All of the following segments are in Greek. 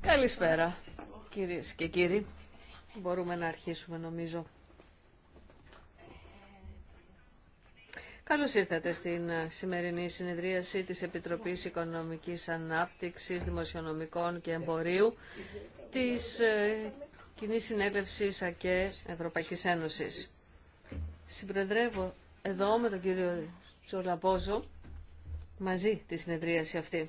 Καλησπέρα κυρίες και κύριοι. Μπορούμε να αρχίσουμε νομίζω. Καλώς ήρθατε στην σημερινή συνεδρίαση της Επιτροπής Οικονομικής Ανάπτυξης, Δημοσιονομικών και Εμπορίου της ε, Κοινής Συνέλευσης ΑΚΕ Ευρωπαϊκής Ένωσης. Συμπροεδρεύω εδώ με τον κύριο Τσολαπόζο μαζί τη συνεδρίαση αυτή.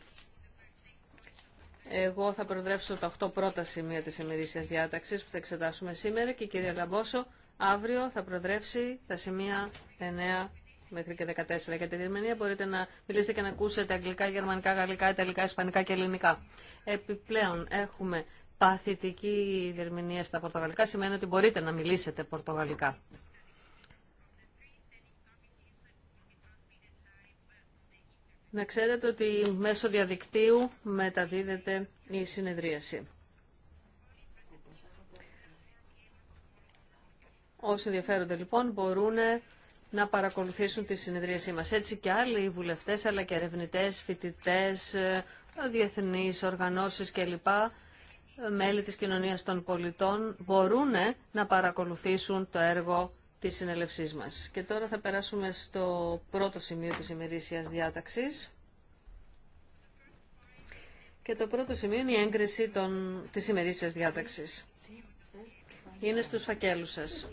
Εγώ θα προδρέψω τα 8 πρώτα σημεία της ημερήσιας διάταξης που θα εξετάσουμε σήμερα και η κυρία Λαμπόσο αύριο θα προδρέψει τα σημεία 9 μέχρι και 14. Για τη Γερμανία μπορείτε να μιλήσετε και να ακούσετε αγγλικά, γερμανικά, γαλλικά, ιταλικά, ισπανικά και ελληνικά. Επιπλέον έχουμε παθητική διερμηνία στα πορτογαλικά, σημαίνει ότι μπορείτε να μιλήσετε πορτογαλικά. Να ξέρετε ότι μέσω διαδικτύου μεταδίδεται η συνεδρίαση. Όσοι ενδιαφέρονται λοιπόν μπορούν να παρακολουθήσουν τη συνεδρίασή μας. Έτσι και άλλοι βουλευτές αλλά και ερευνητέ, φοιτητέ, διεθνείς οργανώσεις κλπ. μέλη της κοινωνίας των πολιτών μπορούν να παρακολουθήσουν το έργο της συνελευσής Και τώρα θα περάσουμε στο πρώτο σημείο της ημερήσιας διάταξης. Και το πρώτο σημείο είναι η έγκριση των... της ημερήσιας διάταξης. Είναι στους φακέλους σας.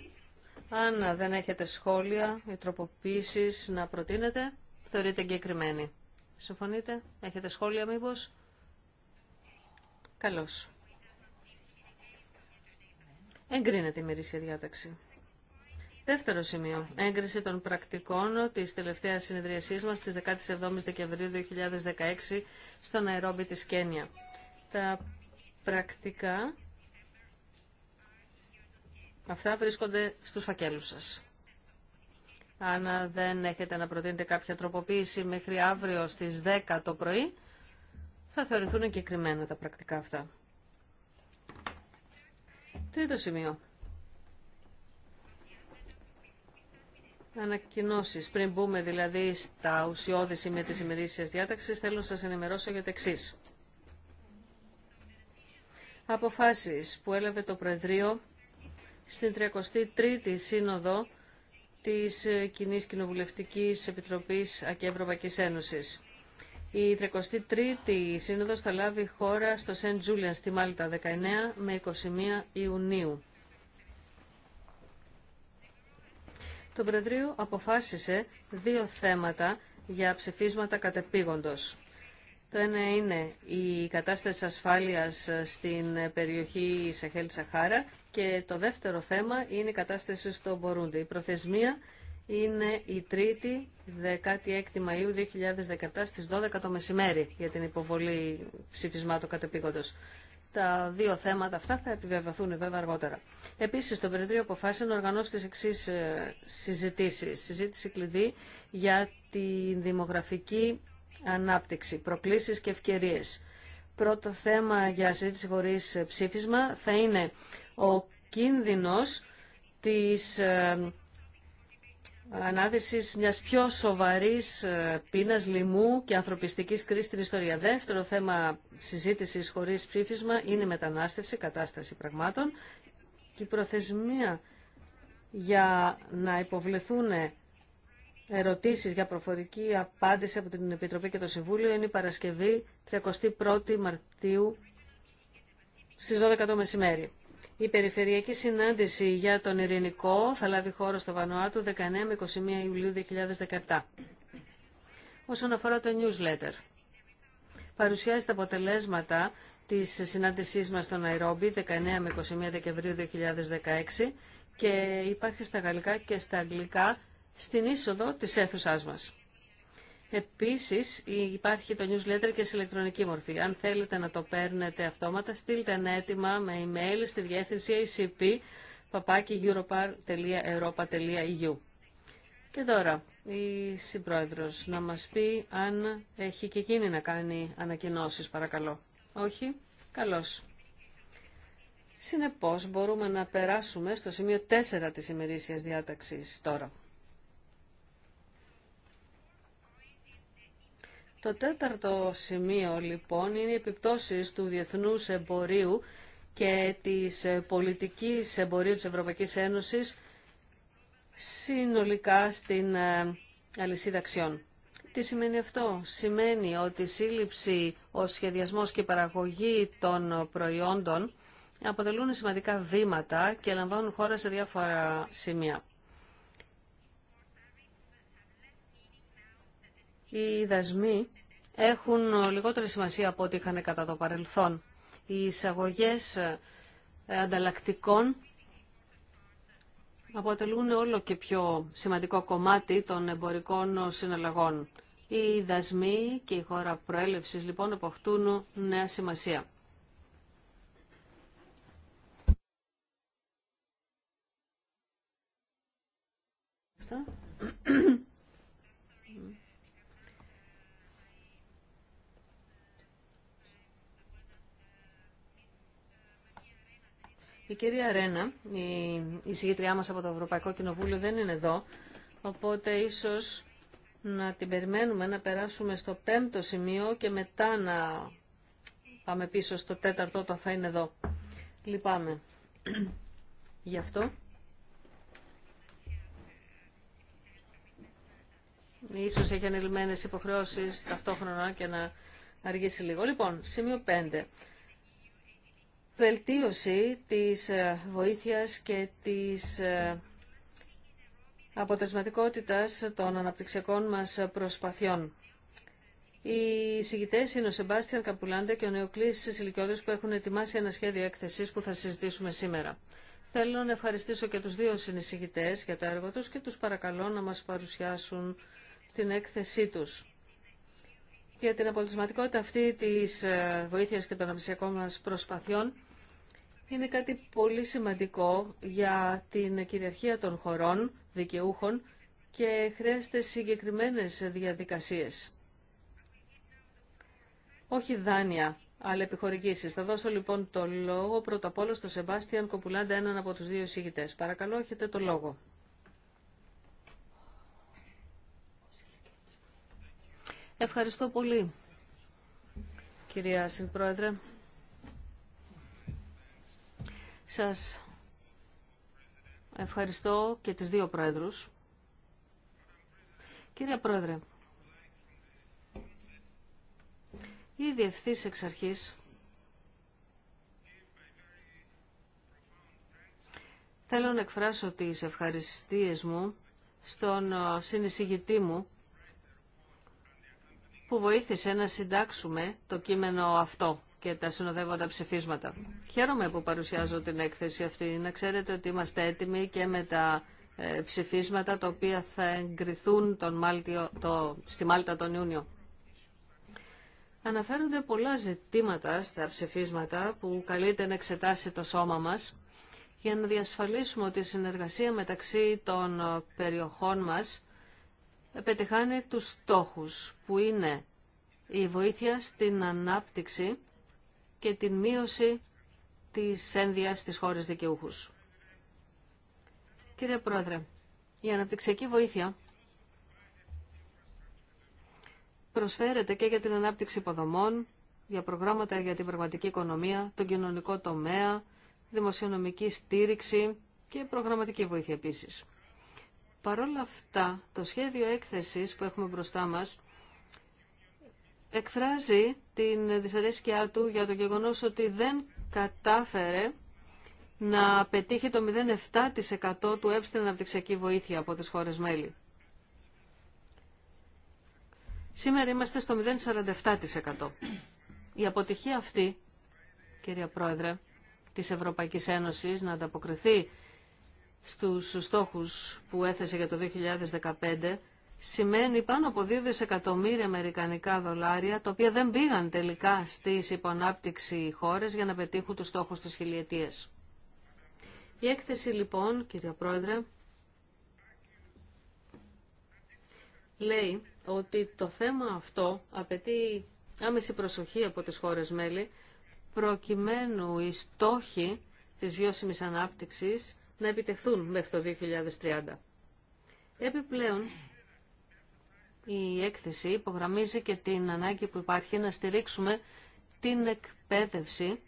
Αν δεν έχετε σχόλια ή τροποποίησεις να προτείνετε, θεωρείτε εγκεκριμένη. Συμφωνείτε? Έχετε σχόλια μήπως? Καλώς. Εγκρίνεται η μερίσια διάταξη. Δεύτερο σημείο. Έγκριση των πρακτικών τη τελευταία συνεδριασή μα τη 17η Δεκεμβρίου 2016 στο Ναϊρόμπι τη Κένια. Τα πρακτικά αυτά βρίσκονται στους φακέλους σας. Αν δεν έχετε να προτείνετε κάποια τροποποίηση μέχρι αύριο στις 10 το πρωί, θα θεωρηθούν εγκεκριμένα τα πρακτικά αυτά. Τρίτο σημείο. ανακοινώσει. Πριν μπούμε δηλαδή στα ουσιώδη σημεία τη ημερήσια διάταξη, θέλω να σα ενημερώσω για το εξή. Αποφάσει που έλαβε το Προεδρείο στην 33η Σύνοδο της Κοινή Κοινοβουλευτική Επιτροπή ΑΚΕ Ευρωπαϊκή Ένωση. Η 33η η 33 η συνοδος θα λάβει χώρα στο Σεντ Τζούλιαν στη Μάλτα 19 με 21 Ιουνίου. το Προεδρείο αποφάσισε δύο θέματα για ψηφίσματα κατεπήγοντος. Το ένα είναι η κατάσταση ασφάλειας στην περιοχή Σαχέλ Σαχάρα και το δεύτερο θέμα είναι η κατάσταση στο Μπορούντι. Η προθεσμία είναι η 3η 16η Μαΐου 2017 στις 12 το μεσημέρι για την υποβολή ψηφισμάτων κατεπήγοντος. Τα δύο θέματα αυτά θα επιβεβαιωθούν βέβαια αργότερα. Επίση, το Περιτρίο αποφάσισε να οργανώσει τι εξή ε, συζητήσει. Συζήτηση κλειδί για τη δημογραφική ανάπτυξη, προκλήσει και ευκαιρίε. Πρώτο θέμα για συζήτηση χωρί ε, ψήφισμα θα είναι ο κίνδυνος της ε, ανάδυσης μιας πιο σοβαρή ε, πείνα λοιμού και ανθρωπιστικής κρίσης στην ιστορία. Δεύτερο θέμα συζήτησης χωρίς ψήφισμα είναι η μετανάστευση, κατάσταση πραγμάτων και η προθεσμία για να υποβληθούν ερωτήσεις για προφορική απάντηση από την Επιτροπή και το Συμβούλιο είναι η Παρασκευή 31 Μαρτίου στις 12 το μεσημέρι. Η περιφερειακή συνάντηση για τον ειρηνικό θα λάβει χώρο στο Βανουάτου 19 με 21 Ιουλίου 2017. Όσον αφορά το newsletter, παρουσιάζει τα αποτελέσματα της συνάντησής μας στο Ναϊρόμπι 19 με 21 Δεκεμβρίου 2016 και υπάρχει στα γαλλικά και στα αγγλικά στην είσοδο της αίθουσάς μας. Επίσης υπάρχει το newsletter και σε ηλεκτρονική μορφή. Αν θέλετε να το παίρνετε αυτόματα, στείλτε ένα αίτημα με email στη διεύθυνση acp.europar.europa.eu. Και τώρα, η Συμπρόεδρος να μας πει αν έχει και εκείνη να κάνει ανακοινώσεις, παρακαλώ. Όχι. Καλώς. Συνεπώς μπορούμε να περάσουμε στο σημείο 4 της ημερήσιας διάταξης τώρα. Το τέταρτο σημείο λοιπόν είναι οι επιπτώσεις του διεθνούς εμπορίου και της πολιτικής εμπορίου της Ευρωπαϊκής Ένωσης συνολικά στην ε, αλυσίδα αξιών. Τι σημαίνει αυτό. Σημαίνει ότι η σύλληψη, ο σχεδιασμός και η παραγωγή των προϊόντων αποτελούν σημαντικά βήματα και λαμβάνουν χώρα σε διάφορα σημεία. οι δασμοί έχουν λιγότερη σημασία από ό,τι είχαν κατά το παρελθόν. Οι εισαγωγέ ε, ανταλλακτικών αποτελούν όλο και πιο σημαντικό κομμάτι των εμπορικών συναλλαγών. Οι δασμοί και η χώρα προέλευσης λοιπόν αποκτούν νέα σημασία. Η κυρία Ρένα, η εισηγήτριά μας από το Ευρωπαϊκό Κοινοβούλιο, δεν είναι εδώ, οπότε ίσως να την περιμένουμε να περάσουμε στο πέμπτο σημείο και μετά να πάμε πίσω στο τέταρτο όταν θα είναι εδώ. Λυπάμαι. Γι' αυτό. Ίσως έχει ανελημμένες υποχρεώσεις ταυτόχρονα και να αργήσει λίγο. Λοιπόν, σημείο 5 βελτίωση της ε, βοήθειας και της ε, αποτελεσματικότητας των αναπτυξιακών μας προσπαθειών. Οι συγητέ είναι ο Σεμπάστιαν Καπουλάντα και ο Νεοκλής Σιλικόδης που έχουν ετοιμάσει ένα σχέδιο έκθεση που θα συζητήσουμε σήμερα. Θέλω να ευχαριστήσω και του δύο συνεισηγητέ για το έργο του και του παρακαλώ να μα παρουσιάσουν την έκθεσή τους για την αποτελεσματικότητα αυτή της ε, βοήθειας και των αμυσιακών μας προσπαθειών είναι κάτι πολύ σημαντικό για την κυριαρχία των χωρών δικαιούχων και χρειάζεται συγκεκριμένες διαδικασίες. Όχι δάνεια, αλλά επιχορηγήσεις. Θα δώσω λοιπόν το λόγο πρώτα απ' όλα στον Σεμπάστιαν Κοπουλάντα, έναν από τους δύο εισηγητές. Παρακαλώ, έχετε το λόγο. Ευχαριστώ πολύ, κυρία Συμπρόεδρε. Σας ευχαριστώ και τις δύο πρόεδρους. Κυρία Πρόεδρε, ήδη ευθύς εξ αρχής θέλω να εκφράσω τις ευχαριστίες μου στον συνεισηγητή μου που βοήθησε να συντάξουμε το κείμενο αυτό και τα συνοδεύοντα ψηφίσματα. Χαίρομαι που παρουσιάζω την έκθεση αυτή. Να ξέρετε ότι είμαστε έτοιμοι και με τα ε, ψηφίσματα τα οποία θα εγκριθούν τον Μάλτιο, το, στη Μάλτα τον Ιούνιο. Αναφέρονται πολλά ζητήματα στα ψηφίσματα που καλείται να εξετάσει το σώμα μας για να διασφαλίσουμε ότι η συνεργασία μεταξύ των ε, περιοχών μας πετυχάνει τους στόχους που είναι η βοήθεια στην ανάπτυξη και την μείωση της ένδυας στις χώρες δικαιούχους. Κύριε Πρόεδρε, η αναπτυξιακή βοήθεια προσφέρεται και για την ανάπτυξη υποδομών, για προγράμματα για την πραγματική οικονομία, τον κοινωνικό τομέα, δημοσιονομική στήριξη και προγραμματική βοήθεια επίσης. Παρ' όλα αυτά, το σχέδιο έκθεσης που έχουμε μπροστά μας εκφράζει την δυσαρέσκειά του για το γεγονός ότι δεν κατάφερε να πετύχει το 0,7% του έψη αναπτυξιακή βοήθεια από τις χώρες μέλη. Σήμερα είμαστε στο 0,47%. Η αποτυχία αυτή, κυρία Πρόεδρε, της Ευρωπαϊκής Ένωσης να ανταποκριθεί στους στόχους που έθεσε για το 2015 σημαίνει πάνω από 2 δισεκατομμύρια αμερικανικά δολάρια, τα οποία δεν πήγαν τελικά στις υποανάπτυξη χώρες για να πετύχουν τους στόχους της χιλιετίας. Η έκθεση λοιπόν, κύριε Πρόεδρε, λέει ότι το θέμα αυτό απαιτεί άμεση προσοχή από τις χώρες μέλη, προκειμένου οι στόχοι της βιώσιμης ανάπτυξης να επιτευχθούν μέχρι το 2030. Επιπλέον, η έκθεση υπογραμμίζει και την ανάγκη που υπάρχει να στηρίξουμε την εκπαίδευση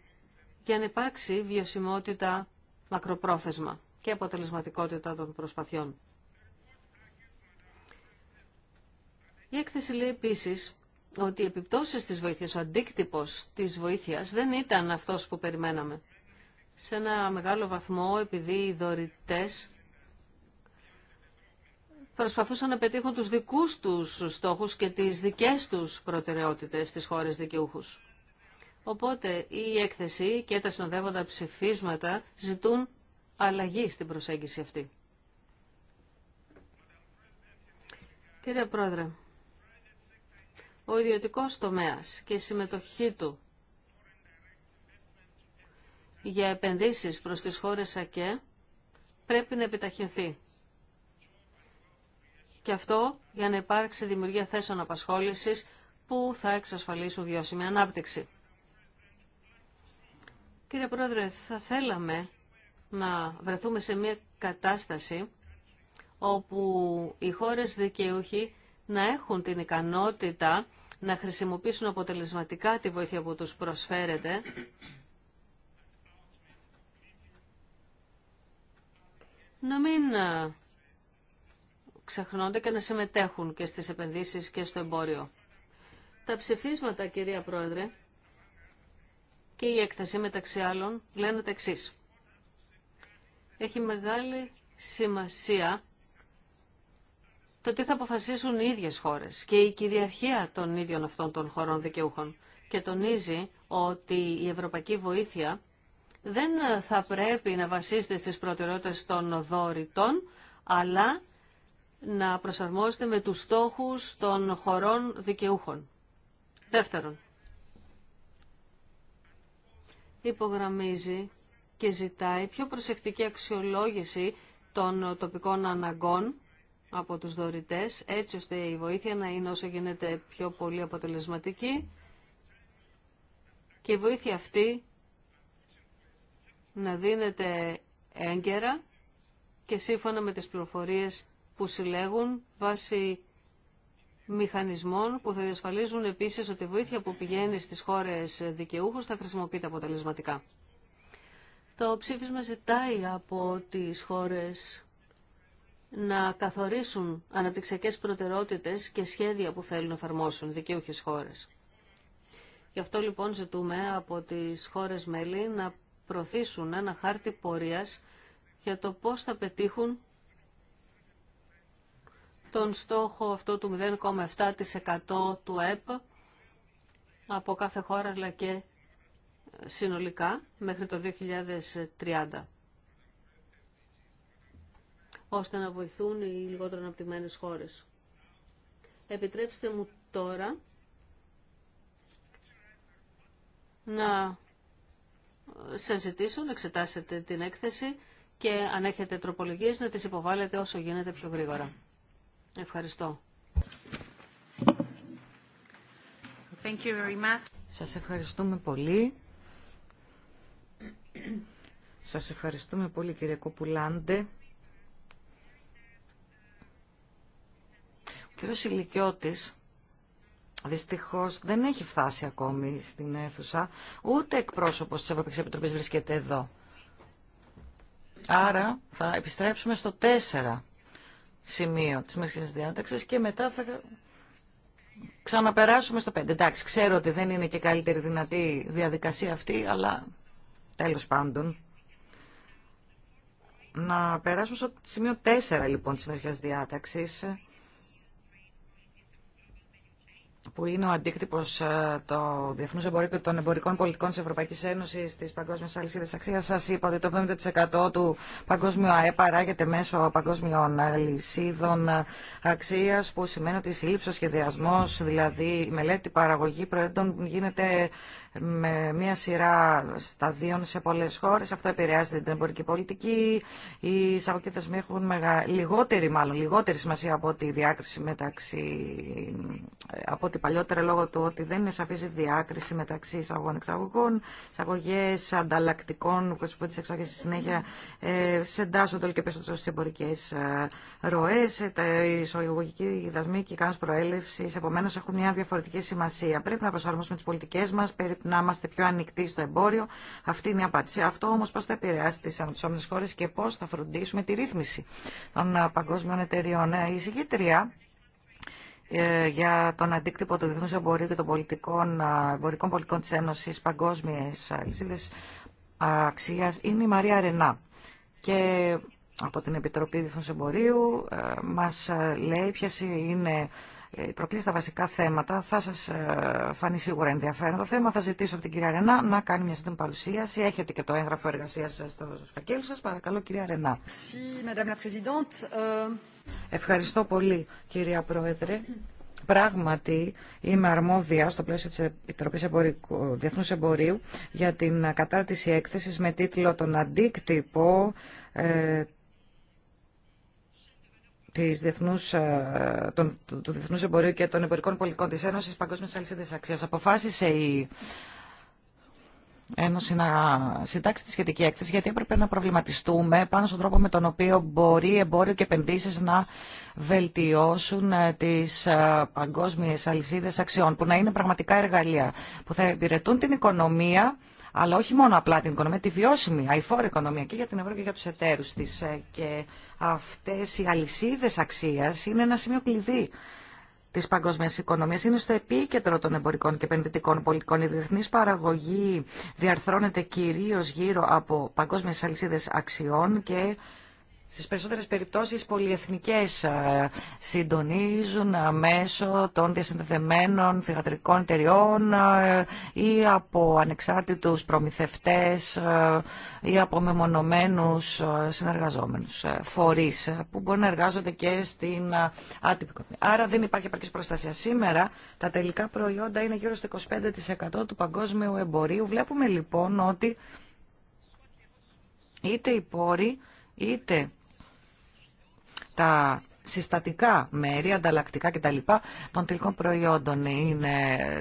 για να υπάρξει βιωσιμότητα μακροπρόθεσμα και αποτελεσματικότητα των προσπαθειών. Η έκθεση λέει επίσης ότι οι επιπτώσεις της βοήθειας, ο αντίκτυπος της βοήθειας δεν ήταν αυτός που περιμέναμε σε ένα μεγάλο βαθμό επειδή οι δωρητές προσπαθούσαν να πετύχουν τους δικούς τους στόχους και τις δικές τους προτεραιότητες στις χώρες δικαιούχους. Οπότε η έκθεση και τα συνοδεύοντα ψηφίσματα ζητούν αλλαγή στην προσέγγιση αυτή. Κύριε Πρόεδρε, ο ιδιωτικός τομέας και η συμμετοχή του για επενδύσεις προς τις χώρες ΑΚΕ πρέπει να επιταχυνθεί. Και αυτό για να υπάρξει δημιουργία θέσεων απασχόλησης που θα εξασφαλίσουν βιώσιμη ανάπτυξη. Κύριε Πρόεδρε, θα θέλαμε να βρεθούμε σε μια κατάσταση όπου οι χώρες δικαιούχοι να έχουν την ικανότητα να χρησιμοποιήσουν αποτελεσματικά τη βοήθεια που τους προσφέρεται να μην ε, ξεχνώνται και να συμμετέχουν και στις επενδύσεις και στο εμπόριο. Τα ψηφίσματα, κυρία Πρόεδρε, και η έκθεση μεταξύ άλλων λένε τα εξής. Έχει μεγάλη σημασία το τι θα αποφασίσουν οι ίδιες χώρες και η κυριαρχία των ίδιων αυτών των χωρών δικαιούχων και τονίζει ότι η ευρωπαϊκή βοήθεια δεν θα πρέπει να βασίστε στις προτεραιότητες των δόρυτων, αλλά να προσαρμόσετε με τους στόχους των χωρών δικαιούχων. Δεύτερον, υπογραμμίζει και ζητάει πιο προσεκτική αξιολόγηση των τοπικών αναγκών από τους δωρητές, έτσι ώστε η βοήθεια να είναι όσο γίνεται πιο πολύ αποτελεσματική και η βοήθεια αυτή να δίνεται έγκαιρα και σύμφωνα με τις πληροφορίες που συλλέγουν βάσει μηχανισμών που θα διασφαλίζουν επίσης ότι η βοήθεια που πηγαίνει στις χώρες δικαιούχους θα χρησιμοποιείται αποτελεσματικά. Το ψήφισμα ζητάει από τις χώρες να καθορίσουν αναπτυξιακές προτεραιότητες και σχέδια που θέλουν να εφαρμόσουν δικαιούχες χώρες. Γι' αυτό λοιπόν ζητούμε από τις χώρες μέλη να προωθήσουν ένα χάρτη πορείας για το πώς θα πετύχουν τον στόχο αυτό του 0,7% του ΕΠ από κάθε χώρα αλλά και συνολικά μέχρι το 2030 ώστε να βοηθούν οι λιγότερο αναπτυγμένες χώρες. Επιτρέψτε μου τώρα να Σα ζητήσω να εξετάσετε την έκθεση και αν έχετε τροπολογίες να τις υποβάλλετε όσο γίνεται πιο γρήγορα. Ευχαριστώ. Thank you very much. Σας ευχαριστούμε πολύ. Σας ευχαριστούμε πολύ κύριε Κοπουλάντε. Ο κύριος Ηλικιώτης Δυστυχώς δεν έχει φτάσει ακόμη στην αίθουσα, ούτε εκπρόσωπος της Ευρωπαϊκής Επιτροπής βρίσκεται εδώ. Άρα θα επιστρέψουμε στο 4 σημείο της μέσης διάταξης και μετά θα ξαναπεράσουμε στο 5. Εντάξει, ξέρω ότι δεν είναι και καλύτερη δυνατή διαδικασία αυτή, αλλά τέλος πάντων. Να περάσουμε στο σημείο 4 λοιπόν της μέσης διάταξης που είναι ο αντίκτυπο ε, το διεθνού και των εμπορικών πολιτικών τη Ευρωπαϊκή Ένωση, τη Παγκόσμια Αλυσίδα Αξία. Σα είπα ότι το 70% του παγκόσμιου ΑΕ παράγεται μέσω παγκόσμιων αλυσίδων αξία, που σημαίνει ότι η σύλληψη, ο σχεδιασμό, δηλαδή η μελέτη, η παραγωγή προϊόντων γίνεται με μια σειρά σταδίων σε πολλές χώρες. Αυτό επηρεάζει την εμπορική πολιτική. Οι εισαγωγικοί θεσμοί έχουν λιγότερη, μάλλον, λιγότερη σημασία από τη διάκριση μεταξύ, από ό,τι παλιότερα λόγω του ότι δεν είναι σαφής η διάκριση μεταξύ εισαγωγών εξαγωγών, εισαγωγέ ανταλλακτικών, όπω που τις εξαγωγές στη συνέχεια ε, συντάσσονται όλο και περισσότερο στις εμπορικές ε, ροές. Ε, τα εισαγωγικοί δασμοί και οι προέλευση. επομένως, έχουν μια διαφορετική σημασία. Πρέπει να προσαρμόσουμε τι πολιτικές μας περί πρέπει να είμαστε πιο ανοιχτοί στο εμπόριο. Αυτή είναι η απάντηση. Αυτό όμω πώ θα επηρεάσει τι αναπτυσσόμενε χώρε και πώ θα φροντίσουμε τη ρύθμιση των ε, παγκόσμιων εταιριών. Ε, η συγκέντρια ε, για τον αντίκτυπο του διεθνούς εμπορίου και των πολιτικών, εμπορικών πολιτικών της Ένωσης Παγκόσμιες Αλυσίδες Αξίας είναι η Μαρία Ρενά. Και από την Επιτροπή Διεθνούς Εμπορίου μας λέει ποιες είναι ε, προκλήσει τα βασικά θέματα θα σας ε, φανεί σίγουρα ενδιαφέρον το θέμα. Θα ζητήσω από την κυρία Ρενά να κάνει μια σύντομη παρουσίαση. Έχετε και το έγγραφο εργασία σα στο φακέλο σα. Παρακαλώ κυρία Ρενά. Ε, Ευχαριστώ πολύ κυρία Πρόεδρε. Πράγματι, είμαι αρμόδια στο πλαίσιο τη Επιτροπή Διεθνού Εμπορίου για την κατάρτιση έκθεση με τίτλο «Τον αντίκτυπο της διεθνούς, ε, τον του Διεθνούς Εμπορίου και των Εμπορικών Πολιτικών της Ένωσης Παγκόσμιας Αλυσίδας Αξίας. Αποφάσισε η Ένωση να συντάξει τη σχετική έκθεση, γιατί έπρεπε να προβληματιστούμε πάνω στον τρόπο με τον οποίο μπορεί εμπόριο και επενδύσεις να βελτιώσουν ε, τις ε, παγκόσμιες αλυσίδες αξιών, που να είναι πραγματικά εργαλεία, που θα υπηρετούν την οικονομία αλλά όχι μόνο απλά την οικονομία, τη βιώσιμη, αηφόρη οικονομία και για την Ευρώπη και για τους εταίρους της. Ε, και αυτές οι αλυσίδες αξίας είναι ένα σημείο κλειδί της παγκόσμιας οικονομίας είναι στο επίκεντρο των εμπορικών και επενδυτικών πολιτικών. Η διεθνής παραγωγή διαρθρώνεται κυρίως γύρω από παγκόσμιες αλυσίδες αξιών και στις περισσότερες περιπτώσεις πολυεθνικές ε, συντονίζουν μέσω των διασυνδεδεμένων θηγατρικών εταιριών ε, ή από ανεξάρτητους προμηθευτές ε, ή από μεμονωμένους συνεργαζόμενους φορείς που μπορεί να εργάζονται και στην άτυπη Άρα δεν υπάρχει επαρκής προστασία. Σήμερα τα τελικά προϊόντα είναι γύρω στο 25% του παγκόσμιου εμπορίου. Βλέπουμε λοιπόν ότι είτε οι πόροι είτε τα συστατικά μέρη, ανταλλακτικά κτλ. των τελικών προϊόντων είναι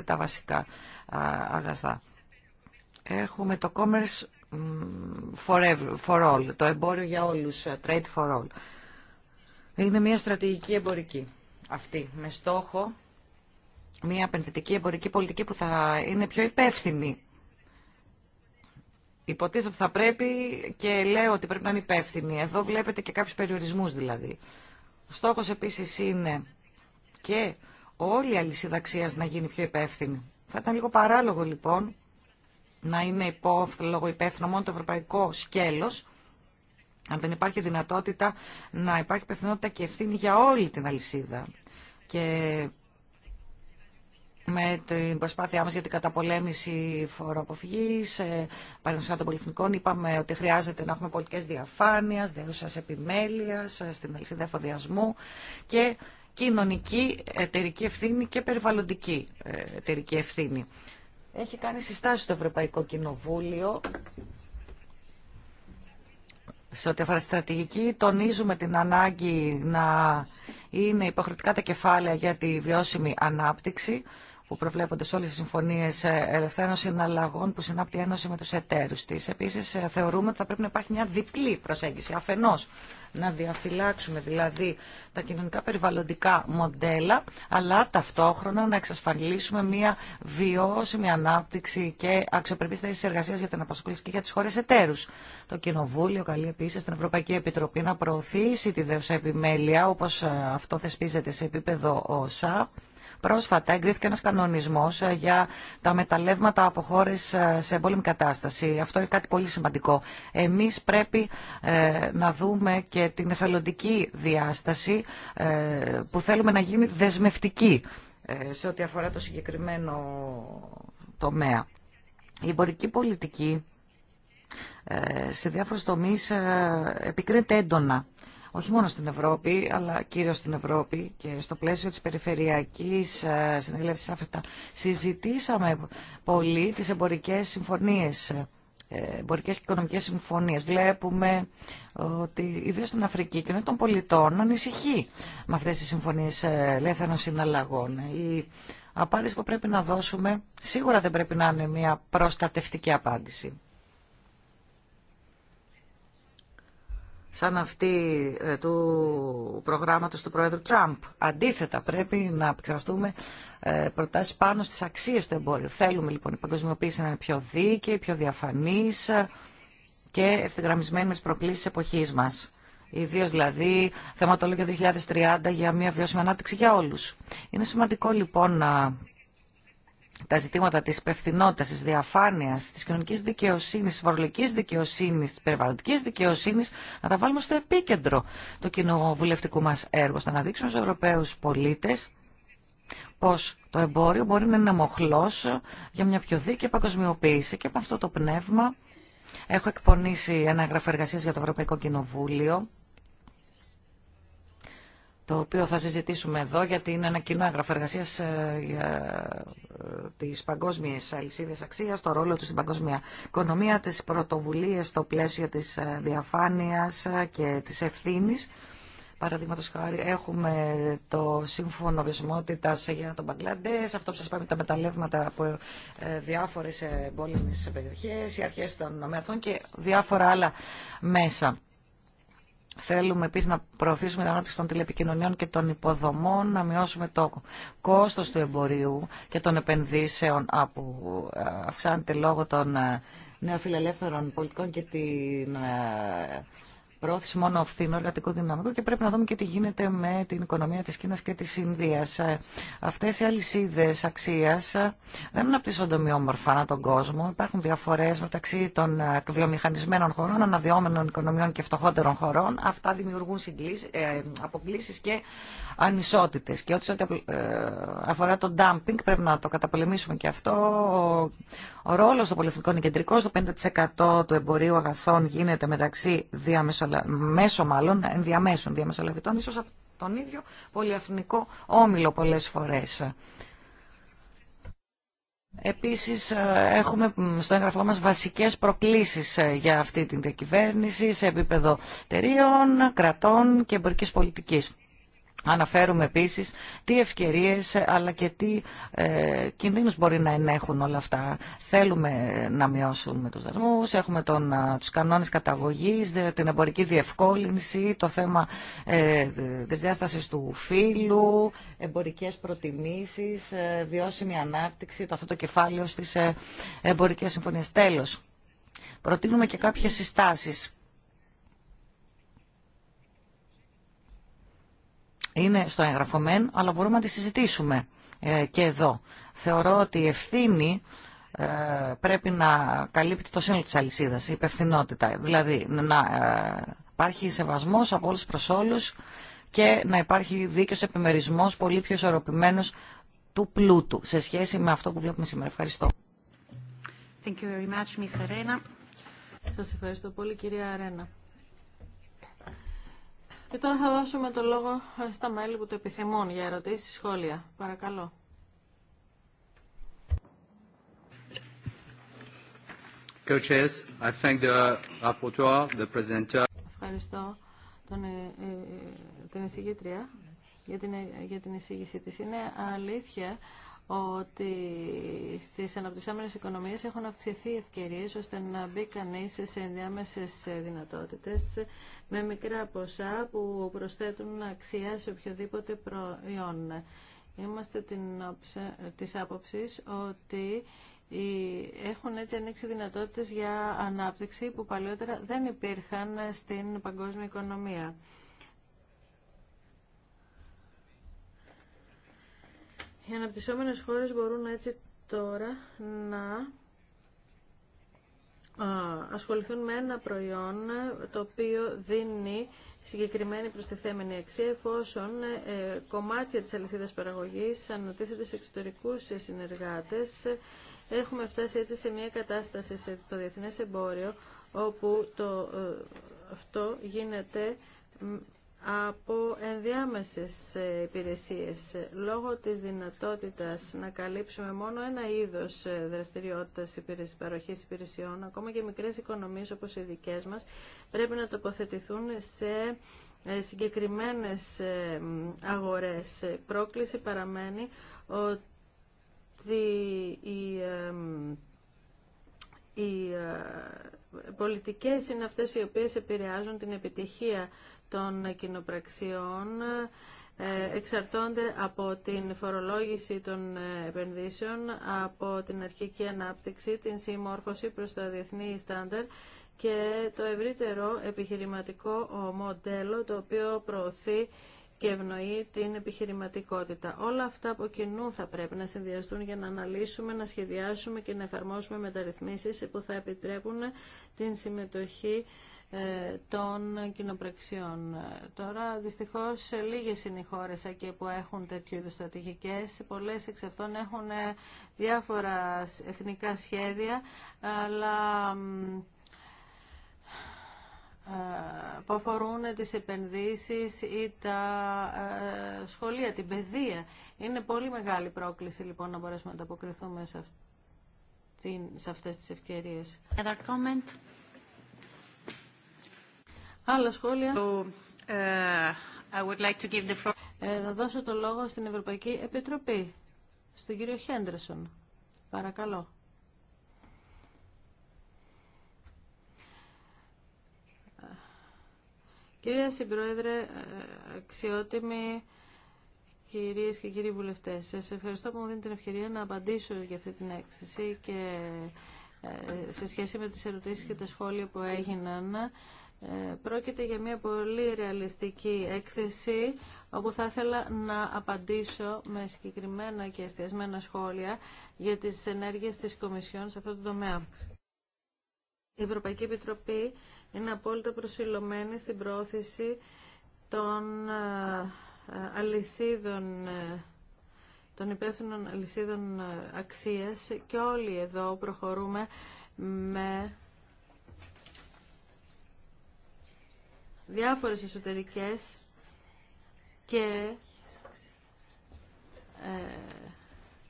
τα βασικά αγαθά. Έχουμε το commerce for all, το εμπόριο για όλους, ε, trade for all. Είναι μια στρατηγική εμπορική αυτή, με στόχο μια επενδυτική εμπορική πολιτική που θα είναι πιο υπεύθυνη Υποτίθεται ότι θα πρέπει και λέω ότι πρέπει να είναι υπεύθυνη. Εδώ βλέπετε και κάποιους περιορισμούς δηλαδή. Ο στόχος επίσης είναι και όλη η αλυσίδα να γίνει πιο υπεύθυνη. Θα ήταν λίγο παράλογο λοιπόν να είναι λόγω υπεύθυνο μόνο το ευρωπαϊκό σκέλος, αν δεν υπάρχει δυνατότητα να υπάρχει υπευθυνότητα και ευθύνη για όλη την αλυσίδα. Και με την προσπάθειά μας για την καταπολέμηση φοροαποφυγής, ε, παρελθόν των πολυεθνικών. Είπαμε ότι χρειάζεται να έχουμε πολιτικές διαφάνειας, δεούσας επιμέλειας, ε, στην αλυσίδα εφοδιασμού και κοινωνική εταιρική ευθύνη και περιβαλλοντική ε, εταιρική ευθύνη. Έχει κάνει συστάσεις το Ευρωπαϊκό Κοινοβούλιο σε ό,τι αφορά στρατηγική. Τονίζουμε την ανάγκη να είναι υποχρεωτικά τα κεφάλαια για τη βιώσιμη ανάπτυξη που προβλέπονται σε όλες τις συμφωνίες ε, ελευθέρων συναλλαγών που συνάπτει η Ένωση με του εταίρου τη. Επίση ε, θεωρούμε ότι θα πρέπει να υπάρχει μια διπλή προσέγγιση. Αφενό, να διαφυλάξουμε δηλαδή τα κοινωνικά περιβαλλοντικά μοντέλα, αλλά ταυτόχρονα να εξασφαλίσουμε μια βιώσιμη ανάπτυξη και αξιοπρεπή θέση εργασία για την απασχόληση και για τι χώρε εταίρου. Το Κοινοβούλιο καλεί επίση την Ευρωπαϊκή Επιτροπή να προωθήσει τη δέουσα επιμέλεια, όπω ε, αυτό θεσπίζεται σε επίπεδο όσα. Πρόσφατα εγκρίθηκε ένας κανονισμός ε, για τα μεταλλεύματα από χώρε σε εμπόλεμη κατάσταση. Αυτό είναι κάτι πολύ σημαντικό. Εμείς πρέπει ε, να δούμε και την εθελοντική διάσταση ε, που θέλουμε να γίνει δεσμευτική σε ό,τι αφορά το συγκεκριμένο τομέα. Η εμπορική πολιτική σε διάφορους τομείς επικρίνεται έντονα όχι μόνο στην Ευρώπη, αλλά κυρίως στην Ευρώπη και στο πλαίσιο της περιφερειακής ε, συνέλευσης αυτά. Συζητήσαμε πολύ τις εμπορικές συμφωνίες, ε, εμπορικές και οικονομικές συμφωνίες. Βλέπουμε ότι ιδίω στην Αφρική και των πολιτών ανησυχεί με αυτές τις συμφωνίες ε, ελεύθερων συναλλαγών. Η απάντηση που πρέπει να δώσουμε σίγουρα δεν πρέπει να είναι μια προστατευτική απάντηση. σαν αυτή ε, του προγράμματος του Πρόεδρου Τραμπ. Αντίθετα, πρέπει να ε, προτάσεις πάνω στις αξίες του εμπόριου. Θέλουμε λοιπόν η παγκοσμιοποίηση να είναι πιο δίκαιη, πιο διαφανής και ευθυγραμμισμένη με τις προκλήσεις της εποχής μας. Ιδίω δηλαδή θεματολόγια 2030 για μια βιώσιμη ανάπτυξη για όλους. Είναι σημαντικό λοιπόν να τα ζητήματα της υπευθυνότητα, της διαφάνειας, της κοινωνικής δικαιοσύνης, της φορολογικής δικαιοσύνης, της περιβαλλοντικής δικαιοσύνης, να τα βάλουμε στο επίκεντρο του κοινοβουλευτικού μας έργου, να δείξουμε στους Ευρωπαίους πολίτες πως το εμπόριο μπορεί να είναι μοχλός για μια πιο δίκαιη παγκοσμιοποίηση και με αυτό το πνεύμα έχω εκπονήσει ένα γράφο για το Ευρωπαϊκό Κοινοβούλιο το οποίο θα συζητήσουμε εδώ, γιατί είναι ένα κοινό έγγραφο εργασία ε, για ε, τι παγκόσμια αλυσίδε αξία, το ρόλο του στην παγκόσμια οικονομία, τι πρωτοβουλίε στο πλαίσιο τη ε, διαφάνεια και τη ευθύνη. Παραδείγματο χάρη, έχουμε το σύμφωνο δεσμότητα για τον Μπαγκλαντέ, αυτό που σα είπαμε, τα μεταλλεύματα από διάφορε πόλεμε περιοχέ, οι αρχέ των νομέθων και διάφορα άλλα μέσα. Θέλουμε επίσης να προωθήσουμε την ανάπτυξη των τηλεπικοινωνιών και των υποδομών, να μειώσουμε το κόστος του εμπορίου και των επενδύσεων που ε, αυξάνεται λόγω των ε, φιλελεύθερων πολιτικών και την ε, πρόθεση μόνο αυτήν εργατικού δυναμικού και πρέπει να δούμε και τι γίνεται με την οικονομία της Κίνας και της Ινδίας. Ε, αυτές οι αλυσίδε αξίας ε, δεν αναπτύσσονται όμορφα ανά τον κόσμο. Υπάρχουν διαφορές μεταξύ των ε, βιομηχανισμένων χωρών, αναδυόμενων οικονομιών και φτωχότερων χωρών. Αυτά δημιουργούν αποκλήσει και ανισότητες. Και ό,τι αφορά το dumping πρέπει να το καταπολεμήσουμε και αυτό. Ο ρόλος των πολυεθνικών είναι κεντρικός. Το 50% του εμπορίου αγαθών γίνεται μεταξύ διαμεσολαβητών μέσω μάλλον ενδιαμέσων διαμεσολαβητών, ίσως από τον ίδιο πολυεθνικό όμιλο πολλές φορές. Επίσης ε, έχουμε στο έγγραφό μας βασικές προκλήσεις ε, για αυτή την διακυβέρνηση σε επίπεδο εταιρείων, κρατών και εμπορικής πολιτικής. Αναφέρουμε επίσης τι ευκαιρίες αλλά και τι ε, κινδύνους μπορεί να ενέχουν όλα αυτά. Θέλουμε να μειώσουμε τους δασμούς, έχουμε τον, τους κανόνες καταγωγής, την εμπορική διευκόλυνση, το θέμα ε, της διάστασης του φύλου, εμπορικές προτιμήσεις, ε, βιώσιμη ανάπτυξη, το αυτό το κεφάλαιο στις ε, εμπορικές συμφωνίες. Τέλος, προτείνουμε και κάποιες συστάσεις είναι στο εγγραφωμένο, αλλά μπορούμε να τη συζητήσουμε ε, και εδώ. Θεωρώ ότι η ευθύνη ε, πρέπει να καλύπτει το σύνολο της αλυσίδας, η υπευθυνότητα. Δηλαδή να ε, υπάρχει σεβασμός από όλους προς όλους και να υπάρχει δίκαιος επιμερισμός πολύ πιο ισορροπημένος του πλούτου σε σχέση με αυτό που βλέπουμε σήμερα. Ευχαριστώ. Thank you very much, Miss Arena. Σας ευχαριστώ πολύ κυρία Αρένα. Και τώρα θα δώσουμε το λόγο στα μέλη που το επιθυμούν για ερωτήσεις, σχόλια. Παρακαλώ. Ευχαριστώ τον, ε, ε, την εισηγήτρια για την, ε, για την εισήγηση της. Είναι αλήθεια ότι στις αναπτυσσόμενες οικονομίες έχουν αυξηθεί ευκαιρίες ώστε να μπει κανείς σε ενδιάμεσες δυνατότητες με μικρά ποσά που προσθέτουν αξία σε οποιοδήποτε προϊόν. Είμαστε την, της άποψης ότι έχουν έτσι ανοίξει δυνατότητες για ανάπτυξη που παλιότερα δεν υπήρχαν στην παγκόσμια οικονομία. Οι αναπτυσσόμενες χώρες μπορούν έτσι τώρα να ασχοληθούν με ένα προϊόν το οποίο δίνει συγκεκριμένη προστιθέμενη αξία εφόσον ε, κομμάτια της αλυσίδας παραγωγής ανατίθεται σε εξωτερικούς συνεργάτες. Έχουμε φτάσει έτσι σε μια κατάσταση το διεθνές εμπόριο όπου το, ε, αυτό γίνεται από ενδιάμεσες ε, υπηρεσίες λόγω της δυνατότητας να καλύψουμε μόνο ένα είδος ε, δραστηριότητας υπηρεσίας, παροχής υπηρεσιών ακόμα και μικρές οικονομίες όπως οι δικές μας πρέπει να τοποθετηθούν σε ε, συγκεκριμένες αγορές. πρόκληση παραμένει ότι οι η πολιτικές είναι αυτές οι οποίες επηρεάζουν την επιτυχία των κοινοπραξιών ε, εξαρτώνται από την φορολόγηση των ε, επενδύσεων, από την αρχική ανάπτυξη, την συμμόρφωση προς τα διεθνή στάνταρ και το ευρύτερο επιχειρηματικό μοντέλο το οποίο προωθεί και ευνοεί την επιχειρηματικότητα. Όλα αυτά από κοινού θα πρέπει να συνδυαστούν για να αναλύσουμε, να σχεδιάσουμε και να εφαρμόσουμε μεταρρυθμίσεις που θα επιτρέπουν την συμμετοχή ε, των κοινοπραξιών. Τώρα, δυστυχώς, λίγες είναι οι χώρες εκεί που έχουν τέτοιου είδους στρατηγικές. Πολλές εξ αυτών έχουν ε, διάφορα εθνικά σχέδια, αλλά ε, που αφορούν τις επενδύσεις ή τα σχολεία, την παιδεία. Είναι πολύ μεγάλη πρόκληση λοιπόν να μπορέσουμε να ανταποκριθούμε σε, αυτή, σε αυτές τις ευκαιρίες. Άλλα σχόλια. So, uh, I would like to give the ε, θα δώσω το λόγο στην Ευρωπαϊκή Επιτροπή, στον κύριο Χέντρεσον. Παρακαλώ. Κυρία Συμπρόεδρε, αξιότιμοι κυρίε και κύριοι βουλευτέ, σα ευχαριστώ που μου δίνετε την ευκαιρία να απαντήσω για αυτή την έκθεση και ε, σε σχέση με τις ερωτήσεις και τα σχόλια που έγιναν ε, πρόκειται για μια πολύ ρεαλιστική έκθεση όπου θα ήθελα να απαντήσω με συγκεκριμένα και εστιασμένα σχόλια για τις ενέργειες της Κομισιόν σε αυτό το τομέα. Η Ευρωπαϊκή Επιτροπή είναι απόλυτα προσιλωμένη στην πρόθεση των ε, αλυσίδων ε, των υπεύθυνων αλυσίδων αξίας και όλοι εδώ προχωρούμε με διάφορες εσωτερικές και ε,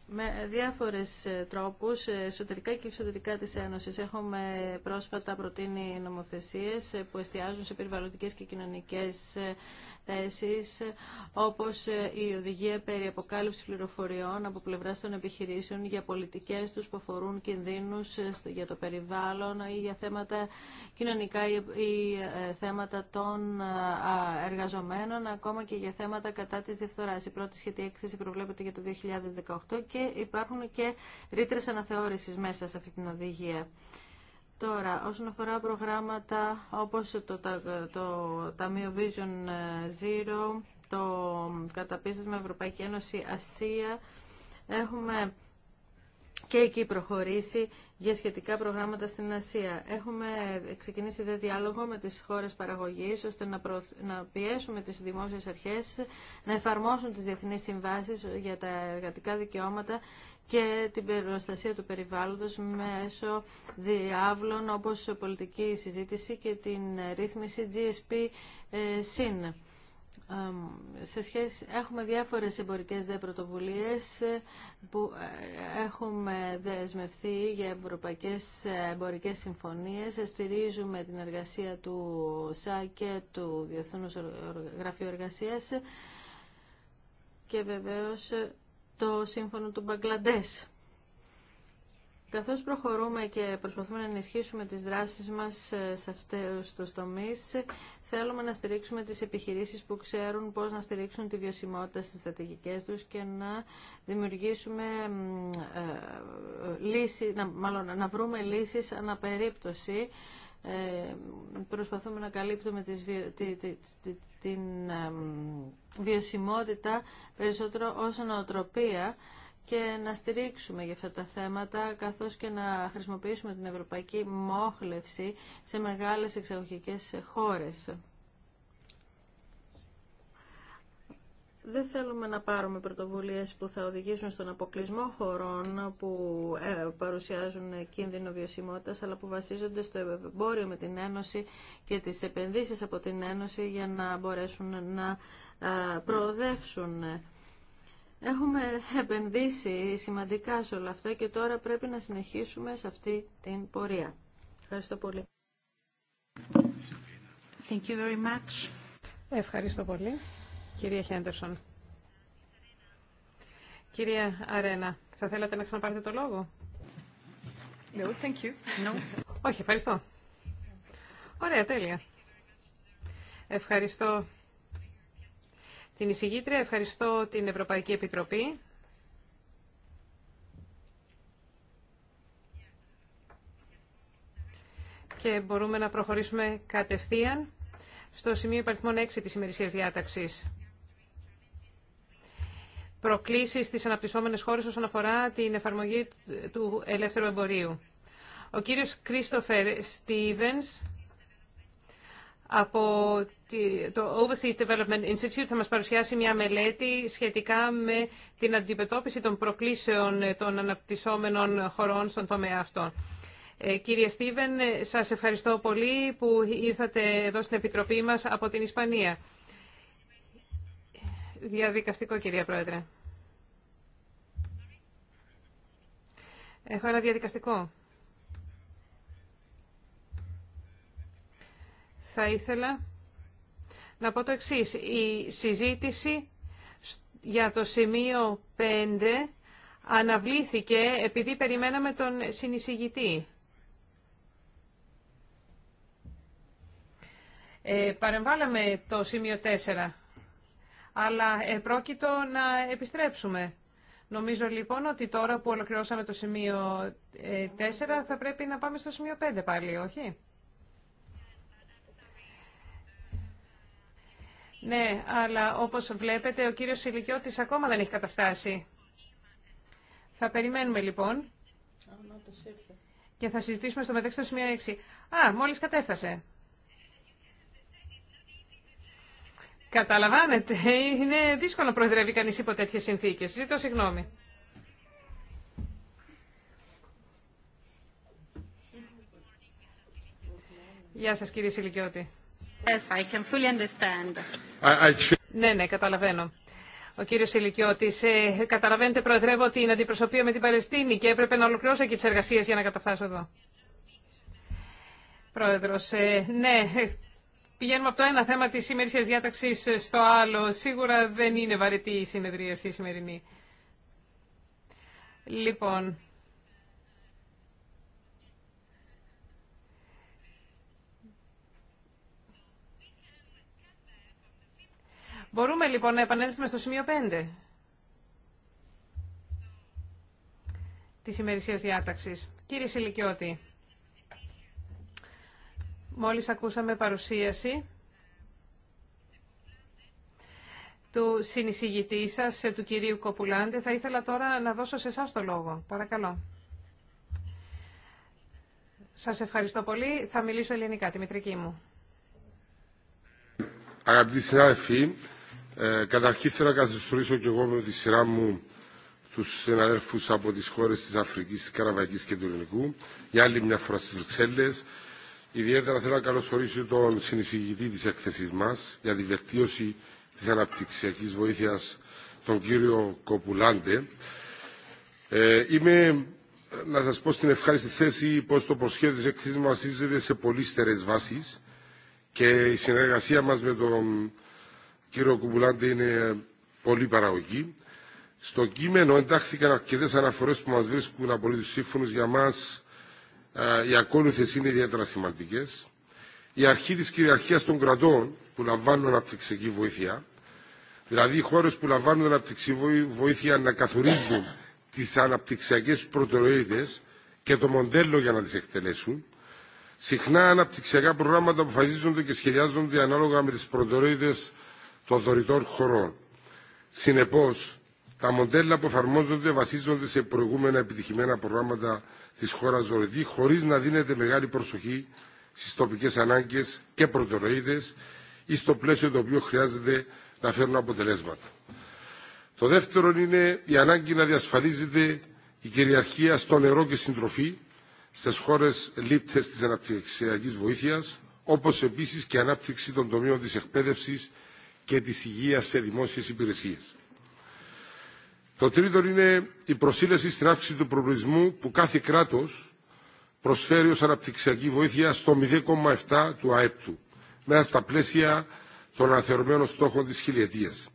με διάφορες ε, τρόπους ε, εσωτερικά και εξωτερικά της Ένωσης. Έχουμε πρόσφατα προτείνει νομοθεσίες που εστιάζουν σε περιβαλλοντικές και κοινωνικές θέσεις όπως ε, η οδηγία περί αποκάλυψης πληροφοριών από πλευράς των επιχειρήσεων για πολιτικές τους που αφορούν κινδύνους ε, για το περιβάλλον ή για θέματα κοινωνικά ή ε, θέματα των εργαζομένων ακόμα και για θέματα κατά της διαφθοράς. Η πρώτη σχετική έκθεση προβλέπεται για το 2018 και υπάρχουν και ρήτρες αναθεώρησης μέσα σε αυτή την οδηγία. Τώρα, όσον αφορά προγράμματα όπως το, το, το Ταμείο Vision Zero, το καταπίστευμα Ευρωπαϊκή Ένωση Ασία, έχουμε και εκεί προχωρήσει για σχετικά προγράμματα στην Ασία. Έχουμε ξεκινήσει δε διάλογο με τις χώρες παραγωγής ώστε να, να πιέσουμε τις δημόσιες αρχές να εφαρμόσουν τις διεθνείς συμβάσεις για τα εργατικά δικαιώματα και την προστασία του περιβάλλοντος μέσω διάβλων όπως πολιτική συζήτηση και την ρύθμιση ε, συν. Σε σχέση, έχουμε διάφορες εμπορικές δε πρωτοβουλίες ε, που ε, έχουμε δεσμευθεί για ευρωπαϊκές εμπορικές συμφωνίες. Στηρίζουμε την εργασία του ΣΑ και του Διεθνούς Γραφείου Εργασίας και βεβαίως το σύμφωνο του Μπαγκλαντές. Καθώς προχωρούμε και προσπαθούμε να ενισχύσουμε τις δράσεις μας σε αυτές τους τομείς, θέλουμε να στηρίξουμε τις επιχειρήσεις που ξέρουν πώς να στηρίξουν τη βιωσιμότητα στις στρατηγικές τους και να δημιουργήσουμε ε, να, μάλλον να βρούμε λύσεις αναπερίπτωση ε, προσπαθούμε να καλύπτουμε την βιωσιμότητα περισσότερο ως νοοτροπία και να στηρίξουμε για αυτά τα θέματα, καθώς και να χρησιμοποιήσουμε την ευρωπαϊκή μόχλευση σε μεγάλες εξαγωγικές χώρες. δεν θέλουμε να πάρουμε πρωτοβουλίες που θα οδηγήσουν στον αποκλεισμό χωρών που ε, παρουσιάζουν κίνδυνο βιωσιμότητας, αλλά που βασίζονται στο εμπόριο με την Ένωση και τις επενδύσεις από την Ένωση για να μπορέσουν να ε, προοδεύσουν. Έχουμε επενδύσει σημαντικά σε όλα αυτά και τώρα πρέπει να συνεχίσουμε σε αυτή την πορεία. Ευχαριστώ πολύ. Thank you very much. Ευχαριστώ πολύ. Κυρία Χέντερσον. Κυρία Αρένα, θα θέλατε να ξαναπάρετε το λόγο. No, thank you. No. Όχι, ευχαριστώ. Ωραία, τέλεια. Ευχαριστώ την εισηγήτρια, ευχαριστώ την Ευρωπαϊκή Επιτροπή. Και μπορούμε να προχωρήσουμε κατευθείαν στο σημείο υπαριθμών 6 της ημερησίας διάταξης προκλήσεις στις αναπτυσσόμενες χώρες όσον αφορά την εφαρμογή του ελεύθερου εμπορίου. Ο κύριος Κρίστοφερ Στίβεν, από το Overseas Development Institute θα μας παρουσιάσει μια μελέτη σχετικά με την αντιμετώπιση των προκλήσεων των αναπτυσσόμενων χωρών στον τομέα αυτό. Ε, κύριε Στίβεν, σας ευχαριστώ πολύ που ήρθατε εδώ στην Επιτροπή μας από την Ισπανία. Διαδικαστικό, κυρία Πρόεδρε. Έχω ένα διαδικαστικό. Θα ήθελα να πω το εξής. Η συζήτηση για το σημείο 5 αναβλήθηκε επειδή περιμέναμε τον συνεισηγητή. Ε, παρεμβάλαμε το σημείο 4 αλλά επρόκειτο να επιστρέψουμε. Νομίζω λοιπόν ότι τώρα που ολοκληρώσαμε το σημείο 4 ε, θα πρέπει να πάμε στο σημείο 5 πάλι, όχι? Ναι, αλλά όπως βλέπετε ο κύριος Σιλικιώτης ακόμα δεν έχει καταφτάσει. Θα περιμένουμε λοιπόν και θα συζητήσουμε στο μεταξύ το σημείο 6. Α, μόλις κατέφτασε. Καταλαβαίνετε, είναι δύσκολο να προεδρεύει κανείς υπό τέτοιες συνθήκες. Ζήτω συγγνώμη. Γεια σας κύριε Σιλικιώτη. Yes, I can fully understand. Ναι, ναι, καταλαβαίνω. Ο κύριος Σιλικιώτης, ε, καταλαβαίνετε, Προεδρεύω την αντιπροσωπεία με την Παλαιστίνη και έπρεπε να ολοκληρώσω και τις εργασίες για να καταφτάσω εδώ. Πρόεδρος, ε, ναι, Πηγαίνουμε από το ένα θέμα της ημερήσιας διάταξης στο άλλο. Σίγουρα δεν είναι βαρετή η συνεδρίαση η σημερινή. Λοιπόν... Μπορούμε λοιπόν να επανέλθουμε στο σημείο 5 της ημερησίας διάταξης. Κύριε Σιλικιώτη, Μόλις ακούσαμε παρουσίαση του συνεισηγητή σας, ε, του κυρίου Κοπουλάντε. Θα ήθελα τώρα να δώσω σε εσά το λόγο. Παρακαλώ. Σας ευχαριστώ πολύ. Θα μιλήσω ελληνικά, τη μητρική μου. Αγαπητοί συνάδελφοι, ε, καταρχήν θέλω να καθιστορήσω και εγώ με τη σειρά μου τους συναδέλφους από τις χώρες της Αφρικής, της Καραβαϊκής και του Ελληνικού, για άλλη μια φορά στις Βρυξέλλες, Ιδιαίτερα θέλω να καλωσορίσω τον συνεισηγητή της έκθεσης μας για τη βελτίωση της αναπτυξιακής βοήθειας, τον κύριο Κοπουλάντε. Ε, είμαι, να σας πω στην ευχάριστη θέση, πως το προσχέδιο της έκθεσης μας σύζεται σε πολύ στερές βάσεις και η συνεργασία μας με τον κύριο Κοπουλάντε είναι πολύ παραγωγή. Στο κείμενο εντάχθηκαν αρκετές αναφορές που μας βρίσκουν απολύτως σύμφωνους για μας ε, οι ακόλουθε είναι ιδιαίτερα σημαντικέ. Η αρχή τη κυριαρχία των κρατών που λαμβάνουν αναπτυξιακή βοήθεια, δηλαδή οι χώρε που λαμβάνουν αναπτυξιακή βοήθεια να καθορίζουν τι αναπτυξιακέ προτεραιότητε και το μοντέλο για να τι εκτελέσουν. Συχνά αναπτυξιακά προγράμματα αποφασίζονται και σχεδιάζονται ανάλογα με τι προτεραιότητε των δωρητών χωρών. Συνεπώς, τα μοντέλα που εφαρμόζονται βασίζονται σε προηγούμενα επιτυχημένα προγράμματα τη χώρα ζωρετή, χωρί να δίνεται μεγάλη προσοχή στι τοπικέ ανάγκε και προτεραιότητε ή στο πλαίσιο το οποίο χρειάζεται να φέρουν αποτελέσματα. Το δεύτερο είναι η ανάγκη να διασφαλίζεται η κυριαρχία στο νερό και στην τροφή στι χώρε λήπτε τη αναπτυξιακή βοήθεια, όπω επίση και η ανάπτυξη των τομείων τη εκπαίδευση και τη υγεία σε δημόσιε υπηρεσίε. Το τρίτο είναι η προσήλεση στην αύξηση του προβλησμού που κάθε κράτος προσφέρει ως αναπτυξιακή βοήθεια στο 0,7 του ΑΕΠ του, μέσα στα πλαίσια των αναθεωρημένων στόχων της χιλιετίας.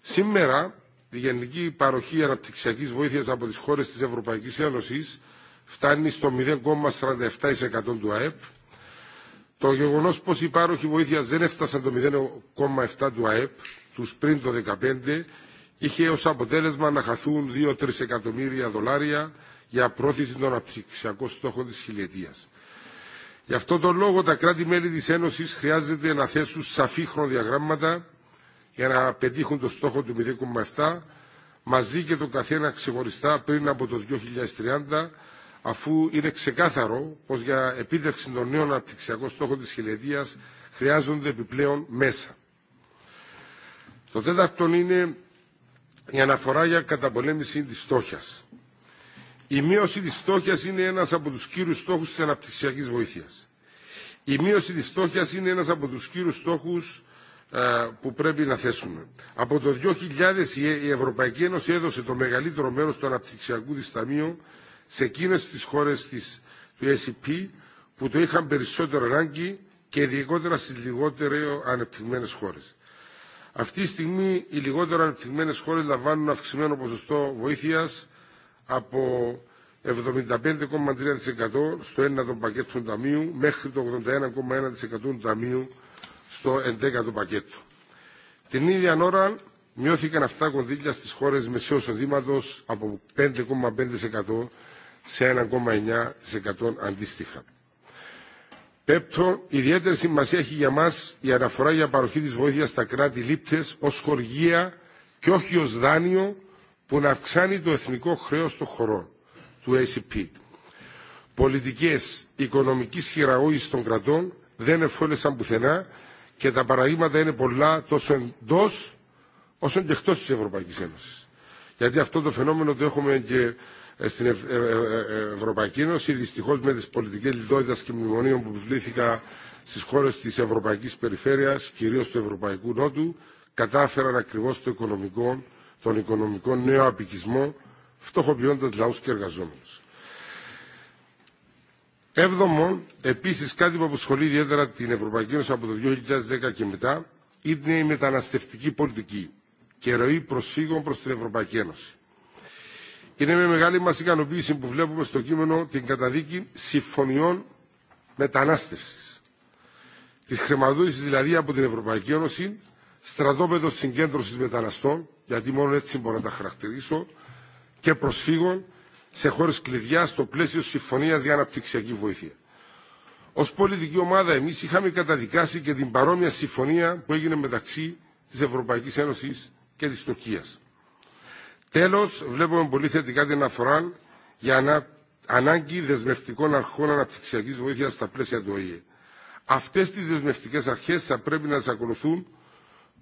Σήμερα, η γενική παροχή αναπτυξιακής βοήθειας από τις χώρες της Ευρωπαϊκής Ένωσης φτάνει στο 0,47% του ΑΕΠ. Το γεγονός πως η πάροχη βοήθεια δεν έφτασαν το 0,7% του ΑΕΠ του πριν το 2015 είχε ως αποτέλεσμα να χαθούν 2-3 εκατομμύρια δολάρια για πρόθεση των αναπτυξιακών στόχων της χιλιετίας. Γι' αυτό τον λόγο τα κράτη-μέλη της Ένωσης χρειάζεται να θέσουν σαφή χρονοδιαγράμματα για να πετύχουν το στόχο του 0,7 μαζί και το καθένα ξεχωριστά πριν από το 2030 αφού είναι ξεκάθαρο πως για επίτευξη των νέων αναπτυξιακών στόχων της χιλιετίας χρειάζονται επιπλέον μέσα. Το τέταρτο είναι η αναφορά για καταπολέμηση της στόχιας. Η μείωση της στόχιας είναι ένας από τους κύριους στόχους της αναπτυξιακής βοήθειας. Η μείωση της στόχιας είναι ένας από τους κύριους στόχους ε, που πρέπει να θέσουμε. Από το 2000 η Ευρωπαϊκή Ένωση έδωσε το μεγαλύτερο μέρος του αναπτυξιακού της ταμείου σε εκείνες τις χώρες της, του ACP που το είχαν περισσότερο ανάγκη και ειδικότερα στις λιγότερο ανεπτυγμένες χώρες. Αυτή τη στιγμή οι λιγότερο ανεπτυγμένε χώρε λαμβάνουν αυξημένο ποσοστό βοήθεια από 75,3% στο 1ο πακέτο του Ταμείου μέχρι το 81,1% του Ταμείου στο 11ο πακέτο. Την ίδια ώρα μειώθηκαν αυτά κονδύλια στις χώρες μεσαίου εισοδήματο από 5,5% σε 1,9% αντίστοιχα. Πέπτο, ιδιαίτερη σημασία έχει για μα η αναφορά για παροχή τη βοήθεια στα κράτη λήπτε ω χοργία και όχι ω δάνειο που να αυξάνει το εθνικό χρέο των χωρών του ACP. Πολιτικέ οικονομική χειραγώγηση των κρατών δεν εφόλεσαν πουθενά και τα παραδείγματα είναι πολλά τόσο εντό όσο και εκτό τη Ευρωπαϊκή Ένωση. Γιατί αυτό το φαινόμενο το έχουμε και στην ε, ε, ε, Ευρωπαϊκή Ένωση, δυστυχώ με τι πολιτικέ λιτότητα και μνημονίων που επιβλήθηκα στι χώρε τη Ευρωπαϊκή Περιφέρεια, κυρίω του Ευρωπαϊκού Νότου, κατάφεραν ακριβώ το οικονομικό, τον οικονομικό νέο απικισμό, φτωχοποιώντα λαού και εργαζόμενου. Έβδομον, επίση κάτι που αποσχολεί ιδιαίτερα την Ευρωπαϊκή Ένωση από το 2010 και μετά, είναι η μεταναστευτική πολιτική και ροή προσφύγων προ την Ευρωπαϊκή Ένωση. Είναι με μεγάλη μας ικανοποίηση που βλέπουμε στο κείμενο την καταδίκη συμφωνιών μετανάστευσης. Της χρηματοδότησης δηλαδή από την Ευρωπαϊκή Ένωση, στρατόπεδο συγκέντρωσης μεταναστών, γιατί μόνο έτσι μπορώ να τα χαρακτηρίσω, και προσφύγων σε χώρε κλειδιά στο πλαίσιο συμφωνία για αναπτυξιακή βοήθεια. Ω πολιτική ομάδα, εμεί είχαμε καταδικάσει και την παρόμοια συμφωνία που έγινε μεταξύ τη Ευρωπαϊκή Ένωση και τη Τουρκία. Τέλος, βλέπουμε πολύ θετικά την αφορά για ανάγκη δεσμευτικών αρχών αναπτυξιακής βοήθειας στα πλαίσια του ΟΗΕ. Αυτές τις δεσμευτικές αρχές θα πρέπει να τις ακολουθούν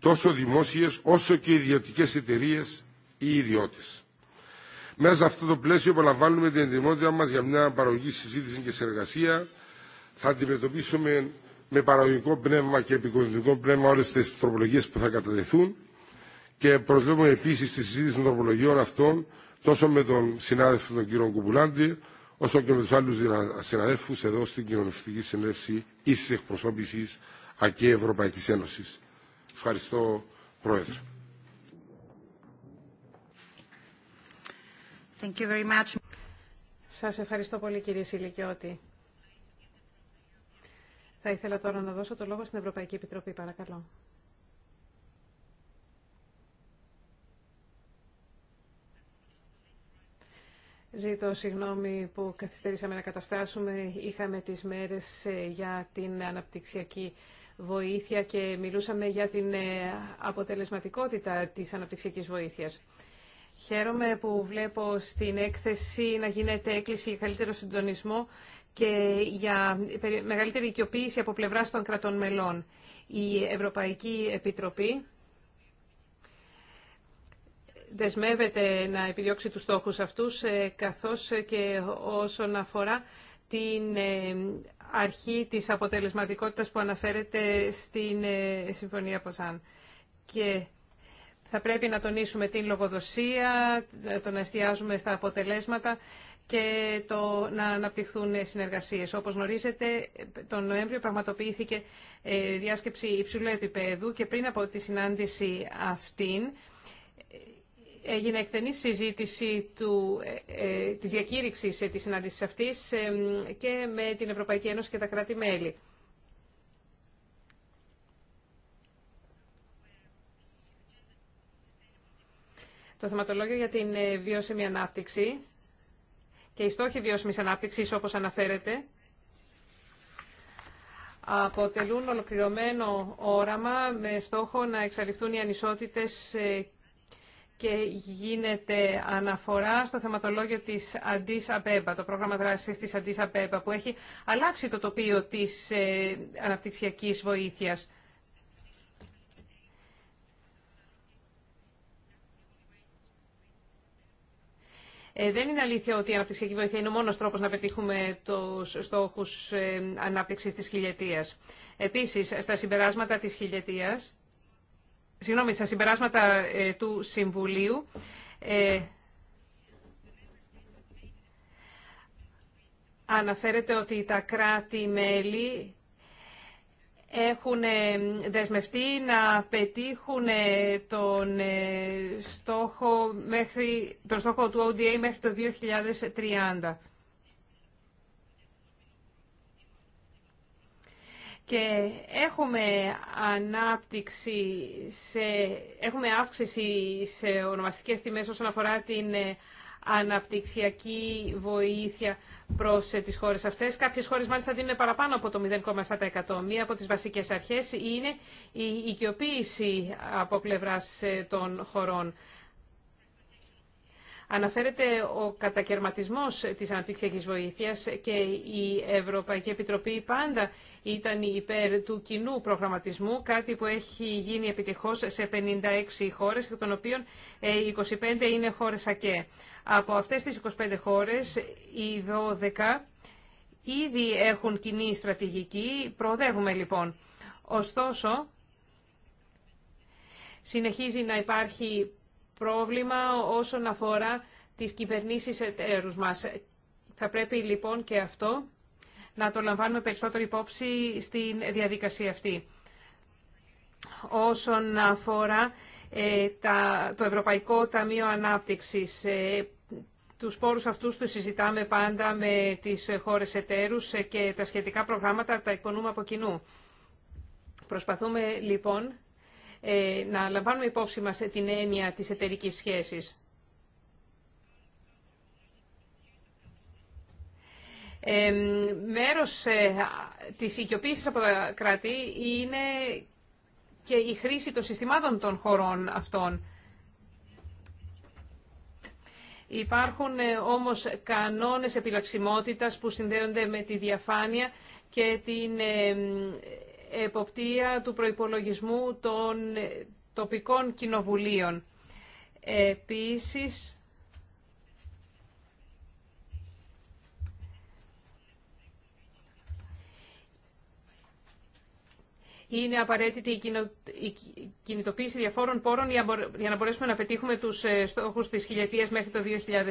τόσο δημόσιες όσο και ιδιωτικές εταιρείε ή ιδιώτες. Μέσα σε αυτό το πλαίσιο αναβάλουμε την ετοιμότητα μας για μια παραγωγή συζήτηση και συνεργασία. Θα αντιμετωπίσουμε με παραγωγικό πνεύμα και επικοινωνικό πνεύμα όλες τις τροπολογίες που θα κατατεθούν και προσβλέπουμε επίση τη συζήτηση των τροπολογιών αυτών τόσο με τον συνάδελφο τον κύριο Κουμπουλάντη, όσο και με του άλλου συναδέλφου εδώ στην κοινωνιστική συνέλευση ίση εκπροσώπηση ΑΚΕ Ευρωπαϊκή Ένωση. Ευχαριστώ, Πρόεδρε. Thank Σας ευχαριστώ πολύ κύριε Σιλικιώτη. Θα ήθελα τώρα να δώσω το λόγο στην Ευρωπαϊκή Επιτροπή, παρακαλώ. Ζήτω συγγνώμη που καθυστερήσαμε να καταφτάσουμε. Είχαμε τις μέρες ε, για την αναπτυξιακή βοήθεια και μιλούσαμε για την ε, αποτελεσματικότητα της αναπτυξιακής βοήθειας. Χαίρομαι που βλέπω στην έκθεση να γίνεται έκκληση για καλύτερο συντονισμό και για μεγαλύτερη οικειοποίηση από πλευράς των κρατών μελών. Η Ευρωπαϊκή Επιτροπή δεσμεύεται να επιδιώξει τους στόχους αυτούς, ε, καθώς και όσον αφορά την ε, αρχή της αποτελεσματικότητας που αναφέρεται στην ε, Συμφωνία Ποσάν. Και θα πρέπει να τονίσουμε την λογοδοσία, το να εστιάζουμε στα αποτελέσματα και το να αναπτυχθούν συνεργασίες. Όπως γνωρίζετε, τον Νοέμβριο πραγματοποιήθηκε διάσκεψη υψηλού επίπεδου και πριν από τη συνάντηση αυτήν, Έγινε εκτενή συζήτηση του, ε, ε, της διακήρυξης ε, της συνάντησης αυτής και με την Ευρωπαϊκή Ένωση και τα κράτη-μέλη. Το θεματολόγιο για την βιώσιμη ανάπτυξη και οι στόχοι βιώσιμης ανάπτυξης, όπως αναφέρεται, αποτελούν ολοκληρωμένο όραμα με στόχο να εξαλειφθούν οι ανισότητες και γίνεται αναφορά στο θεματολόγιο της Αντίς απέπα, το πρόγραμμα δράσης της Αντίς Απέμπα, που έχει αλλάξει το τοπίο της ε, αναπτυξιακής βοήθειας. Ε, δεν είναι αλήθεια ότι η αναπτυξιακή βοήθεια είναι ο μόνος τρόπος να πετύχουμε τους στόχους ε, ανάπτυξης της χιλιετίας. Επίσης, στα συμπεράσματα της χιλιετίας, συγγνώμη, στα συμπεράσματα ε, του Συμβουλίου, ε, αναφέρεται ότι τα κράτη-μέλη έχουν ε, δεσμευτεί να πετύχουν τον στόχο, μέχρι, τον στόχο του ODA μέχρι το 2030. και έχουμε ανάπτυξη, σε, έχουμε αύξηση σε ονομαστικές τιμές όσον αφορά την ε, αναπτυξιακή βοήθεια προς ε, τις χώρες αυτές. Κάποιες χώρες μάλιστα δίνουν παραπάνω από το 0,7%. Μία από τις βασικές αρχές είναι η οικειοποίηση από πλευράς ε, των χωρών. Αναφέρεται ο κατακαιρματισμός της αναπτυξιακής βοήθειας και η Ευρωπαϊκή Επιτροπή πάντα ήταν υπέρ του κοινού προγραμματισμού, κάτι που έχει γίνει επιτυχώς σε 56 χώρες, εκ των οποίων 25 ε, είναι χώρες ΑΚΕ. Από αυτές τις 25 χώρες, οι 12 ήδη έχουν κοινή στρατηγική, προοδεύουμε λοιπόν. Ωστόσο, συνεχίζει να υπάρχει πρόβλημα όσον αφορά τις κυβερνήσεις εταίρους μας. Θα πρέπει λοιπόν και αυτό να το λαμβάνουμε περισσότερο υπόψη στην διαδικασία αυτή. Όσον αφορά ε, το Ευρωπαϊκό Ταμείο Ανάπτυξης, ε, τους πόρους αυτούς τους συζητάμε πάντα με τις χώρες εταίρους ε, και τα σχετικά προγράμματα τα εκπονούμε από κοινού. Προσπαθούμε λοιπόν ε, να λαμβάνουμε υπόψη μας την έννοια της εταιρικής σχέσης. Ε, μέρος της οικειοποίησης από τα κράτη είναι και η χρήση των συστημάτων των χωρών αυτών. Υπάρχουν ε, όμως κανόνες επιλαξιμότητας που συνδέονται με τη διαφάνεια και την ε, εποπτεία του προϋπολογισμού των τοπικών κοινοβουλίων. Επίσης, είναι απαραίτητη η κινητοποίηση διαφόρων πόρων για να μπορέσουμε να πετύχουμε τους ε, στόχους της χιλιετίας μέχρι το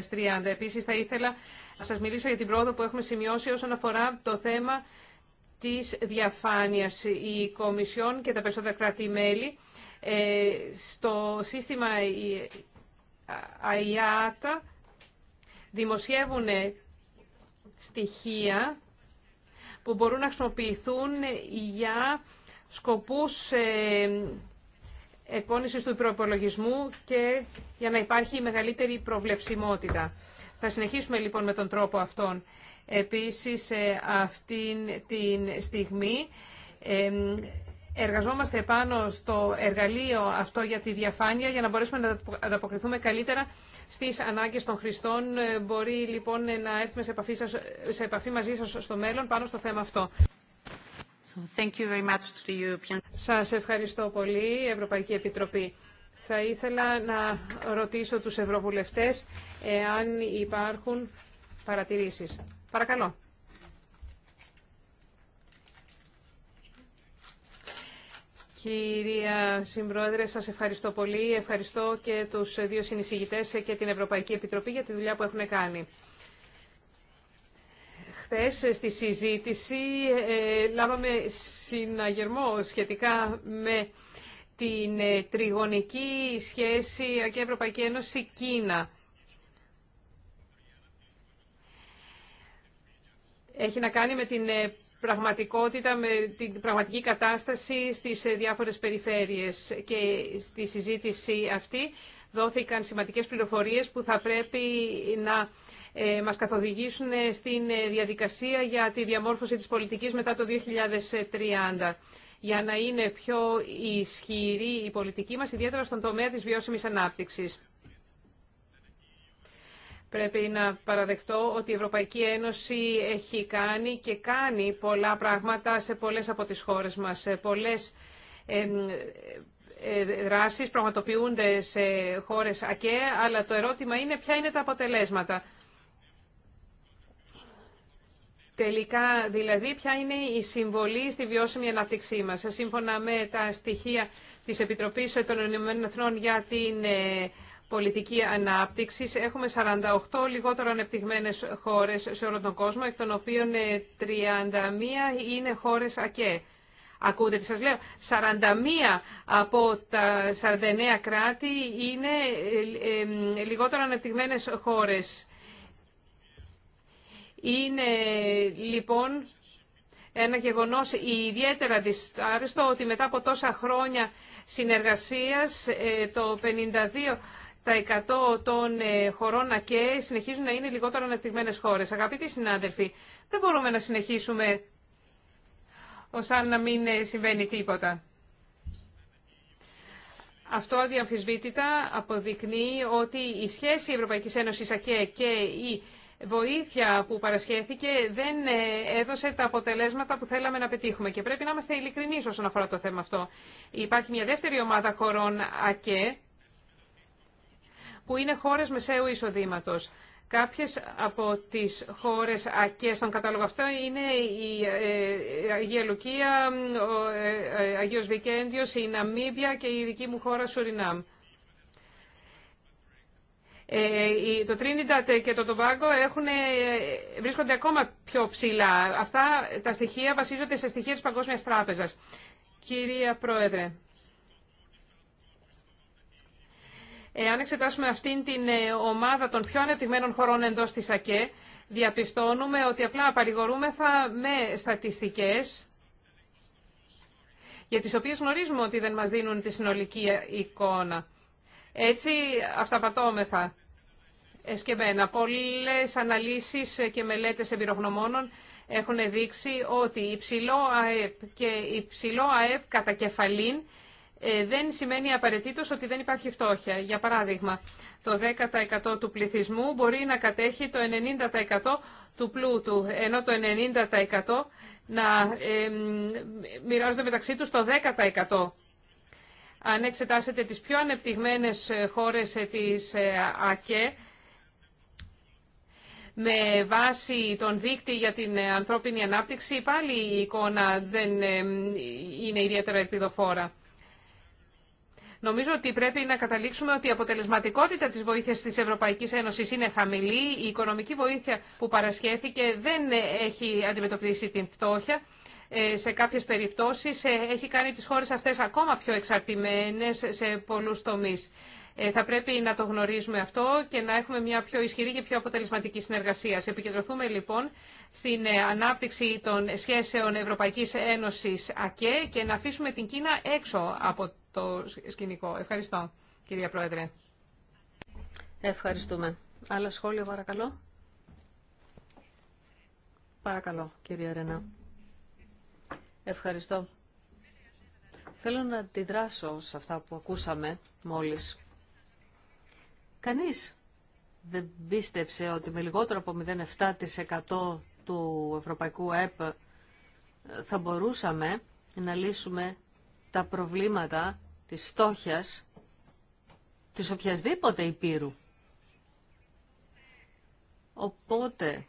2030. Επίσης, θα ήθελα να σας μιλήσω για την πρόοδο που έχουμε σημειώσει όσον αφορά το θέμα της διαφάνειας η Κομισιόν και τα περισσότερα κράτη-μέλη ε, στο σύστημα ΑΙΑΤΑ δημοσιεύουν στοιχεία που μπορούν να χρησιμοποιηθούν για σκοπούς ε, εκπόνησης του προπολογισμού και για να υπάρχει μεγαλύτερη προβλεψιμότητα. Θα συνεχίσουμε λοιπόν με τον τρόπο αυτόν. Επίσης, ε, αυτήν την στιγμή εργαζόμαστε πάνω στο εργαλείο αυτό για τη διαφάνεια για να μπορέσουμε να ανταποκριθούμε καλύτερα στις ανάγκες των χρηστών. Ε, μπορεί λοιπόν ε, να έρθουμε σε επαφή, σε επαφή μαζί σας στο μέλλον πάνω στο θέμα αυτό. So, thank Σας ευχαριστώ πολύ, Ευρωπαϊκή Επιτροπή. Θα ήθελα να ρωτήσω τους ευρωβουλευτές εάν υπάρχουν παρατηρήσεις. Παρακαλώ. Κυρία Συμπρόεδρε, σας ευχαριστώ πολύ. Ευχαριστώ και τους δύο συνεισηγητές και την Ευρωπαϊκή Επιτροπή για τη δουλειά που έχουν κάνει. Χθε στη συζήτηση ε, λάβαμε συναγερμό σχετικά με την ε, τριγωνική σχέση και Ευρωπαϊκή Ένωση-Κίνα. έχει να κάνει με την ε, πραγματικότητα, με την πραγματική κατάσταση στις ε, διάφορες περιφέρειες. Και στη συζήτηση αυτή δόθηκαν σημαντικές πληροφορίες που θα πρέπει να ε, μας καθοδηγήσουν στην διαδικασία για τη διαμόρφωση της πολιτικής μετά το 2030 για να είναι πιο ισχυρή η πολιτική μας, ιδιαίτερα στον τομέα της βιώσιμης ανάπτυξης. Πρέπει να παραδεχτώ ότι η Ευρωπαϊκή Ένωση έχει κάνει και κάνει πολλά πράγματα σε πολλές από τις χώρες μας. Σε πολλές ε, δράσεις πραγματοποιούνται σε χώρες ΑΚΕ, αλλά το ερώτημα είναι ποια είναι τα αποτελέσματα. Τελικά, δηλαδή, ποια είναι η συμβολή στη βιώσιμη ανάπτυξή μας. Σύμφωνα με τα στοιχεία της Επιτροπής των Ηνωμένων Εθνών για την ε, πολιτική ανάπτυξης. Έχουμε 48 λιγότερο ανεπτυγμένες χώρες σε όλο τον κόσμο, εκ των οποίων 31 ε, είναι χώρες ΑΚΕ. Ακούτε τι σας λέω. 41 από τα 49 κράτη είναι ε, ε, λιγότερο ανεπτυγμένες χώρες. Είναι λοιπόν ένα γεγονός ιδιαίτερα δυστάριστο ότι μετά από τόσα χρόνια συνεργασίας το 52 τα 100 των ε, χωρών ΑΚΕ συνεχίζουν να είναι λιγότερο αναπτυγμένες χώρες. Αγαπητοί συνάδελφοι, δεν μπορούμε να συνεχίσουμε ω αν να μην ε, συμβαίνει τίποτα. Αυτό αδιαμφισβήτητα αποδεικνύει ότι η σχέση Ευρωπαϊκής Ένωσης ΑΚΕ και η βοήθεια που παρασχέθηκε δεν ε, έδωσε τα αποτελέσματα που θέλαμε να πετύχουμε. Και πρέπει να είμαστε ειλικρινεί όσον αφορά το θέμα αυτό. Υπάρχει μια δεύτερη ομάδα χωρών ΑΚΕ που είναι χώρες μεσαίου εισοδήματος. Κάποιες από τις χώρες ΑΚΕ στον κατάλογο αυτό είναι η ε, ε, Αγία Λουκία, ο ε, Αγίος Βικέντιος, η Ναμίμπια και η δική μου χώρα Σουρινάμ. το Τρίνιντατ και το Τομπάγκο έχουν, βρίσκονται ακόμα πιο ψηλά. Αυτά τα στοιχεία βασίζονται σε στοιχεία της Παγκόσμιας Τράπεζας. Κυρία Πρόεδρε, Αν εξετάσουμε αυτήν την ε, ομάδα των πιο ανεπτυγμένων χωρών εντός της ΑΚΕ, διαπιστώνουμε ότι απλά παρηγορούμεθα με στατιστικές για τις οποίες γνωρίζουμε ότι δεν μας δίνουν τη συνολική εικόνα. Έτσι αυταπατώμεθα εσκεμμένα. Πολλές αναλύσεις και μελέτες εμπειρογνωμόνων έχουν δείξει ότι υψηλό ΑΕΠ και υψηλό ΑΕΠ κατά κεφαλήν ε, δεν σημαίνει απαραίτητο ότι δεν υπάρχει φτώχεια. Για παράδειγμα, το 10% του πληθυσμού μπορεί να κατέχει το 90% του πλούτου, ενώ το 90% να μοιράζονται μεταξύ τους το 10%. Αν εξετάσετε τις πιο ανεπτυγμένες χώρες της ε, ΑΚΕ, με βάση τον δείκτη για την ε, ανθρώπινη ανάπτυξη, πάλι η εικόνα δεν είναι ιδιαίτερα επιδοφόρα. Νομίζω ότι πρέπει να καταλήξουμε ότι η αποτελεσματικότητα της βοήθειας της Ευρωπαϊκής Ένωσης είναι χαμηλή. Η οικονομική βοήθεια που παρασχέθηκε δεν έχει αντιμετωπίσει την φτώχεια. Ε, σε κάποιες περιπτώσεις ε, έχει κάνει τις χώρες αυτές ακόμα πιο εξαρτημένες σε πολλού τομεί. Ε, θα πρέπει να το γνωρίζουμε αυτό και να έχουμε μια πιο ισχυρή και πιο αποτελεσματική συνεργασία. Επικεντρωθούμε λοιπόν στην ε, ανάπτυξη των σχέσεων Ευρωπαϊκής Ένωσης ΑΚΕ και να αφήσουμε την Κίνα έξω από το σκηνικό. Ευχαριστώ, κυρία Πρόεδρε. Ευχαριστούμε. Άλλα σχόλια, παρακαλώ. Παρακαλώ, κυρία Ρένα. Ευχαριστώ. Θέλω να αντιδράσω σε αυτά που ακούσαμε μόλις. Κανείς δεν πίστεψε ότι με λιγότερο από 0,7% του Ευρωπαϊκού ΕΠ ε, θα μπορούσαμε να λύσουμε τα προβλήματα της φτώχειας της οποιασδήποτε υπήρου. Οπότε,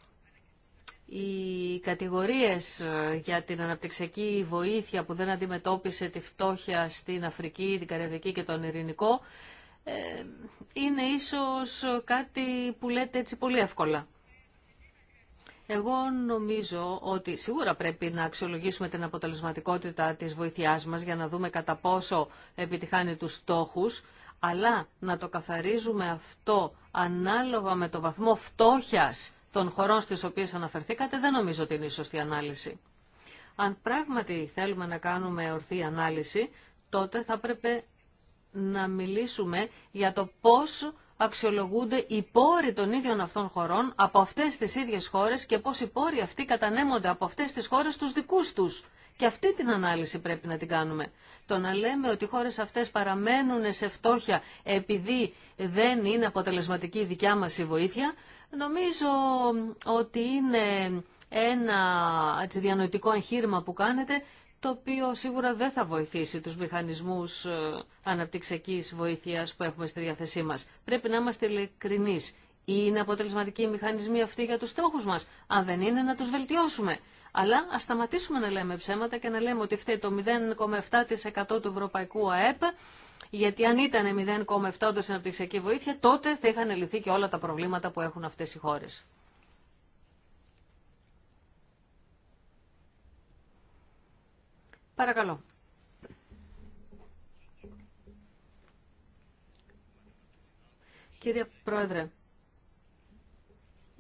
οι κατηγορίες ε, για την αναπτυξιακή βοήθεια που δεν αντιμετώπισε τη φτώχεια στην Αφρική, την Καραβική και τον Ειρηνικό ε, είναι ίσως κάτι που λέτε έτσι πολύ εύκολα. Εγώ νομίζω ότι σίγουρα πρέπει να αξιολογήσουμε την αποτελεσματικότητα της βοηθειάς μας για να δούμε κατά πόσο επιτυχάνει τους στόχους, αλλά να το καθαρίζουμε αυτό ανάλογα με το βαθμό φτώχειας των χωρών στις οποίες αναφερθήκατε, δεν νομίζω ότι είναι η σωστή ανάλυση. Αν πράγματι θέλουμε να κάνουμε ορθή ανάλυση, τότε θα πρέπει να μιλήσουμε για το πώς αξιολογούνται οι πόροι των ίδιων αυτών χωρών από αυτές τις ίδιες χώρες και πώς οι πόροι αυτοί κατανέμονται από αυτές τις χώρες τους δικούς τους. Και αυτή την ανάλυση πρέπει να την κάνουμε. Το να λέμε ότι οι χώρες αυτές παραμένουν σε φτώχεια επειδή δεν είναι αποτελεσματική η δικιά μας η βοήθεια, νομίζω ότι είναι ένα διανοητικό εγχείρημα που κάνετε το οποίο σίγουρα δεν θα βοηθήσει τους μηχανισμούς ε, αναπτυξιακής βοήθειας που έχουμε στη διάθεσή μας. Πρέπει να είμαστε ειλικρινεί. Είναι αποτελεσματικοί οι μηχανισμοί αυτοί για τους στόχους μας. Αν δεν είναι, να τους βελτιώσουμε. Αλλά ας σταματήσουμε να λέμε ψέματα και να λέμε ότι φταίει το 0,7% του ευρωπαϊκού ΑΕΠ, γιατί αν ήταν 0,7% όντως αναπτυξιακή βοήθεια, τότε θα είχαν λυθεί και όλα τα προβλήματα που έχουν αυτές οι χώρες. Παρακαλώ. Κύριε Πρόεδρε,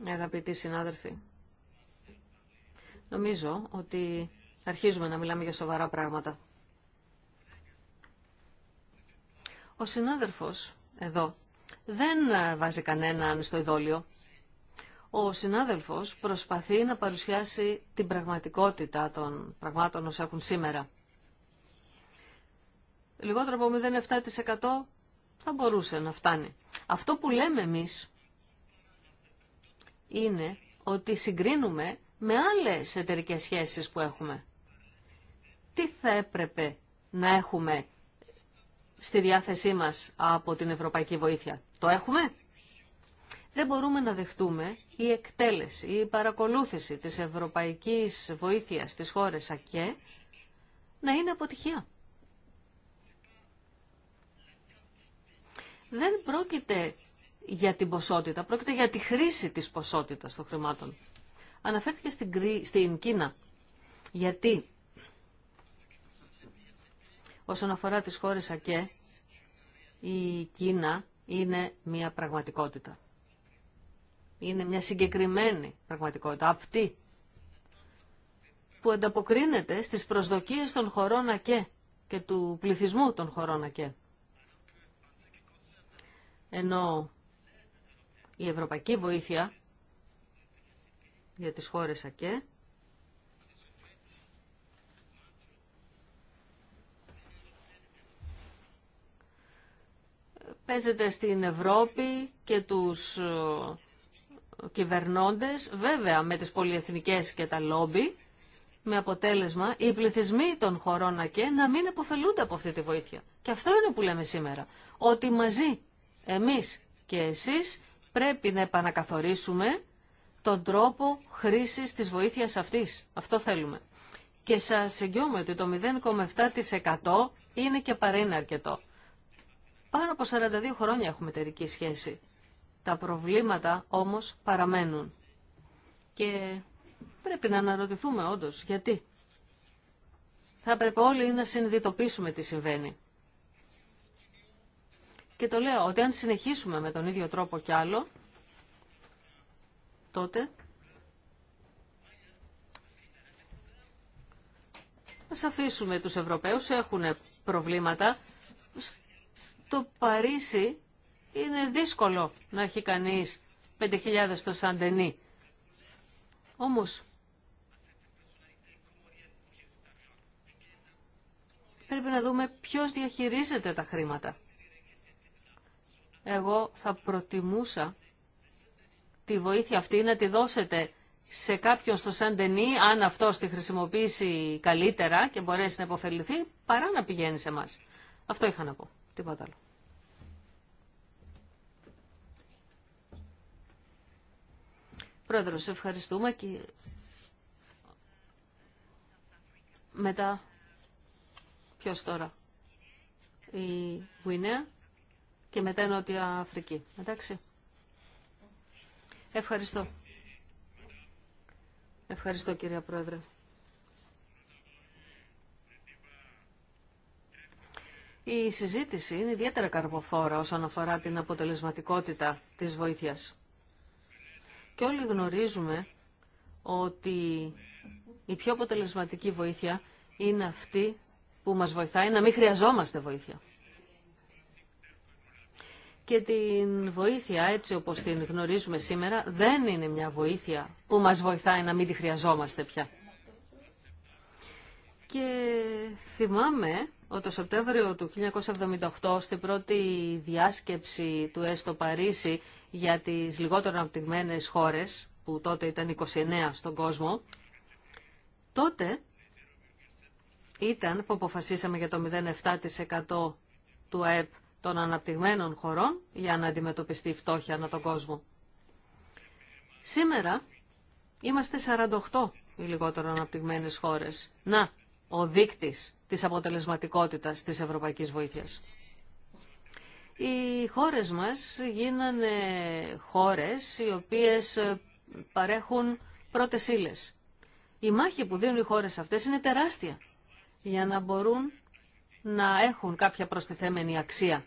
αγαπητοί συνάδελφοι, νομίζω ότι αρχίζουμε να μιλάμε για σοβαρά πράγματα. Ο συνάδελφος εδώ δεν βάζει κανέναν στο ειδόλιο. Ο συνάδελφος προσπαθεί να παρουσιάσει την πραγματικότητα των πραγμάτων όσα έχουν σήμερα. Λιγότερο από 0,7% θα μπορούσε να φτάνει. Αυτό που λέμε εμείς είναι ότι συγκρίνουμε με άλλες εταιρικές σχέσεις που έχουμε. Τι θα έπρεπε να έχουμε στη διάθεσή μας από την ευρωπαϊκή βοήθεια. Το έχουμε? δεν μπορούμε να δεχτούμε η εκτέλεση, η παρακολούθηση της ευρωπαϊκής βοήθειας στις χώρες ΑΚΕ να είναι αποτυχία. Δεν πρόκειται για την ποσότητα, πρόκειται για τη χρήση της ποσότητας των χρημάτων. Αναφέρθηκε στην, στην Κίνα. Γιατί όσον αφορά τις χώρες ΑΚΕ, η Κίνα είναι μια πραγματικότητα είναι μια συγκεκριμένη πραγματικότητα, απτή, που ανταποκρίνεται στις προσδοκίες των χωρών ΑΚΕ και του πληθυσμού των χωρών ΑΚΕ. Ενώ η ευρωπαϊκή βοήθεια για τις χώρες ΑΚΕ παίζεται στην Ευρώπη και τους ε, κυβερνώντες, βέβαια με τις πολυεθνικές και τα λόμπι, με αποτέλεσμα οι πληθυσμοί των χωρών ΑΚΕ να μην υποφελούνται από αυτή τη βοήθεια. Και αυτό είναι που λέμε σήμερα, ότι μαζί εμείς και εσείς πρέπει να επανακαθορίσουμε τον τρόπο χρήσης της βοήθειας αυτής. Αυτό θέλουμε. Και σας εγγυώμαι ότι το 0,7% είναι και παρά αρκετό. Πάνω από 42 χρόνια έχουμε εταιρική σχέση. Τα προβλήματα όμως παραμένουν. Και πρέπει να αναρωτηθούμε όντως γιατί. Θα πρέπει όλοι να συνειδητοποιήσουμε τι συμβαίνει. Και το λέω ότι αν συνεχίσουμε με τον ίδιο τρόπο κι άλλο, τότε Ας αφήσουμε τους Ευρωπαίους, έχουν προβλήματα. Το Παρίσι είναι δύσκολο να έχει κανείς 5.000 στο Σαντενί. Όμως, πρέπει να δούμε ποιος διαχειρίζεται τα χρήματα. Εγώ θα προτιμούσα τη βοήθεια αυτή να τη δώσετε σε κάποιον στο Σαντενί, αν αυτό τη χρησιμοποιήσει καλύτερα και μπορέσει να υποφεληθεί, παρά να πηγαίνει σε εμά. Αυτό είχα να πω. Τίποτα άλλο. Πρόεδρος, ευχαριστούμε και μετά ποιος τώρα η Γουινέα και μετά η Νότια Αφρική. Εντάξει. Ευχαριστώ. Ευχαριστώ κυρία Πρόεδρε. Η συζήτηση είναι ιδιαίτερα καρποφόρα όσον αφορά την αποτελεσματικότητα της βοήθειας. Και όλοι γνωρίζουμε ότι η πιο αποτελεσματική βοήθεια είναι αυτή που μας βοηθάει να μην χρειαζόμαστε βοήθεια. Και την βοήθεια έτσι όπως την γνωρίζουμε σήμερα δεν είναι μια βοήθεια που μας βοηθάει να μην τη χρειαζόμαστε πια. Και θυμάμαι ότι το Σεπτέμβριο του 1978 στην πρώτη διάσκεψη του ΕΣΤΟ Παρίσι για τις λιγότερο αναπτυγμένες χώρες, που τότε ήταν 29 στον κόσμο, τότε ήταν που αποφασίσαμε για το 0,7% του ΑΕΠ των αναπτυγμένων χωρών για να αντιμετωπιστεί η φτώχεια ανά τον κόσμο. Σήμερα είμαστε 48 οι λιγότερο αναπτυγμένες χώρες. Να, ο δείκτης της αποτελεσματικότητας της ευρωπαϊκής βοήθειας οι χώρες μας γίνανε χώρες οι οποίες ε, παρέχουν πρώτες ύλες. Η μάχη που δίνουν οι χώρες αυτές είναι τεράστια για να μπορούν να έχουν κάποια προστιθέμενη αξία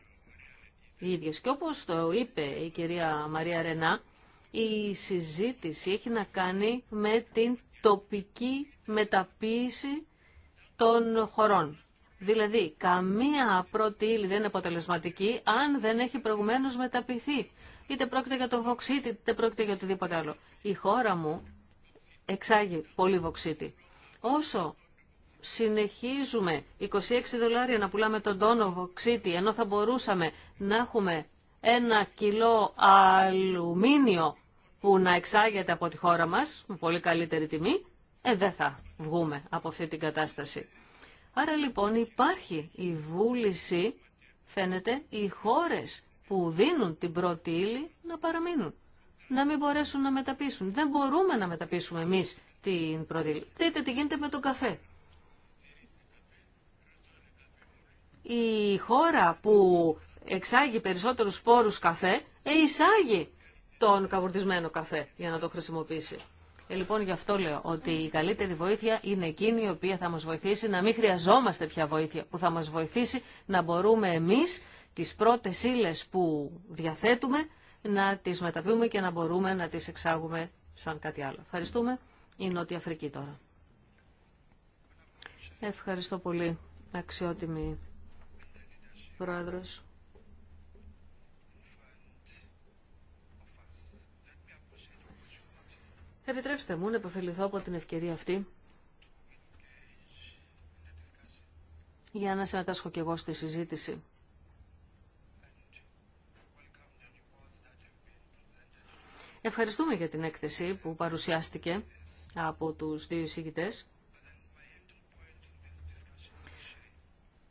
οι Και όπως το είπε η κυρία Μαρία Ρενά, η συζήτηση έχει να κάνει με την τοπική μεταποίηση των χωρών. Δηλαδή, καμία πρώτη ύλη δεν είναι αποτελεσματική αν δεν έχει προηγουμένως μεταπηθεί. Είτε πρόκειται για το βοξίτη, είτε πρόκειται για οτιδήποτε άλλο. Η χώρα μου εξάγει πολύ βοξίτη. Όσο συνεχίζουμε 26 δολάρια να πουλάμε τον τόνο βοξίτη, ενώ θα μπορούσαμε να έχουμε ένα κιλό αλουμίνιο που να εξάγεται από τη χώρα μας, με πολύ καλύτερη τιμή, ε, δεν θα βγούμε από αυτή την κατάσταση. Άρα λοιπόν υπάρχει η βούληση, φαίνεται, οι χώρες που δίνουν την πρώτη ύλη να παραμείνουν. Να μην μπορέσουν να μεταπίσουν. Δεν μπορούμε να μεταπίσουμε εμείς την πρώτη ύλη. Δείτε τι γίνεται με τον καφέ. Η χώρα που εξάγει περισσότερους σπόρους καφέ, εισάγει τον καβουρδισμένο καφέ για να το χρησιμοποιήσει. Ε, λοιπόν, γι' αυτό λέω ότι η καλύτερη βοήθεια είναι εκείνη η οποία θα μας βοηθήσει να μην χρειαζόμαστε πια βοήθεια, που θα μας βοηθήσει να μπορούμε εμείς τις πρώτες ύλε που διαθέτουμε να τις μεταποιούμε και να μπορούμε να τις εξάγουμε σαν κάτι άλλο. Ευχαριστούμε. Η Νότια Αφρική τώρα. Ευχαριστώ πολύ, αξιότιμη Πρόεδρος. Επιτρέψτε μου να επωφεληθώ από την ευκαιρία αυτή για να συμμετάσχω και εγώ στη συζήτηση. Ευχαριστούμε για την έκθεση που παρουσιάστηκε από τους δύο εισηγητές.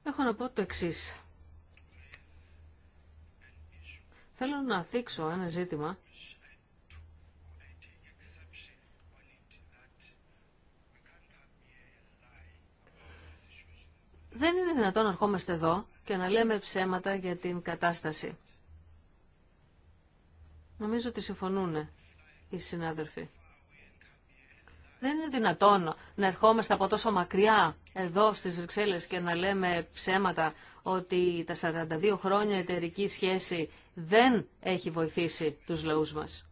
Έχω να πω το εξής. Θέλω να θίξω ένα ζήτημα Δεν είναι δυνατόν να ερχόμαστε εδώ και να λέμε ψέματα για την κατάσταση. Νομίζω ότι συμφωνούν οι συνάδελφοι. Δεν είναι δυνατόν να ερχόμαστε από τόσο μακριά εδώ στις Βρυξέλλες και να λέμε ψέματα ότι τα 42 χρόνια εταιρική σχέση δεν έχει βοηθήσει τους λαούς μας.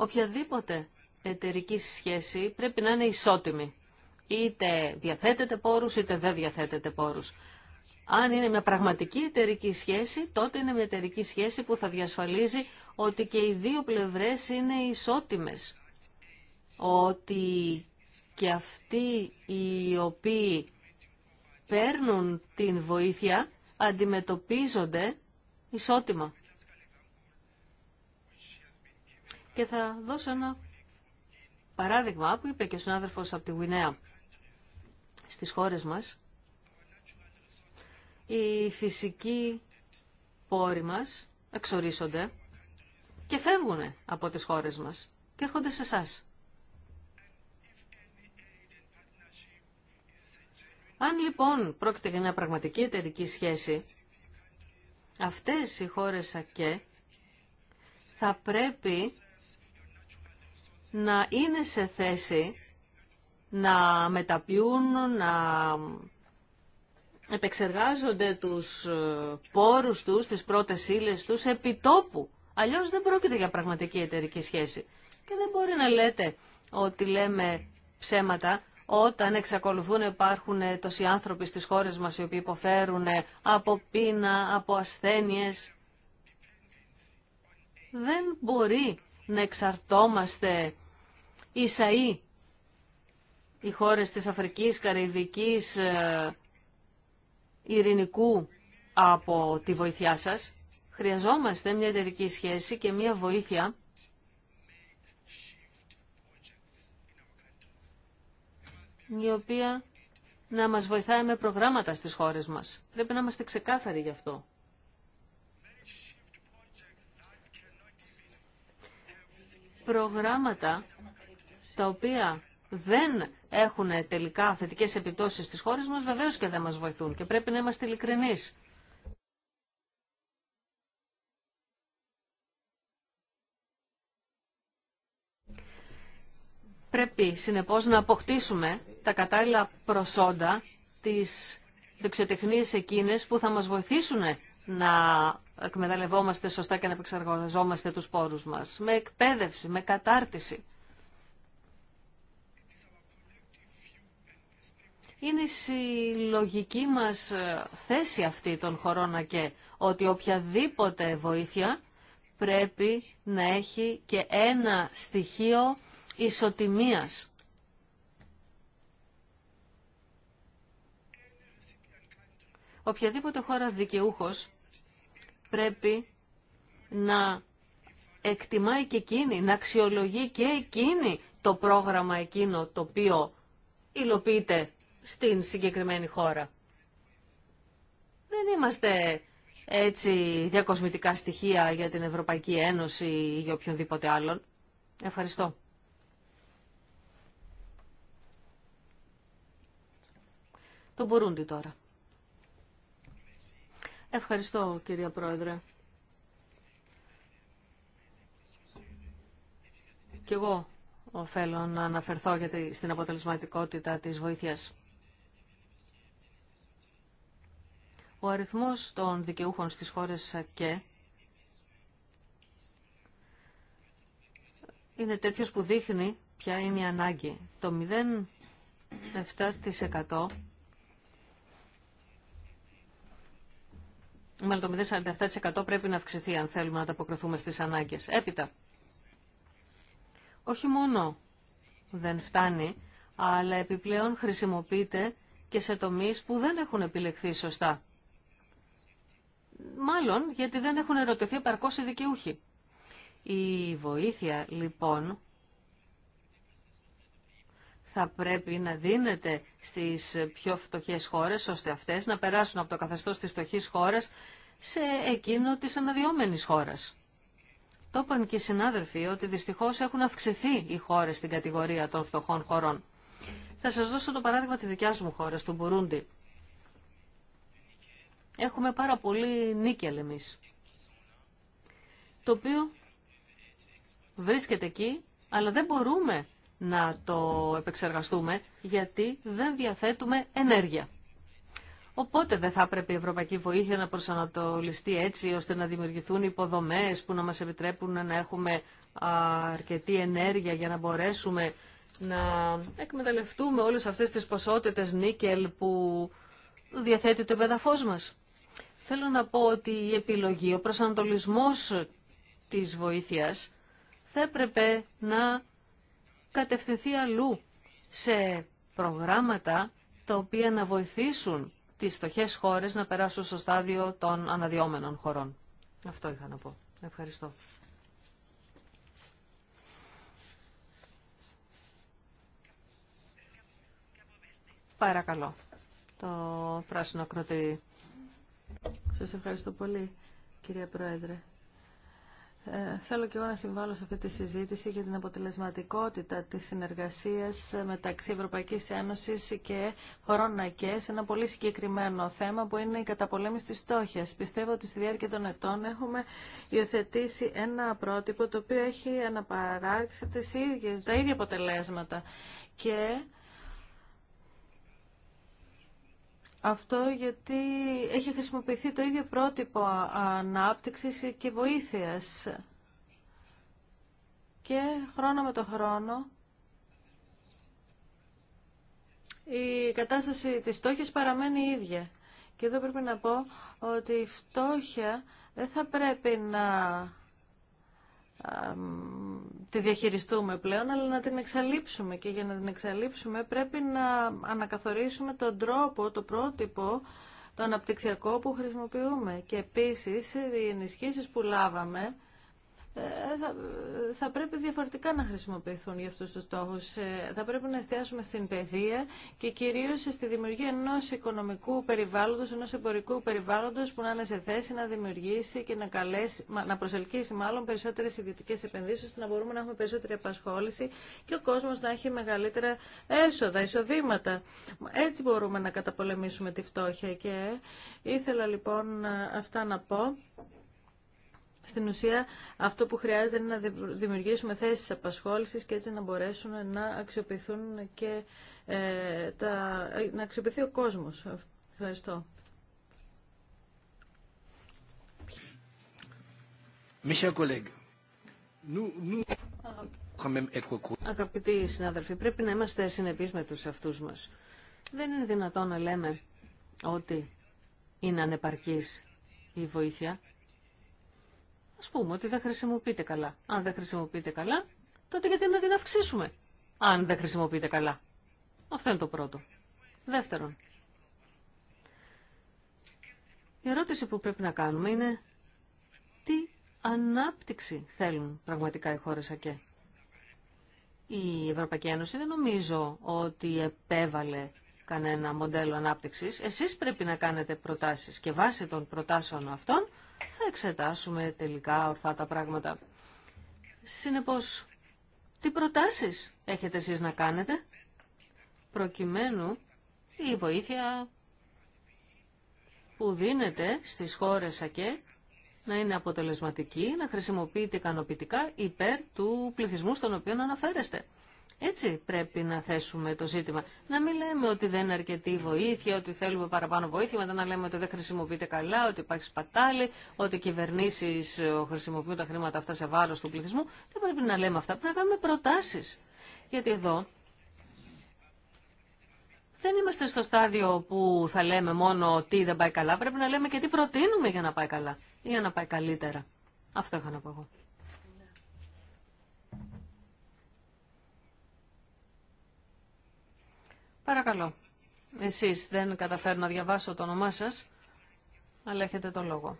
οποιαδήποτε εταιρική σχέση πρέπει να είναι ισότιμη. Είτε διαθέτεται πόρους, είτε δεν διαθέτεται πόρους. Αν είναι μια πραγματική εταιρική σχέση, τότε είναι μια εταιρική σχέση που θα διασφαλίζει ότι και οι δύο πλευρές είναι ισότιμες. Ότι και αυτοί οι οποίοι παίρνουν την βοήθεια αντιμετωπίζονται ισότιμα. Και θα δώσω ένα παράδειγμα που είπε και ο συνάδελφος από τη Γουινέα. Στις χώρες μας, οι φυσικοί πόροι μας εξορίσονται και φεύγουν από τις χώρες μας και έρχονται σε εσά. Αν λοιπόν πρόκειται για μια πραγματική εταιρική σχέση, αυτές οι χώρες ΑΚΕ θα πρέπει να είναι σε θέση να μεταποιούν, να επεξεργάζονται τους ε, πόρους τους, τις πρώτες ύλε τους τόπου. Αλλιώς δεν πρόκειται για πραγματική εταιρική σχέση. Και δεν μπορεί να λέτε ότι λέμε ψέματα όταν εξακολουθούν υπάρχουν τόσοι άνθρωποι στις χώρες μας οι οποίοι υποφέρουν από πείνα, από ασθένειες. Δεν μπορεί να εξαρτώμαστε Ισαΐ οι χώρες της Αφρικής, Καραϊβικής, ε, Ειρηνικού από τη βοήθειά σας. Χρειαζόμαστε μια εταιρική σχέση και μια βοήθεια η οποία να μας βοηθάει με προγράμματα στις χώρες μας. Πρέπει να είμαστε ξεκάθαροι γι' αυτό. Προγράμματα τα οποία δεν έχουν τελικά θετικές επιπτώσεις στις χώρες μας, βεβαίως και δεν μας βοηθούν και πρέπει να είμαστε ειλικρινείς. Πρέπει, συνεπώς, να αποκτήσουμε τα κατάλληλα προσόντα της δεξιοτεχνίες εκείνες που θα μας βοηθήσουν να εκμεταλλευόμαστε σωστά και να επεξεργαζόμαστε τους πόρους μας. Με εκπαίδευση, με κατάρτιση. Είναι η συλλογική μας ε, θέση αυτή των χωρών και ότι οποιαδήποτε βοήθεια πρέπει να έχει και ένα στοιχείο ισοτιμίας. Οποιαδήποτε χώρα δικαιούχος πρέπει να εκτιμάει και εκείνη, να αξιολογεί και εκείνη το πρόγραμμα εκείνο το οποίο υλοποιείται στην συγκεκριμένη χώρα. Δεν είμαστε έτσι διακοσμητικά στοιχεία για την Ευρωπαϊκή Ένωση ή για οποιονδήποτε άλλον. Ευχαριστώ. Το Μπουρούντι τώρα. Ευχαριστώ κυρία Πρόεδρε. Κι εγώ θέλω να αναφερθώ για στην αποτελεσματικότητα της βοήθειας. Ο αριθμός των δικαιούχων στις χώρες ΣΑΚΕ είναι τέτοιος που δείχνει ποια είναι η ανάγκη. Το 0,7% μάλλον το 0,47% πρέπει να αυξηθεί αν θέλουμε να ανταποκριθούμε στις ανάγκες. Έπειτα, όχι μόνο δεν φτάνει, αλλά επιπλέον χρησιμοποιείται και σε τομείς που δεν έχουν επιλεχθεί σωστά. Μάλλον γιατί δεν έχουν ερωτηθεί επαρκώς οι δικαιούχοι. Η βοήθεια λοιπόν θα πρέπει να δίνεται στις πιο φτωχές χώρες ώστε αυτές να περάσουν από το καθεστώς της φτωχής χώρας σε εκείνο της αναδυόμενης χώρας. Το είπαν και οι συνάδελφοι ότι δυστυχώς έχουν αυξηθεί οι χώρες στην κατηγορία των φτωχών χωρών. Θα σας δώσω το παράδειγμα της δικιάς μου χώρας, του Μπουρούντι. Έχουμε πάρα πολύ νίκελ εμείς, το οποίο βρίσκεται εκεί, αλλά δεν μπορούμε να το επεξεργαστούμε, γιατί δεν διαθέτουμε ενέργεια. Οπότε δεν θα πρέπει η ευρωπαϊκή βοήθεια να προσανατολιστεί έτσι ώστε να δημιουργηθούν υποδομές που να μας επιτρέπουν να έχουμε αρκετή ενέργεια για να μπορέσουμε να εκμεταλλευτούμε όλες αυτές τις ποσότητες νίκελ που διαθέτει το επεδαφός μας. Θέλω να πω ότι η επιλογή, ο προσανατολισμός της βοήθειας θα έπρεπε να κατευθυνθεί αλλού σε προγράμματα τα οποία να βοηθήσουν τις στοχές χώρες να περάσουν στο στάδιο των αναδιόμενων χωρών. Αυτό είχα να πω. Ευχαριστώ. Παρακαλώ. Το πράσινο κροτήρι. Σας ευχαριστώ πολύ, κυρία Πρόεδρε. Ε, θέλω και εγώ να συμβάλλω σε αυτή τη συζήτηση για την αποτελεσματικότητα της συνεργασίας μεταξύ Ευρωπαϊκής Ένωσης και χωρών ΑΚΕ σε ένα πολύ συγκεκριμένο θέμα που είναι η καταπολέμηση της στόχιας. Πιστεύω ότι στη διάρκεια των ετών έχουμε υιοθετήσει ένα πρότυπο το οποίο έχει αναπαράξει τις τα ίδια αποτελέσματα και Αυτό γιατί έχει χρησιμοποιηθεί το ίδιο πρότυπο ανάπτυξης και βοήθειας. Και χρόνο με το χρόνο η κατάσταση της φτώχειας παραμένει ίδια. Και εδώ πρέπει να πω ότι η φτώχεια δεν θα πρέπει να τη διαχειριστούμε πλέον, αλλά να την εξαλείψουμε. Και για να την εξαλείψουμε πρέπει να ανακαθορίσουμε τον τρόπο, το πρότυπο, το αναπτυξιακό που χρησιμοποιούμε. Και επίσης οι ενισχύσεις που λάβαμε ε, θα, θα πρέπει διαφορετικά να χρησιμοποιηθούν για αυτούς τους στόχους. Ε, θα πρέπει να εστιάσουμε στην παιδεία και κυρίως στη δημιουργία ενός οικονομικού περιβάλλοντος, ενός εμπορικού περιβάλλοντος που να είναι σε θέση να δημιουργήσει και να, καλέσει, να προσελκύσει μάλλον περισσότερες ιδιωτικές επενδύσεις ώστε να μπορούμε να έχουμε περισσότερη απασχόληση και ο κόσμος να έχει μεγαλύτερα έσοδα, εισοδήματα. Έτσι μπορούμε να καταπολεμήσουμε τη φτώχεια και ήθελα λοιπόν ε, αυτά να πω. Στην ουσία αυτό που χρειάζεται είναι να δημιουργήσουμε θέσεις απασχόλησης και έτσι να μπορέσουν να αξιοποιηθούν και ε, τα, ε, να αξιοποιηθεί ο κόσμος. Ευχαριστώ. Αγαπητοί συνάδελφοι, πρέπει να είμαστε συνεπείς με τους αυτούς μας. Δεν είναι δυνατόν να λέμε ότι είναι ανεπαρκής η βοήθεια. Α πούμε ότι δεν χρησιμοποιείται καλά. Αν δεν χρησιμοποιείται καλά, τότε γιατί να την αυξήσουμε, αν δεν χρησιμοποιείται καλά. Αυτό είναι το πρώτο. Δεύτερον, η ερώτηση που πρέπει να κάνουμε είναι τι ανάπτυξη θέλουν πραγματικά οι χώρες ΑΚΕ. Η Ευρωπαϊκή Ένωση δεν νομίζω ότι επέβαλε κανένα μοντέλο ανάπτυξης. Εσείς πρέπει να κάνετε προτάσεις και βάσει των προτάσεων αυτών θα εξετάσουμε τελικά ορθά τα πράγματα. Συνεπώς, τι προτάσεις έχετε εσείς να κάνετε προκειμένου η βοήθεια που δίνεται στις χώρες ΑΚΕ να είναι αποτελεσματική, να χρησιμοποιείται ικανοποιητικά υπέρ του πληθυσμού στον οποίο αναφέρεστε. Έτσι πρέπει να θέσουμε το ζήτημα. Να μην λέμε ότι δεν είναι αρκετή βοήθεια, ότι θέλουμε παραπάνω βοήθεια, μετά να λέμε ότι δεν χρησιμοποιείται καλά, ότι υπάρχει σπατάλη, ότι οι κυβερνήσει ε, χρησιμοποιούν τα χρήματα αυτά σε βάρο του πληθυσμού. Δεν πρέπει να λέμε αυτά. Πρέπει να κάνουμε προτάσει. Γιατί εδώ δεν είμαστε στο στάδιο που θα λέμε μόνο τι δεν πάει καλά. Πρέπει να λέμε και τι προτείνουμε για να πάει καλά ή για να πάει καλύτερα. Αυτό είχα να πω εγώ. Παρακαλώ. Εσείς δεν καταφέρνω να διαβάσω το όνομά σας, αλλά έχετε το λόγο.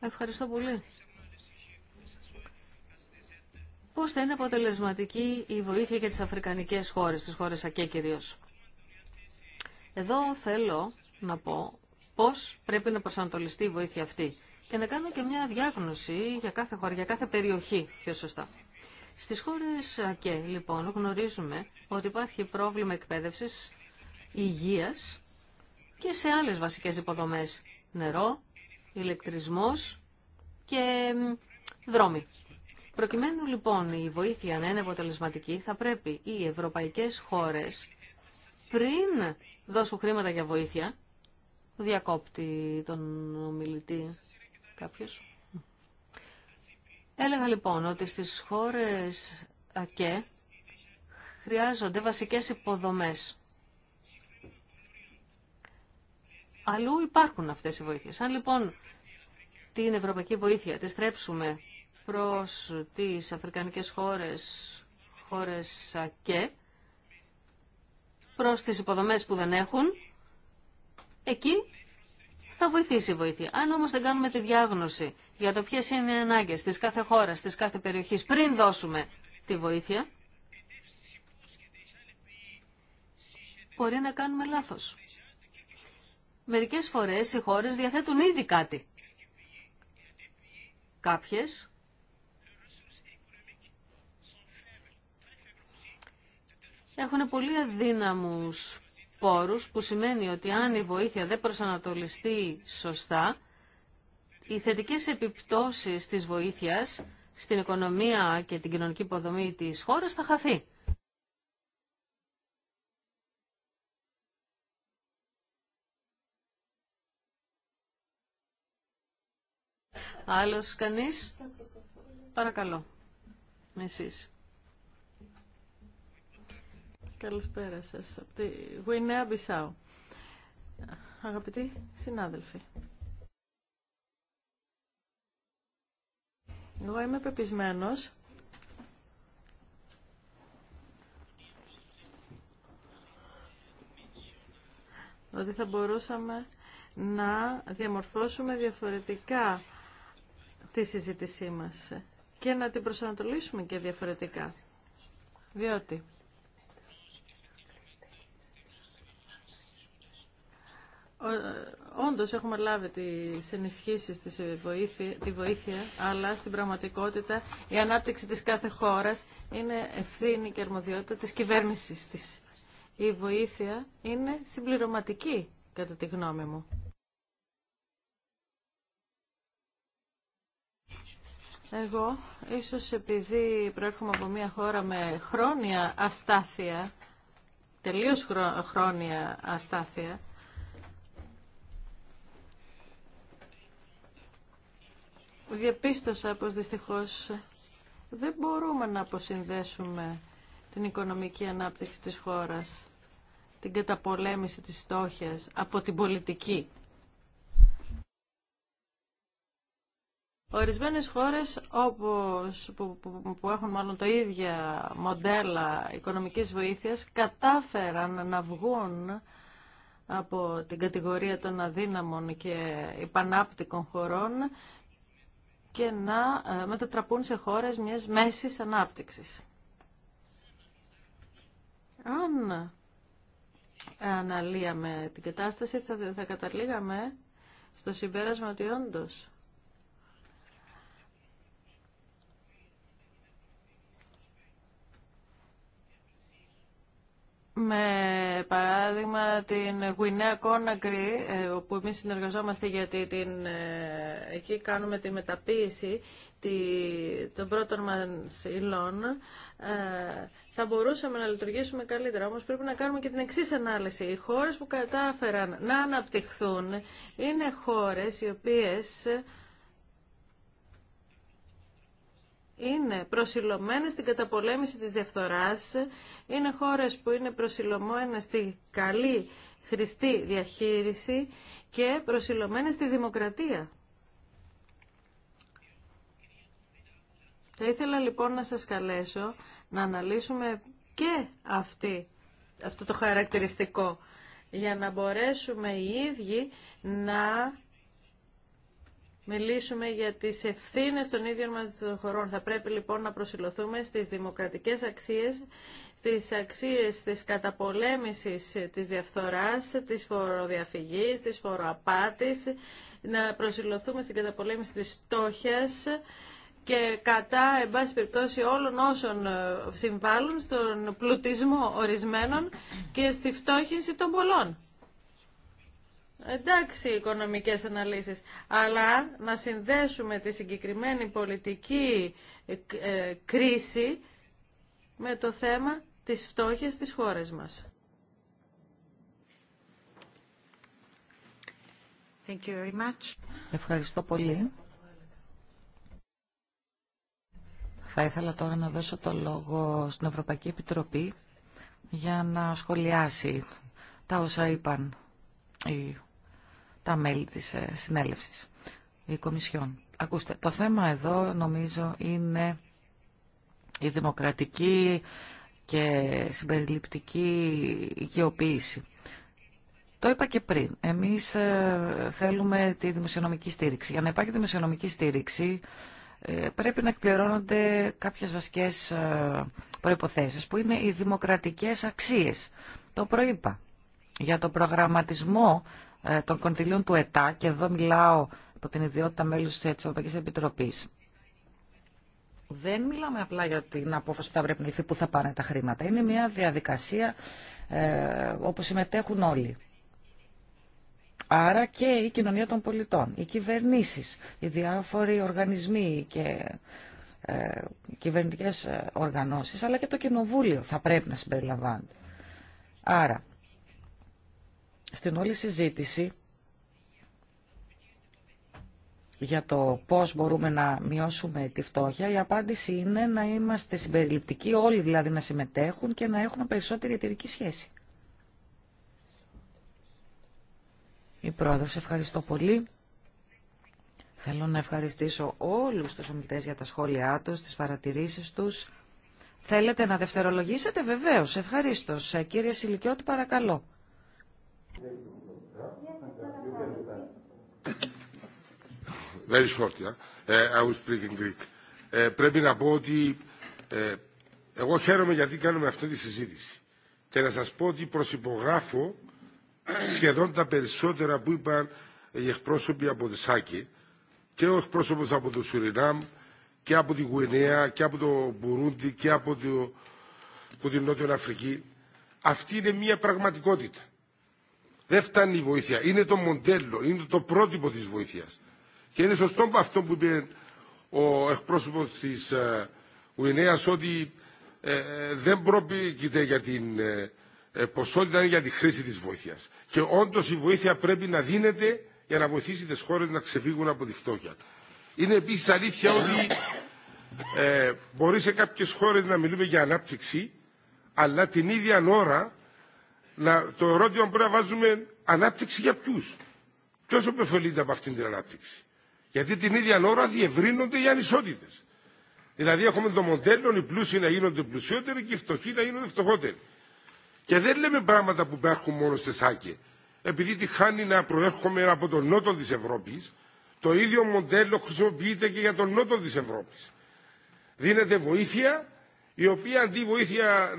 Ευχαριστώ πολύ. Πώς θα είναι αποτελεσματική η βοήθεια για τις αφρικανικές χώρες, τις χώρες ΑΚΕ κυρίως. Εδώ θέλω να πω πώς πρέπει να προσανατολιστεί η βοήθεια αυτή και να κάνω και μια διάγνωση για κάθε χώρα, για κάθε περιοχή πιο σωστά. Στις χώρες ΑΚΕ, λοιπόν, γνωρίζουμε ότι υπάρχει πρόβλημα εκπαίδευσης, υγείας και σε άλλες βασικές υποδομές. Νερό, ηλεκτρισμός και δρόμοι. Προκειμένου λοιπόν η βοήθεια να είναι αποτελεσματική, θα πρέπει οι ευρωπαϊκές χώρες πριν δώσουν χρήματα για βοήθεια, διακόπτει τον ομιλητή κάποιος. Έλεγα λοιπόν ότι στις χώρες ΑΚΕ χρειάζονται βασικές υποδομές. Αλλού υπάρχουν αυτές οι βοήθειες. Αν λοιπόν την ευρωπαϊκή βοήθεια τη στρέψουμε προς τις αφρικανικές χώρες, χώρες ΑΚΕ, προς τις υποδομές που δεν έχουν, εκεί θα βοηθήσει η βοήθεια. Αν όμως δεν κάνουμε τη διάγνωση για το ποιες είναι οι ανάγκες της κάθε χώρας, της κάθε περιοχής, πριν δώσουμε τη βοήθεια, μπορεί να κάνουμε λάθος. Μερικές φορές οι χώρες διαθέτουν ήδη κάτι. Κάποιες έχουν πολύ αδύναμους πόρους, που σημαίνει ότι αν η βοήθεια δεν προσανατολιστεί σωστά, οι θετικές επιπτώσεις της βοήθειας στην οικονομία και την κοινωνική υποδομή της χώρας θα χαθεί. Άλλος κανείς. Παρακαλώ. Εσείς. Καλησπέρα σας. Από τη Γουινέα Μπισάου. Αγαπητοί συνάδελφοι. Εγώ είμαι πεπισμένος ότι θα μπορούσαμε να διαμορφώσουμε διαφορετικά τη συζήτησή μας και να την προσανατολίσουμε και διαφορετικά. Διότι Όντως έχουμε λάβει τις ενισχύσεις, τη βοήθεια, αλλά στην πραγματικότητα η ανάπτυξη της κάθε χώρας είναι ευθύνη και αρμοδιότητα της κυβέρνησης της. Η βοήθεια είναι συμπληρωματική, κατά τη γνώμη μου. Εγώ, ίσως επειδή προέρχομαι από μια χώρα με χρόνια αστάθεια, τελείως χρόνια αστάθεια, διαπίστωσα πως δυστυχώς δεν μπορούμε να αποσυνδέσουμε την οικονομική ανάπτυξη της χώρας, την καταπολέμηση της στόχιας από την πολιτική. Ορισμένες χώρες όπως, που, έχουν μάλλον το ίδια μοντέλα οικονομικής βοήθειας κατάφεραν να βγουν από την κατηγορία των αδύναμων και υπανάπτυκων χωρών και να ε, μετατραπούν σε χώρες μιας μέσης ανάπτυξης. Αν αναλύαμε την κατάσταση θα, θα καταλήγαμε στο συμπέρασμα ότι όντως με παράδειγμα την Γουινέα Κόνακρη, ε, όπου εμείς συνεργαζόμαστε γιατί την, ε, εκεί κάνουμε τη μεταποίηση τη, των πρώτων μας υλών, ε, θα μπορούσαμε να λειτουργήσουμε καλύτερα. Όμως πρέπει να κάνουμε και την εξή ανάλυση. Οι χώρες που κατάφεραν να αναπτυχθούν είναι χώρες οι οποίες είναι προσιλωμένες στην καταπολέμηση της διαφθοράς, είναι χώρες που είναι προσιλωμένες στη καλή χρηστή διαχείριση και προσιλωμένες στη δημοκρατία. Θα ήθελα λοιπόν να σας καλέσω να αναλύσουμε και αυτή, αυτό το χαρακτηριστικό για να μπορέσουμε οι ίδιοι να μιλήσουμε για τις ευθύνες των ίδιων μας χωρών. Θα πρέπει λοιπόν να προσιλωθούμε στις δημοκρατικές αξίες, στις αξίες της καταπολέμησης της διαφθοράς, της φοροδιαφυγής, της φοροαπάτης, να προσιλωθούμε στην καταπολέμηση της στόχιας, και κατά, εν πάση περιπτώσει, όλων όσων ε, συμβάλλουν στον πλουτισμό ορισμένων και στη φτώχυνση των πολλών. Εντάξει οικονομικέ οικονομικές αναλύσεις, αλλά να συνδέσουμε τη συγκεκριμένη πολιτική ε, ε, κρίση με το θέμα της φτώχειας της χώρα μας. Ευχαριστώ πολύ. Θα ήθελα τώρα να δώσω το λόγο στην Ευρωπαϊκή Επιτροπή για να σχολιάσει τα όσα είπαν οι τα μέλη της ε, συνέλευσης, η Κομισιόν. Ακούστε, το θέμα εδώ νομίζω είναι η δημοκρατική και συμπεριληπτική οικειοποίηση. Το είπα και πριν. Εμείς ε, θέλουμε τη δημοσιονομική στήριξη. Για να υπάρχει δημοσιονομική στήριξη ε, πρέπει να εκπληρώνονται κάποιες βασικές προϋποθέσεις που είναι οι δημοκρατικές αξίες. Το προείπα. Για το προγραμματισμό ε, των κοντιλίων του ΕΤΑ και εδώ μιλάω από την ιδιότητα μέλους της Ευρωπαϊκής Επιτροπής. Δεν μιλάμε απλά για την απόφαση που θα πρέπει να ληφθεί που θα πάνε τα χρήματα. Είναι μια διαδικασία ε, όπου συμμετέχουν όλοι. Άρα και η κοινωνία των πολιτών, οι κυβερνήσεις, οι διάφοροι οργανισμοί και ε, κυβερνητικές ε, οργανώσεις, αλλά και το κοινοβούλιο θα πρέπει να συμπεριλαμβάνεται Άρα, στην όλη συζήτηση για το πώς μπορούμε να μειώσουμε τη φτώχεια, η απάντηση είναι να είμαστε συμπεριληπτικοί, όλοι δηλαδή να συμμετέχουν και να έχουμε περισσότερη εταιρική σχέση. Η πρόεδρος, ευχαριστώ πολύ. Θέλω να ευχαριστήσω όλους τους ομιλητές για τα σχόλιά τους, τις παρατηρήσεις τους. Θέλετε να δευτερολογήσετε, βεβαίως, ευχαρίστως. Ε, κύριε Σιλικιώτη, παρακαλώ. Very short, yeah. Uh, I will speak Greek. Uh, πρέπει να πω ότι ε, εγώ χαίρομαι γιατί κάνουμε αυτή τη συζήτηση. Και να σας πω ότι προσυπογράφω σχεδόν τα περισσότερα που είπαν οι εκπρόσωποι από τη Σάκη και ο εκπρόσωπος από το Σουρινάμ και από τη Γουινέα και από το Μπουρούντι και από, το, από την Νότια Αφρική. Αυτή είναι μια πραγματικότητα. Δεν φτάνει η βοήθεια. Είναι το μοντέλο, είναι το πρότυπο της βοήθειας. Και είναι σωστό αυτό που είπε ο εκπρόσωπος της ε, Ουινέας ότι ε, ε, δεν πρόκειται για την ποσότητα, είναι για τη χρήση της βοήθειας. Και όντως η βοήθεια πρέπει να δίνεται για να βοηθήσει τις χώρες να ξεφύγουν από τη φτώχεια. Είναι επίσης αλήθεια ότι ε, μπορεί σε κάποιες χώρες να μιλούμε για ανάπτυξη, αλλά την ίδια ώρα να, το ερώτημα πρέπει να βάζουμε ανάπτυξη για ποιου. Ποιο οπεφελείται από αυτήν την ανάπτυξη. Γιατί την ίδια ώρα διευρύνονται οι ανισότητε. Δηλαδή έχουμε το μοντέλο οι πλούσιοι να γίνονται πλουσιότεροι και οι φτωχοί να γίνονται φτωχότεροι. Και δεν λέμε πράγματα που υπάρχουν μόνο στη ΣΑΚΕ. Επειδή τη χάνει να προέρχομαι από τον νότο τη Ευρώπη, το ίδιο μοντέλο χρησιμοποιείται και για τον νότο τη Ευρώπη. Δίνεται βοήθεια, η οποία αντί βοήθεια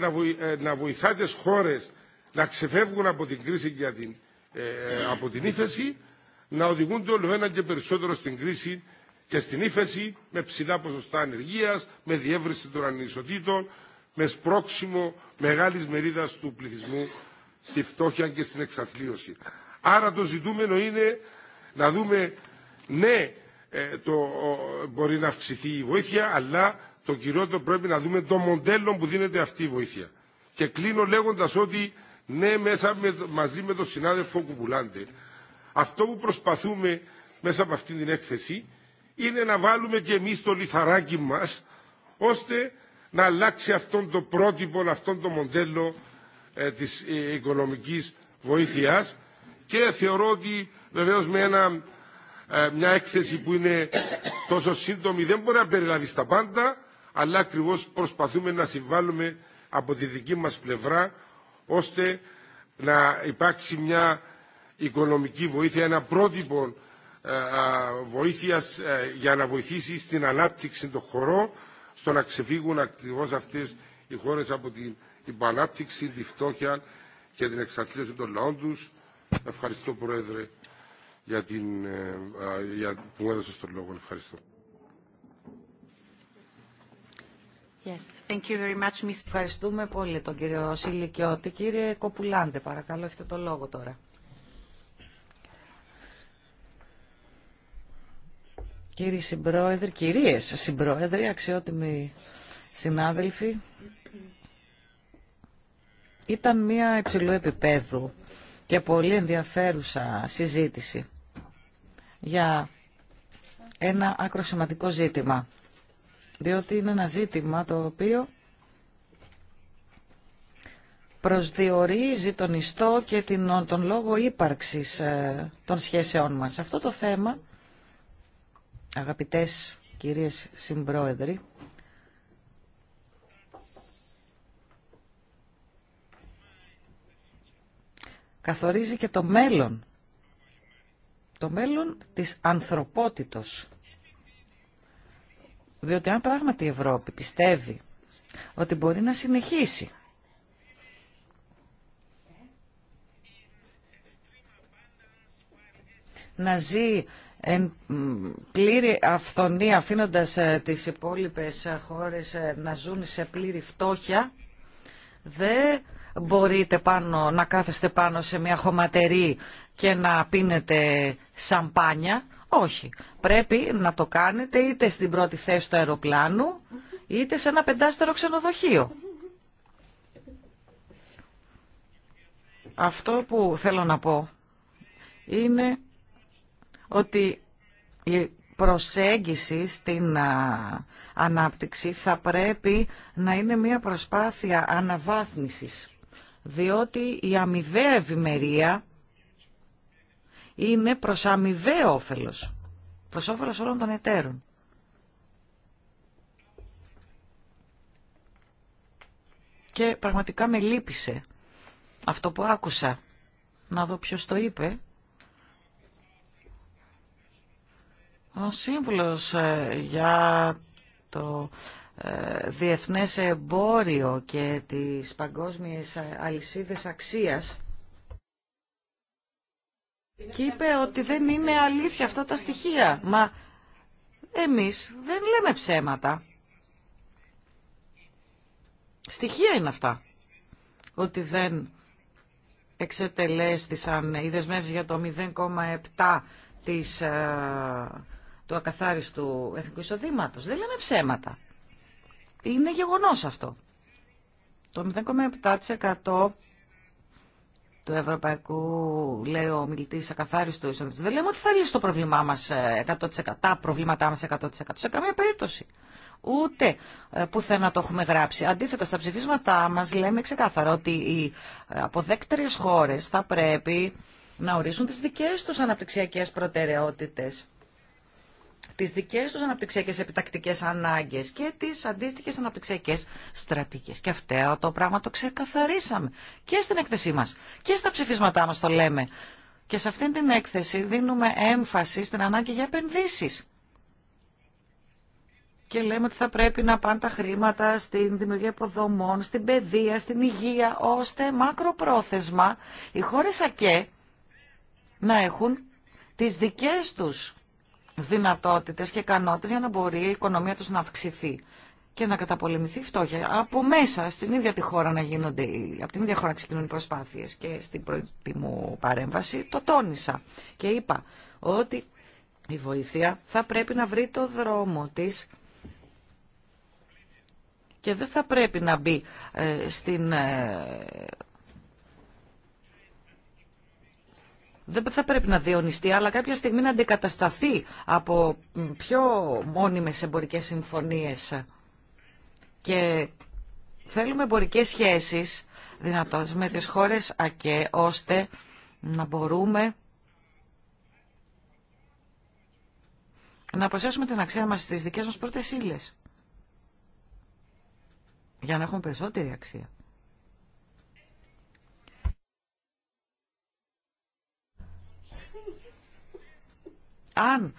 να ε, βοηθά τι χώρε να ξεφεύγουν από την κρίση και την, ε, από την ύφεση, να οδηγούν το όλο ένα και περισσότερο στην κρίση και στην ύφεση, με ψηλά ποσοστά ανεργία, με διεύρυνση των ανισοτήτων, με σπρόξιμο μεγάλη μερίδα του πληθυσμού στη φτώχεια και στην εξαθλίωση. Άρα το ζητούμενο είναι να δούμε, ναι, ε, το, μπορεί να αυξηθεί η βοήθεια, αλλά το κυριότερο πρέπει να δούμε το μοντέλο που δίνεται αυτή η βοήθεια. Και κλείνω λέγοντας ότι ναι, μέσα μαζί με τον συνάδελφο Κουπουλάντε. Αυτό που προσπαθούμε μέσα από αυτή την έκθεση είναι να βάλουμε και εμείς το λιθαράκι μας ώστε να αλλάξει αυτόν το πρότυπο, αυτόν το μοντέλο ε, της ε, οικονομικής βοήθειας και θεωρώ ότι βεβαίως με ε, μια έκθεση που είναι τόσο σύντομη δεν μπορεί να περιλάβει στα πάντα αλλά ακριβώς προσπαθούμε να συμβάλλουμε από τη δική μας πλευρά ώστε να υπάρξει μια οικονομική βοήθεια, ένα πρότυπο ε, βοήθειας ε, για να βοηθήσει στην ανάπτυξη των χωρών στο να ξεφύγουν ακριβώς αυτές οι χώρες από την υπανάπτυξη, τη φτώχεια και την εξαθλίωση των λαών τους. Ευχαριστώ Πρόεδρε για, την, ε, για που μου έδωσε τον λόγο. Ευχαριστώ. Ευχαριστούμε πολύ τον κύριο Σιλικιώτη. Κύριε Κοπουλάντε, παρακαλώ, έχετε το λόγο τώρα. Κύριε συμπρόεδροι, κυρίες συμπρόεδροι, αξιότιμοι συνάδελφοι, ήταν μια υψηλού επίπεδου και πολύ ενδιαφέρουσα συζήτηση για ένα άκρο σημαντικό ζήτημα διότι είναι ένα ζήτημα το οποίο προσδιορίζει τον ιστό και την, τον λόγο ύπαρξης ε, των σχέσεών μας. Αυτό το θέμα, αγαπητές κυρίες συμπρόεδροι, καθορίζει και το μέλλον, το μέλλον της ανθρωπότητος. Διότι αν πράγματι η Ευρώπη πιστεύει ότι μπορεί να συνεχίσει να ζει πλήρη αυθονία αφήνοντας ε, τις υπόλοιπες ε, χώρες ε, να ζουν σε πλήρη φτώχεια δεν μπορείτε πάνω, να κάθεστε πάνω σε μια χωματερή και να πίνετε σαμπάνια όχι. Πρέπει να το κάνετε είτε στην πρώτη θέση του αεροπλάνου, είτε σε ένα πεντάστερο ξενοδοχείο. Αυτό που θέλω να πω είναι ότι η προσέγγιση στην ανάπτυξη θα πρέπει να είναι μια προσπάθεια αναβάθμισης, διότι η αμοιβαία ευημερία είναι προς αμοιβαίο όφελος, προς όφελος όλων των εταίρων. Και πραγματικά με λύπησε αυτό που άκουσα. Να δω ποιος το είπε. Ο σύμβουλος ε, για το ε, διεθνές εμπόριο και τις παγκόσμιες ε, αλυσίδες αξίας και είπε ότι δεν είναι αλήθεια αυτά τα στοιχεία. Μα εμείς δεν λέμε ψέματα. Στοιχεία είναι αυτά. Ότι δεν εξετελέστησαν οι δεσμεύσει για το 0,7 της, ε, του ακαθάριστου εθνικού εισοδήματος. Δεν λέμε ψέματα. Είναι γεγονός αυτό. Το 0,7% του Ευρωπαϊκού, λέει ο μιλητή ακαθάριστου Δεν λέμε ότι θα λύσει το πρόβλημά μα 100%, ε, τα προβλήματά μα 100% σε καμία περίπτωση. Ούτε ε, πουθενά το έχουμε γράψει. Αντίθετα, στα ψηφίσματά μα λέμε ξεκάθαρα ότι οι ε, αποδέκτερε χώρε θα πρέπει να ορίσουν τι δικέ του αναπτυξιακέ προτεραιότητε τις δικέ τους αναπτυξιακές επιτακτικές ανάγκες και τις αντίστοιχε αναπτυξιακές στρατηγικές. Και αυτό το πράγμα το ξεκαθαρίσαμε και στην έκθεσή μας και στα ψηφίσματά μα το λέμε. Και σε αυτήν την έκθεση δίνουμε έμφαση στην ανάγκη για επενδύσει. Και λέμε ότι θα πρέπει να πάνε τα χρήματα στην δημιουργία υποδομών, στην παιδεία, στην υγεία, ώστε μακροπρόθεσμα οι χώρες ΑΚΕ να έχουν τις δικέ τους δυνατότητες και ικανότητες για να μπορεί η οικονομία τους να αυξηθεί και να καταπολεμηθεί φτώχεια. Από μέσα στην ίδια τη χώρα να γίνονται, από την ίδια χώρα να ξεκινούν οι προσπάθειες και στην πρώτη μου παρέμβαση το τόνισα και είπα ότι η βοήθεια θα πρέπει να βρει το δρόμο της και δεν θα πρέπει να μπει ε, στην ε, δεν θα πρέπει να διονυστεί, αλλά κάποια στιγμή να αντικατασταθεί από πιο μόνιμες εμπορικές συμφωνίες. Και θέλουμε εμπορικές σχέσεις δυνατότητες με τις χώρες ΑΚΕ, ώστε να μπορούμε να προσθέσουμε την αξία μας στις δικές μας πρώτες ύλες. Για να έχουμε περισσότερη αξία. αν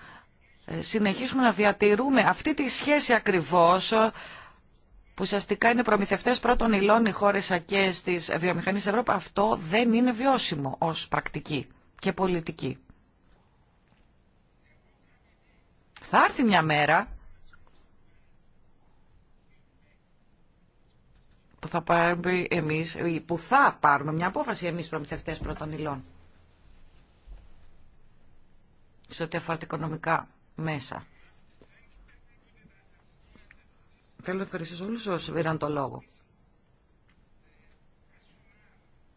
ε, συνεχίσουμε να διατηρούμε αυτή τη σχέση ακριβώς ε, που ουσιαστικά είναι προμηθευτές πρώτων υλών οι χώρες ακές της βιομηχανής Ευρώπη, αυτό δεν είναι βιώσιμο ως πρακτική και πολιτική. Θα έρθει μια μέρα που θα, πάρουμε ε, που θα πάρουμε μια απόφαση εμείς προμηθευτές πρώτων υλών σε ό,τι αφορά τα οικονομικά μέσα. Θέλω να ευχαριστήσω όλους όσους πήραν το λόγο.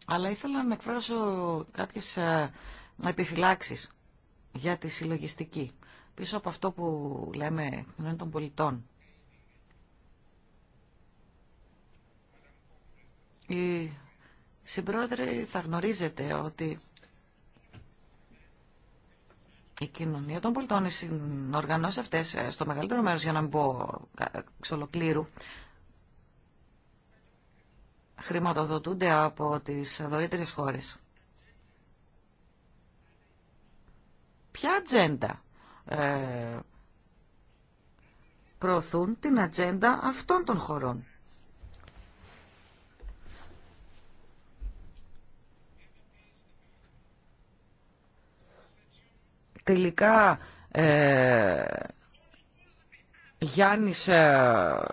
Αλλά ήθελα να εκφράσω κάποιες ε, επιφυλάξεις για τη συλλογιστική. Πίσω από αυτό που λέμε κοινωνία των πολιτών. Η συμπρόεδροι θα γνωρίζετε ότι η κοινωνία των πολιτών, οι συνοργανώσει αυτέ, ε, στο μεγαλύτερο μέρο, για να μην πω εξ χρηματοδοτούνται από τι δωρήτερε χώρε. Ποια ατζέντα ε, προωθούν την ατζέντα αυτών των χωρών. Τελικά, ε, Γιάννης ε,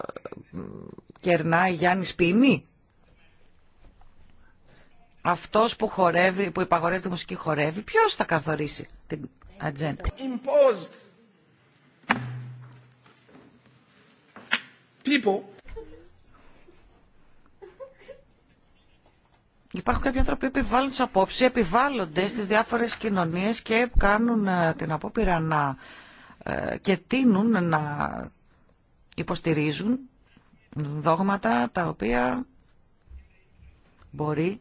κερνάει, Γιάννης πίνει. Αυτός που χορεύει, που υπαγορεύει τη μουσική χορεύει, ποιος θα καθορίσει την ατζέντα. Υπάρχουν κάποιοι άνθρωποι που επιβάλλουν τι απόψει, επιβάλλονται στι διάφορε κοινωνίε και κάνουν ε, την απόπειρα να ε, και τείνουν να υποστηρίζουν δόγματα τα οποία μπορεί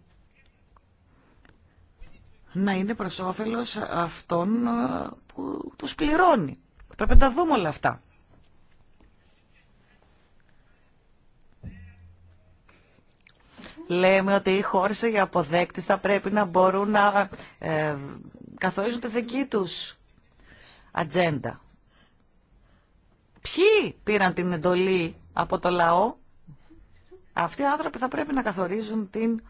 να είναι προς όφελος αυτών ε, που τους πληρώνει. Πρέπει να τα δούμε όλα αυτά. λέμε ότι οι χώρε για αποδέκτες θα πρέπει να μπορούν να ε, καθορίζουν τη δική τους ατζέντα. Ποιοι πήραν την εντολή από το λαό. Αυτοί οι άνθρωποι θα πρέπει να καθορίζουν την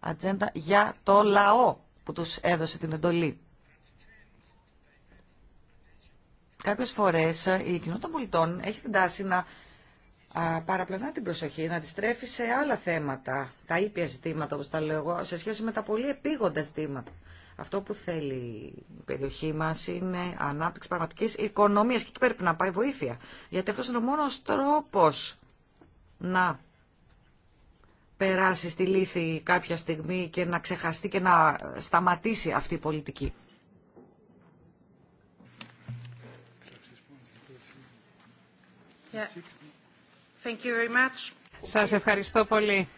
ατζέντα για το λαό που τους έδωσε την εντολή. Κάποιες φορές ε, η κοινότητα πολιτών έχει την τάση να παραπλανά την προσοχή, να τη στρέφει σε άλλα θέματα, τα ήπια ζητήματα όπως τα λέω εγώ, σε σχέση με τα πολύ επίγοντα ζητήματα. Αυτό που θέλει η περιοχή μας είναι ανάπτυξη πραγματικής οικονομίας και εκεί πρέπει να πάει βοήθεια. Γιατί αυτός είναι ο μόνος τρόπος να περάσει στη λύθη κάποια στιγμή και να ξεχαστεί και να σταματήσει αυτή η πολιτική. Thank Σας ευχαριστώ πολύ.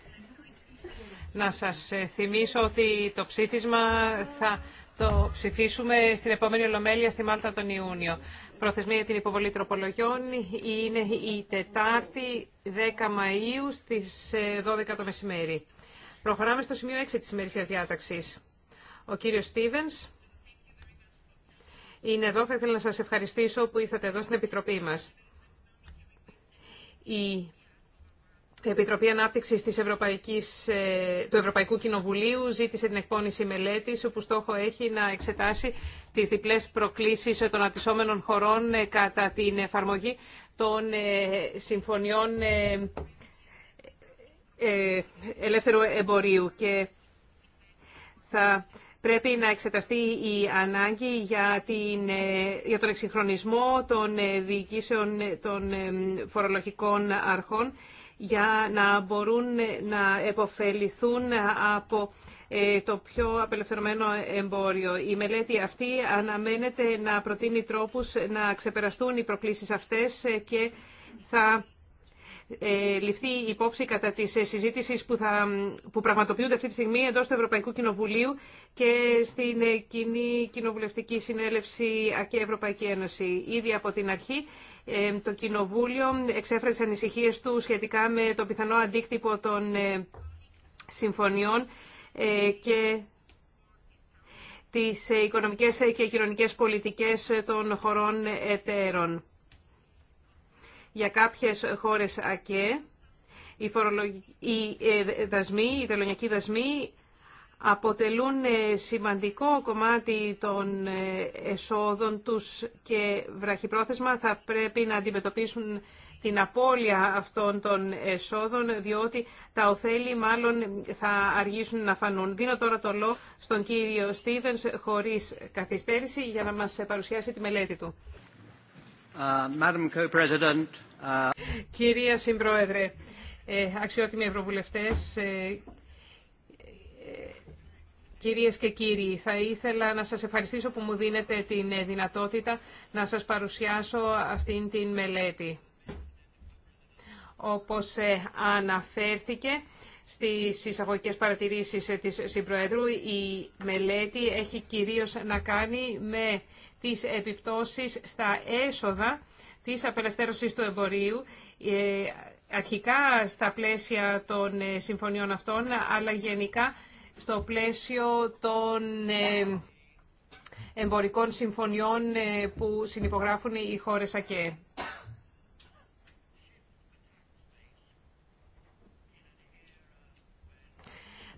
Να σας ε, θυμίσω ότι το ψήφισμα θα το ψηφίσουμε στην επόμενη Ολομέλεια στη Μάλτα τον Ιούνιο. Προθεσμία για την υποβολή τροπολογιών είναι η Τετάρτη 10 Μαΐου στις 12 ε, το μεσημέρι. Προχωράμε στο σημείο 6 της ημερησίας διάταξης. Ο κύριος Στίβενς είναι εδώ. Θα ήθελα να σας ευχαριστήσω που ήρθατε εδώ στην Επιτροπή μας. Η Επιτροπή Ανάπτυξης της ε, του Ευρωπαϊκού Κοινοβουλίου ζήτησε την εκπόνηση μελέτης, όπου στόχο έχει να εξετάσει τις διπλές προκλήσεις των ατισόμενων χωρών ε, κατά την εφαρμογή των ε, συμφωνιών ελεύθερου εμπορίου. Και θα Πρέπει να εξεταστεί η ανάγκη για, την, ε, για τον εξυγχρονισμό των ε, διοικήσεων ε, των φορολογικών αρχών για να μπορούν να επωφεληθούν από το πιο απελευθερωμένο εμπόριο. Η μελέτη αυτή αναμένεται να προτείνει τρόπους να ξεπεραστούν οι προκλήσεις αυτές και θα ε, ληφθεί υπόψη κατά τις ε, συζήτηση που, που πραγματοποιούνται αυτή τη στιγμή εντό του Ευρωπαϊκού Κοινοβουλίου και στην ε, κοινή κοινοβουλευτική συνέλευση και Ευρωπαϊκή Ένωση. Ήδη από την αρχή το Κοινοβούλιο εξέφρασε ανησυχίες του σχετικά με το πιθανό αντίκτυπο των συμφωνιών και τις οικονομικές και κοινωνικές πολιτικές των χωρών εταίρων για κάποιες χώρες ΑΚΕ οι, φορολογικοί, οι ε, δασμοί, οι τελωνιακοί δασμοί αποτελούν ε, σημαντικό κομμάτι των ε, εσόδων τους και βραχυπρόθεσμα θα πρέπει να αντιμετωπίσουν την απώλεια αυτών των εσόδων, διότι τα ωφέλη μάλλον θα αργήσουν να φανούν. Δίνω τώρα το λόγο στον κύριο Στίβενς χωρίς καθυστέρηση για να μας παρουσιάσει τη μελέτη του. Uh, Κυρία Συμπρόεδρε, ε, αξιότιμοι ευρωβουλευτές, ε, ε, Κυρίες και κύριοι, θα ήθελα να σας ευχαριστήσω που μου δίνετε την δυνατότητα να σας παρουσιάσω αυτήν την μελέτη. Όπως αναφέρθηκε στις εισαγωγικές παρατηρήσεις της Συμπροέδρου, η μελέτη έχει κυρίως να κάνει με τις επιπτώσεις στα έσοδα της απελευθέρωσης του εμπορίου, ε, αρχικά στα πλαίσια των ε, συμφωνιών αυτών, αλλά γενικά στο πλαίσιο των ε, εμπορικών συμφωνιών που συνυπογράφουν οι χώρες ΑΚΕ.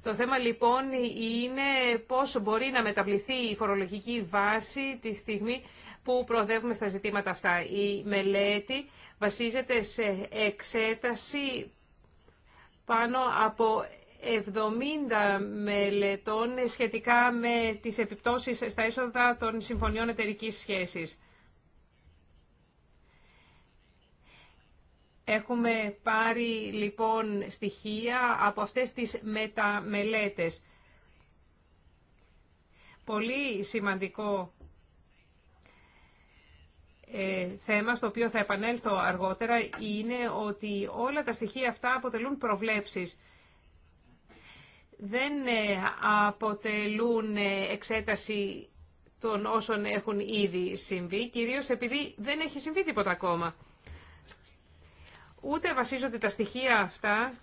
Το θέμα λοιπόν είναι πώς μπορεί να μεταβληθεί η φορολογική βάση τη στιγμή που προοδεύουμε στα ζητήματα αυτά. Η μελέτη βασίζεται σε εξέταση πάνω από 70 μελετών σχετικά με τις επιπτώσεις στα έσοδα των συμφωνιών εταιρικής σχέσης. Έχουμε πάρει λοιπόν στοιχεία από αυτές τις μεταμελέτες. Πολύ σημαντικό ε, θέμα στο οποίο θα επανέλθω αργότερα είναι ότι όλα τα στοιχεία αυτά αποτελούν προβλέψεις. Δεν ε, αποτελούν ε, εξέταση των όσων έχουν ήδη συμβεί, κυρίως επειδή δεν έχει συμβεί τίποτα ακόμα. Ούτε βασίζονται τα στοιχεία αυτά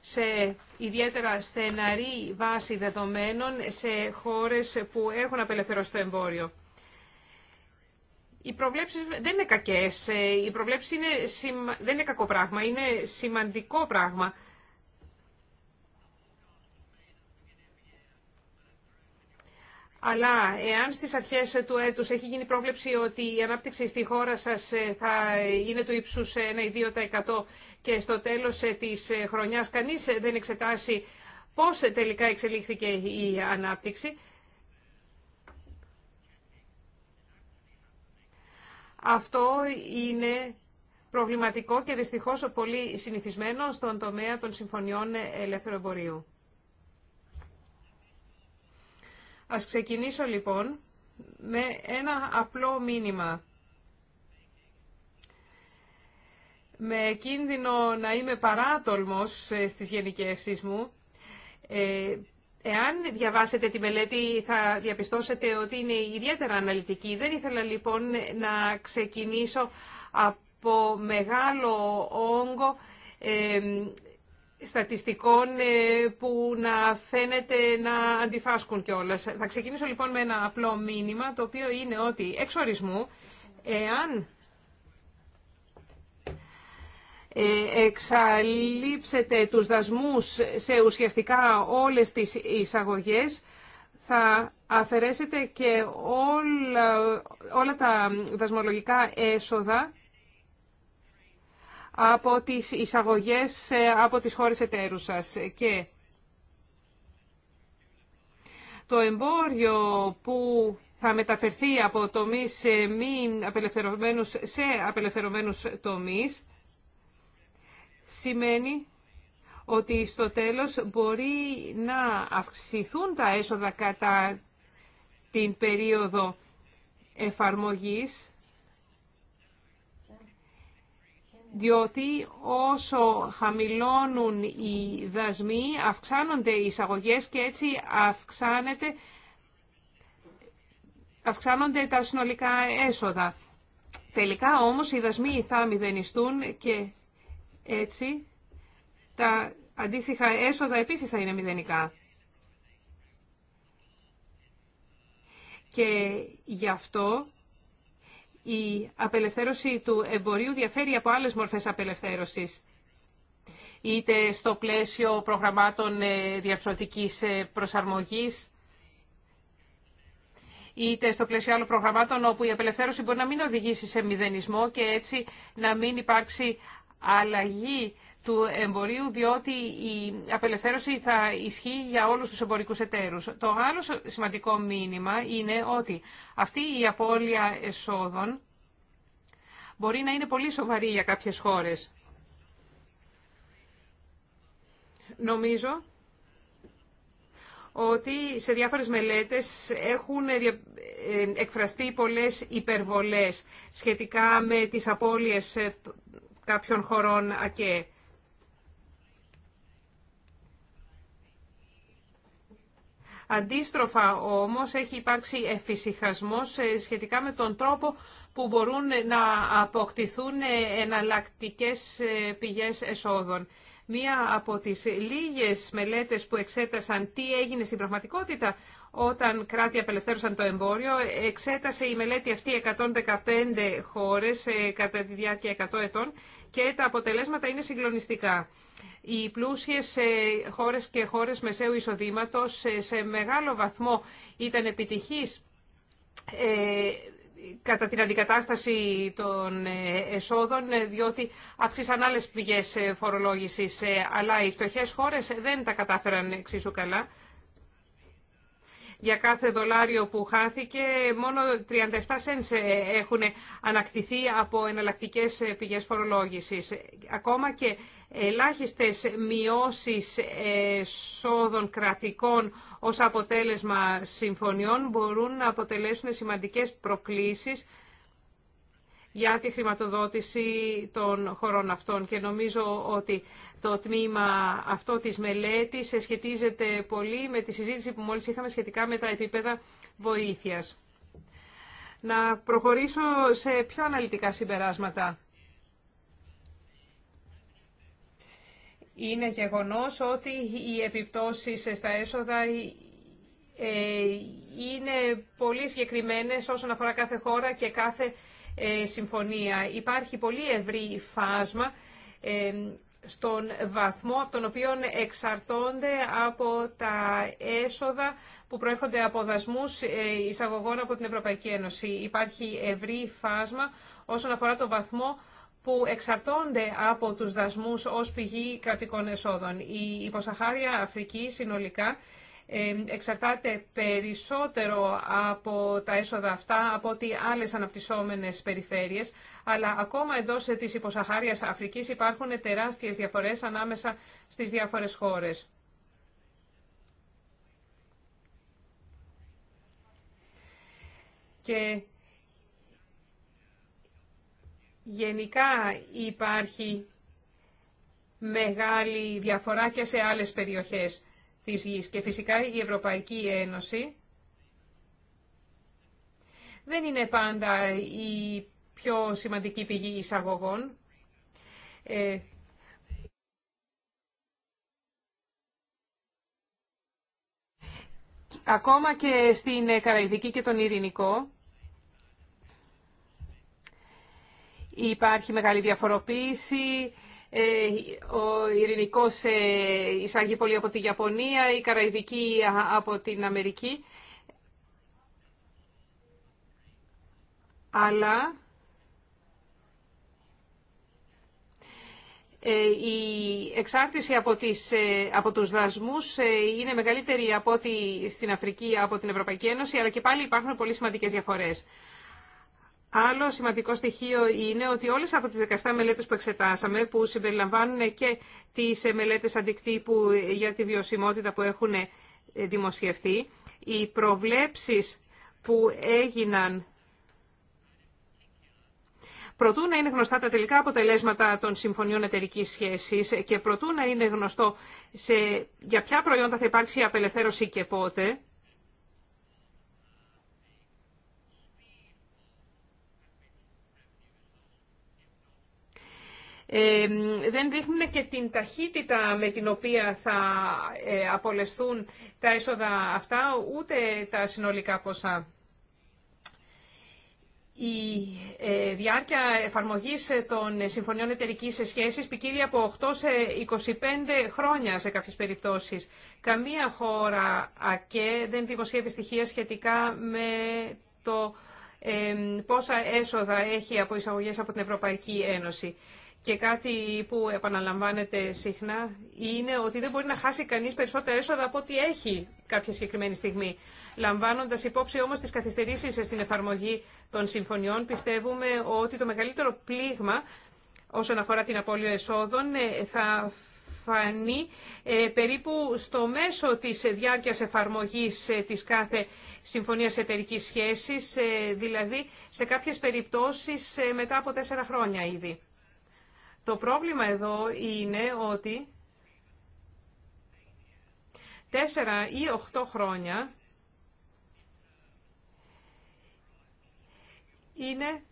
σε ιδιαίτερα στεναρή βάση δεδομένων σε χώρες που έχουν απελευθερώσει το εμπόριο. Οι προβλέψεις δεν είναι κακές, ε, οι προβλέψεις είναι δεν είναι κακό πράγμα, είναι σημαντικό πράγμα. Αλλά εάν στις αρχές του έτους έχει γίνει πρόβλεψη ότι η ανάπτυξη στη χώρα σας ε, θα είναι του ύψους 1-2% και στο τέλος ε, της χρονιάς κανείς δεν εξετάσει πώς τελικά εξελίχθηκε η ανάπτυξη, Αυτό είναι προβληματικό και δυστυχώς πολύ συνηθισμένο στον τομέα των συμφωνιών ελεύθερου εμπορίου. Ας ξεκινήσω λοιπόν με ένα απλό μήνυμα. Με κίνδυνο να είμαι παράτολμος ε, στις γενικεύσεις μου, ε, Εάν διαβάσετε τη μελέτη θα διαπιστώσετε ότι είναι ιδιαίτερα αναλυτική. Δεν ήθελα λοιπόν να ξεκινήσω από μεγάλο όγκο στατιστικών ε, που να φαίνεται να αντιφάσκουν κιόλα. Θα ξεκινήσω λοιπόν με ένα απλό μήνυμα το οποίο είναι ότι εξ ορισμού εάν ε, εξαλείψετε τους δασμούς σε ουσιαστικά όλες τις εισαγωγές, θα αφαιρέσετε και όλα, τα δασμολογικά έσοδα από τις εισαγωγές ε, από τις χώρες εταίρους σας. Και το εμπόριο που θα μεταφερθεί από τομείς σε μη απελευθερωμένους σε απελευθερωμένους τομείς σημαίνει ότι στο τέλος μπορεί να αυξηθούν τα έσοδα κατά την περίοδο εφαρμογής, διότι όσο χαμηλώνουν οι δασμοί, αυξάνονται οι εισαγωγές και έτσι αυξάνεται, αυξάνονται τα συνολικά έσοδα. Τελικά όμως οι δασμοί θα μηδενιστούν και έτσι, τα αντίστοιχα έσοδα επίσης θα είναι μηδενικά. Και γι' αυτό η απελευθέρωση του εμπορίου διαφέρει από άλλες μορφές απελευθέρωσης είτε στο πλαίσιο προγραμμάτων ε, διαφρωτικής ε, προσαρμογής, είτε στο πλαίσιο άλλων προγραμμάτων όπου η απελευθέρωση μπορεί να μην οδηγήσει σε μηδενισμό και έτσι να μην υπάρξει αλλαγή του εμπορίου, διότι η απελευθέρωση θα ισχύει για όλους τους εμπορικούς εταίρους. Το άλλο σημαντικό μήνυμα είναι ότι αυτή η απώλεια εσόδων μπορεί να είναι πολύ σοβαρή για κάποιες χώρες. Νομίζω ότι σε διάφορες μελέτες έχουν ε, εκφραστεί πολλές υπερβολές σχετικά με τις απώλειες κάποιων χωρών ΑΚΕ. Αντίστροφα όμως έχει υπάρξει εφησυχασμός ε, σχετικά με τον τρόπο που μπορούν να αποκτηθούν ε, εναλλακτικές ε, πηγές εσόδων. Μία από τις λίγες μελέτες που εξέτασαν τι έγινε στην πραγματικότητα όταν κράτη απελευθέρωσαν το εμπόριο, εξέτασε η μελέτη αυτή 115 χώρες κατά τη διάρκεια 100 ετών και τα αποτελέσματα είναι συγκλονιστικά. Οι πλούσιες ε, χώρες και χώρες μεσαίου εισοδήματος ε, σε μεγάλο βαθμό ήταν επιτυχής ε, κατά την αντικατάσταση των εσόδων, διότι αυξήσαν άλλες πηγές φορολόγησης, αλλά οι φτωχές χώρες δεν τα κατάφεραν εξίσου καλά για κάθε δολάριο που χάθηκε, μόνο 37 cents ε, έχουν ανακτηθεί από εναλλακτικέ ε, πηγέ φορολόγηση. Ακόμα και ελάχιστες μειώσεις ε, σόδων κρατικών ως αποτέλεσμα συμφωνιών μπορούν να αποτελέσουν σημαντικές προκλήσεις για τη χρηματοδότηση των χωρών αυτών. Και νομίζω ότι το τμήμα αυτό της μελέτης σχετίζεται πολύ με τη συζήτηση που μόλις είχαμε σχετικά με τα επίπεδα βοήθειας. Να προχωρήσω σε πιο αναλυτικά συμπεράσματα. Είναι γεγονός ότι οι επιπτώσεις στα έσοδα ε, είναι πολύ συγκεκριμένες όσον αφορά κάθε χώρα και κάθε ε, συμφωνία. Υπάρχει πολύ ευρύ φάσμα ε, στον βαθμό από τον οποίο εξαρτώνται από τα έσοδα που προέρχονται από δασμούς ε, εισαγωγών από την Ευρωπαϊκή Ένωση. Υπάρχει ευρύ φάσμα όσον αφορά το βαθμό που εξαρτώνται από τους δασμούς ως πηγή κρατικών εσόδων. Η υποσαχάρια Αφρική συνολικά εξαρτάται περισσότερο από τα έσοδα αυτά από ότι άλλες αναπτυσσόμενες περιφέρειες, αλλά ακόμα εντό ε, της υποσαχάριας Αφρικής υπάρχουν τεράστιες διαφορές ανάμεσα στις διάφορες χώρες. Και γενικά υπάρχει μεγάλη διαφορά και σε άλλες περιοχές της Και φυσικά η Ευρωπαϊκή Ένωση δεν είναι πάντα η πιο σημαντική πηγή εισαγωγών. Ε, ακόμα και στην Καραϊδική και τον Ειρηνικό υπάρχει μεγάλη διαφοροποίηση ε, ο Ειρηνικός ε, εισάγει πολύ από τη Ιαπωνία, η Καραϊβική από την Αμερική. Αλλά ε, η εξάρτηση από, τις, από τους δασμούς είναι μεγαλύτερη από ό,τι στην Αφρική, από την Ευρωπαϊκή Ένωση, αλλά και πάλι υπάρχουν πολύ σημαντικές διαφορές. Άλλο σημαντικό στοιχείο είναι ότι όλες από τις 17 μελέτε που εξετάσαμε, που συμπεριλαμβάνουν και τι μελέτε αντικτύπου για τη βιωσιμότητα που έχουν δημοσιευτεί, οι προβλέψεις που έγιναν Προτού να είναι γνωστά τα τελικά αποτελέσματα των συμφωνιών εταιρική σχέση και προτού να είναι γνωστό σε για ποια προϊόντα θα υπάρξει απελευθέρωση και πότε, δεν δείχνουν και την ταχύτητα με την οποία θα ε, απολεσθούν τα έσοδα αυτά, ούτε τα συνολικά ποσά. Η ε, διάρκεια εφαρμογής των συμφωνιών εταιρικής σχέσης ποικίλει από 8 σε 25 χρόνια σε κάποιες περιπτώσεις. Καμία χώρα ΑΚΕ δεν δημοσιεύει στοιχεία σχετικά με το πόσα έσοδα έχει από εισαγωγές από την Ευρωπαϊκή Ένωση. Και κάτι που επαναλαμβάνεται συχνά είναι ότι δεν μπορεί να χάσει κανείς περισσότερα έσοδα από ό,τι έχει κάποια συγκεκριμένη στιγμή. Λαμβάνοντας υπόψη όμως τις καθυστερήσεις στην εφαρμογή των συμφωνιών, πιστεύουμε ότι το μεγαλύτερο πλήγμα όσον αφορά την απώλεια εσόδων ε, θα φανεί ε, περίπου στο μέσο της διάρκειας εφαρμογής ε, της κάθε συμφωνίας εταιρικής σχέσης, δηλαδή σε κάποιες περιπτώσεις μετά από τέσσερα χρόνια ήδη. Το πρόβλημα εδώ είναι ότι τέσσερα ή οχτώ χρόνια είναι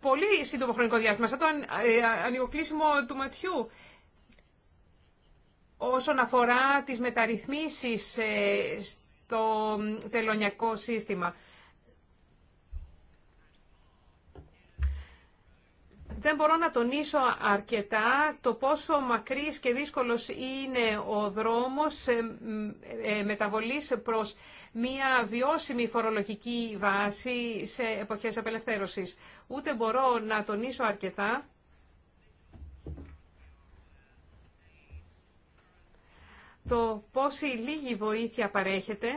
πολύ σύντομο χρονικό διάστημα, σαν το ε, ανοιγοκλείσιμο του ματιού. Όσον αφορά τις μεταρρυθμίσεις ε, στο τελωνιακό σύστημα. δεν μπορώ να τονίσω αρκετά το πόσο μακρύς και δύσκολος είναι ο δρόμος ε, ε, ε, μεταβολής προς μια βιώσιμη φορολογική βάση σε εποχές απελευθέρωσης. Ούτε μπορώ να τονίσω αρκετά το πόση λίγη βοήθεια παρέχεται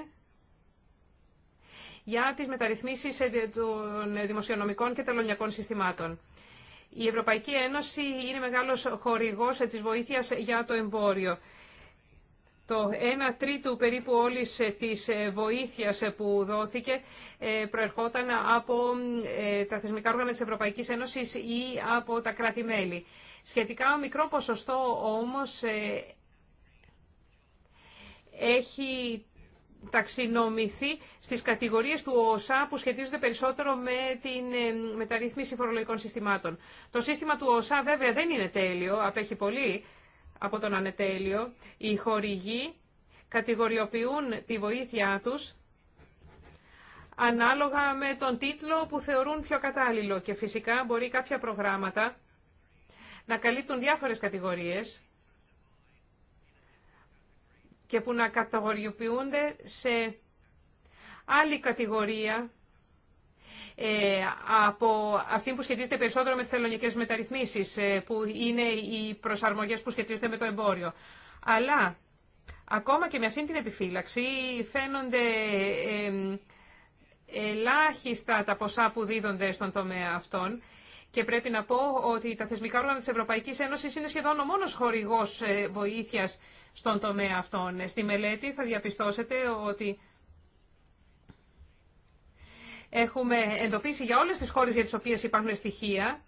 για τις μεταρρυθμίσεις των δημοσιονομικών και τελωνιακών συστημάτων. Η Ευρωπαϊκή Ένωση είναι μεγάλος χορηγός της βοήθειας για το εμπόριο. Το 1 τρίτο περίπου όλης της βοήθειας που δόθηκε ε, προερχόταν από ε, τα θεσμικά όργανα της Ευρωπαϊκής Ένωσης ή από τα κράτη-μέλη. Σχετικά μικρό ποσοστό όμως ε, έχει ταξινομηθεί στις κατηγορίες του ΟΣΑ που σχετίζονται περισσότερο με την ε, μεταρρύθμιση φορολογικών συστημάτων. Το σύστημα του ΟΣΑ βέβαια δεν είναι τέλειο, απέχει πολύ από τον ανετέλειο. Οι χορηγοί κατηγοριοποιούν τη βοήθειά τους ανάλογα με τον τίτλο που θεωρούν πιο κατάλληλο και φυσικά μπορεί κάποια προγράμματα να καλύπτουν διάφορες κατηγορίες και που να κατηγοριοποιούνται σε άλλη κατηγορία ε, από αυτή που σχετίζεται περισσότερο με τις θελονικές μεταρρυθμίσεις, ε, που είναι οι προσαρμογές που σχετίζονται με το εμπόριο. Αλλά, ακόμα και με αυτή την επιφύλαξη, φαίνονται ε, ελάχιστα τα ποσά που δίδονται στον τομέα αυτών και πρέπει να πω ότι τα θεσμικά όργανα της Ευρωπαϊκής Ένωσης είναι σχεδόν ο μόνος χορηγό ε, βοήθειας στον τομέα αυτών. Ε, στη μελέτη θα διαπιστώσετε ότι έχουμε εντοπίσει για όλες τις χώρες για τις οποίες υπάρχουν στοιχεία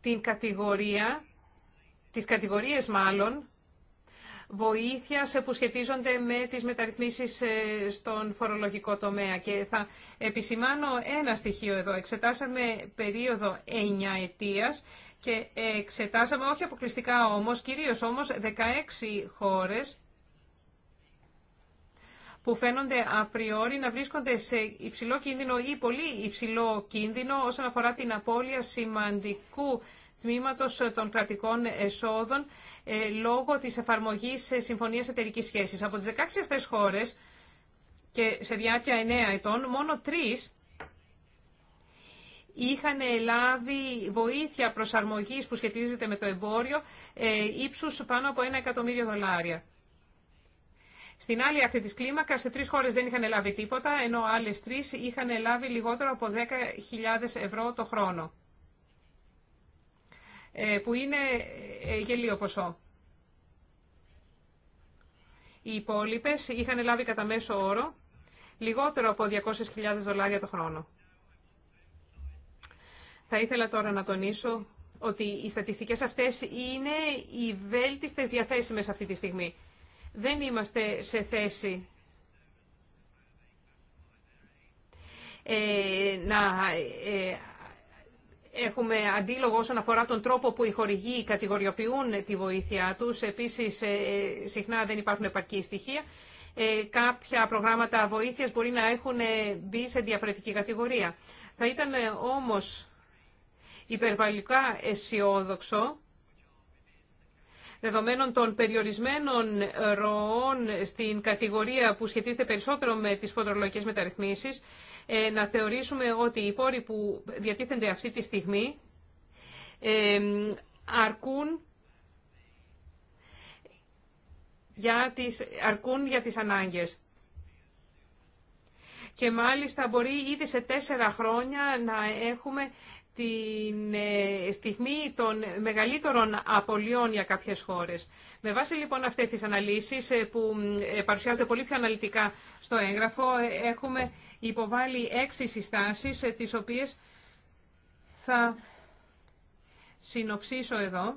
την κατηγορία, τις κατηγορίες μάλλον, που σχετίζονται με τις μεταρρυθμίσεις ε, στον φορολογικό τομέα. Και θα επισημάνω ένα στοιχείο εδώ. Εξετάσαμε περίοδο 9 ετίας και εξετάσαμε όχι αποκλειστικά όμως, κυρίως όμως 16 χώρες που φαίνονται απριόρι να βρίσκονται σε υψηλό κίνδυνο ή πολύ υψηλό κίνδυνο όσον αφορά την απώλεια σημαντικού τμήματος των κρατικών εσόδων ε, λόγω της εφαρμογής συμφωνίας εταιρικής σχέσης. Από τις 16 αυτές χώρες και σε διάρκεια 9 ετών, μόνο τρεις είχαν λάβει βοήθεια προσαρμογής που σχετίζεται με το εμπόριο ε, ύψους πάνω από 1 εκατομμύριο δολάρια. Στην άλλη άκρη της κλίμακας, σε τρεις χώρες δεν είχαν λάβει τίποτα, ενώ άλλες τρεις είχαν λάβει λιγότερο από 10.000 ευρώ το χρόνο. Ε, που είναι ε, γελίο ποσό. Οι υπόλοιπε είχαν λάβει κατά μέσο όρο λιγότερο από 200.000 δολάρια το χρόνο. Θα ήθελα τώρα να τονίσω ότι οι στατιστικές αυτές είναι οι βέλτιστες διαθέσιμες αυτή τη στιγμή. Δεν είμαστε σε θέση ε, να Έχουμε αντίλογο όσον αφορά τον τρόπο που οι χορηγοί κατηγοριοποιούν τη βοήθειά τους. Επίσης, ε, ε, συχνά δεν υπάρχουν επαρκή στοιχεία. Ε, κάποια προγράμματα βοήθειας μπορεί να έχουν μπει σε διαφορετική κατηγορία. Θα ήταν όμως υπερβαλλικά αισιόδοξο δεδομένων των περιορισμένων ροών στην κατηγορία που σχετίζεται περισσότερο με τις φορολογικές μεταρρυθμίσεις, ε, να θεωρήσουμε ότι οι πόροι που διατίθενται αυτή τη στιγμή ε, αρκούν για τις, αρκούν για τις ανάγκες. Και μάλιστα μπορεί ήδη σε τέσσερα χρόνια να έχουμε την ε, στιγμή των μεγαλύτερων απολειών για κάποιες χώρες. Με βάση λοιπόν αυτές τις αναλύσεις ε, που ε, παρουσιάζονται πολύ πιο αναλυτικά στο έγγραφο, έχουμε υποβάλει έξι συστάσεις, τις οποίες θα συνοψίσω εδώ.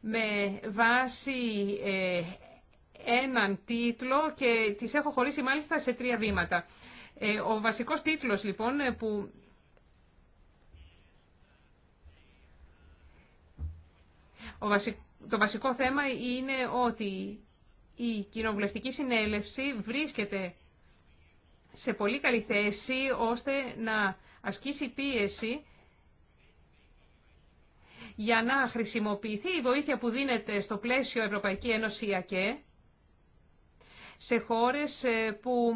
Με βάση έναν τίτλο και τις έχω χωρίσει μάλιστα σε τρία βήματα. Ε, ο βασικός τίτλος λοιπόν ε, που Το βασικό θέμα είναι ότι η κοινοβουλευτική συνέλευση βρίσκεται σε πολύ καλή θέση ώστε να ασκήσει πίεση για να χρησιμοποιηθεί η βοήθεια που δίνεται στο πλαίσιο Ευρωπαϊκή Ένωση ΑΚΕ σε χώρες ε, που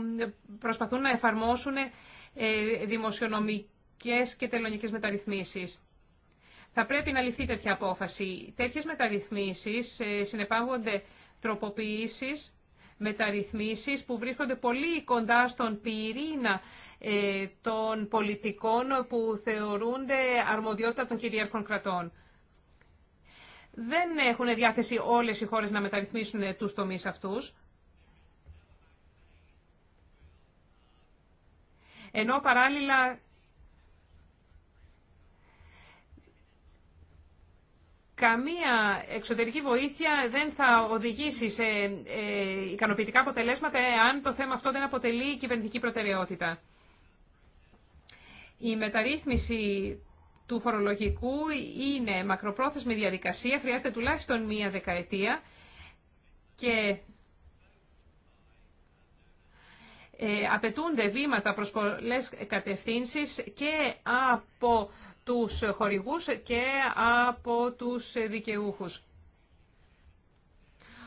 προσπαθούν να εφαρμόσουν ε, δημοσιονομικές και τελωνικές μεταρρυθμίσεις. Θα πρέπει να ληφθεί τέτοια απόφαση. Τέτοιες μεταρρυθμίσεις ε, συνεπάγονται τροποποιήσεις, μεταρρυθμίσεις που βρίσκονται πολύ κοντά στον πυρήνα των πολιτικών που θεωρούνται αρμοδιότητα των κυρίαρχων κρατών. Δεν έχουν διάθεση όλες οι χώρες να μεταρρυθμίσουν τους τομείς αυτούς. ενώ παράλληλα καμία εξωτερική βοήθεια δεν θα οδηγήσει σε ε, ικανοποιητικά αποτελέσματα αν το θέμα αυτό δεν αποτελεί κυβερνητική προτεραιότητα. Η μεταρρύθμιση του φορολογικού είναι μακροπρόθεσμη διαδικασία, χρειάζεται τουλάχιστον μία δεκαετία και ε, απαιτούνται βήματα προς πολλές κατευθύνσεις και από τους χορηγούς και από τους δικαιούχους.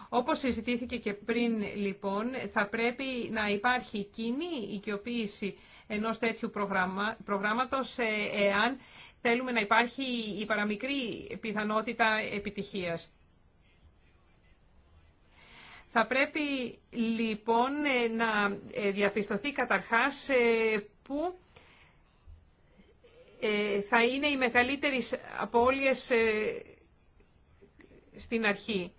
Όπως συζητήθηκε και πριν, λοιπόν, θα πρέπει να υπάρχει κοινή οικειοποίηση ενός τέτοιου προγράμμα, προγράμματος ε, εάν θέλουμε να υπάρχει η παραμικρή πιθανότητα επιτυχίας. Θα πρέπει λοιπόν ε, να ε, διαπιστωθεί καταρχάς ε, που θα είναι οι μεγαλύτερες απώλειες στην αρχή.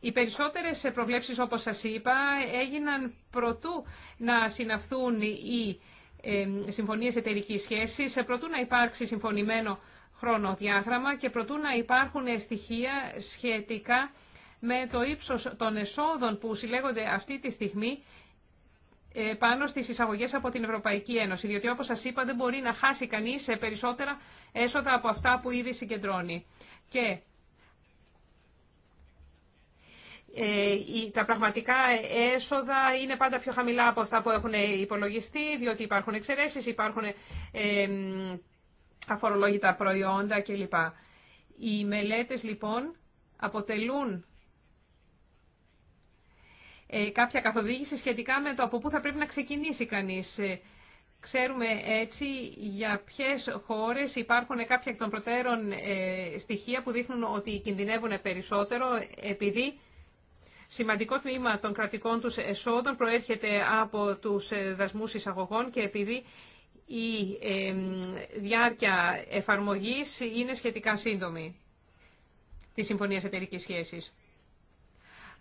Οι περισσότερες προβλέψεις, όπως σας είπα, έγιναν προτού να συναυθούν οι συμφωνίες εταιρικής σχέσης, προτού να υπάρξει συμφωνημένο χρονοδιάγραμμα και προτού να υπάρχουν στοιχεία σχετικά με το ύψος των εσόδων που συλλέγονται αυτή τη στιγμή ε, πάνω στις εισαγωγές από την Ευρωπαϊκή Ένωση. Διότι όπως σας είπα δεν μπορεί να χάσει κανείς ε, περισσότερα έσοδα από αυτά που ήδη συγκεντρώνει. Και ε, τα πραγματικά έσοδα είναι πάντα πιο χαμηλά από αυτά που έχουν υπολογιστεί, διότι υπάρχουν εξαιρέσεις, υπάρχουν αφορολόγητα προϊόντα κλπ. Οι μελέτες λοιπόν αποτελούν ε, κάποια καθοδήγηση σχετικά με το από πού θα πρέπει να ξεκινήσει κανείς. Ε, ξέρουμε έτσι για ποιες χώρες υπάρχουν κάποια εκ των προτέρων ε, στοιχεία που δείχνουν ότι κινδυνεύουν περισσότερο επειδή σημαντικό τμήμα των κρατικών τους εσόδων προέρχεται από τους δασμούς εισαγωγών και επειδή η διάρκεια εφαρμογής είναι σχετικά σύντομη της Συμφωνίας Εταιρικής Σχέσης.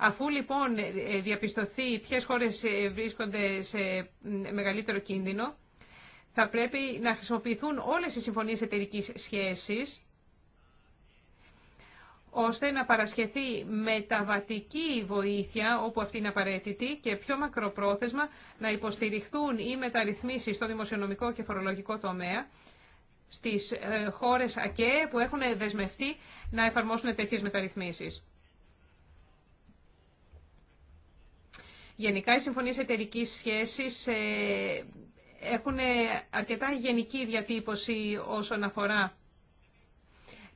Αφού λοιπόν ε, ε, διαπιστωθεί ποιες χώρες ε, βρίσκονται σε μεγαλύτερο κίνδυνο, θα πρέπει να χρησιμοποιηθούν όλες οι συμφωνίες εταιρική σχέσης, ώστε να παρασχεθεί μεταβατική βοήθεια όπου αυτή είναι απαραίτητη και πιο μακροπρόθεσμα να υποστηριχθούν οι μεταρρυθμίσεις στο δημοσιονομικό και φορολογικό τομέα στις χώρες ΑΚΕ που έχουν δεσμευτεί να εφαρμόσουν τέτοιες μεταρρυθμίσεις. Γενικά οι συμφωνίες εταιρικής σχέσης ε, έχουν αρκετά γενική διατύπωση όσον αφορά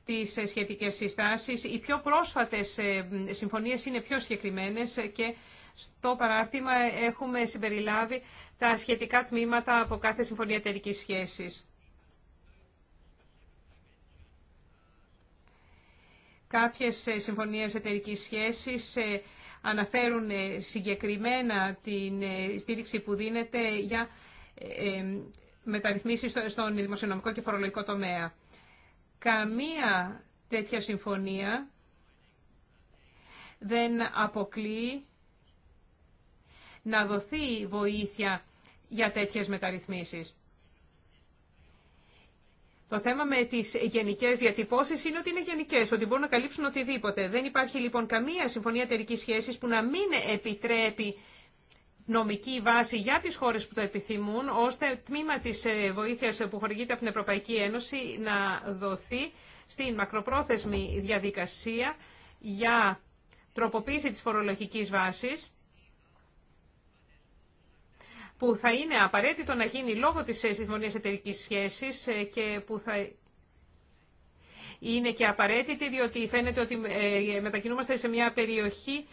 τις ε, σχετικές συστάσεις. Οι πιο πρόσφατες ε, συμφωνίες είναι πιο συγκεκριμένες και στο παράρτημα έχουμε συμπεριλάβει τα σχετικά τμήματα από κάθε συμφωνία εταιρικής σχέσης. Κάποιες συμφωνίες εταιρικής σχέσης αναφέρουν ε, συγκεκριμένα την ε, στήριξη που δίνεται για ε, μεταρρυθμίσεις στον δημοσιονομικό και φορολογικό τομέα. Καμία τέτοια συμφωνία δεν αποκλεί να δοθεί βοήθεια για τέτοιες μεταρρυθμίσεις. Το θέμα με τις γενικές διατυπώσει είναι ότι είναι γενικές, ότι μπορούν να καλύψουν οτιδήποτε. Δεν υπάρχει λοιπόν καμία συμφωνία εταιρική σχέσης που να μην επιτρέπει νομική βάση για τις χώρες που το επιθυμούν, ώστε τμήμα της ε, βοήθεια που χορηγείται από την Ευρωπαϊκή Ένωση να δοθεί στην μακροπρόθεσμη διαδικασία για τροποποίηση της φορολογικής βάσης που θα είναι απαραίτητο να γίνει λόγω της ε, συμφωνία εταιρική σχέσης ε, και που θα είναι και απαραίτητη διότι φαίνεται ότι ε, μετακινούμαστε σε μια περιοχή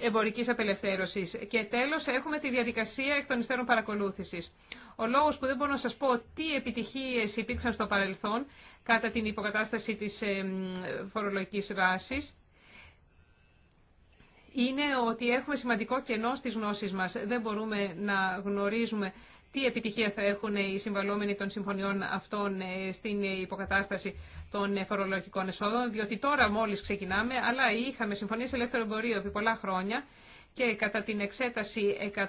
εμπορικής απελευθέρωσης. Και τέλος έχουμε τη διαδικασία εκ των υστέρων παρακολούθησης. Ο λόγος που δεν μπορώ να σας πω τι επιτυχίες υπήρξαν στο παρελθόν κατά την υποκατάσταση της φορολογικής βάσης είναι ότι έχουμε σημαντικό κενό στις γνώσεις μας. Δεν μπορούμε να γνωρίζουμε τι επιτυχία θα έχουν οι συμβαλόμενοι των συμφωνιών αυτών ε, στην υποκατάσταση των φορολογικών εσόδων, διότι τώρα μόλις ξεκινάμε, αλλά είχαμε συμφωνίες ελεύθερο εμπορίου επί πολλά χρόνια και κατά την εξέταση 144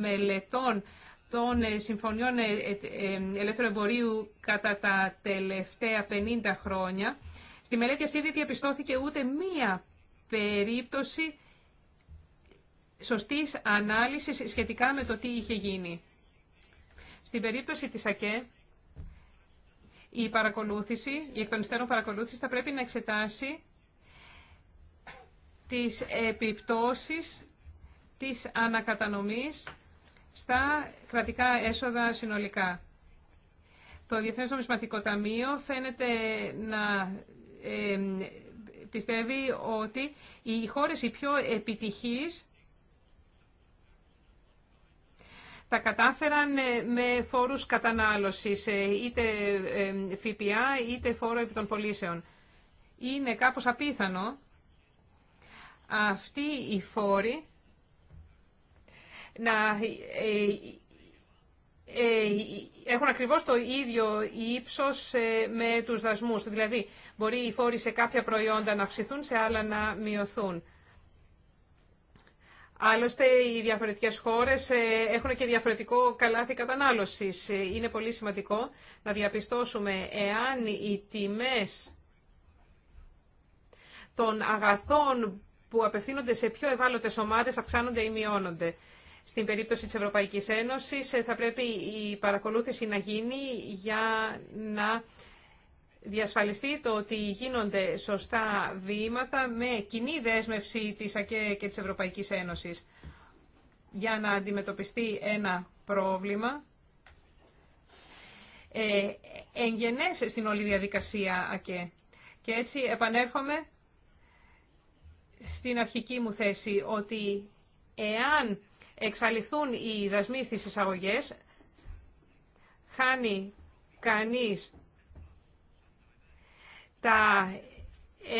μελετών των ε, συμφωνιών ε, ελεύθερου εμπορίου κατά τα τελευταία 50 χρόνια, στη μελέτη αυτή δεν διαπιστώθηκε ούτε μία περίπτωση σωστής ανάλυσης σχετικά με το τι είχε γίνει. Στην περίπτωση της ΑΚΕ, η παρακολούθηση, η εκ παρακολούθηση θα πρέπει να εξετάσει τις επιπτώσεις της ανακατανομής στα κρατικά έσοδα συνολικά. Το Διεθνές Νομισματικό Ταμείο φαίνεται να ε, πιστεύει ότι οι χώρες οι πιο επιτυχείς τα κατάφεραν ε, με φόρους κατανάλωσης, ε, είτε ε, ΦΠΑ είτε φόρο επί των πολίσεων. Είναι κάπως απίθανο αυτή η φόροι να ε, έχουν ακριβώς το ίδιο ύψος ε, με τους δασμούς. Δηλαδή, μπορεί οι φόροι σε κάποια προϊόντα να αυξηθούν, σε άλλα να μειωθούν. Άλλωστε, οι διαφορετικές χώρες ε, έχουν και διαφορετικό καλάθι κατανάλωσης. Είναι πολύ σημαντικό να διαπιστώσουμε εάν οι τιμές των αγαθών που απευθύνονται σε πιο ευάλωτες ομάδες αυξάνονται ή μειώνονται. Στην περίπτωση της Ευρωπαϊκής Ένωσης ε, θα πρέπει η παρακολούθηση να γίνει για να διασφαλιστεί το ότι γίνονται σωστά βήματα με κοινή δέσμευση της ΑΚΕ και της Ευρωπαϊκής Ένωσης για να αντιμετωπιστεί ένα πρόβλημα ε, εγγενές στην όλη διαδικασία ΑΚΕ. Και έτσι επανέρχομαι στην αρχική μου θέση ότι εάν εξαλειφθούν οι δασμοί στις εισαγωγές, χάνει κανείς τα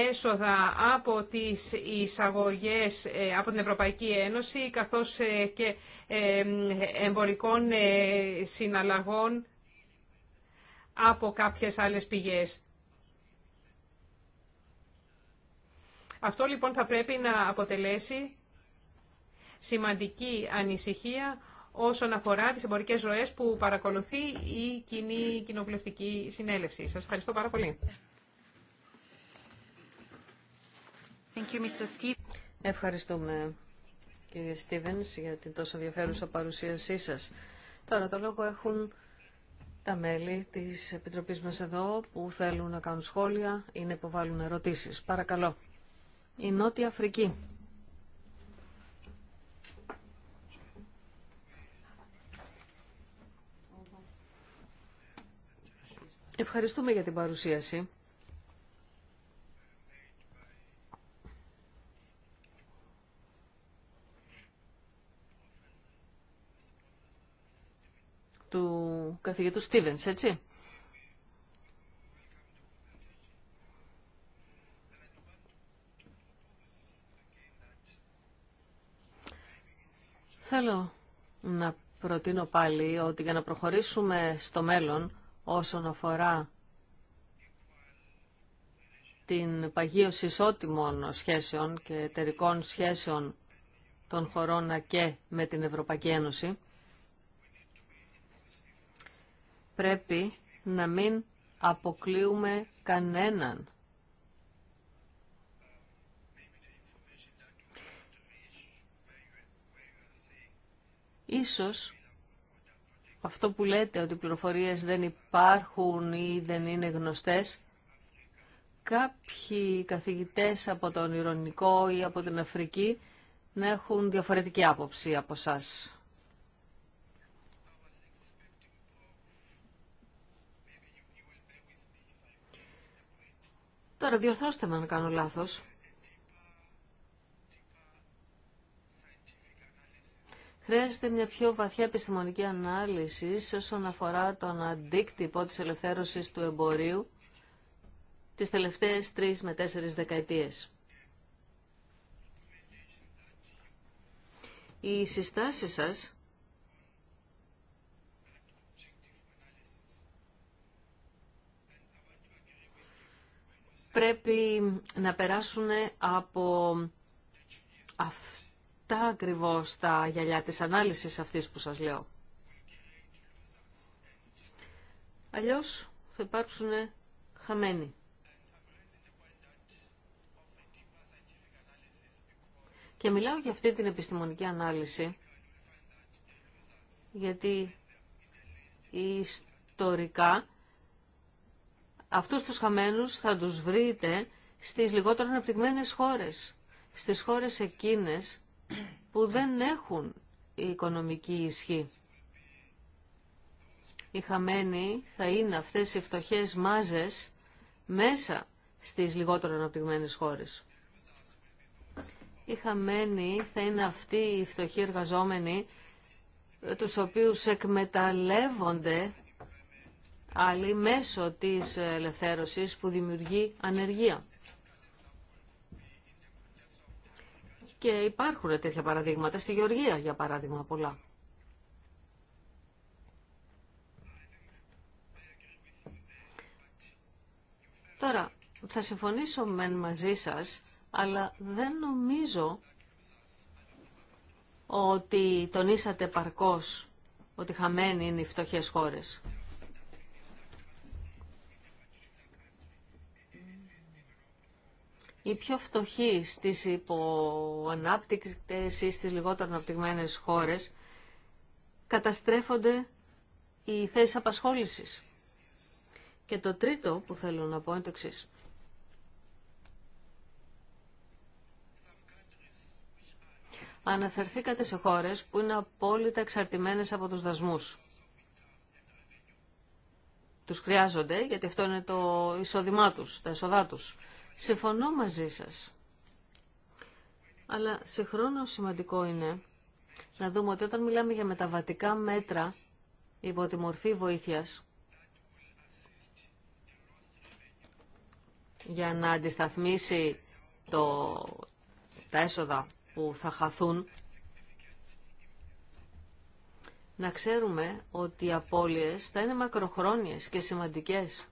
έσοδα από τις εισαγωγές ε, από την Ευρωπαϊκή Ένωση καθώς ε, και ε, εμπορικών συναλλαγών από κάποιες άλλες πηγές. Αυτό λοιπόν θα πρέπει να αποτελέσει σημαντική ανησυχία όσον αφορά τις εμπορικές ροές που παρακολουθεί η κοινή κοινοβουλευτική συνέλευση. Σας ευχαριστώ πάρα πολύ. Thank you, Ευχαριστούμε κύριε Στίβενς για την τόσο ενδιαφέρουσα παρουσίασή σας. Τώρα το λόγο έχουν τα μέλη της Επιτροπής μας εδώ που θέλουν να κάνουν σχόλια ή να υποβάλουν ερωτήσεις. Παρακαλώ. Η Νότια Αφρική. Ευχαριστούμε για την παρουσίαση. του καθηγητού Στίβενς, έτσι. Θέλω να προτείνω πάλι ότι για να προχωρήσουμε στο μέλλον όσον αφορά την παγίωση ισότιμων σχέσεων και εταιρικών σχέσεων των χωρών και με την Ευρωπαϊκή Ένωση, πρέπει να μην αποκλείουμε κανέναν. Ίσως αυτό που λέτε ότι οι πληροφορίες δεν υπάρχουν ή δεν είναι γνωστές, κάποιοι καθηγητές από τον Ιρωνικό ή από την Αφρική να έχουν διαφορετική άποψη από σας. Τώρα διορθώστε με αν κάνω λάθος. Χρειάζεται μια πιο βαθιά επιστημονική ανάλυση όσον αφορά τον αντίκτυπο της ελευθέρωσης του εμπορίου τις τελευταίες τρεις με τέσσερις δεκαετίες. Οι συστάσεις σας πρέπει να περάσουν από αυτό αυτά ακριβώς τα γυαλιά της ανάλυσης αυτής που σας λέω. Αλλιώς θα υπάρξουν χαμένοι. Και μιλάω για αυτή την επιστημονική ανάλυση, γιατί ιστορικά αυτούς τους χαμένους θα τους βρείτε στις λιγότερο αναπτυγμένες χώρες, στις χώρες εκείνες που δεν έχουν οικονομική ισχύ. Οι χαμένοι θα είναι αυτές οι φτωχές μάζες μέσα στις λιγότερο αναπτυγμένες χώρες. Οι χαμένοι θα είναι αυτοί οι φτωχοί εργαζόμενοι ε, τους οποίους εκμεταλλεύονται άλλοι μέσω της ελευθέρωσης που δημιουργεί ανεργία. Και υπάρχουν τέτοια παραδείγματα. Στη Γεωργία, για παράδειγμα, πολλά. Τώρα, θα συμφωνήσω μεν μαζί σας, αλλά δεν νομίζω ότι τονίσατε παρκώς ότι χαμένοι είναι οι φτωχές χώρες. οι πιο φτωχοί στις υποανάπτυκτες ή στις λιγότερο αναπτυγμένες χώρες καταστρέφονται οι θέσεις απασχόλησης. Και το τρίτο που θέλω να πω είναι το εξή. Αναφερθήκατε σε χώρες που είναι απόλυτα εξαρτημένες από τους δασμούς. Τους χρειάζονται γιατί αυτό είναι το εισόδημά τους, τα εσοδά τους. Συμφωνώ μαζί σας. Αλλά σε χρόνο σημαντικό είναι να δούμε ότι όταν μιλάμε για μεταβατικά μέτρα υπό τη μορφή βοήθειας, για να αντισταθμίσει το, τα έσοδα που θα χαθούν, να ξέρουμε ότι οι απώλειες θα είναι μακροχρόνιες και σημαντικές.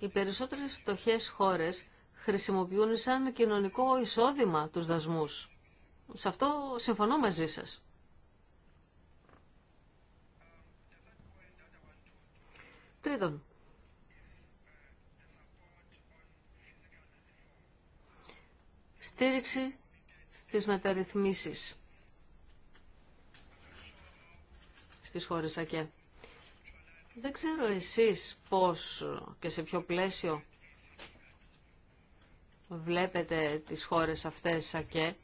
Οι περισσότερες φτωχές χώρες χρησιμοποιούν σαν κοινωνικό εισόδημα τους δασμούς. Σε αυτό συμφωνώ μαζί σας. Τρίτον, στήριξη στις μεταρρυθμίσεις στις χώρες ΑΚΕ. Δεν ξέρω εσείς πώς και σε ποιο πλαίσιο βλέπετε τις χώρες αυτές και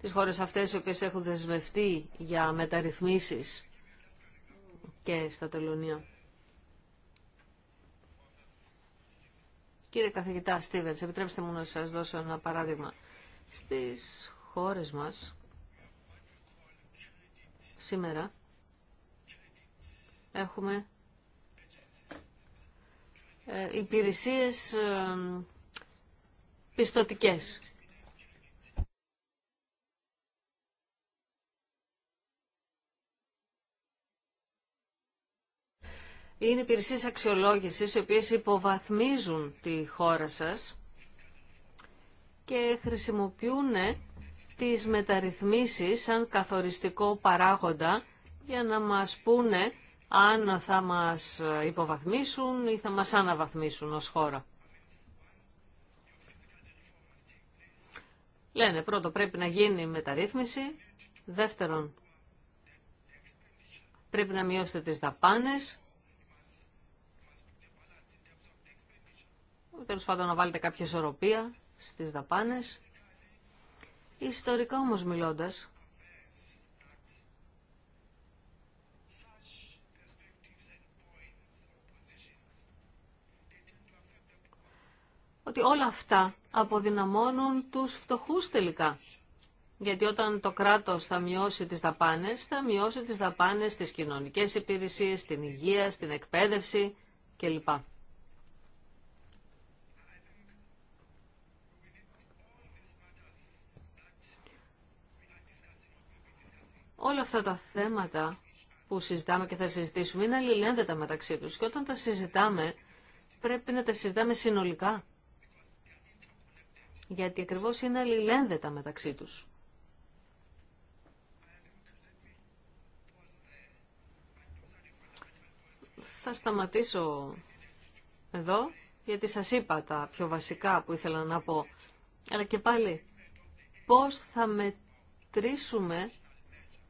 Τις χώρες αυτές οι οποίες έχουν δεσμευτεί για μεταρρυθμίσεις και στα τελωνία. Κύριε καθηγητά Στίβενς, επιτρέψτε μου να σας δώσω ένα παράδειγμα. Στις χώρες μας, σήμερα έχουμε ε, υπηρεσίες ε, πιστοτικές. Είναι υπηρεσίες αξιολόγησης, οι οποίες υποβαθμίζουν τη χώρα σας και χρησιμοποιούν τις μεταρρυθμίσεις σαν καθοριστικό παράγοντα για να μας πούνε αν θα μας υποβαθμίσουν ή θα μας αναβαθμίσουν ως χώρα. Λένε πρώτο πρέπει να γίνει μεταρρύθμιση, δεύτερον πρέπει να μειώσετε τις δαπάνες, τέλος πάντων να βάλετε κάποια ισορροπία στις δαπάνες. Ιστορικά όμως μιλώντας, ότι όλα αυτά αποδυναμώνουν τους φτωχούς τελικά. Γιατί όταν το κράτος θα μειώσει τις δαπάνες, θα μειώσει τις δαπάνες στις κοινωνικές υπηρεσίες, στην υγεία, στην εκπαίδευση κλπ. Όλα αυτά τα θέματα που συζητάμε και θα συζητήσουμε είναι αλληλένδετα μεταξύ τους και όταν τα συζητάμε πρέπει να τα συζητάμε συνολικά γιατί ακριβώς είναι αλληλένδετα μεταξύ τους. Θα σταματήσω εδώ, γιατί σας είπα τα πιο βασικά που ήθελα να πω. Αλλά και πάλι, πώς θα μετρήσουμε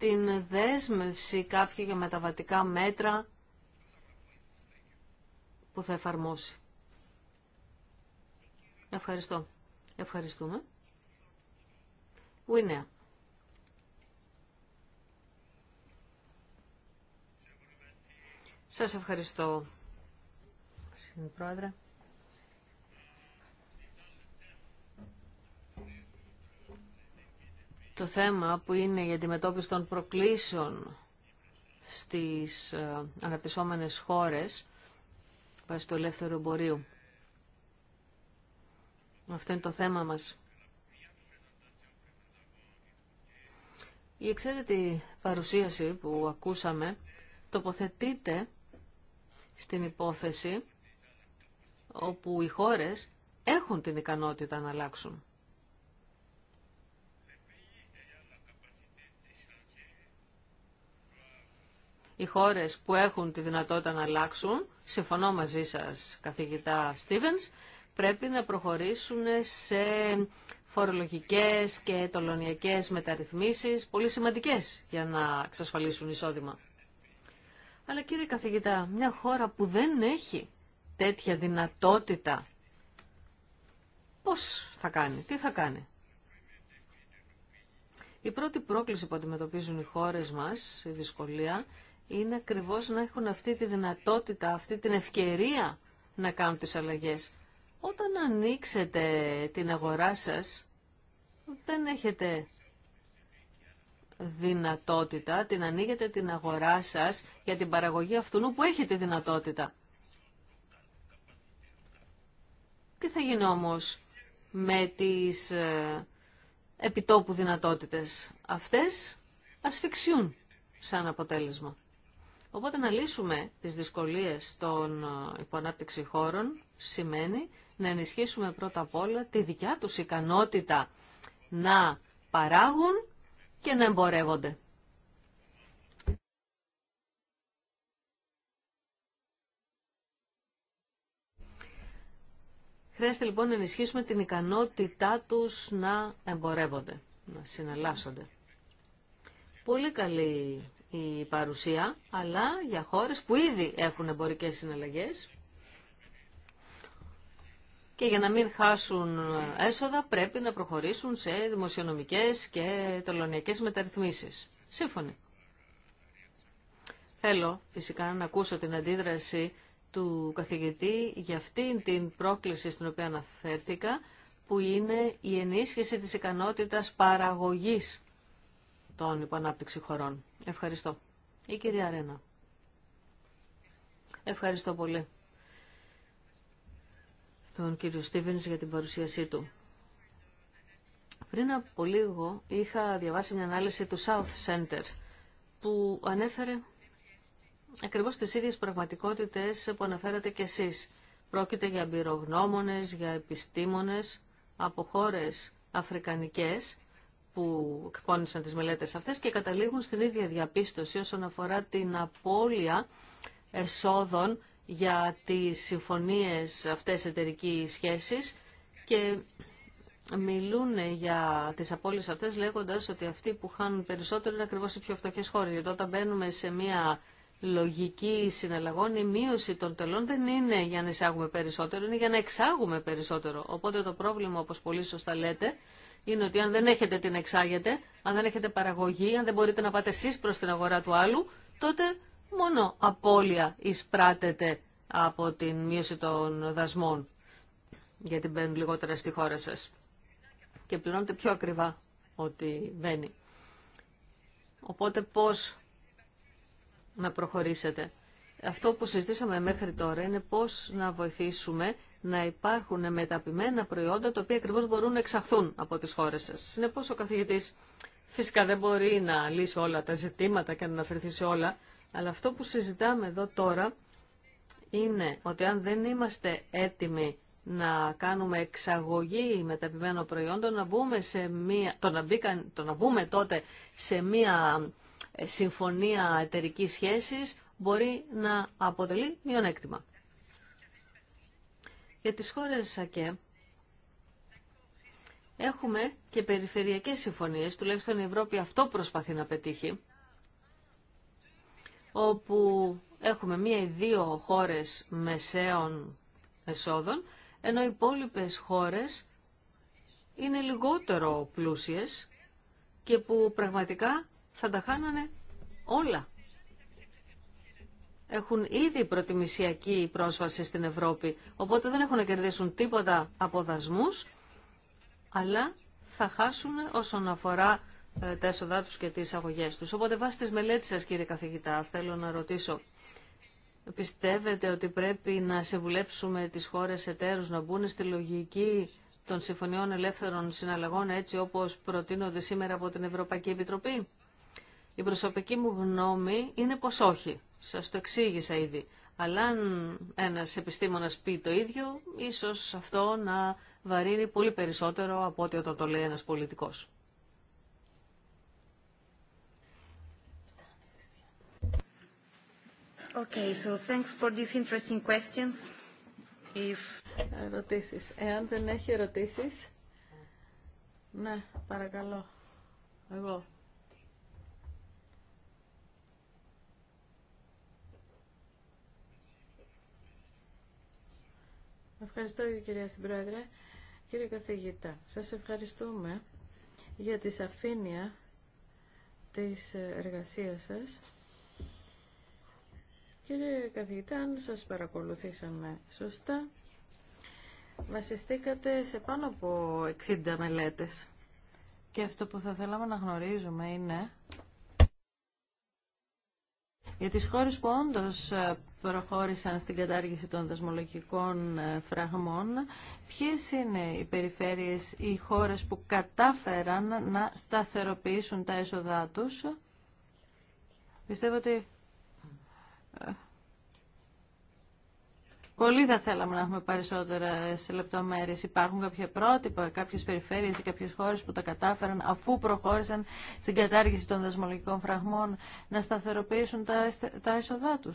την δέσμευση κάποια για μεταβατικά μέτρα που θα εφαρμόσει. Ευχαριστώ. Ευχαριστούμε. Ουινέα. Σας ευχαριστώ, πράδρα το θέμα που είναι η αντιμετώπιση των προκλήσεων στις ε, αναπτυσσόμενες χώρες βάσει του ελεύθερου εμπορίου. Αυτό είναι το θέμα μας. Η εξαίρετη παρουσίαση που ακούσαμε τοποθετείται στην υπόθεση όπου οι χώρες έχουν την ικανότητα να αλλάξουν. οι χώρες που έχουν τη δυνατότητα να αλλάξουν, συμφωνώ μαζί σας καθηγητά Στίβενς, πρέπει να προχωρήσουν σε φορολογικές και τολωνιακές μεταρρυθμίσεις, πολύ σημαντικές για να εξασφαλίσουν εισόδημα. Αλλά κύριε καθηγητά, μια χώρα που δεν έχει τέτοια δυνατότητα, πώς θα κάνει, τι θα κάνει. Η πρώτη πρόκληση που αντιμετωπίζουν οι χώρες μας, η δυσκολία, είναι ακριβώς να έχουν αυτή τη δυνατότητα, αυτή την ευκαιρία να κάνουν τις αλλαγές. Όταν ανοίξετε την αγορά σας, δεν έχετε δυνατότητα, την ανοίγετε την αγορά σας για την παραγωγή αυτού που έχετε δυνατότητα. Τι θα γίνει όμως με τις ε, επιτόπου δυνατότητες. Αυτές ασφιξιούν σαν αποτέλεσμα. Οπότε να λύσουμε τις δυσκολίες των ε, υποανάπτυξη χώρων σημαίνει να ενισχύσουμε πρώτα απ' όλα τη δικιά τους ικανότητα να παράγουν και να εμπορεύονται. Χρειάζεται λοιπόν να ενισχύσουμε την ικανότητά τους να εμπορεύονται, να συναλλάσσονται. Πολύ καλή η παρουσία, αλλά για χώρες που ήδη έχουν εμπορικές συναλλαγές και για να μην χάσουν έσοδα πρέπει να προχωρήσουν σε δημοσιονομικές και τελωνιακές μεταρρυθμίσεις. Σύμφωνοι. Θέλω φυσικά να ακούσω την αντίδραση του καθηγητή για αυτήν την πρόκληση στην οποία αναφέρθηκα, που είναι η ενίσχυση της ικανότητας παραγωγής των υπανάπτυξη χωρών. Ευχαριστώ. Η κυρία Ρένα. Ευχαριστώ πολύ τον κύριο Στίβενς για την παρουσίασή του. Πριν από λίγο είχα διαβάσει μια ανάλυση του South Center που ανέφερε ακριβώς τις ίδιες πραγματικότητες που αναφέρατε κι εσείς. Πρόκειται για εμπειρογνώμονες, για επιστήμονες από χώρες αφρικανικές που εκπώνησαν τις μελέτες αυτές και καταλήγουν στην ίδια διαπίστωση όσον αφορά την απώλεια εσόδων για τις συμφωνίες αυτές εταιρική σχέσης και μιλούν για τις απώλειες αυτές λέγοντας ότι αυτοί που χάνουν περισσότερο είναι ακριβώς οι πιο φτωχές χώρες. Γιατί όταν μπαίνουμε σε μια λογική συναλλαγών η μείωση των τελών δεν είναι για να εισάγουμε περισσότερο, είναι για να εξάγουμε περισσότερο. Οπότε το πρόβλημα, όπως πολύ σωστά λέτε, είναι ότι αν δεν έχετε την εξάγετε, αν δεν έχετε παραγωγή, αν δεν μπορείτε να πάτε εσείς προς την αγορά του άλλου, τότε μόνο απώλεια εισπράτεται από την μείωση των δασμών, γιατί μπαίνουν λιγότερα στη χώρα σας. Και πληρώνετε πιο ακριβά ότι μπαίνει. Οπότε πώς να προχωρήσετε. Αυτό που συζητήσαμε μέχρι τώρα είναι πώς να βοηθήσουμε να υπάρχουν μεταπημένα προϊόντα τα οποία ακριβώ μπορούν να εξαχθούν από τις χώρες σας. Συνεπώς ο καθηγητής φυσικά δεν μπορεί να λύσει όλα τα ζητήματα και να αναφερθεί σε όλα, αλλά αυτό που συζητάμε εδώ τώρα είναι ότι αν δεν είμαστε έτοιμοι να κάνουμε εξαγωγή μεταπημένων προϊόντων, να μπούμε σε μία, το, να το να μπούμε τότε σε μία συμφωνία εταιρική σχέση μπορεί να αποτελεί μειονέκτημα. Για τις χώρες ΑΚΕ έχουμε και περιφερειακές συμφωνίες, τουλάχιστον η Ευρώπη αυτό προσπαθεί να πετύχει, όπου έχουμε μία ή δύο χώρες μεσαίων εσόδων, ενώ οι υπόλοιπε χώρες είναι λιγότερο πλούσιες και που πραγματικά θα τα χάνανε όλα. Έχουν ήδη προτιμησιακή πρόσβαση στην Ευρώπη, οπότε δεν έχουν να κερδίσουν τίποτα από δασμούς, αλλά θα χάσουν όσον αφορά ε, τα έσοδά τους και τις αγωγές τους. Οπότε βάσει της μελέτης σας κύριε καθηγητά θέλω να ρωτήσω πιστεύετε ότι πρέπει να συμβουλέψουμε τις χώρες εταίρους να μπουν στη λογική των συμφωνιών ελεύθερων συναλλαγών έτσι όπως προτείνονται σήμερα από την Ευρωπαϊκή Επιτροπή. Η προσωπική μου γνώμη είναι πως όχι. Σας το εξήγησα ήδη. Αλλά αν ένας επιστήμονας πει το ίδιο, ίσως αυτό να βαρύνει πολύ περισσότερο από ό,τι όταν το λέει ένας πολιτικός. Okay, so thanks for these interesting questions. If... Εάν δεν έχει ερωτήσεις, ναι, παρακαλώ. Εγώ. Ευχαριστώ κυρία Συμπρόεδρε. Κύριε Καθηγητά, σας ευχαριστούμε για τη σαφήνεια της εργασίας σας. Κύριε Καθηγητά, αν σας παρακολουθήσαμε σωστά, βασιστήκατε σε πάνω από 60 μελέτες. Και αυτό που θα θέλαμε να γνωρίζουμε είναι για τις χώρες που όντως ε, προχώρησαν στην κατάργηση των δασμολογικών ε, φραγμών, ποιες είναι οι περιφέρειες ή οι χώρες που κατάφεραν να σταθεροποιήσουν τα έσοδά τους. Πιστεύω ότι ε, Πολύ θα θέλαμε να έχουμε περισσότερε λεπτομέρειε. Υπάρχουν κάποια πρότυπα, κάποιε περιφέρειε ή κάποιε χώρε που τα κατάφεραν αφού προχώρησαν στην κατάργηση των δασμολογικών φραγμών να σταθεροποιήσουν τα, τα έσοδά του.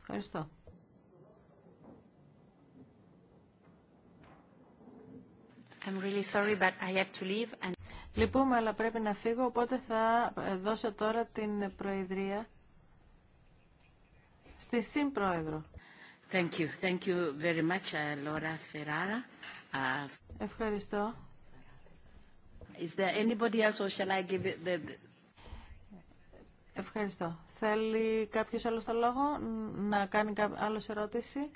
Ευχαριστώ. I'm really sorry, but I have to leave and... Λυπούμε, αλλά πρέπει να φύγω, οπότε θα ε, δώσω τώρα την Προεδρία στη Συμπρόεδρο. Thank you. Thank you very much, uh, Laura Ferrara. Uh, Ευχαριστώ. Is there anybody else or shall I give it the... Ευχαριστώ. Θέλει κάποιος άλλος το λόγο να κάνει άλλος ερώτηση.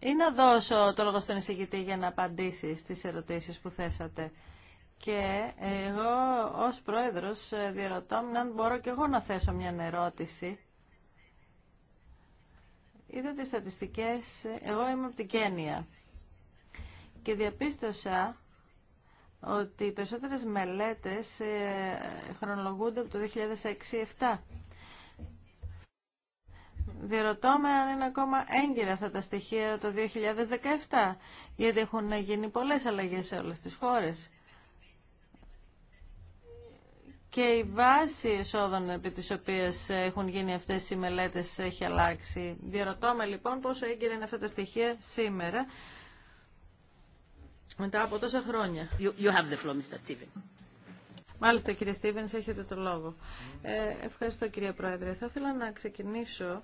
Ή να δώσω το λόγο στον εισηγητή για να απαντήσει στις ερωτήσεις που θέσατε. Και εγώ ως πρόεδρος ε, διαρωτώ αν μπορώ και εγώ να θέσω μια ερώτηση. Είδα τις στατιστικές, εγώ είμαι από την Κένια και διαπίστωσα ότι οι περισσότερες μελέτες ε, χρονολογούνται από το 2006-2007. Διερωτώ με αν είναι ακόμα έγκυρα αυτά τα στοιχεία το 2017, γιατί έχουν γίνει πολλές αλλαγές σε όλες τις χώρες και η βάση εισόδων επί της οποίας έχουν γίνει αυτές οι μελέτες έχει αλλάξει. Διερωτώμε λοιπόν πόσο έγκυρα είναι αυτά τα στοιχεία σήμερα, μετά από τόσα χρόνια. You, have the floor, Mr. Μάλιστα κύριε Στίβεν, έχετε το λόγο. Ε, ευχαριστώ κύριε Πρόεδρε. Θα ήθελα να ξεκινήσω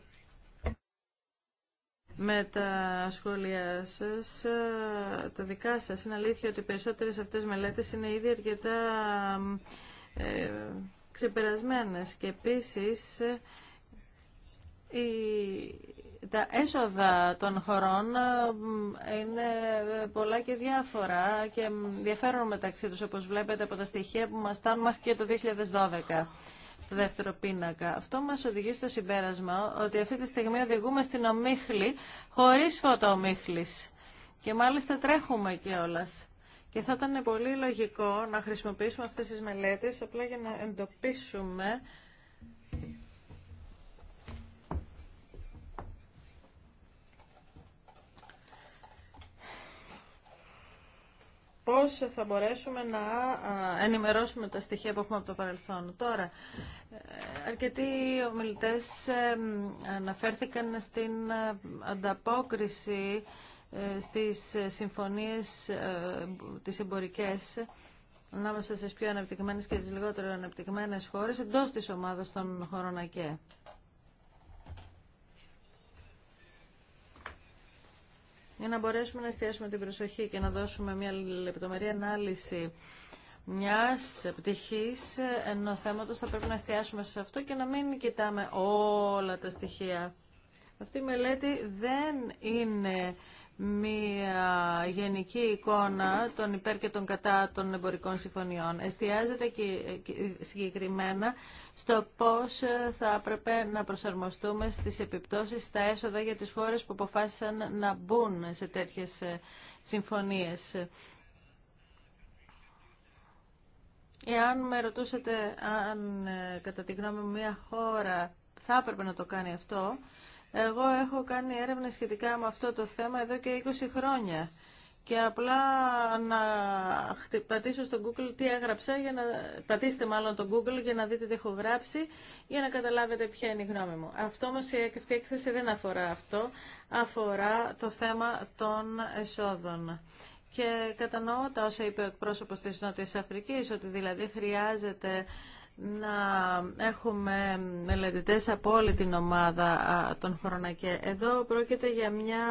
με τα σχόλια σας, ε, τα δικά σας. Είναι αλήθεια ότι οι περισσότερες αυτές μελέτες είναι ήδη αρκετά ε, ξεπερασμένες και επίσης η, τα έσοδα των χωρών ε, είναι πολλά και διάφορα και διαφέρουν μεταξύ τους όπως βλέπετε από τα στοιχεία που μας στάνουν και το 2012 στο δεύτερο πίνακα. Αυτό μας οδηγεί στο συμπέρασμα ότι αυτή τη στιγμή οδηγούμε στην ομίχλη χωρίς φωτοομίχλη. και μάλιστα τρέχουμε κιόλα. Και θα ήταν πολύ λογικό να χρησιμοποιήσουμε αυτές τις μελέτες απλά για να εντοπίσουμε πώς θα μπορέσουμε να ενημερώσουμε τα στοιχεία που έχουμε από το παρελθόν. Τώρα, αρκετοί ομιλητές αναφέρθηκαν στην ε, ανταπόκριση στις συμφωνίες ε, τις εμπορικές ανάμεσα στις πιο αναπτυγμένες και τις λιγότερο αναπτυγμένες χώρες εντός της ομάδας των χωρών ΑΚΕ. Για να μπορέσουμε να εστιάσουμε την προσοχή και να δώσουμε μια λεπτομερή ανάλυση μιας πτυχής ενός θέματος θα πρέπει να εστιάσουμε σε αυτό και να μην κοιτάμε όλα τα στοιχεία. Αυτή η μελέτη δεν είναι μία γενική εικόνα των υπέρ και των κατά των εμπορικών συμφωνιών. Εστιάζεται και συγκεκριμένα στο πώς θα έπρεπε να προσαρμοστούμε στις επιπτώσεις στα έσοδα για τις χώρες που αποφάσισαν να μπουν σε τέτοιες ε, συμφωνίες. Εάν με ρωτούσατε αν ε, κατά τη γνώμη μια χώρα θα έπρεπε να το κάνει αυτό, εγώ έχω κάνει έρευνα σχετικά με αυτό το θέμα εδώ και 20 χρόνια και απλά να πατήσω στο Google τι έγραψα, για να, πατήστε μάλλον το Google για να δείτε τι έχω γράψει, για να καταλάβετε ποια είναι η γνώμη μου. Αυτό όμως η αυτή έκθεση δεν αφορά αυτό, αφορά το θέμα των εσόδων. Και κατανοώ τα όσα είπε ο εκπρόσωπος της Νότιας Αφρικής, ότι δηλαδή χρειάζεται να έχουμε μελετητές από όλη την ομάδα των Χρονακέ. εδώ πρόκειται για μια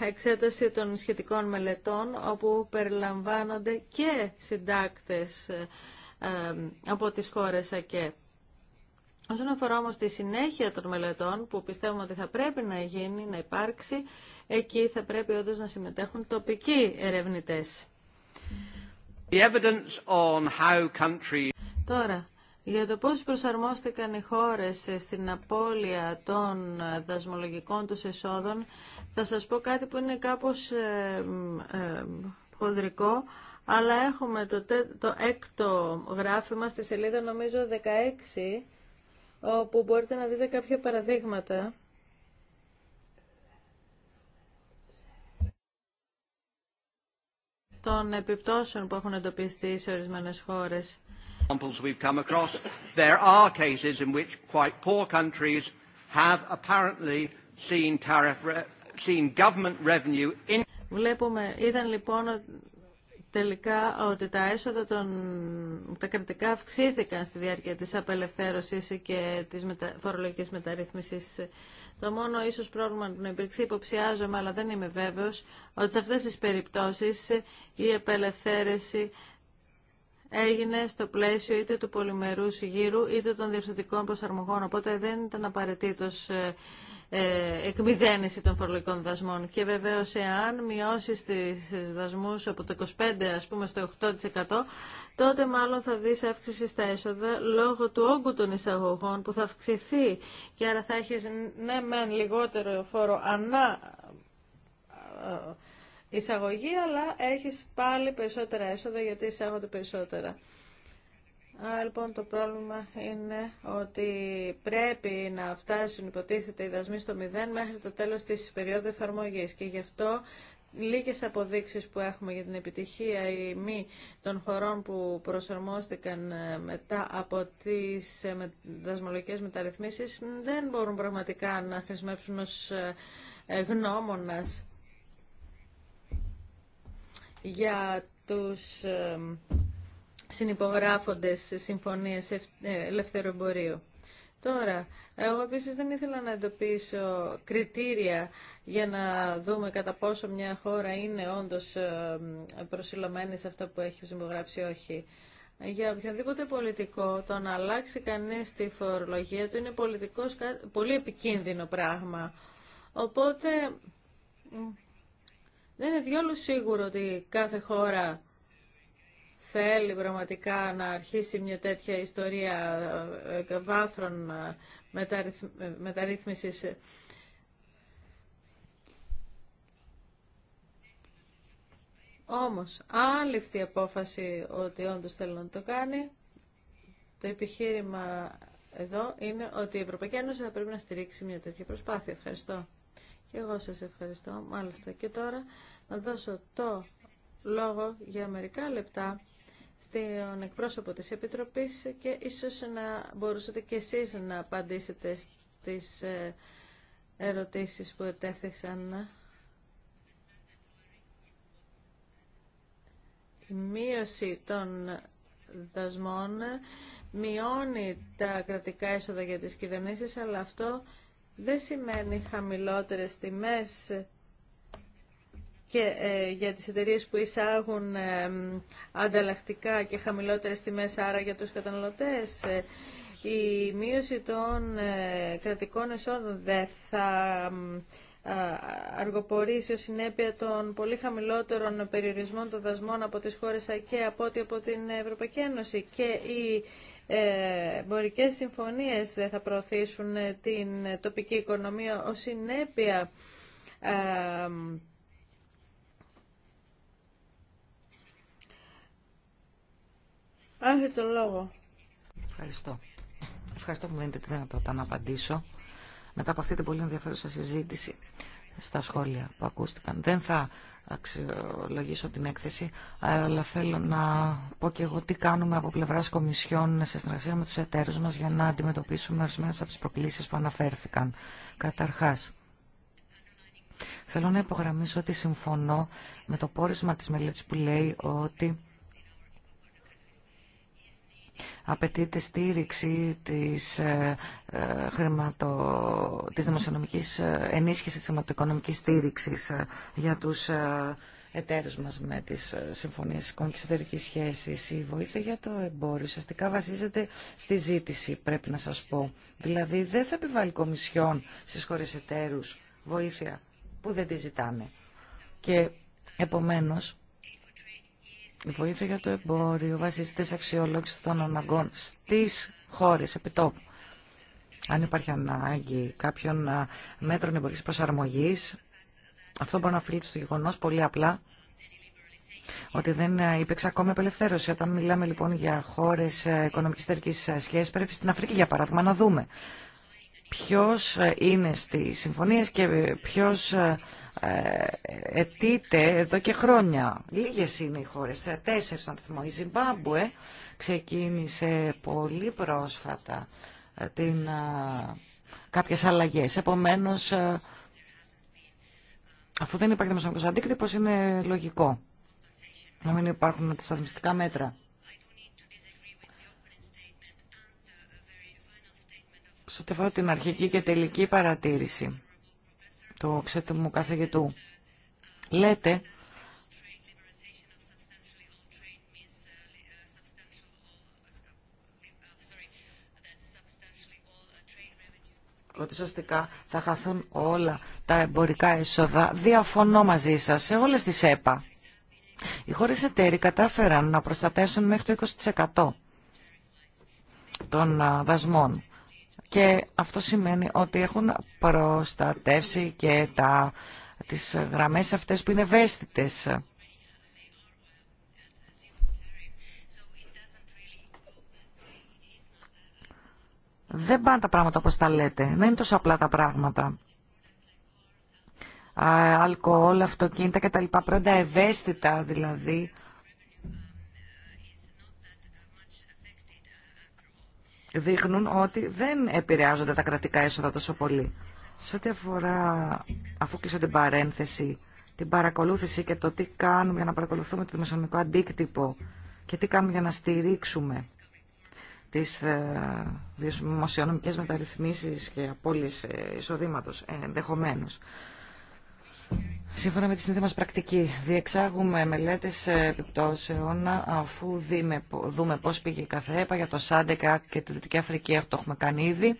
εξέταση των σχετικών μελετών όπου περιλαμβάνονται και συντάκτες ε, από τις χώρες ΑΚΕ. Όσον αφορά όμως τη συνέχεια των μελετών που πιστεύουμε ότι θα πρέπει να γίνει, να υπάρξει, εκεί θα πρέπει όντως να συμμετέχουν τοπικοί ερευνητές. Τώρα, για το πώς προσαρμόστηκαν οι χώρες στην απώλεια των δασμολογικών τους εσόδων, θα σας πω κάτι που είναι κάπως ε, ε αλλά έχουμε το, το έκτο γράφημα στη σελίδα νομίζω 16, όπου μπορείτε να δείτε κάποια παραδείγματα των επιπτώσεων που έχουν εντοπιστεί σε ορισμένες χώρες. We've come across, there are cases in which quite poor countries have apparently seen tariff, seen government revenue in. Βλέπουμε, είδαν λοιπόν τελικά ότι τα έσοδα των, τα κρατικά αυξήθηκαν στη διάρκεια της απελευθέρωσης και της μετα, φορολογικής μεταρρύθμισης. Το μόνο ίσως πρόβλημα που υπήρξε υποψιάζομαι, αλλά δεν είμαι βέβαιος, ότι σε αυτές τις περιπτώσεις η απελευθέρωση έγινε στο πλαίσιο είτε του πολυμερούς γύρου είτε των διευθυντικών προσαρμογών. Οπότε δεν ήταν απαραίτητο ε, ε, εκμυδένιση των φορολογικών δασμών. Και βεβαίω, εάν μειώσει τις δασμού από το 25% ας πούμε στο 8%, τότε μάλλον θα δεις αύξηση στα έσοδα λόγω του όγκου των εισαγωγών που θα αυξηθεί και άρα θα έχεις ναι μεν λιγότερο φόρο ανά ε, εισαγωγή αλλά έχεις πάλι περισσότερα έσοδα γιατί εισάγονται περισσότερα λοιπόν το πρόβλημα είναι ότι πρέπει να φτάσουν υποτίθεται οι δασμοί στο μηδέν μέχρι το τέλος της περίοδου εφαρμογής και γι' αυτό λίγες αποδείξεις που έχουμε για την επιτυχία ή μη των χωρών που προσαρμόστηκαν ε, μετά από τις ε, δασμολογικές μεταρρυθμίσεις δεν μπορούν πραγματικά να χρησιμεύσουν ως ε, γνώμονας για τους συνυπογράφονται σε συμφωνίες ε, εμπορίου. Τώρα, εγώ επίσης δεν ήθελα να εντοπίσω κριτήρια για να δούμε κατά πόσο μια χώρα είναι όντως ε, προσιλωμένη σε αυτό που έχει συμπογράψει όχι. Για οποιοδήποτε πολιτικό, το να αλλάξει κανείς τη φορολογία του είναι πολιτικός, πολύ επικίνδυνο πράγμα. Οπότε, δεν είναι διόλου σίγουρο ότι κάθε χώρα θέλει πραγματικά να αρχίσει μια τέτοια ιστορία ε, βάθρων ε, ε, μεταρρύθμισης Όμως, αν απόφαση ότι όντως θέλει να το κάνει, το επιχείρημα εδώ είναι ότι η Ευρωπαϊκή Ένωση θα πρέπει να στηρίξει μια τέτοια προσπάθεια. Ευχαριστώ. Και εγώ σας ευχαριστώ. Μάλιστα. Και τώρα να δώσω το λόγο για μερικά λεπτά στον εκπρόσωπο της Επιτροπής και ίσως να μπορούσατε και εσείς να απαντήσετε στις ε, ερωτήσεις που ετέθησαν. Η μείωση των δασμών μειώνει τα κρατικά έσοδα για τις κυβερνήσεις, αλλά αυτό δεν σημαίνει χαμηλότερες τιμές και ε, για τις εταιρείες που εισάγουν ανταλλακτικά και χαμηλότερες τιμές άρα για τους καταναλωτές. Ε, η μείωση των ε, κρατικών εσόδων δεν θα αργοπορήσει ως συνέπεια των πολύ χαμηλότερων περιορισμών των δασμών από τις χώρες και από ό,τι από την Ευρωπαϊκή Ένωση και οι εμπορικέ συμφωνίες θα προωθήσουν την τοπική οικονομία ως συνέπεια Έχετε λόγο. Ευχαριστώ. Ευχαριστώ που μου δίνετε τη δυνατότητα να απαντήσω μετά από αυτή την πολύ ενδιαφέρουσα συζήτηση στα σχόλια που ακούστηκαν. Δεν θα αξιολογήσω την έκθεση, αλλά θέλω να πω και εγώ τι κάνουμε από πλευράς Κομισιών σε συνεργασία με τους εταίρους μας για να αντιμετωπίσουμε ορισμένε από τις προκλήσεις που αναφέρθηκαν. Καταρχάς, θέλω να υπογραμμίσω ότι συμφωνώ με το πόρισμα της μελέτης που λέει ότι Απαιτείται στήριξη της, ε, ε της δημοσιονομικής ε, ενίσχυσης της χρηματοοικονομικής στήριξης ε, για τους ε, εταίρους μας με τις συμφωνίες εικόνων εταιρικής Η βοήθεια για το εμπόριο ουσιαστικά βασίζεται στη ζήτηση, πρέπει να σας πω. Δηλαδή δεν θα επιβάλλει κομισιόν στις χώρες εταίρους βοήθεια που δεν τη ζητάνε. Και επομένως η βοήθεια για το εμπόριο βασίζεται σε αξιολόγηση των αναγκών στις χώρες επιτόπου. Αν υπάρχει ανάγκη κάποιων μέτρων εμπορικής προσαρμογής, αυτό μπορεί να φύγει στο γεγονός πολύ απλά ότι δεν υπήρξε ακόμα απελευθέρωση. Όταν μιλάμε λοιπόν για χώρες οικονομικής θερικής σχέσης, πρέπει στην Αφρική για παράδειγμα να δούμε ποιος είναι στις συμφωνίες και ποιος ετείται ε, εδώ και χρόνια. Λίγες είναι οι χώρες, ε, τέσσερις τον θυμώ. Η Ζιμπάμπουε ξεκίνησε πολύ πρόσφατα ε, την, κάποιες αλλαγές. Επομένως, αφού δεν υπάρχει δημοσιονομικό αντίκτυπος, είναι λογικό να μην υπάρχουν αντισταθμιστικά μέτρα. Σε ό,τι την αρχική και τελική παρατήρηση το μου καθηγητού. Λέτε ότι σωστικά θα χαθούν όλα τα εμπορικά έσοδα. Διαφωνώ μαζί σας σε όλες τις ΕΠΑ. Οι χώρες εταίροι κατάφεραν να προστατεύσουν μέχρι το 20% των δασμών και αυτό σημαίνει ότι έχουν προστατεύσει και τα, τις γραμμές αυτές που είναι ευαίσθητες. Δεν πάνε τα πράγματα όπως τα λέτε. Δεν είναι τόσο απλά τα πράγματα. αλκοόλ, αυτοκίνητα και τα λοιπά. Πρώτα ευαίσθητα δηλαδή δείχνουν ότι δεν επηρεάζονται τα κρατικά έσοδα τόσο πολύ. Σε ό,τι αφορά, αφού κλείσω την παρένθεση, την παρακολούθηση και το τι κάνουμε για να παρακολουθούμε το δημοσιονομικό αντίκτυπο και τι κάνουμε για να στηρίξουμε τις ε, δημοσιονομικές μεταρρυθμίσεις και απόλυση ε, εισοδήματος ε, ενδεχομένως. Σύμφωνα με τη συνήθεια μας πρακτική, διεξάγουμε μελέτες επιπτώσεων αφού δούμε, δούμε πώς πήγε η καθέπα για το Σάντεκα και τη Δυτική Αφρική, αυτό έχουμε κάνει ήδη.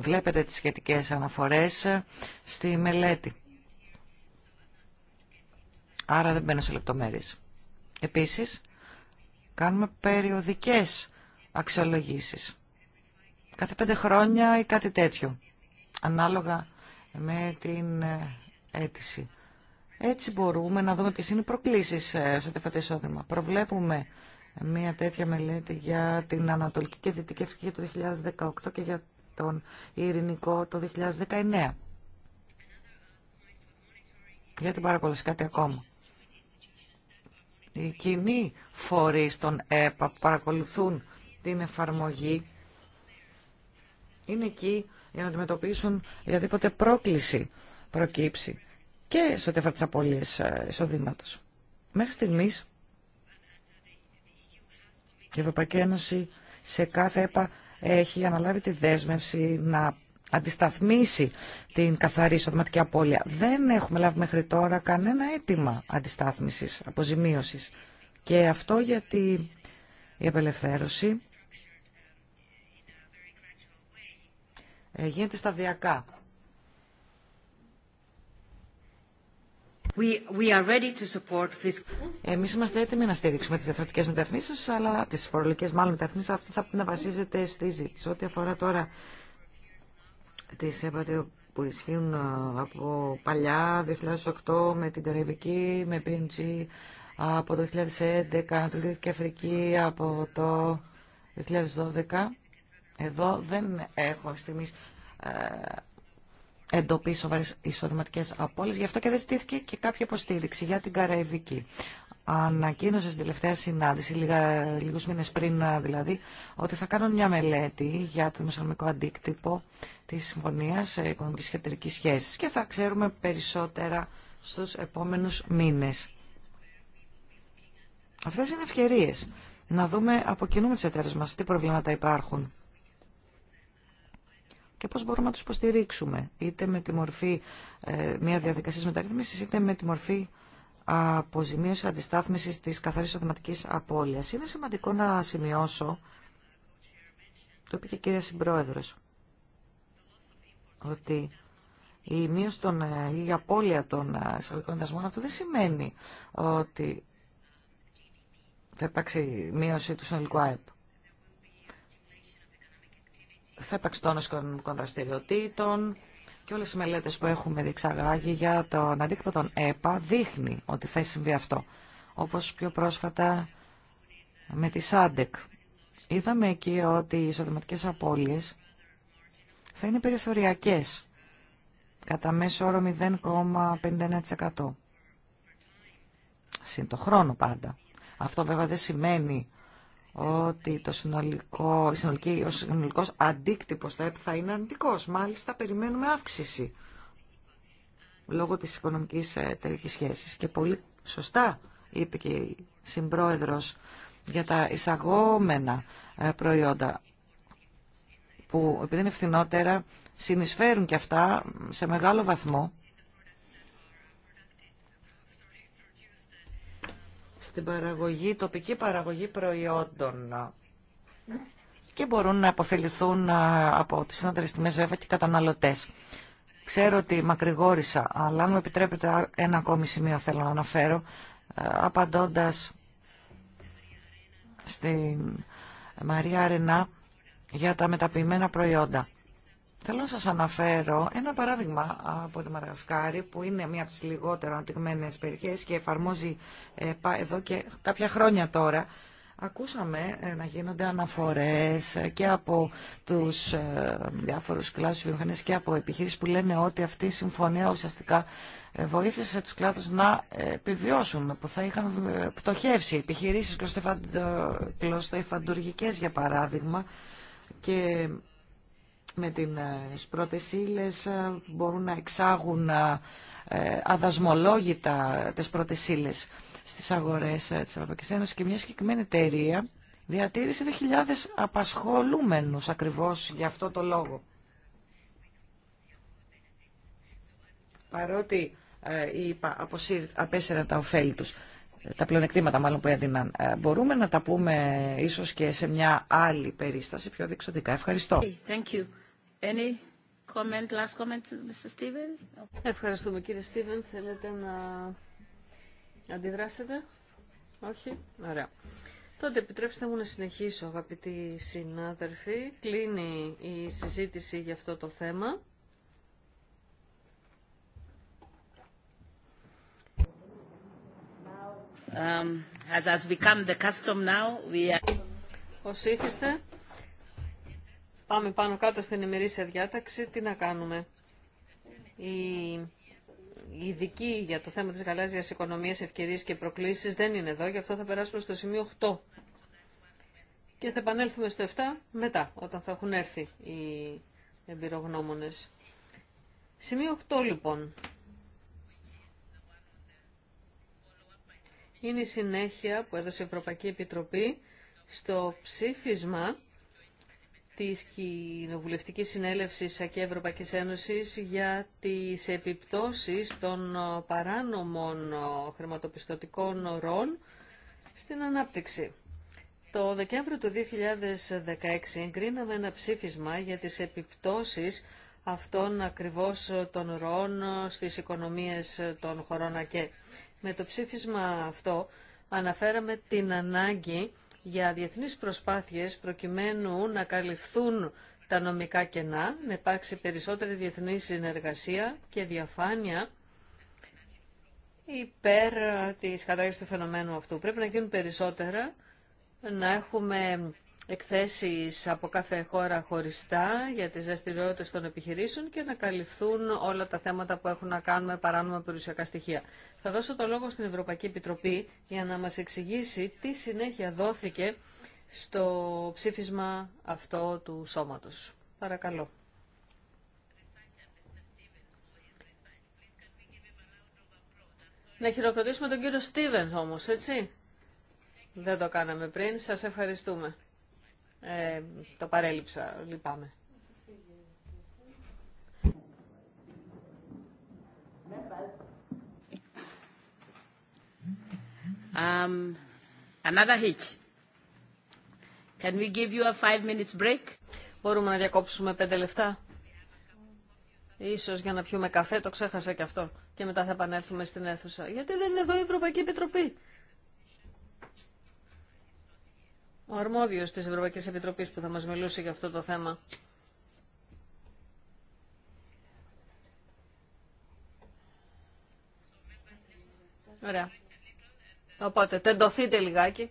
Βλέπετε τις σχετικές αναφορές στη μελέτη. Άρα δεν μπαίνω σε λεπτομέρειες. Επίσης, κάνουμε περιοδικές αξιολογήσεις. Κάθε πέντε χρόνια ή κάτι τέτοιο. Ανάλογα με την ε, αίτηση. Έτσι μπορούμε να δούμε ποιες είναι οι προκλήσεις ε, στο τεφατή εισόδημα. Προβλέπουμε μια τέτοια μελέτη για την Ανατολική και Δυτική Αφρική το 2018 και για τον Ειρηνικό το 2019. Για την κάτι ακόμα. Οι κοινοί φορείς των ΕΠΑ που παρακολουθούν την εφαρμογή είναι εκεί για να αντιμετωπίσουν οποιαδήποτε πρόκληση προκύψει και σε ό,τι αφορά τι απώλειε εισοδήματο. Μέχρι στιγμή η Ευρωπαϊκή Ένωση σε κάθε ΕΠΑ έχει αναλάβει τη δέσμευση να αντισταθμίσει την καθαρή εισοδηματική απώλεια. Δεν έχουμε λάβει μέχρι τώρα κανένα αίτημα αντιστάθμισης, αποζημίωσης. Και αυτό γιατί η απελευθέρωση Ε, γίνεται σταδιακά. We, we are ready to support this. Εμείς είμαστε έτοιμοι να στηρίξουμε τις διαφορετικές μεταρρυθμίσεις, αλλά τις φορολογικές μάλλον μεταρρυθμίσεις, αυτό θα πρέπει να βασίζεται στη ζήτηση. Ό,τι αφορά τώρα τις έπατε που ισχύουν ε, από παλιά, 2008, με την Καραϊβική, με PNG, από το 2011, Ανατολική Αφρική, από το 2012, εδώ δεν έχουμε στιγμή ε, εντοπίσει σοβαρέ εισοδηματικέ απώλειε, γι' αυτό και δεν στήθηκε και κάποια υποστήριξη για την Καραϊβική. Ανακοίνωσε στην τελευταία συνάντηση, λίγου μήνε πριν ε, δηλαδή, ότι θα κάνουν μια μελέτη για το δημοσιονομικό αντίκτυπο τη συμφωνία ε, οικονομική και Εταιρική Σχέση και θα ξέρουμε περισσότερα στου επόμενου μήνε. Αυτέ είναι ευκαιρίε Να δούμε από κοινού με τους εταίρους μας τι προβλήματα υπάρχουν και πώς μπορούμε να τους υποστηρίξουμε, είτε με τη μορφή ε, μια διαδικασίας μεταρρύθμισης, είτε με τη μορφή αποζημίωση αντιστάθμισης της καθαρής οδηματικής απώλειας. Είναι σημαντικό να σημειώσω, το είπε και η κυρία Συμπρόεδρος, ότι η μείωση των, ε, η απώλεια των ε, εισαγωγικών δασμών αυτό δεν σημαίνει ότι θα υπάρξει μείωση του συνολικού ΑΕΠ θα υπάρξει τόνος οικονομικών δραστηριοτήτων και όλες οι μελέτες που έχουμε διεξαγάγει για τον αντίκτυπο των ΕΠΑ δείχνει ότι θα συμβεί αυτό. Όπως πιο πρόσφατα με τη ΣΑΝΤΕΚ. Είδαμε εκεί ότι οι ισοδηματικές απώλειες θα είναι περιθωριακές, κατά μέσο όρο 0,51%. Συν το χρόνο πάντα. Αυτό βέβαια δεν σημαίνει ότι το συνολικό, συνολική, ο συνολικός αντίκτυπος θα είναι αρνητικός. Μάλιστα περιμένουμε αύξηση λόγω της οικονομικής ε, εταιρικής σχέσης. Και πολύ σωστά είπε και η συμπρόεδρος για τα εισαγόμενα ε, προϊόντα που επειδή είναι φθηνότερα συνεισφέρουν και αυτά σε μεγάλο βαθμό στην παραγωγή, τοπική παραγωγή προϊόντων και μπορούν να αποφεληθούν από τις συναντρες τιμές βέβαια και καταναλωτές. Ξέρω ότι μακρηγόρησα, αλλά αν μου επιτρέπετε ένα ακόμη σημείο θέλω να αναφέρω, απαντώντας στην Μαρία Αρενά για τα μεταποιημένα προϊόντα. Θέλω να σας αναφέρω ένα παράδειγμα από τη Μαδαγασκάρη που είναι μία από τις λιγότερο αναπτυγμένες περιοχές και εφαρμόζει ε, εδώ και κάποια χρόνια τώρα. Ακούσαμε ε, να γίνονται αναφορές και από τους ε, διάφορους κλάδους βιομηχανίες και από επιχείρησεις που λένε ότι αυτή η συμφωνία ουσιαστικά βοήθησε τους κλάδους να επιβιώσουν, που θα είχαν πτωχεύσει επιχειρήσεις κλωστοϊφαντουργικές για παράδειγμα και με ε, τις πρώτε ύλες ε, μπορούν να εξάγουν ε, αδασμολόγητα τις πρώτες ύλες στις αγορές της Ευρωπαϊκή Ένωση και μια συγκεκριμένη εταιρεία διατήρησε 2.000 απασχολούμενους ακριβώς για αυτό το λόγο. Παρότι ε, είπα, απέσυραν τα ωφέλη τους, τα πλεονεκτήματα μάλλον που έδιναν, μπορούμε να τα πούμε ίσως και σε μια άλλη περίσταση πιο διεξοδικά. Ευχαριστώ. Thank Any comment, last comment, Mr. Stevens? Ευχαριστούμε κύριε Στίβεν. Θέλετε να αντιδράσετε? Όχι? Ωραία. Τότε επιτρέψτε μου να συνεχίσω αγαπητοί συνάδελφοι. Κλείνει η συζήτηση για αυτό το θέμα. Um, as has become the custom now, we are... Ως ήθιστε, πάμε πάνω κάτω στην ημερήσια διάταξη, τι να κάνουμε. Η... ειδική για το θέμα της γαλάζιας οικονομίας, ευκαιρίες και προκλήσεις δεν είναι εδώ, γι' αυτό θα περάσουμε στο σημείο 8. Και θα επανέλθουμε στο 7 μετά, όταν θα έχουν έρθει οι εμπειρογνώμονες. Σημείο 8 λοιπόν. Είναι η συνέχεια που έδωσε η Ευρωπαϊκή Επιτροπή στο ψήφισμα της κοινοβουλευτική Συνέλευσης και Ευρωπαϊκής για τις επιπτώσεις των ε, παράνομων ε, χρηματοπιστωτικών ροών στην ανάπτυξη. Το Δεκέμβριο του 2016 εγκρίναμε ένα ψήφισμα για τις επιπτώσεις αυτών ακριβώς των ροών ε, στις οικονομίες των χωρών ΑΚΕ. Με το ψήφισμα αυτό αναφέραμε την ανάγκη για διεθνείς προσπάθειες προκειμένου να καλυφθούν τα νομικά κενά, να υπάρξει περισσότερη διεθνή συνεργασία και διαφάνεια υπέρ της καταγραφής του φαινομένου αυτού. Πρέπει να γίνουν περισσότερα, να έχουμε εκθέσεις από κάθε χώρα χωριστά για τις δραστηριότητε των επιχειρήσεων και να καλυφθούν όλα τα θέματα που έχουν να κάνουν με παράνομα περιουσιακά στοιχεία. Θα δώσω το λόγο στην Ευρωπαϊκή Επιτροπή για να μας εξηγήσει τι συνέχεια δόθηκε στο ψήφισμα αυτό του σώματος. Παρακαλώ. Να χειροκροτήσουμε τον κύριο Στίβεν όμως, έτσι. Δεν το κάναμε πριν. Σας ευχαριστούμε. Ε, το παρέλειψα, λυπάμαι. Um, another hitch. Can we give you a five minutes break? Μπορούμε να διακόψουμε πέντε λεφτά. Ίσως για να πιούμε καφέ, το ξέχασα και αυτό. Και μετά θα επανέλθουμε στην αίθουσα. Γιατί δεν είναι εδώ η Ευρωπαϊκή Επιτροπή. ο αρμόδιος της Ευρωπαϊκής Επιτροπής που θα μας μιλούσε για αυτό το θέμα. Ωραία. Οπότε, τεντωθείτε λιγάκι.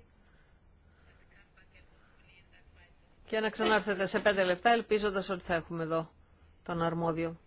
Και να ξανάρθετε σε πέντε λεπτά, ελπίζοντας ότι θα έχουμε εδώ τον αρμόδιο.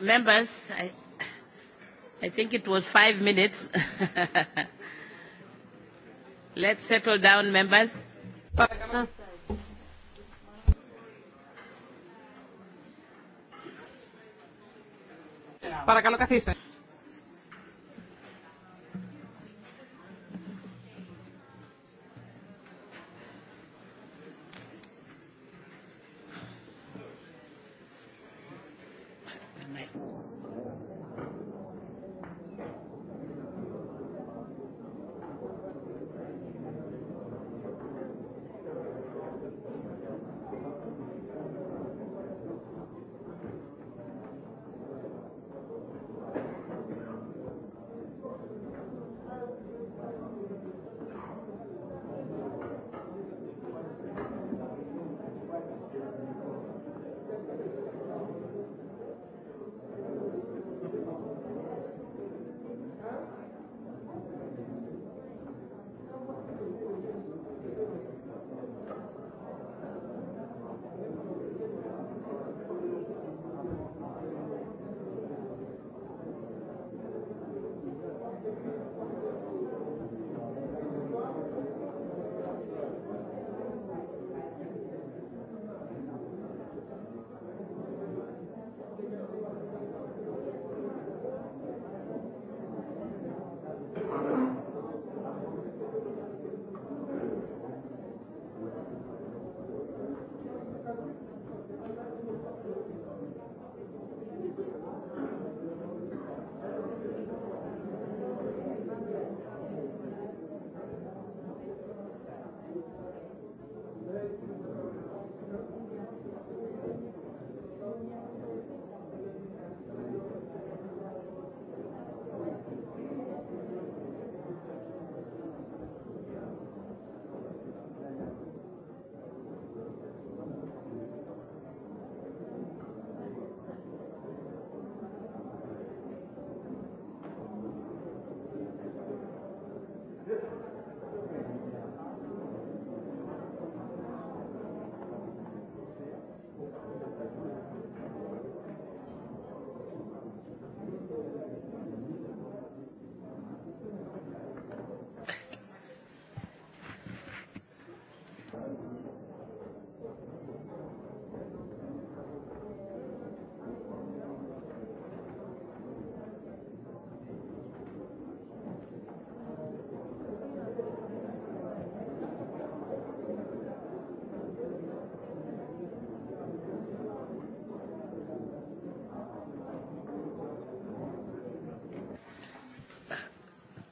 members, I, think it was five minutes. Let's settle down, members.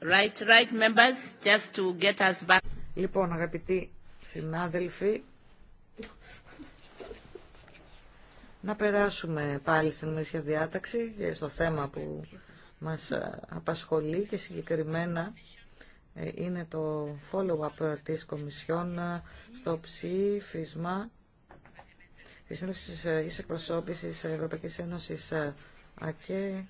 Right, right, members, just to get us back. Λοιπόν, αγαπητοί συνάδελφοι, να περάσουμε πάλι στην μεσιά διάταξη και στο θέμα που μας ε, απασχολεί και συγκεκριμένα ε, είναι το follow-up της Κομισιόν ε, στο ψήφισμα της Ένωσης Εκπροσώπησης Ευρωπαϊκής Ένωσης ΑΚΕ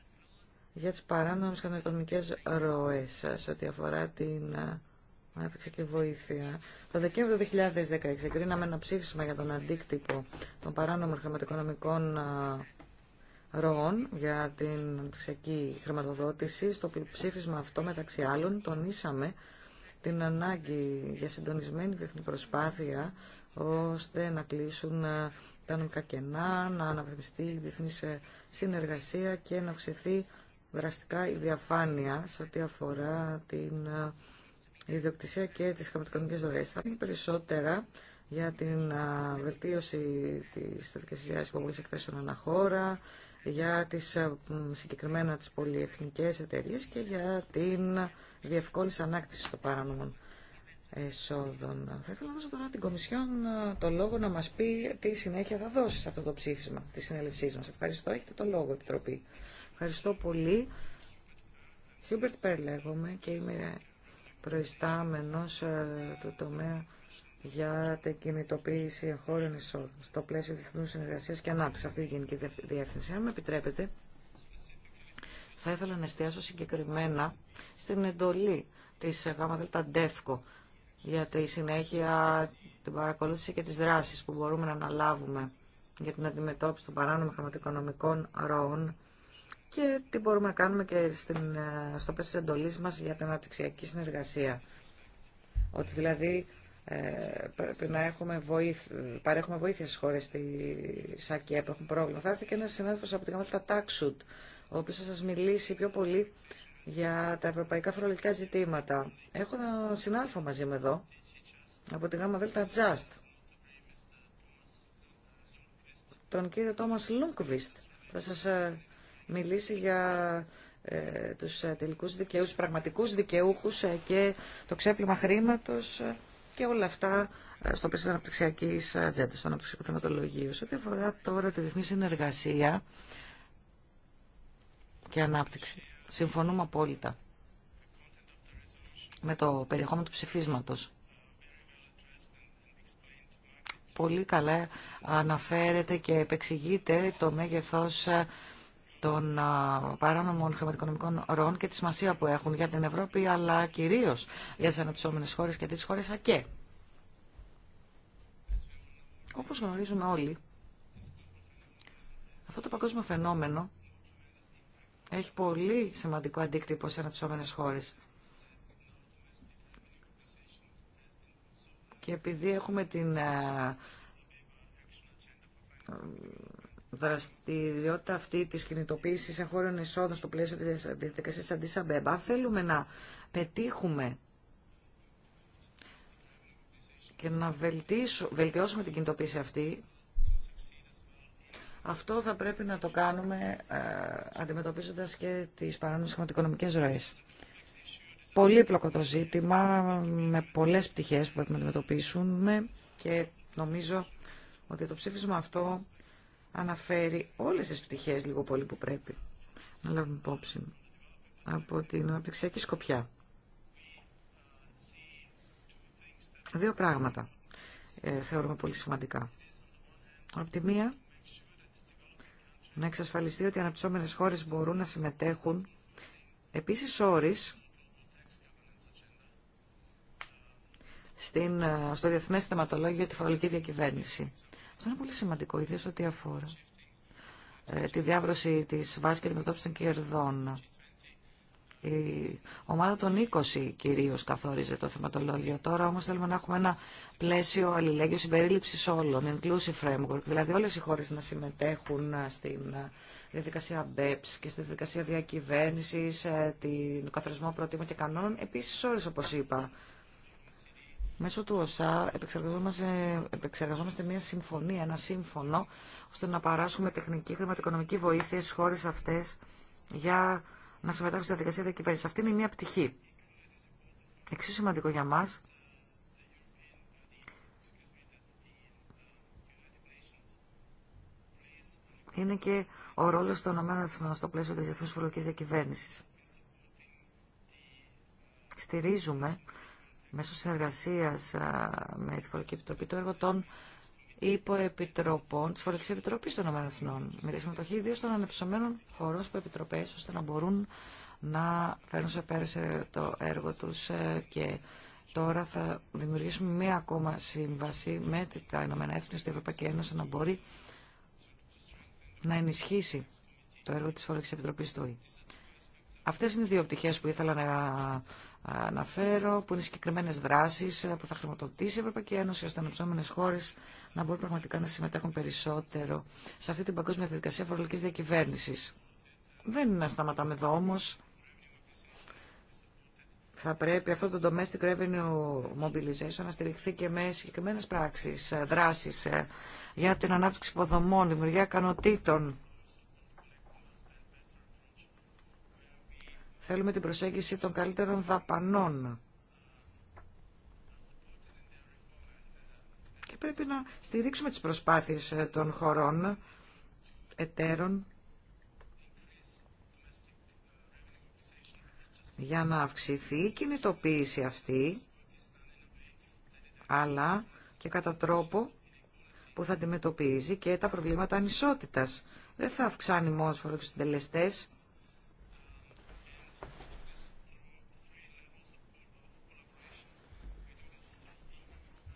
για τις παράνομες κανοικονομικές ροές σε ό,τι αφορά την ε, ανάπτυξη και βοήθεια. Το Δεκέμβριο του 2016 εγκρίναμε ένα ψήφισμα για τον αντίκτυπο των παράνομων χρηματοοικονομικών ε, ροών για την αναπτυξιακή χρηματοδότηση. Στο ψήφισμα αυτό, μεταξύ άλλων, τονίσαμε την ανάγκη για συντονισμένη διεθνή προσπάθεια ώστε να κλείσουν ε, τα νομικά κενά, να αναβαθμιστεί η διεθνή συνεργασία και να αυξηθεί δραστικά η διαφάνεια σε ό,τι αφορά την ε, ιδιοκτησία και τις χρηματοοικονομικές δωρές. Θα είναι περισσότερα για την ε, βελτίωση της διαδικασίας υποβολής εκθέσεων αναχώρα, για τις ε, συγκεκριμένα τις πολυεθνικές εταιρείε και για την διευκόλυνση ανάκτηση των παράνομων εσόδων. Θα ήθελα να δώσω τώρα την Κομισιόν το λόγο να μας πει τι συνέχεια θα δώσει σε αυτό το ψήφισμα της συνέλευσής μας. Ευχαριστώ. Έχετε το λόγο, Επιτροπή. Ευχαριστώ πολύ. Χίμπερτ Πέρ και είμαι προϊστάμενος ε, του τομέα για την κινητοποίηση χώρων εισόδου στο πλαίσιο διεθνούς συνεργασίας και ανάπτυξη αυτή η γενική διεύθυνση. Αν με επιτρέπετε, θα ήθελα να εστιάσω συγκεκριμένα στην εντολή της ΓΔ ΤΕΦΚΟ για τη συνέχεια, την παρακολούθηση και τις δράσεις που μπορούμε να αναλάβουμε για την αντιμετώπιση των παράνομων χρηματοοικονομικών ροών και τι μπορούμε να κάνουμε και στην, ε, στο πλαίσιο της εντολής μας για την αναπτυξιακή συνεργασία. Ότι δηλαδή ε, πρέπει να έχουμε παρέχουμε βοήθεια στις χώρες στη ΣΑΚΕ που έχουν πρόβλημα. Θα έρθει και ένας συνάδελφος από την Καμάθα Τάξουτ, ο οποίος θα σας μιλήσει πιο πολύ για τα ευρωπαϊκά φορολογικά ζητήματα. Έχω έναν συνάδελφο μαζί μου εδώ, από τη ΓΑΜΑ ΔΕΛΤΑ ΤΖΑΣΤ, τον κύριο Τόμας Λούγκβιστ. Θα σας ε, μιλήσει για ε, τους ε, τελικούς δικαιούς, πραγματικούς δικαιούχους ε, και το ξέπλυμα χρήματος και όλα αυτά στο πλαίσιο της αναπτυξιακής ατζέντας, του αναπτυξιακό θεματολογίου. Σε ό,τι αφορά τώρα τη διεθνή συνεργασία και ανάπτυξη, συμφωνούμε απόλυτα με το περιεχόμενο του ψηφίσματος. Πολύ καλά αναφέρεται και επεξηγείται το μέγεθος των παράνομων χρηματοοικονομικών ροών και τη σημασία που έχουν για την Ευρώπη, αλλά κυρίω για τι αναπτυσσόμενε χώρε και τι χώρε ΑΚΕ. Όπω γνωρίζουμε όλοι, αυτό το παγκόσμιο φαινόμενο έχει πολύ σημαντικό αντίκτυπο σε αναπτυσσόμενε χώρε. Και επειδή έχουμε την ε, δραστηριότητα αυτή της κινητοποίησης εγχώριων εισόδων στο πλαίσιο της διαδικασίας Αντίσα Μπέμπα. θέλουμε να πετύχουμε και να βελτιώσουμε την κινητοποίηση αυτή, αυτό θα πρέπει να το κάνουμε ε, αντιμετωπίζοντας και τις παράνομες χρηματοοικονομικές ροές. Πολύπλοκο το ζήτημα, με πολλές πτυχές που πρέπει να αντιμετωπίσουμε και νομίζω ότι το ψήφισμα αυτό αναφέρει όλες τις πτυχές λίγο πολύ που πρέπει να λάβουμε υπόψη από την αναπτυξιακή σκοπιά. Δύο πράγματα ε, θεωρούμε πολύ σημαντικά. Από τη μία, να εξασφαλιστεί ότι οι αναπτυσσόμενες χώρες μπορούν να συμμετέχουν επίσης όρις στην, ε, στο διεθνές θεματολόγιο τη φορολογική διακυβέρνηση. Αυτό είναι πολύ σημαντικό, ιδίω ό,τι αφορά ε, τη διάβρωση της βάση και αντιμετώπιση των κερδών. Η ομάδα των 20 κυρίω καθόριζε το θεματολόγιο. Τώρα όμως θέλουμε να έχουμε ένα πλαίσιο αλληλέγγυο συμπερίληψη όλων, inclusive framework, δηλαδή όλες οι χώρες να συμμετέχουν στην διαδικασία BEPS και στη διαδικασία διακυβέρνηση, ε, την καθορισμό προτίμων και κανόνων, Επίση όλε όπω είπα. Μέσω του όσα επεξεργαζόμαστε, επεξεργαζόμαστε μια συμφωνία, ένα σύμφωνο, ώστε να παράσχουμε τεχνική χρηματοοικονομική βοήθεια στι χώρε αυτέ για να συμμετάσχουν στη διαδικασία διακυβέρνηση. Αυτή είναι μια πτυχή. Εξίσου σημαντικό για μα. είναι και ο ρόλο των ΗΠΑ στο πλαίσιο τη Διεθνού Φορολογική Διακυβέρνηση. Στηρίζουμε μέσω συνεργασίας με τη Φορική Επιτροπή το έργο των υποεπιτροπών τη Φορική Επιτροπή των ΗΠΑ, με τη συμμετοχή ιδίω των ανεψωμένων χωρών που επιτροπέ, ώστε να μπορούν να φέρουν σε πέρα το έργο του. Ε, και τώρα θα δημιουργήσουμε μία ακόμα σύμβαση με τα Ηνωμένα Έθνη στην Ευρωπαϊκή Ένωση να μπορεί να ενισχύσει το έργο τη Φορική Επιτροπή του ΟΗ. Αυτές είναι οι δύο πτυχές που ήθελα να αναφέρω, που είναι συγκεκριμένε δράσει που θα χρηματοδοτήσει η Ευρωπαϊκή Ένωση, ώστε οι χώρε να μπορούν πραγματικά να συμμετέχουν περισσότερο σε αυτή την παγκόσμια διαδικασία φορολογική διακυβέρνηση. Δεν είναι να σταματάμε εδώ όμω. Θα πρέπει αυτό το domestic revenue mobilization να στηριχθεί και με συγκεκριμένε πράξει, ε, δράσει ε, για την ανάπτυξη υποδομών, δημιουργία ικανοτήτων Θέλουμε την προσέγγιση των καλύτερων δαπανών. Και πρέπει να στηρίξουμε τις προσπάθειες ε, των χωρών, εταίρων, για να αυξηθεί η κινητοποίηση αυτή, αλλά και κατά τρόπο που θα αντιμετωπίζει και τα προβλήματα ανισότητας. Δεν θα αυξάνει μόνο τους τελεστές,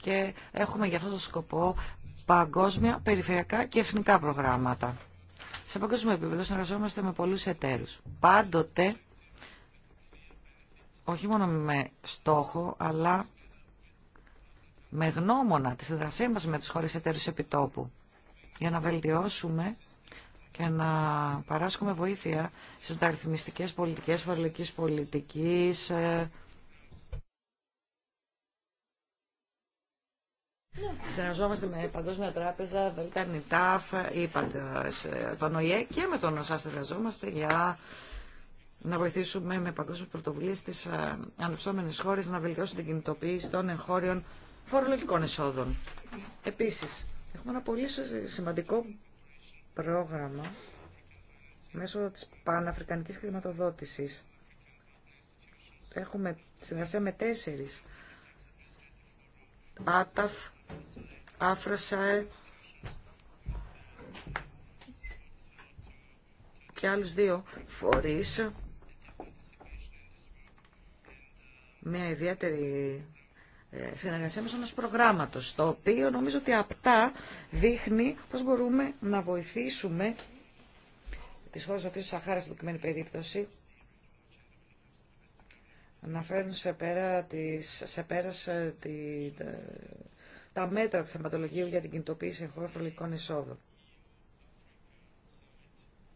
και έχουμε για αυτό το σκοπό παγκόσμια, περιφερειακά και εθνικά προγράμματα. Σε παγκόσμιο επίπεδο συνεργαζόμαστε με πολλούς εταίρους. Πάντοτε, όχι μόνο με στόχο, αλλά με γνώμονα τη συνεργασία μας με τους χώρες εταίρους επιτόπου, για να βελτιώσουμε και να παράσχουμε βοήθεια στις μεταρρυθμιστικές πολιτικές, φορολογικής ε, Συνεργαζόμαστε με Παγκόσμια Τράπεζα, Βαλτάνη ΤΑΦ, τον ΟΗΕ και με τον ΟΣΑ συνεργαζόμαστε για να βοηθήσουμε με παγκόσμιε πρωτοβουλίε τι ε, ανεψόμενε χώρε να βελτιώσουν την κινητοποίηση των εγχώριων φορολογικών εσόδων. Επίση, έχουμε ένα πολύ σημαντικό πρόγραμμα μέσω της Παναφρικανικής Χρηματοδότησης. Έχουμε συνεργασία με τέσσερις. ΑΤΑΦ, Άφρασα και άλλους δύο φορείς μια ιδιαίτερη ε, συνεργασία μας ενός προγράμματος, το οποίο νομίζω ότι απτά δείχνει πώς μπορούμε να βοηθήσουμε τις χώρες οποίες Σαχάρα στην προκειμένη περίπτωση να φέρουν σε πέρα, τις, σε πέρα σε τη, τα μέτρα του θεματολογίου για την κινητοποίηση εγχώρων φορολογικών εισόδων.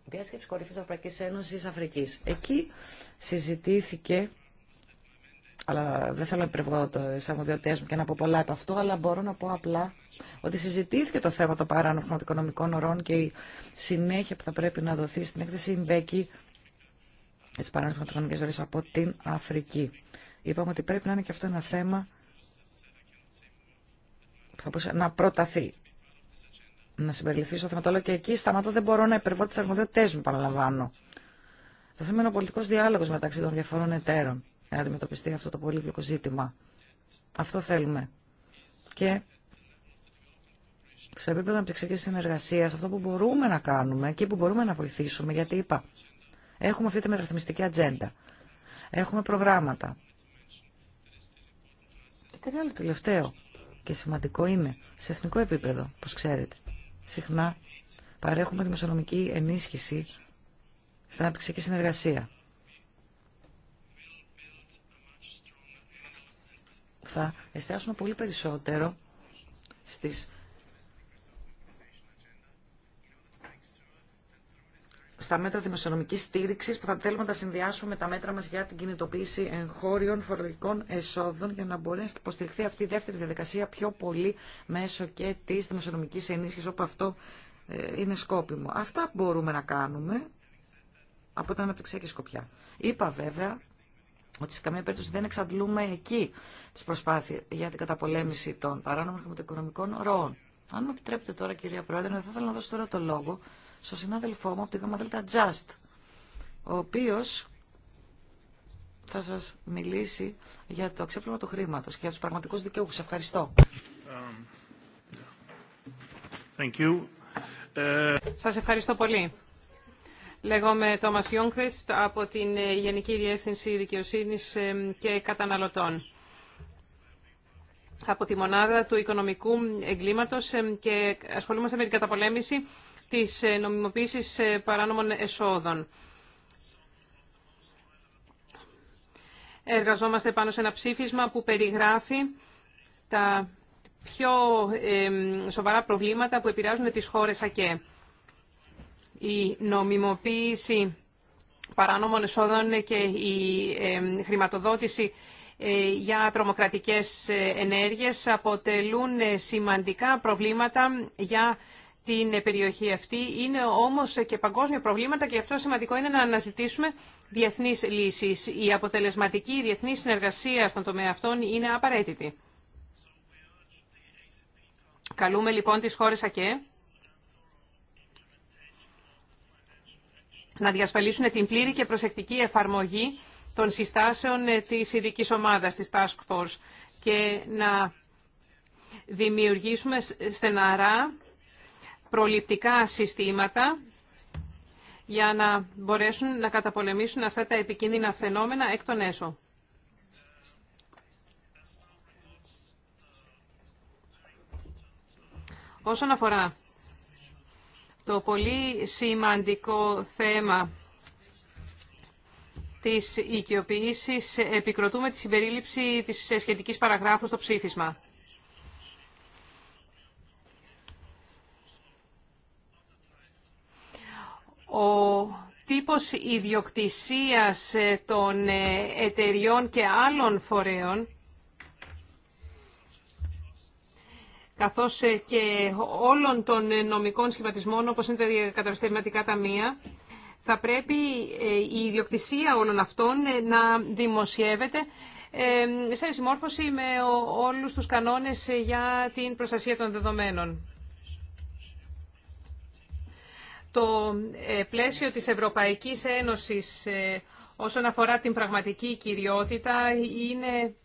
Διάσκεψη κορυφής Αφρικής Ένωση Αφρική. Εκεί συζητήθηκε αλλά δεν θέλω να υπερβώ το αρμοδιότητέ μου και να πω πολλά από αυτό, αλλά μπορώ να πω απλά ότι συζητήθηκε το θέμα των παράνομων οικονομικών ορών και η συνέχεια που θα πρέπει να δοθεί στην έκθεση Ιμπέκη τη παρανοχων οικονομικέ ώρε από την Αφρική. Είπαμε ότι πρέπει να είναι και αυτό ένα θέμα θα μπορούσε να προταθεί να συμπεριληφθεί στο θεματολόγιο και εκεί σταματώ, δεν μπορώ να υπερβώ τι αρμοδιότητέ μου, παραλαμβάνω. Το θέμα είναι ο πολιτικό διάλογο μεταξύ των διαφορών εταίρων για να αντιμετωπιστεί αυτό το πολύπλοκο ζήτημα. Αυτό θέλουμε. Και σε επίπεδο αναπτυξιακή συνεργασία, αυτό που μπορούμε να κάνουμε και που μπορούμε να βοηθήσουμε, γιατί είπα, έχουμε αυτή τη μεταρρυθμιστική ατζέντα. Έχουμε προγράμματα. Και κάτι άλλο τελευταίο και σημαντικό είναι σε εθνικό επίπεδο, πως ξέρετε. Συχνά παρέχουμε δημοσιονομική ενίσχυση στην αναπτυξιακή συνεργασία. Θα εστιάσουμε πολύ περισσότερο στις στα μέτρα δημοσιονομικής στήριξης που θα θέλουμε να τα συνδυάσουμε με τα μέτρα μας για την κινητοποίηση εγχώριων φορολογικών εσόδων για να μπορεί να υποστηριχθεί αυτή η δεύτερη διαδικασία πιο πολύ μέσω και της δημοσιονομικής ενίσχυσης όπου αυτό ε, είναι σκόπιμο. Αυτά μπορούμε να κάνουμε από την και σκοπιά. Είπα βέβαια ότι σε καμία περίπτωση δεν εξαντλούμε εκεί τι προσπάθειες για την καταπολέμηση των παράνομων χρηματοοικονομικών ροών. Αν μου επιτρέπετε τώρα, κυρία Πρόεδρε, θα ήθελα να δώσω τώρα το λόγο στον συνάδελφό μου από τη Δέλτα ΤΖΑΣΤ, ο οποίο θα σα μιλήσει για το ξέπλυμα του χρήματο και για του πραγματικού δικαιούχου. Ευχαριστώ. Thank ε, Σας ευχαριστώ πολύ. Λέγομαι Τόμας Γιόγκριστ από την ε, Γενική Διεύθυνση Δικαιοσύνης ε, και Καταναλωτών από τη μονάδα του οικονομικού εγκλήματος και ασχολούμαστε με την καταπολέμηση της ε, νομιμοποίησης ε, παράνομων εσόδων. Εργαζόμαστε πάνω σε ένα ψήφισμα που περιγράφει τα πιο σοβαρά προβλήματα που επηρεάζουν τις χώρες ΑΚΕ. Η νομιμοποίηση παράνομων εσόδων και η χρηματοδότηση ε, για τρομοκρατικές ενέργειες αποτελούν σημαντικά προβλήματα για την περιοχή αυτή. Είναι όμως και παγκόσμια προβλήματα και αυτό σημαντικό είναι να αναζητήσουμε διεθνείς λύσεις. Η αποτελεσματική διεθνή συνεργασία στον τομέα αυτών είναι απαραίτητη. Καλούμε λοιπόν τις χώρες ΑΚΕ να διασφαλίσουν την πλήρη και προσεκτική εφαρμογή των συστάσεων της ειδική ομάδας, της Task Force και να δημιουργήσουμε στεναρά προληπτικά συστήματα για να μπορέσουν να καταπολεμήσουν αυτά τα επικίνδυνα φαινόμενα εκ των έσω. Όσον αφορά το πολύ σημαντικό θέμα της οικειοποίησης, επικροτούμε τη συμπερίληψη της σχετικής παραγράφου στο ψήφισμα. Ο τύπος ιδιοκτησίας ε, των ε, εταιριών και άλλων φορέων καθώς ε, και όλων των νομικών σχηματισμών όπως είναι τα καταπιστευματικά ταμεία θα πρέπει η ιδιοκτησία όλων αυτών να δημοσιεύεται σε συμμόρφωση με όλους τους κανόνες για την προστασία των δεδομένων το ε, πλαίσιο της Ευρωπαϊκής Ένωσης ε, όσον αφορά την πραγματική κυριότητα είναι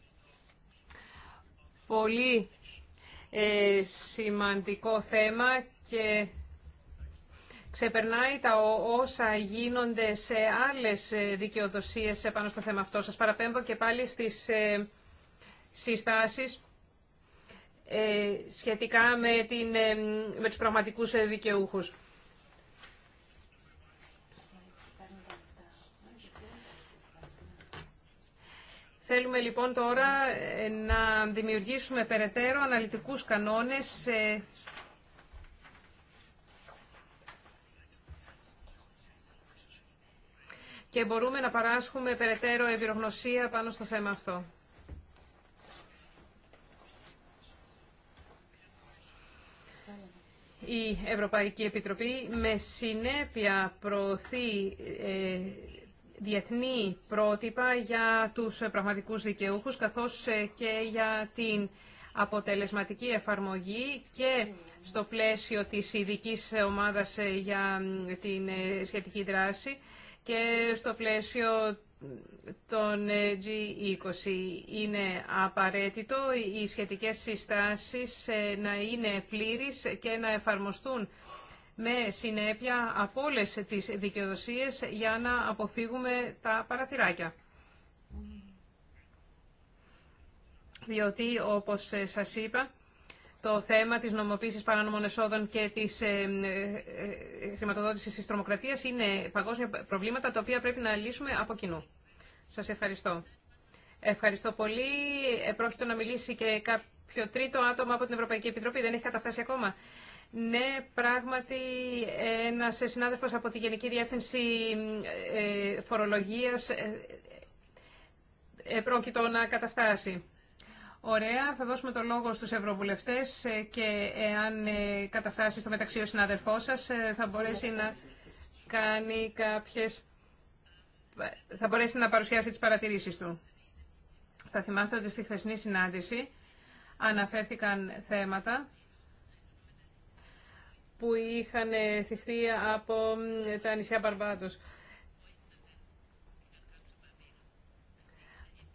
πολύ ε, σημαντικό θέμα και ξεπερνάει τα όσα γίνονται σε άλλες δικαιοδοσίες επάνω στο θέμα αυτό. Σας παραπέμπω και πάλι στις συστάσεις σχετικά με, την, με τους πραγματικούς δικαιούχους. Θέλουμε λοιπόν τώρα ε, να δημιουργήσουμε περαιτέρω αναλυτικούς κανόνες ε, και μπορούμε να παράσχουμε περαιτέρω ευηρογνωσία πάνω στο θέμα αυτό. Η Ευρωπαϊκή Επιτροπή με συνέπεια προωθεί ε, διεθνή πρότυπα για τους ε, πραγματικούς δικαιούχους καθώς ε, και για την αποτελεσματική εφαρμογή και στο πλαίσιο της ειδική ομάδας ε, για την σχετική δράση και στο πλαίσιο των G20. Είναι απαραίτητο οι σχετικές συστάσεις να είναι πλήρεις και να εφαρμοστούν με συνέπεια από όλε τι δικαιοδοσίε για να αποφύγουμε τα παραθυράκια. Διότι, όπως ε, σας είπα, το θέμα της νομοποίησης παράνομων εσόδων και της ε, ε, χρηματοδότησης της τρομοκρατίας είναι παγκόσμια προβλήματα τα οποία πρέπει να λύσουμε από κοινού. Σας ευχαριστώ. Ευχαριστώ πολύ. Επρόκειτο να μιλήσει και κάποιος ποιο τρίτο άτομο από την Ευρωπαϊκή Επιτροπή δεν έχει καταφτάσει ακόμα. Ναι, πράγματι, ένα συνάδελφο από τη Γενική Διεύθυνση ε, Φορολογία ε, πρόκειτο να καταφτάσει. Ωραία, θα δώσουμε το λόγο στους ευρωβουλευτές ε, και εάν καταφτάσει στο μεταξύ ο συνάδελφός σας θα μπορέσει να κάνει κάποιες... θα μπορέσει να παρουσιάσει τις παρατηρήσεις του. Θα θυμάστε ότι στη χθεσινή συνάντηση αναφέρθηκαν θέματα που είχαν θυχθεί από τα νησιά παρβάτος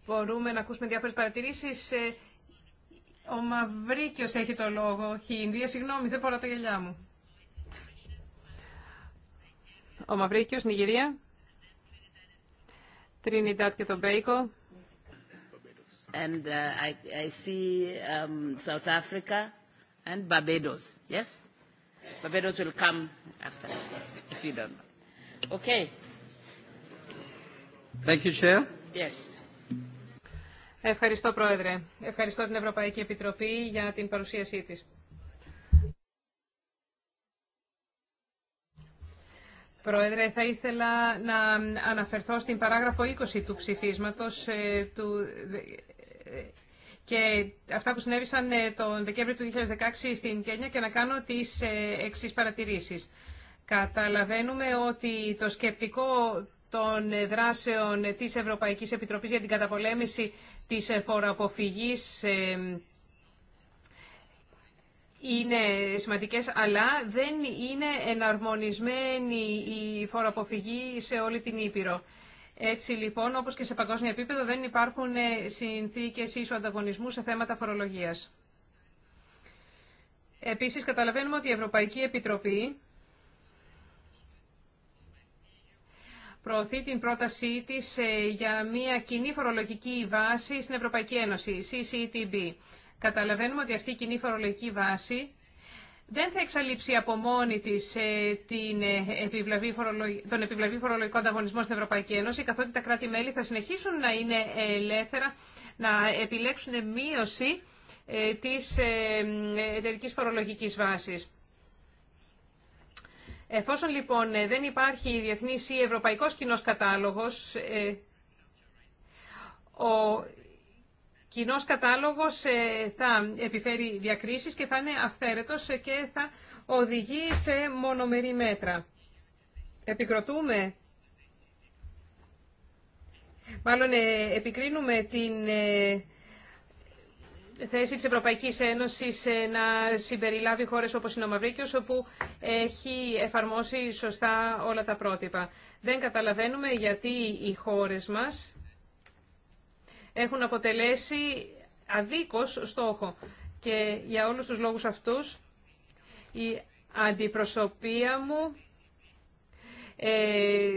Μπορούμε να ακούσουμε διάφορες παρατηρήσεις. Ε, ο Μαυρίκιος έχει το λόγο, Χίνδια Συγγνώμη, δεν φοράω τα γυαλιά μου. Ο Μαυρίκιος, Νιγηρία. Τρινιντάτ και τον Μπέικο and uh, I I see um, South Africa and Barbados. Yes? Barbados will come after, if you don't know. Okay. Thank you, Chair. Yes. Ευχαριστώ, Πρόεδρε. Ευχαριστώ την Ευρωπαϊκή Επιτροπή για την παρουσίασή της. Πρόεδρε, θα ήθελα να αναφερθώ στην παράγραφο 20 του ψηφίσματος ε, του και αυτά που συνέβησαν ε, τον Δεκέμβριο του 2016 στην Κένια και να κάνω τις ε, εξής παρατηρήσεις. Καταλαβαίνουμε ότι το σκεπτικό των δράσεων της Ευρωπαϊκής Επιτροπής για την καταπολέμηση της φοροαποφυγής ε, είναι σημαντικές, αλλά δεν είναι εναρμονισμένη η φοροαποφυγή σε όλη την Ήπειρο. Έτσι λοιπόν, όπω και σε παγκόσμιο επίπεδο, δεν υπάρχουν ε, συνθήκες ίσου ανταγωνισμού σε θέματα φορολογίας. Επίσης, καταλαβαίνουμε ότι η Ευρωπαϊκή Επιτροπή προωθεί την πρότασή τη ε, για μια κοινή φορολογική βάση στην Ευρωπαϊκή Ένωση, CCTB. Καταλαβαίνουμε ότι αυτή η κοινή φορολογική βάση δεν θα εξαλείψει από μόνη τη ε, ε, τον επιβλαβή φορολογικό ανταγωνισμό στην Ευρωπαϊκή Ένωση, καθότι τα κράτη-μέλη θα συνεχίσουν να είναι ελεύθερα να επιλέξουν μείωση ε, της εταιρική φορολογικής βάσης. Εφόσον λοιπόν δεν υπάρχει διεθνής ή ευρωπαϊκός κοινός κατάλογος, ο κοινό κατάλογος ε, θα επιφέρει διακρίσεις και θα είναι αυθαίρετο ε, και θα οδηγεί σε μονομερή μέτρα. Επικροτούμε Μάλλον ε, επικρίνουμε την θέση της Ευρωπαϊκής Ένωσης να συμπεριλάβει χώρες όπως είναι ο όπου έχει εφαρμόσει σωστά όλα τα πρότυπα. Δεν καταλαβαίνουμε γιατί οι χώρες μας έχουν αποτελέσει αδίκως στόχο. Και για όλους τους λόγους αυτούς η αντιπροσωπεία μου ε,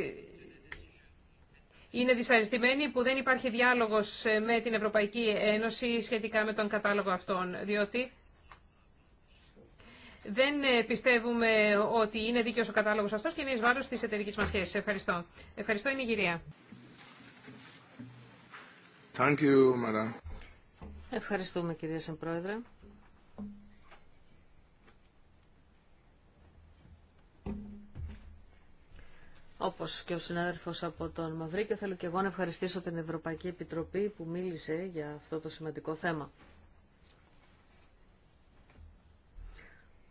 είναι δυσαρεστημένη που δεν υπάρχει διάλογος με την Ευρωπαϊκή Ένωση σχετικά με τον κατάλογο αυτών, διότι δεν πιστεύουμε ότι είναι δίκαιος ο κατάλογος αυτός και είναι εις βάρος της εταιρικής μας σχέσης. Ευχαριστώ. Ευχαριστώ, η γυρία. Ευχαριστούμε κυρία Συμπρόεδρε. Όπως και ο συνάδελφος από τον Μαυρίκιο, θέλω και εγώ να ευχαριστήσω την Ευρωπαϊκή Επιτροπή που μίλησε για αυτό το σημαντικό θέμα.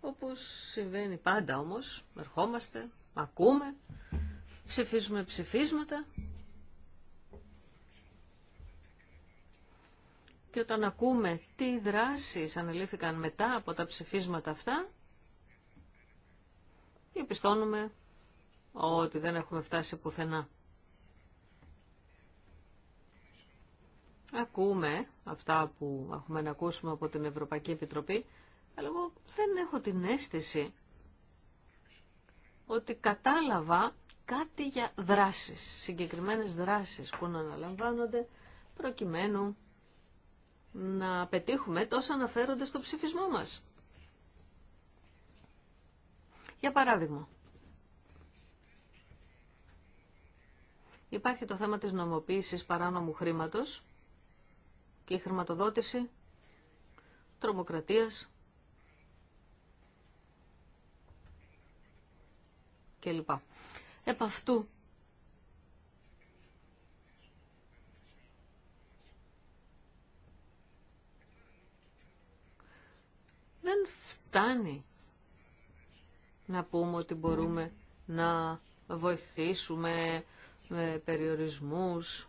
Όπως συμβαίνει πάντα όμως, ερχόμαστε, ακούμε, ψηφίζουμε ψηφίσματα και όταν ακούμε τι δράσεις αναλήφθηκαν μετά από τα ψηφίσματα αυτά, διαπιστώνουμε ότι δεν έχουμε φτάσει πουθενά. Ακούμε αυτά που έχουμε να ακούσουμε από την Ευρωπαϊκή Επιτροπή, αλλά εγώ δεν έχω την αίσθηση ότι κατάλαβα κάτι για δράσεις, συγκεκριμένες δράσεις που να αναλαμβάνονται προκειμένου να πετύχουμε τόσο αναφέρονται στο ψηφισμό μας. Για παράδειγμα, υπάρχει το θέμα της νομοποίησης παράνομου χρήματος και η χρηματοδότηση τρομοκρατίας κλπ. Επ' αυτού δεν φτάνει να πούμε ότι μπορούμε να βοηθήσουμε με περιορισμούς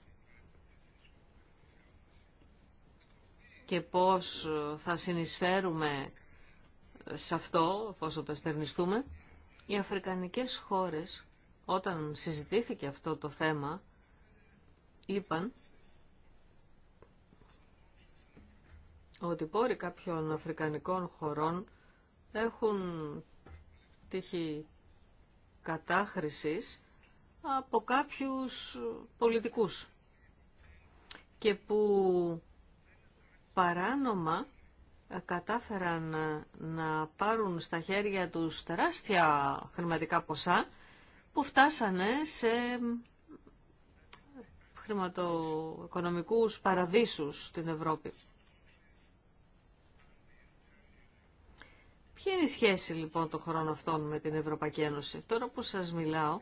και πώς θα συνεισφέρουμε σε αυτό, εφόσον το στερνιστούμε. Οι αφρικανικές χώρες, όταν συζητήθηκε αυτό το θέμα, είπαν ότι πόροι κάποιων αφρικανικών χωρών έχουν τύχη κατάχρησης από κάποιους πολιτικούς και που παράνομα κατάφεραν να πάρουν στα χέρια τους τεράστια χρηματικά ποσά που φτάσανε σε χρηματοοικονομικούς παραδείσους στην Ευρώπη. Ποια είναι η σχέση λοιπόν των χωρών αυτών με την Ευρωπαϊκή Ένωση. Τώρα που σας μιλάω,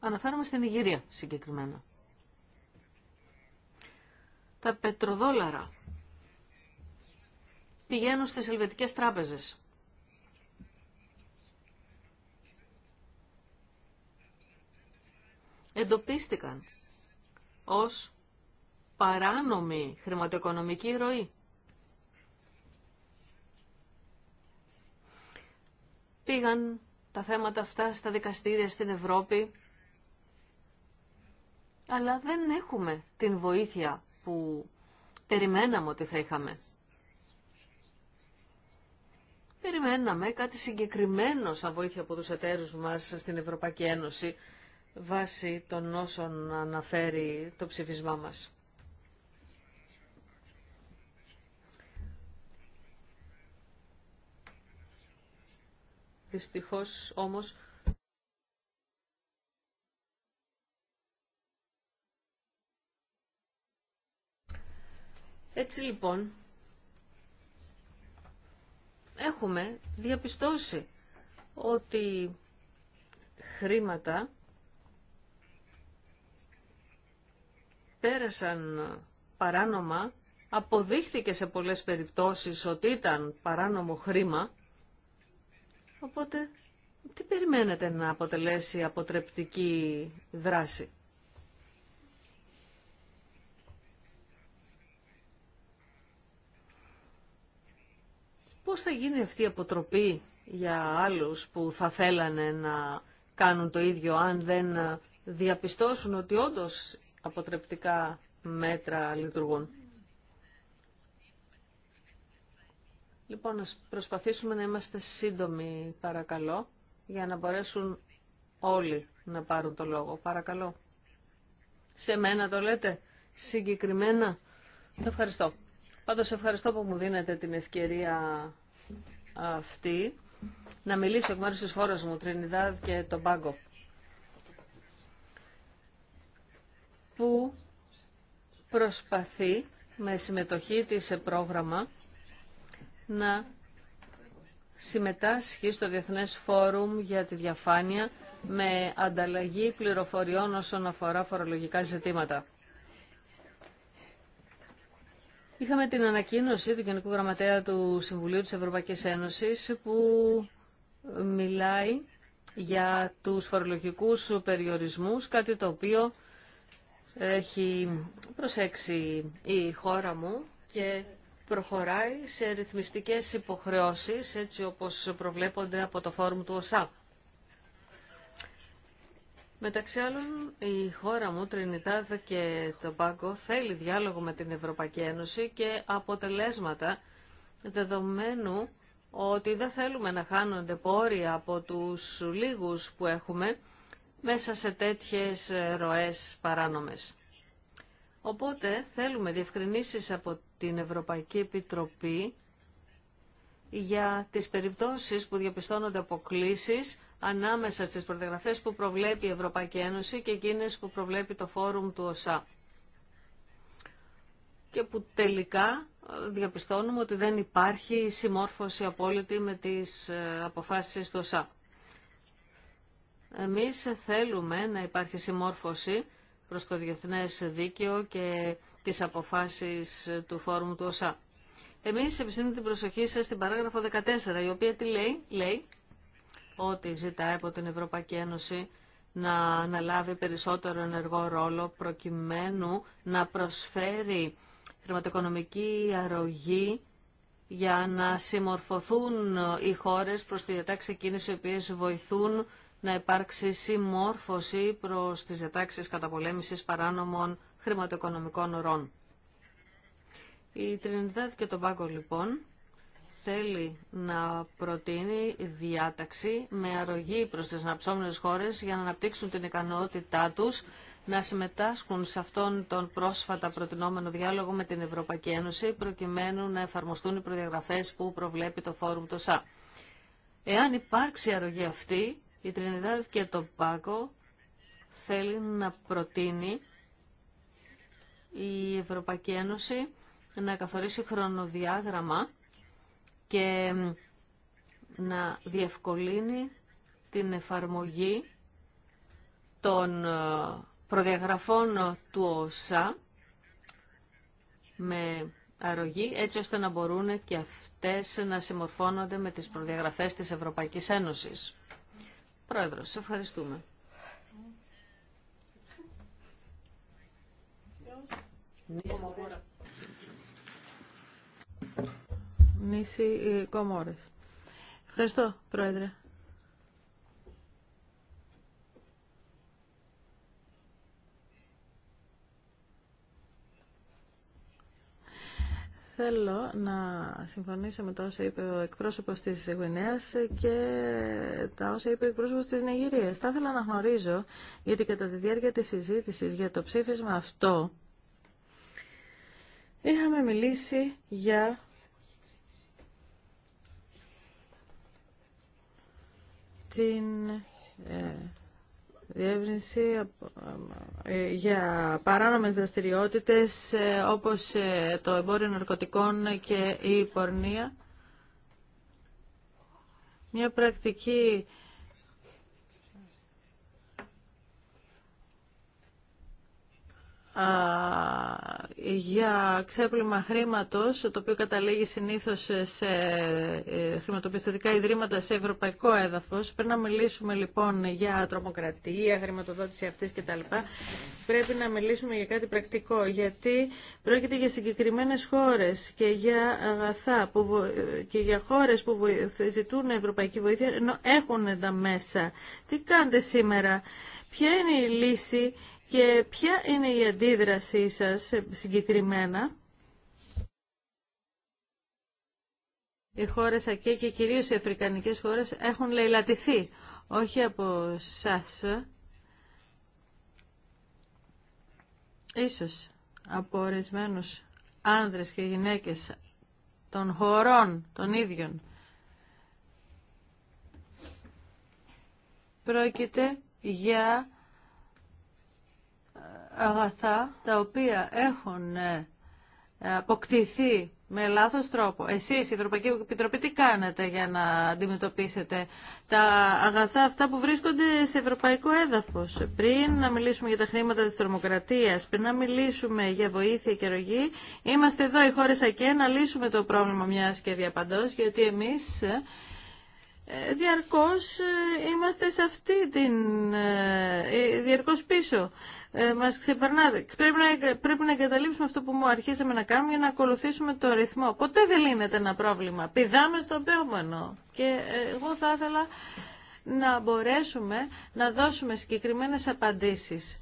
αναφέρομαι στην Ιγυρία συγκεκριμένα. Τα πετροδόλαρα πηγαίνουν στις ελβετικές τράπεζες. Εντοπίστηκαν ως παράνομη χρηματοοικονομική ροή. Πήγαν τα θέματα αυτά στα δικαστήρια στην Ευρώπη, αλλά δεν έχουμε την βοήθεια που περιμέναμε ότι θα είχαμε. Περιμέναμε κάτι συγκεκριμένο σαν βοήθεια από τους εταίρους μας στην Ευρωπαϊκή Ένωση βάσει των όσων αναφέρει το ψηφισμά μας. Δυστυχώς όμως Έτσι λοιπόν έχουμε διαπιστώσει ότι χρήματα πέρασαν παράνομα, αποδείχθηκε σε πολλές περιπτώσεις ότι ήταν παράνομο χρήμα Οπότε, τι περιμένετε να αποτελέσει αποτρεπτική δράση. Πώς θα γίνει αυτή η αποτροπή για άλλους που θα θέλανε να κάνουν το ίδιο αν δεν διαπιστώσουν ότι όντως αποτρεπτικά μέτρα λειτουργούν. Λοιπόν, να προσπαθήσουμε να είμαστε σύντομοι, παρακαλώ, για να μπορέσουν όλοι να πάρουν το λόγο. Παρακαλώ. Σε μένα το λέτε συγκεκριμένα. Ευχαριστώ. Πάντως ευχαριστώ που μου δίνετε την ευκαιρία αυτή να μιλήσω εκ μέρους της χώρας μου, Τρινιδάδ και τον Πάγκο. Που προσπαθεί με συμμετοχή της σε πρόγραμμα να συμμετάσχει στο Διεθνές Φόρουμ για τη Διαφάνεια με ανταλλαγή πληροφοριών όσον αφορά φορολογικά ζητήματα. Είχαμε την ανακοίνωση του Γενικού Γραμματέα του Συμβουλίου της Ευρωπαϊκής Ένωσης που μιλάει για τους φορολογικούς περιορισμούς, κάτι το οποίο έχει προσέξει η χώρα μου και προχωράει σε ρυθμιστικές υποχρεώσεις, έτσι όπως προβλέπονται από το φόρουμ του ΟΣΑ. Μεταξύ άλλων, η χώρα μου, Τρινιτάδα και το Μπάγκο, θέλει διάλογο με την Ευρωπαϊκή Ένωση και αποτελέσματα, δεδομένου ότι δεν θέλουμε να χάνονται πόροι από τους λίγους που έχουμε μέσα σε τέτοιες ροές παράνομες. Οπότε θέλουμε διευκρινήσεις από την Ευρωπαϊκή Επιτροπή για τις περιπτώσεις που διαπιστώνονται αποκλήσεις ανάμεσα στις προδιαγραφές που προβλέπει η Ευρωπαϊκή Ένωση και εκείνες που προβλέπει το φόρουμ του ΟΣΑ. Και που τελικά ε, διαπιστώνουμε ότι δεν υπάρχει συμμόρφωση απόλυτη με τις ε, αποφάσεις του ΟΣΑ. Εμείς θέλουμε να υπάρχει συμμόρφωση προς το διεθνές δίκαιο και τις αποφάσεις του φόρουμ του ΟΣΑ. Εμείς επιστήμουμε την προσοχή σας στην παράγραφο 14, η οποία τι λέει, λέει ότι ζητάει από την Ευρωπαϊκή Ένωση να αναλάβει περισσότερο ενεργό ρόλο προκειμένου να προσφέρει χρηματοοικονομική αρρωγή για να συμμορφωθούν οι χώρες προς τη διατάξη εκείνες οι οποίες βοηθούν να υπάρξει συμμόρφωση προς τις διατάξεις καταπολέμησης παράνομων χρηματοοικονομικών ορών. Η Τρινιδάδη και το Πάγκο λοιπόν θέλει να προτείνει διάταξη με αρρωγή προς τις αναψώμενες χώρες για να αναπτύξουν την ικανότητά τους να συμμετάσχουν σε αυτόν τον πρόσφατα προτινόμενο διάλογο με την Ευρωπαϊκή Ένωση προκειμένου να εφαρμοστούν οι προδιαγραφές που προβλέπει το Φόρουμ το ΣΑ. Εάν υπάρξει αρρωγή αυτή, η Τρινιδάδη και το Πάκο θέλει να προτείνει η Ευρωπαϊκή Ένωση να καθορίσει χρονοδιάγραμμα και να διευκολύνει την εφαρμογή των ε, προδιαγραφών του ΩΣΑ με αρρωγή, έτσι ώστε να μπορούν και αυτές να συμμορφώνονται με τις προδιαγραφές της Ευρωπαϊκής Ένωσης. Πρόεδρος, σε ευχαριστούμε. Νήσι ε, Κομόρες. Ευχαριστώ, Πρόεδρε. Θέλω να συμφωνήσω με τα όσα είπε ο εκπρόσωπος της Γουινέα και τα όσα είπε ο εκπρόσωπος της Νιγηρίας. Θα ήθελα να γνωρίζω, γιατί κατά τη διάρκεια τη συζήτηση για το ψήφισμα αυτό, είχαμε μιλήσει για την ε, διεύρυνση ε, για παράνομες δραστηριότητες ε, όπως ε, το εμπόριο ναρκωτικών και η πορνεία. Μια πρακτική για ξέπλυμα χρήματος, το οποίο καταλήγει συνήθως σε ε, χρηματοπιστωτικά ιδρύματα σε ευρωπαϊκό έδαφος. Πρέπει να μιλήσουμε λοιπόν για τρομοκρατία, χρηματοδότηση αυτής κτλ. Πρέπει να μιλήσουμε για κάτι πρακτικό, γιατί πρόκειται για συγκεκριμένες χώρες και για αγαθά που, και για χώρες που ζητούν ευρωπαϊκή βοήθεια, ενώ έχουν τα μέσα. Τι κάνετε σήμερα, ποια είναι η λύση και ποια είναι η αντίδρασή σας ε, συγκεκριμένα. Οι χώρες ΑΚΕ και κυρίως οι αφρικανικές χώρες έχουν λαιλατηθεί, όχι από σας, ίσως από ορισμένου άνδρες και γυναίκες των χωρών των ίδιων. Πρόκειται για αγαθά τα οποία έχουν ε, αποκτηθεί με λάθος τρόπο. Εσείς, η Ευρωπαϊκή Επιτροπή, τι κάνετε για να αντιμετωπίσετε τα αγαθά αυτά που βρίσκονται σε ευρωπαϊκό έδαφος. Πριν να μιλήσουμε για τα χρήματα της τρομοκρατίας, πριν να μιλήσουμε για βοήθεια και ρογή, είμαστε εδώ οι χώρες ΑΚΕ να λύσουμε το πρόβλημα μιας και διαπαντός, γιατί εμείς ε, ε, διαρκώς ε, είμαστε σε αυτή την... Ε, διαρκώς πίσω. Μας ξεπερνάτε. Πρέπει να, πρέπει εγκαταλείψουμε αυτό που μου αρχίσαμε να κάνουμε για να ακολουθήσουμε το ρυθμό. Ποτέ δεν λύνεται ένα πρόβλημα. Πηδάμε στο επόμενο. Και εγώ θα ήθελα να μπορέσουμε να δώσουμε συγκεκριμένες απαντήσεις.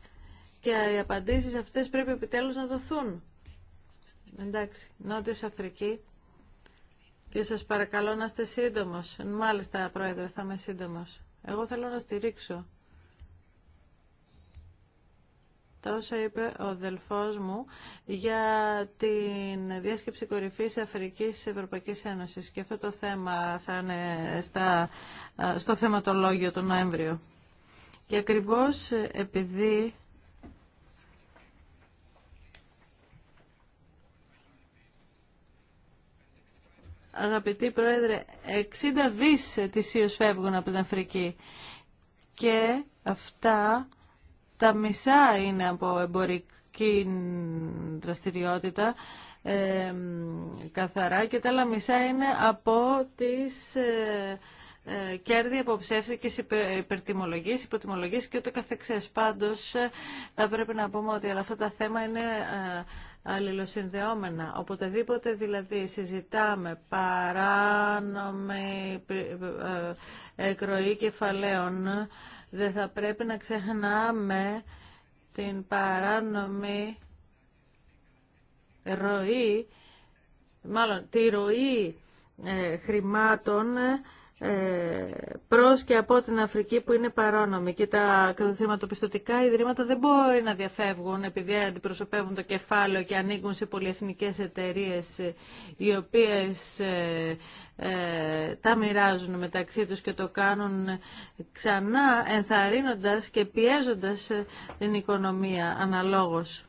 Και οι απαντήσεις αυτές πρέπει επιτέλους να δοθούν. Εντάξει, Νότιος Αφρική και σας παρακαλώ να είστε σύντομος. Μάλιστα, Πρόεδρε, θα είμαι σύντομος. Εγώ θέλω να στηρίξω τα όσα είπε ο δελφός μου για την διάσκεψη κορυφής Αφρικής Ευρωπαϊκής Ένωσης και αυτό το θέμα θα είναι στα, στο θεματολόγιο τον Νοέμβριο. Και ακριβώς επειδή Αγαπητοί Πρόεδρε, 60 δις ετησίως φεύγουν από την Αφρική και αυτά τα μισά είναι από εμπορική δραστηριότητα καθαρά και τα άλλα μισά είναι από τις ε, ε κέρδη από ψεύτικες υπερτιμολογίες, υποτιμολογίες και ούτε καθεξές. Πάντως ε, θα πρέπει να πούμε ότι αυτά τα θέματα είναι ε, αλληλοσυνδεόμενα. Οποτεδήποτε δηλαδή συζητάμε παράνομη ε, ε, εκροή κεφαλαίων, δεν θα πρέπει να ξεχνάμε την παράνομη ροή, μάλλον τη ροή ε, χρημάτων ε, προς και από την Αφρική που είναι παρόνομη και τα χρηματοπιστωτικά ιδρύματα δεν μπορεί να διαφεύγουν επειδή αντιπροσωπεύουν το κεφάλαιο και ανήκουν σε πολυεθνικές εταιρείες ε, οι οποίες ε, τα μοιράζουν μεταξύ τους και το κάνουν ξανά ενθαρρύνοντας και πιέζοντας την οικονομία αναλόγως.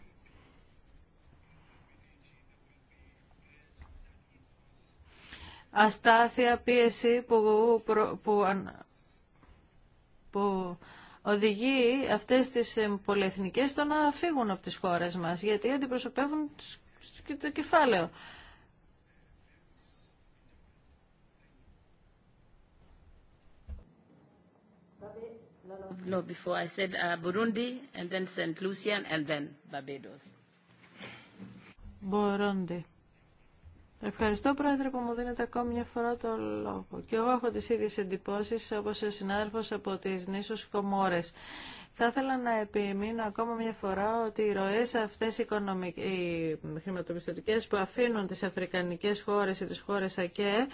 αστάθεια, πίεση που, που, που οδηγεί αυτές τις πολυεθνικές στο να φύγουν από τις χώρες μας, γιατί αντιπροσωπεύουν το κεφάλαιο. No, before I said uh, Burundi and then St. Lucia and then Barbados. Burundi. Ευχαριστώ Πρόεδρε που μου δίνετε ακόμη μια φορά το λόγο. Και εγώ έχω τις ίδιες εντυπώσεις όπως ο συνάδελφος από τις νήσους Κομόρες. Θα ήθελα να επιμείνω ακόμα μια φορά ότι οι ροές αυτές οι, οι χρηματοπιστωτικές που αφήνουν τις αφρικανικές χώρες ή τις χώρες ΑΚΕ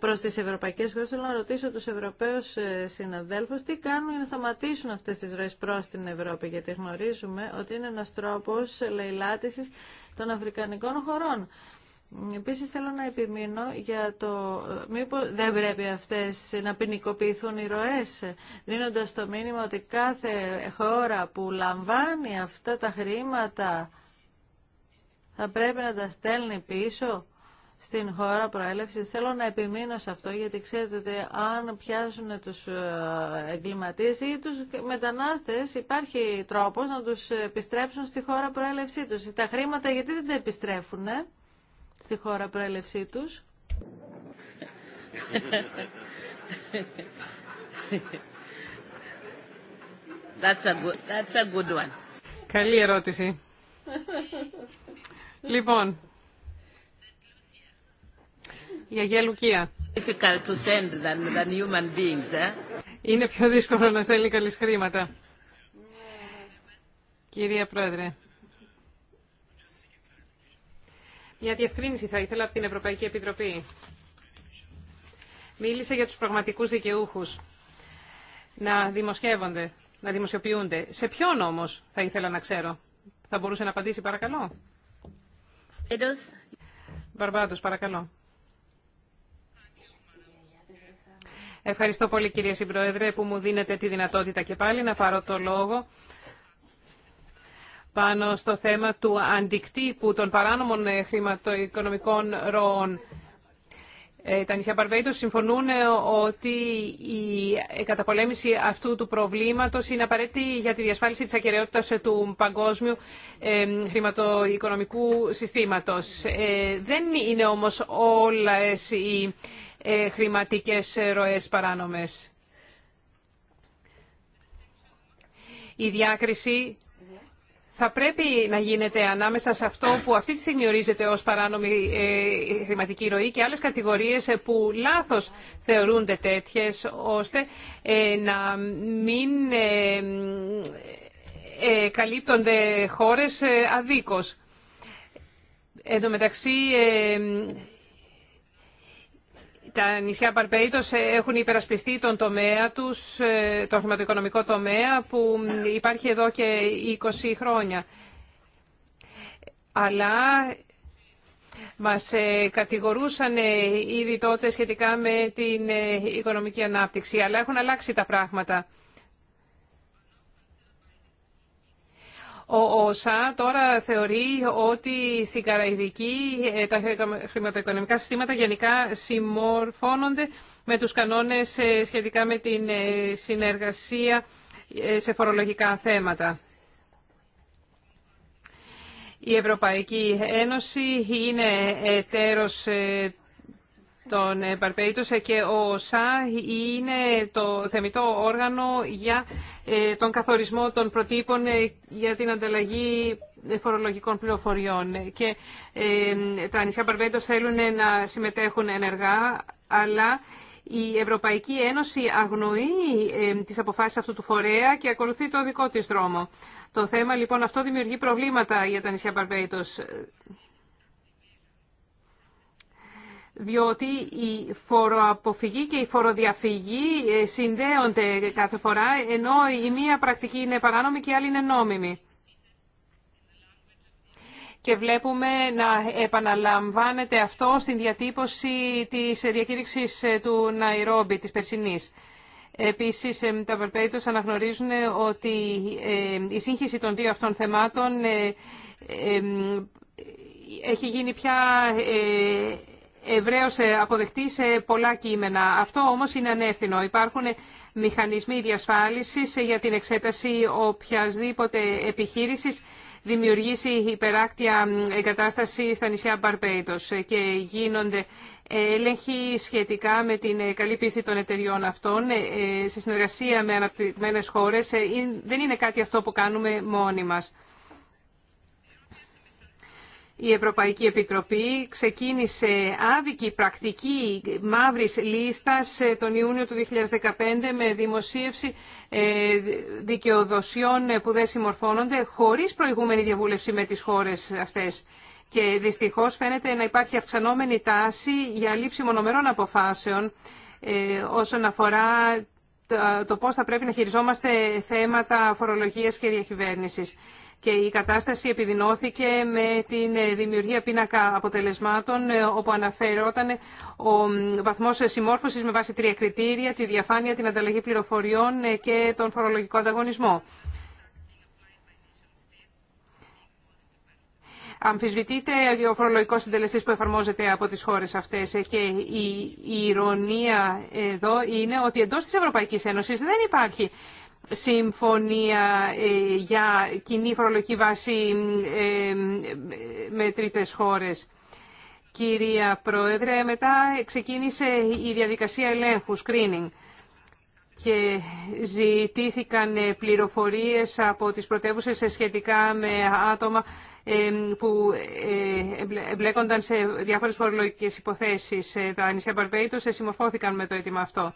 προς τις ευρωπαϊκές χώρες θέλω να ρωτήσω τους ευρωπαίους ε, συναδέλφους τι κάνουν για να σταματήσουν αυτές τις ροές προς την Ευρώπη γιατί γνωρίζουμε ότι είναι ένας τρόπος λαϊλάτησης των αφρικανικών χωρών. Επίσης θέλω να επιμείνω για το μήπως δεν πρέπει αυτές να ποινικοποιηθούν οι ροές, δίνοντας το μήνυμα ότι κάθε χώρα που λαμβάνει αυτά τα χρήματα θα πρέπει να τα στέλνει πίσω στην χώρα προέλευσης. Θέλω να επιμείνω σε αυτό γιατί ξέρετε αν πιάσουν τους ε, εγκληματίες ή τους μετανάστες υπάρχει τρόπος να τους επιστρέψουν στη χώρα προέλευσή του. Τα χρήματα γιατί δεν τα επιστρέφουν, στη χώρα προέλευσή τους. That's a good, that's a good one. Καλή ερώτηση. λοιπόν, για γελουκία. Difficult to send than, than human beings, eh? Είναι πιο δύσκολο να στέλνει καλής χρήματα. Κυρία Πρόεδρε, Μια διευκρίνηση θα ήθελα από την Ευρωπαϊκή Επιτροπή. Μίλησε για τους πραγματικούς δικαιούχους να δημοσιεύονται, να δημοσιοποιούνται. Σε ποιον όμως θα ήθελα να ξέρω. Θα μπορούσε να απαντήσει παρακαλώ. Εντός. παρακαλώ. Ευχαριστώ πολύ κυρία Συμπρόεδρε που μου δίνετε τη δυνατότητα και πάλι να πάρω το λόγο πάνω στο θέμα του αντικτύπου των παράνομων ε, χρηματοοικονομικών ροών. Ε, τα νησιά Παρβέιτος συμφωνούν ε, ότι η καταπολέμηση αυτού του προβλήματος είναι απαραίτητη για τη διασφάλιση της ακεραιότητας του παγκόσμιου χρηματοοικονομικού συστήματος. Δεν είναι όμως όλες οι χρηματικές ροές παράνομες. Η διάκριση θα πρέπει να γίνεται ανάμεσα σε αυτό που αυτή τη στιγμή ορίζεται ως παράνομη ε, χρηματική ροή και άλλες κατηγορίες ε, που λάθος θεωρούνται τέτοιες, ώστε ε, να μην καλύπτονται χώρες αδίκως. Εν τα νησιά Παρπέιτος ε, έχουν υπερασπιστεί τον τομέα τους, ε, τον χρηματοοικονομικό τομέα που υπάρχει εδώ και 20 χρόνια. Αλλά μας ε, κατηγορούσαν ήδη τότε σχετικά με την οικονομική ανάπτυξη, αλλά έχουν αλλάξει τα πράγματα. Ο ΣΑΑ τώρα θεωρεί ότι στην Καραϊβική ε, τα χρηματοοικονομικά συστήματα γενικά συμμορφώνονται με τους κανόνες ε, σχετικά με την ε, συνεργασία σε φορολογικά θέματα. Η Ευρωπαϊκή Ένωση είναι εταίρος τον ε, παρπείτος και ο ΣΑ είναι το θεμητό όργανο για ε, τον καθορισμό των προτύπων ε, για την ανταλλαγή φορολογικών πληροφοριών. Και τα νησιά Παρπείτος θέλουν να συμμετέχουν ενεργά, αλλά η Ευρωπαϊκή Ένωση αγνοεί τις αποφάσεις αυτού του φορέα και ακολουθεί το δικό της δρόμο. Το θέμα λοιπόν αυτό δημιουργεί προβλήματα για τα νησιά Παρπέιτος διότι η φοροαποφυγή και η φοροδιαφυγή ε, συνδέονται κάθε φορά, ενώ η μία πρακτική είναι παράνομη και η άλλη είναι νόμιμη. Και βλέπουμε να επαναλαμβάνεται αυτό στην διατύπωση της διακήρυξης ε, του Ναϊρόμπι, της Περσινής. Επίσης, ε, τα Περπέιτος αναγνωρίζουν ότι η σύγχυση των δύο αυτών θεμάτων έχει γίνει πια ευρέως ε, αποδεκτή σε πολλά κείμενα. Αυτό όμως είναι ανεύθυνο. Υπάρχουν μηχανισμοί διασφάλισης για την εξέταση οποιασδήποτε επιχείρησης δημιουργήσει υπεράκτια εγκατάσταση στα νησιά Μπαρπέιτο και γίνονται έλεγχοι σχετικά με την ε, καλή πίστη των εταιριών αυτών ε, σε συνεργασία με αναπτυγμένες χώρες. Δεν είναι κάτι αυτό που κάνουμε μόνοι μας η Ευρωπαϊκή Επιτροπή ξεκίνησε άδικη πρακτική μαύρης λίστας ε, τον Ιούνιο του 2015 με δημοσίευση ε, δικαιοδοσιών ε, που δεν συμμορφώνονται χωρίς προηγούμενη διαβούλευση με τις χώρες αυτές. Και δυστυχώς φαίνεται να υπάρχει αυξανόμενη τάση για λήψη μονομερών αποφάσεων όσον αφορά το πώς θα πρέπει να χειριζόμαστε θέματα φορολογίας και διακυβέρνησης και η κατάσταση επιδεινώθηκε με την ε, δημιουργία πίνακα αποτελεσμάτων ε, όπου αναφέρονταν ε, ο βαθμός συμμόρφωσης με βάση τρία κριτήρια, τη διαφάνεια, την ανταλλαγή πληροφοριών και τον φορολογικό ανταγωνισμό. Αμφισβητείται ο φορολογικό συντελεστή που εφαρμόζεται από τι χώρε αυτέ και η ηρωνία εδώ είναι ότι εντό τη Ευρωπαϊκή Ένωση δεν υπάρχει συμφωνία ε, για κοινή φορολογική βάση ε, με τρίτες χώρες. Κυρία Πρόεδρε, μετά ξεκίνησε η διαδικασία ελέγχου, screening, και ζητήθηκαν πληροφορίες από τις πρωτεύουσες σχετικά με άτομα ε, που εμπλέκονταν σε διάφορες φορολογικές υποθέσεις. Τα νησιά Μπαρμπέιτος συμμορφώθηκαν με το αίτημα αυτό.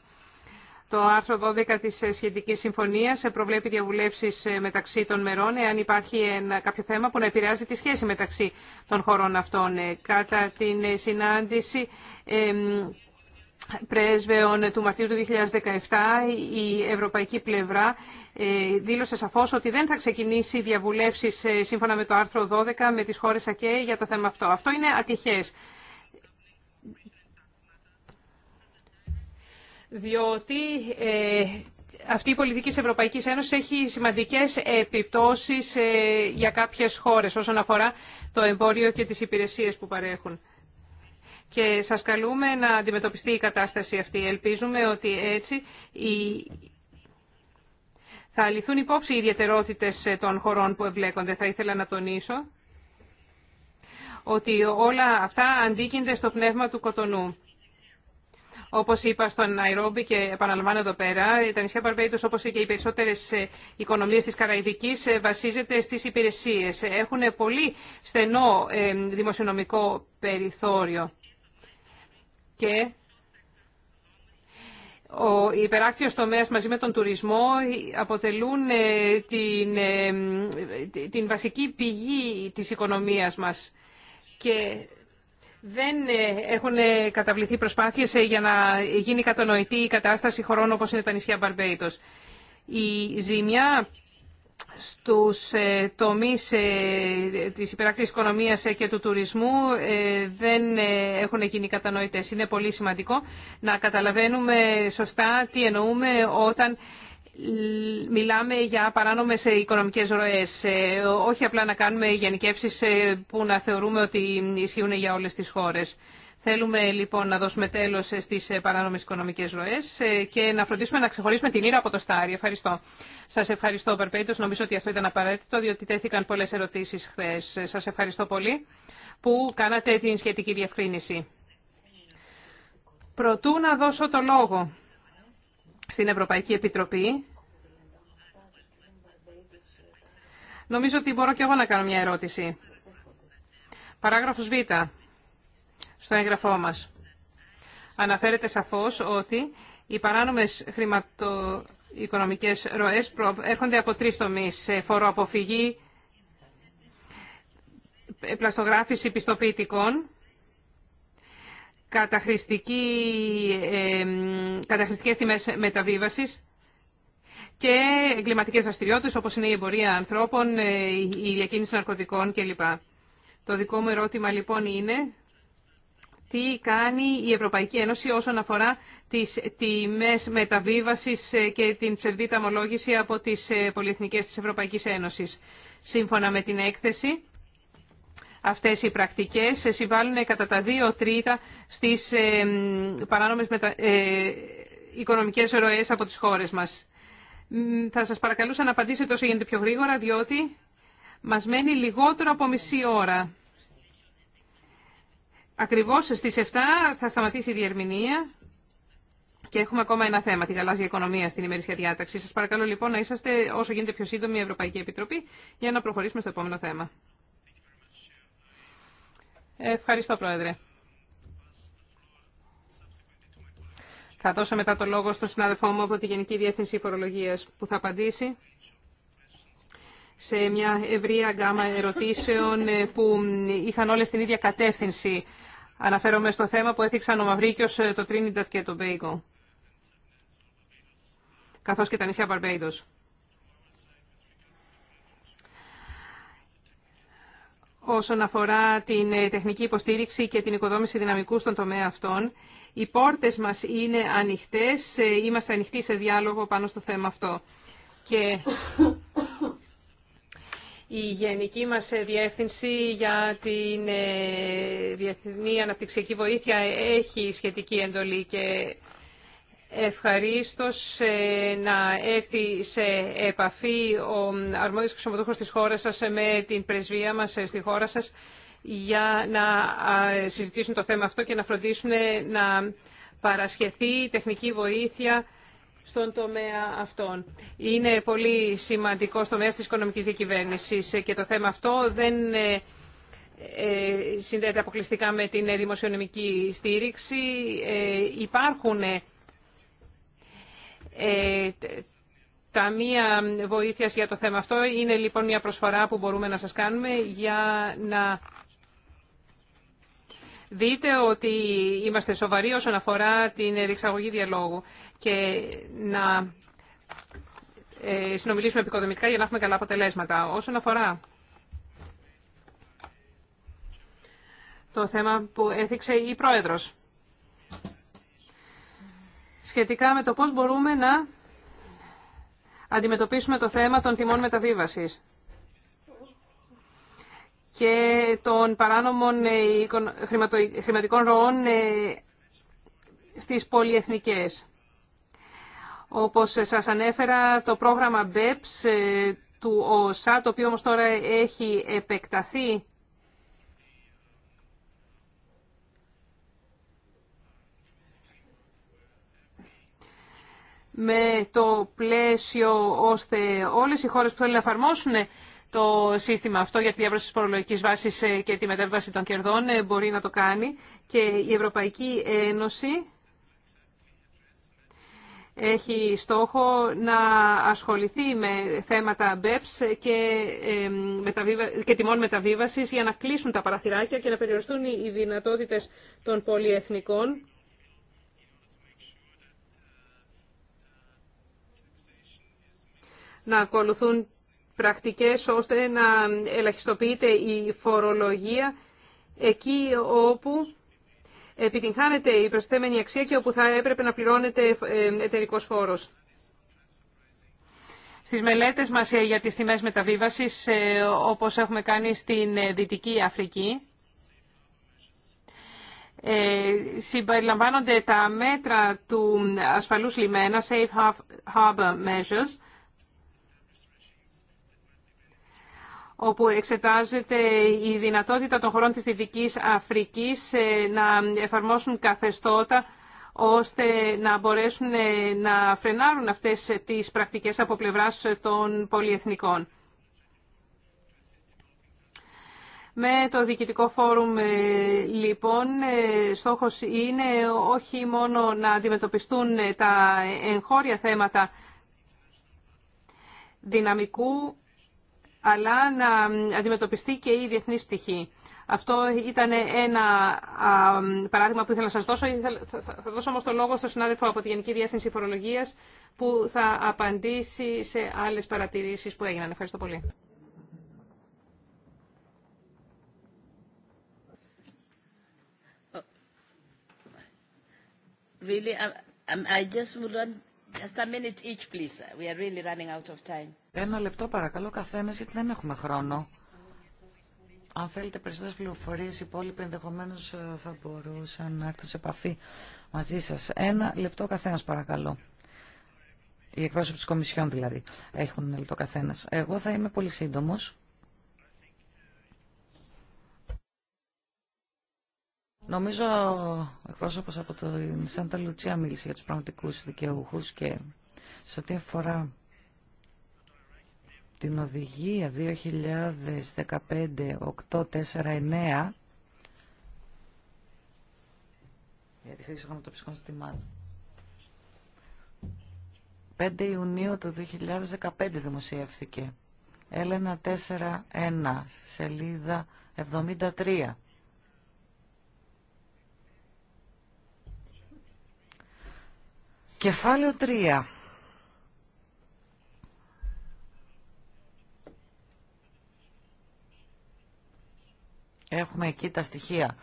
Το άρθρο 12 της σχετικής συμφωνίας προβλέπει διαβουλεύσεις ε, μεταξύ των μερών εάν υπάρχει κάποιο θέμα που να επηρεάζει τη σχέση μεταξύ των χωρών αυτών. Ε, κατά την ε, συνάντηση πρέσβεων του Μαρτίου του 2017 η ευρωπαϊκή πλευρά δήλωσε σαφώς ότι δεν θα ξεκινήσει διαβουλεύσεις σύμφωνα με το άρθρο 12 με τις χώρες ΑΚΕ για το θέμα αυτό. Αυτό είναι ατυχές. διότι ε, αυτή η πολιτική της Ευρωπαϊκής Ένωσης έχει σημαντικές επιπτώσεις ε, για κάποιες χώρες όσον αφορά το εμπόριο και τις υπηρεσίες που παρέχουν. Και σας καλούμε να αντιμετωπιστεί η κατάσταση αυτή. Ελπίζουμε ότι έτσι θα αληθούν υπόψη οι ιδιαιτερότητες ε, των χωρών που εμπλέκονται. Θα ήθελα να τονίσω ότι όλα αυτά αντίκυνται στο πνεύμα του Κοτονού. Όπως είπα στον Ναϊρόμπι και επαναλαμβάνω εδώ πέρα, τα νησιά Παρβέιτος, όπως και οι περισσότερες ε, οικονομίες της Καραϊβικής ε, βασίζεται στις υπηρεσίες. Έχουν πολύ στενό ε, δημοσιονομικό περιθώριο. Και ο υπεράκτιος τομέα μαζί με τον τουρισμό αποτελούν την, την βασική πηγή της οικονομίας μας. Και δεν ε, έχουν ε, καταβληθεί προσπάθειες ε, για να γίνει κατανοητή η κατάσταση χωρών όπως είναι τα νησιά Μπαρμπέιτος. Η ζημιά στους τομείς της υπεράκτησης οικονομίας και του τουρισμού δεν έχουν γίνει κατανοητές. Είναι πολύ σημαντικό να καταλαβαίνουμε σωστά τι εννοούμε όταν μιλάμε για παράνομες οικονομικές ροές, ε, όχι απλά να κάνουμε γενικεύσεις ε, που να θεωρούμε ότι ισχύουν για όλες τις χώρες. Θέλουμε λοιπόν να δώσουμε τέλο στι παράνομε οικονομικέ ροέ ε, και να φροντίσουμε να ξεχωρίσουμε την ήρα από το στάρι. Ευχαριστώ. Σα ευχαριστώ, Περπέιτο. Νομίζω ότι αυτό ήταν απαραίτητο, διότι τέθηκαν πολλέ ερωτήσει χθε. Σα ευχαριστώ πολύ που κάνατε την σχετική διευκρίνηση. Προτού να δώσω το λόγο στην Ευρωπαϊκή Επιτροπή. Νομίζω ότι μπορώ και εγώ να κάνω μια ερώτηση. Παράγραφος Β. Στο έγγραφό μας. Αναφέρεται σαφώς ότι οι παράνομες χρηματοοικονομικές ροές έρχονται από τρεις τομείς. Φοροαποφυγή, πλαστογράφηση πιστοποιητικών καταχρηστική, ε, καταχρηστικές τιμές μεταβίβασης και εγκληματικέ δραστηριότητε, όπως είναι η εμπορία ανθρώπων, ε, η διακίνηση ναρκωτικών κλπ. Το δικό μου ερώτημα λοιπόν είναι τι κάνει η Ευρωπαϊκή Ένωση όσον αφορά τις τιμές μεταβίβασης ε, και την ψευδή ταμολόγηση από τις ε, πολυεθνικές της Ευρωπαϊκής Ένωσης. Σύμφωνα με την έκθεση, αυτές οι πρακτικές συμβάλλουν κατά τα δύο τρίτα στις ε, παράνομες μετα... Ε, οικονομικές ροές από τις χώρες μας. Θα σας παρακαλούσα να απαντήσετε όσο γίνεται πιο γρήγορα, διότι μας μένει λιγότερο από μισή ώρα. Ακριβώς στις 7 θα σταματήσει η διερμηνία και έχουμε ακόμα ένα θέμα, τη γαλάζια οικονομία στην ημερήσια διάταξη. Σας παρακαλώ λοιπόν να είσαστε όσο γίνεται πιο σύντομη η Ευρωπαϊκή Επιτροπή για να προχωρήσουμε στο επόμενο θέμα. Ευχαριστώ, Πρόεδρε. Θα δώσω μετά το λόγο στον συνάδελφό μου από τη Γενική Διεύθυνση Φορολογίας που θα απαντήσει σε μια ευρία γκάμα ερωτήσεων ε, που είχαν όλες την ίδια κατεύθυνση. Αναφέρομαι στο θέμα που έθιξαν ο Μαυρίκιος, ε, το Trinidad και το Μπέικο, καθώς και τα νησιά Μπαρμπέιντος. όσον αφορά την ε, τεχνική υποστήριξη και την οικοδόμηση δυναμικού στον τομέα αυτών. Οι πόρτες μας είναι ανοιχτές, ε, είμαστε ανοιχτοί σε διάλογο πάνω στο θέμα αυτό. Και η γενική μας ε, διεύθυνση για την διεθνή αναπτυξιακή βοήθεια έχει σχετική εντολή και ευχαρίστως ε, να έρθει σε επαφή ο αρμόδιος ξεμοτούχος της χώρας σας με την πρεσβεία μας ε, στη χώρα σας για να συζητήσουν το θέμα αυτό και να φροντίσουν να παρασχεθεί τεχνική βοήθεια στον τομέα αυτόν. Είναι πολύ σημαντικό τομέα της οικονομικής διακυβέρνησης και το θέμα αυτό δεν ε, συνδέεται αποκλειστικά με την δημοσιονομική στήριξη. Υπάρχουν ε, ταμεία βοήθειας για το θέμα αυτό. Είναι λοιπόν μια προσφορά που μπορούμε να σας κάνουμε για να δείτε ότι είμαστε σοβαροί όσον αφορά την ρηξαγωγή διαλόγου και να ε, συνομιλήσουμε επικοδομητικά για να έχουμε καλά αποτελέσματα. Όσον αφορά το θέμα που έθιξε η Πρόεδρος σχετικά με το πώς μπορούμε να αντιμετωπίσουμε το θέμα των τιμών μεταβίβασης και των παράνομων ε, χρηματικών ροών ε, στις πολυεθνικές. Όπως σας ανέφερα, το πρόγραμμα BEPS ε, του ΟΣΑ, το οποίο όμως τώρα έχει επεκταθεί με το πλαίσιο ώστε όλες οι χώρες που θέλουν να εφαρμόσουν το σύστημα αυτό για τη διάβρωση της φορολογικής βάσης ε, και τη μετέβαση των κερδών ε, μπορεί να το κάνει και η Ευρωπαϊκή Ένωση έχει στόχο να ασχοληθεί με θέματα BEPS και, και τιμών μεταβίβασης για να κλείσουν τα παραθυράκια και να περιοριστούν οι δυνατότητες των πολυεθνικών να ακολουθούν πρακτικές ώστε να ελαχιστοποιείται η φορολογία εκεί όπου επιτυγχάνεται η προσθέμενη αξία και όπου θα έπρεπε να πληρώνεται ε, εταιρικό φόρος. Στις μελέτες μας ε, για τις τιμές μεταβίβασης, ε, όπως έχουμε κάνει στην Δυτική Αφρική, συμπεριλαμβάνονται τα μέτρα του ασφαλούς λιμένα, Safe Harbor Measures, όπου εξετάζεται η δυνατότητα των χωρών της Δυτικής Αφρικής ε, να εφαρμόσουν καθεστώτα ώστε να μπορέσουν ε, να φρενάρουν αυτές τις πρακτικές από πλευράς των πολιεθνικών. Με το Διοικητικό Φόρουμ, ε, λοιπόν, στόχος είναι όχι μόνο να αντιμετωπιστούν τα εγχώρια θέματα δυναμικού, αλλά να αντιμετωπιστεί και η διεθνή πτυχή. Αυτό ήταν ένα παράδειγμα που ήθελα να σας δώσω. Θα δώσω όμως το λόγο στον συνάδελφο από τη Γενική Διεύθυνση Φορολογίας που θα απαντήσει σε άλλες παρατηρήσεις που έγιναν. Ευχαριστώ πολύ. Really, um, um, I just Just a minute each, please. We are really running out of time. Ένα λεπτό παρακαλώ καθένας γιατί δεν έχουμε χρόνο. Αν θέλετε περισσότερες πληροφορίες, οι υπόλοιποι ενδεχομένω ε, θα μπορούσαν να έρθουν σε επαφή μαζί σας. Ένα λεπτό καθένας παρακαλώ. Οι εκπρόσωποι της Κομισιόν δηλαδή έχουν ένα λεπτό καθένας. Εγώ θα είμαι πολύ σύντομος. Νομίζω ο εκπρόσωπο από το Σάντα Λουτσία μίλησε για του πραγματικού δικαιούχου και σε ό,τι αφορά την οδηγία 2015-849 για τη χρήση συστημάτων. 5 Ιουνίου του 2015 δημοσιεύθηκε. Έλενα 4.1, σελίδα 73. Κεφάλαιο 3. Έχουμε εκεί τα στοιχεία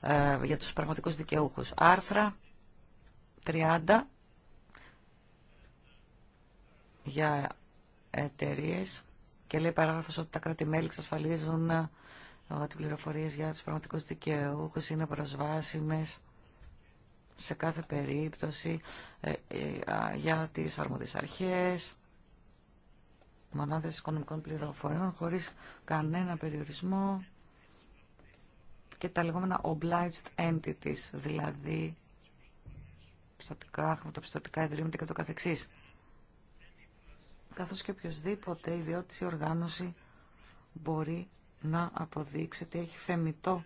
ε, για τους πραγματικούς δικαιούχους. Άρθρα 30 για εταιρείε και λέει παράγραφος ότι τα κράτη-μέλη εξασφαλίζουν ε, ότι οι πληροφορίες για τους πραγματικούς δικαιούχους είναι προσβάσιμες σε κάθε περίπτωση ε, ε, για τις αρμόδιες αρχές, μονάδες οικονομικών πληροφοριών χωρίς κανένα περιορισμό και τα λεγόμενα obliged entities, δηλαδή πιστοτικά, χρηματοπιστωτικά ιδρύματα και το καθεξής. Καθώς και οποιοδήποτε ιδιώτηση ή οργάνωση μπορεί να αποδείξει ότι έχει θεμητό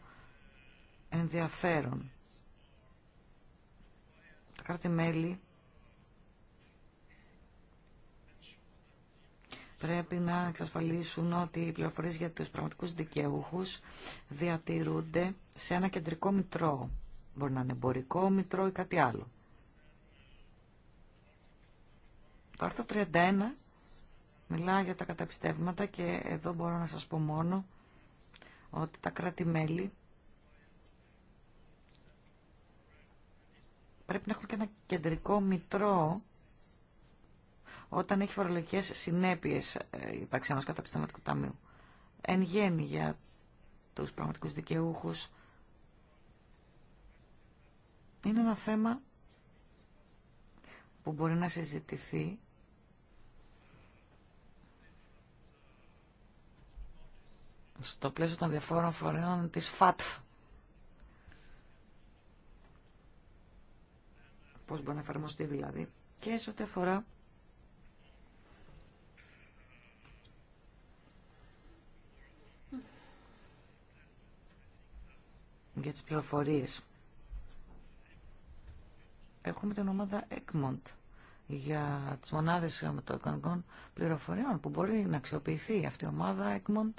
ενδιαφέρον τα κράτη-μέλη πρέπει να εξασφαλίσουν ότι οι πληροφορίες για τους πραγματικούς δικαιούχους διατηρούνται σε ένα κεντρικό μητρό. Μπορεί να είναι εμπορικό μητρό ή κάτι άλλο. Το άρθρο 31 μιλά για τα καταπιστεύματα και εδώ μπορώ να σας πω μόνο ότι τα κράτη-μέλη πρέπει να έχουμε και ένα κεντρικό μητρό όταν έχει φορολογικές συνέπειες ε, η ύπαρξη ενός καταπιστωματικού ταμείου. Εν γέννη για τους πραγματικούς δικαιούχους είναι ένα θέμα που μπορεί να συζητηθεί στο πλαίσιο των διαφόρων φορέων της ΦΑΤΦ. πώς μπορεί να εφαρμοστεί δηλαδή. Και σε ό,τι αφορά για τις πληροφορίες. Έχουμε την ομάδα Έκμοντ για τις μονάδες των πληροφοριών που μπορεί να αξιοποιηθεί αυτή η ομάδα Έκμοντ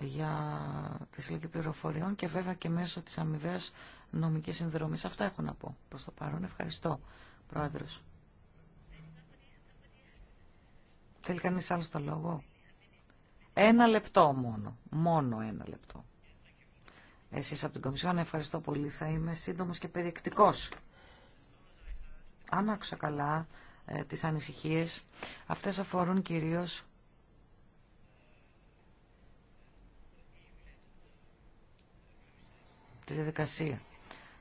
για τη συλλογή πληροφοριών και βέβαια και μέσω της αμοιβαίας νομική συνδρομή. Αυτά έχω να πω προ το παρόν. Ευχαριστώ, Πρόεδρο. Θέλει κανεί άλλο το λόγο. Ένα λεπτό μόνο. Μόνο ένα λεπτό. Εσείς από την Κομισιόν ευχαριστώ πολύ. Θα είμαι σύντομο και περιεκτικός. Αν άκουσα καλά ε, τις ανησυχίες, αυτές αφορούν κυρίως τη διαδικασία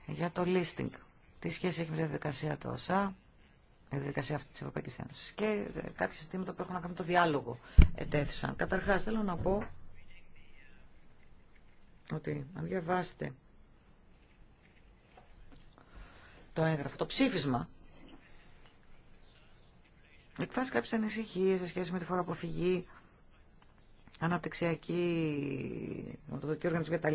για το listing. Τι σχέση έχει με τη διαδικασία του ΩΣΑ, τη διαδικασία αυτή τη Ευρωπαϊκή Ένωση. Και ε, κάποια ζητήματα που έχουν να κάνουν το διάλογο ετέθησαν. Καταρχά, θέλω να πω ότι αν διαβάσετε το έγγραφο, το ψήφισμα, εκφράζει κάποιε ανησυχίε σε σχέση με τη αποφυγή, αναπτυξιακή, οντοδοκή οργανισμό κτλ.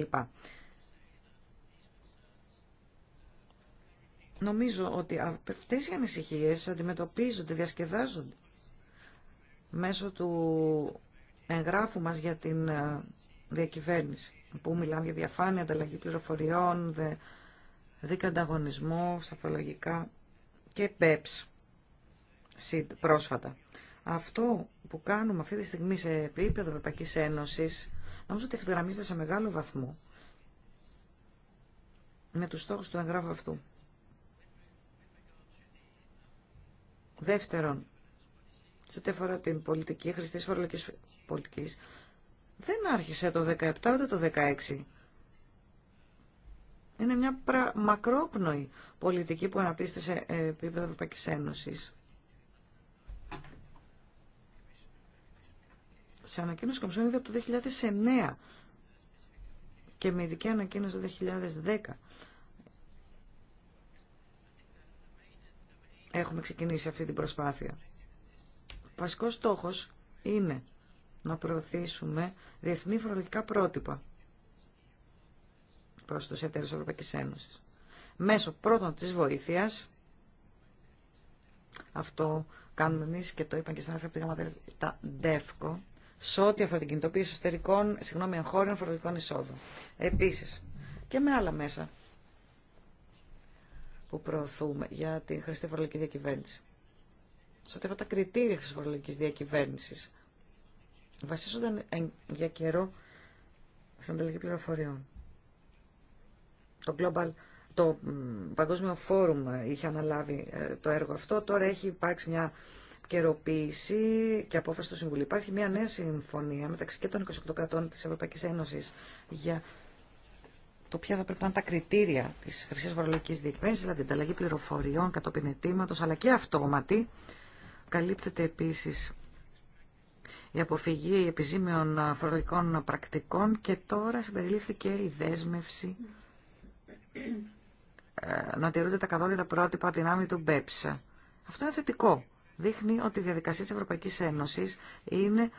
Νομίζω ότι αυτές οι ανησυχίες αντιμετωπίζονται, διασκεδάζονται μέσω του εγγράφου μας για την ε, διακυβέρνηση, που μιλάμε για διαφάνεια, ανταλλαγή πληροφοριών, δίκαιο ανταγωνισμό, και ΠΕΠΣ πρόσφατα. Αυτό που κάνουμε αυτή τη στιγμή σε επίπεδο Ευρωπαϊκή Ένωσης, νομίζω ότι ευθυγραμμίζεται σε μεγάλο βαθμό με τους στόχου του εγγράφου αυτού. Δεύτερον, σε ό,τι αφορά την πολιτική χρηστής φορολογικής πολιτικής, δεν άρχισε το 17 ούτε το 16. Είναι μια μακρόπνοη πολιτική που αναπτύσσεται σε επίπεδο Ευρωπαϊκής Ένωσης. Σε ανακοίνωση Κομισιόν από το 2009 και με ειδική ανακοίνωση το 2010 έχουμε ξεκινήσει αυτή την προσπάθεια. Ο βασικός στόχος είναι να προωθήσουμε διεθνή φορολογικά πρότυπα προς τους εταίρους Ευρωπαϊκής Ένωσης. Μέσω πρώτον της βοήθειας, αυτό κάνουμε εμεί και το είπαν και στην άρθρα πήγαμε τα ΔΕΦΚΟ, σε ό,τι αφορά την κινητοποίηση εσωτερικών, συγγνώμη, εγχώριων φορολογικών εισόδων. Επίσης, και με άλλα μέσα που προωθούμε για την χρηστή φορολογική διακυβέρνηση. Σε ό,τι τα κριτήρια χρηστή φορολογική διακυβέρνηση, βασίζονταν για καιρό στην ανταλλαγή πληροφοριών. Το Global το Παγκόσμιο Φόρουμ είχε αναλάβει ε, το έργο αυτό. Τώρα έχει υπάρξει μια καιροποίηση και απόφαση του Συμβουλίου. Υπάρχει μια νέα συμφωνία μεταξύ και των 28 κρατών της Ευρωπαϊκής Ένωσης για το ποια θα πρέπει να είναι τα κριτήρια τη χρυσή φορολογική διεκπαίδευση, δηλαδή ανταλλαγή πληροφοριών, κατόπιν αιτήματο, αλλά και αυτόματη. Καλύπτεται επίση η αποφυγή επιζήμιων φορολογικών πρακτικών και τώρα συμπεριλήφθηκε η δέσμευση ε, να τηρούνται τα καθόλου τα πρότυπα δυνάμει του ΜΠΕΠΣΑ. Αυτό είναι θετικό. Δείχνει ότι η διαδικασία της Ευρωπαϊκής Ένωσης είναι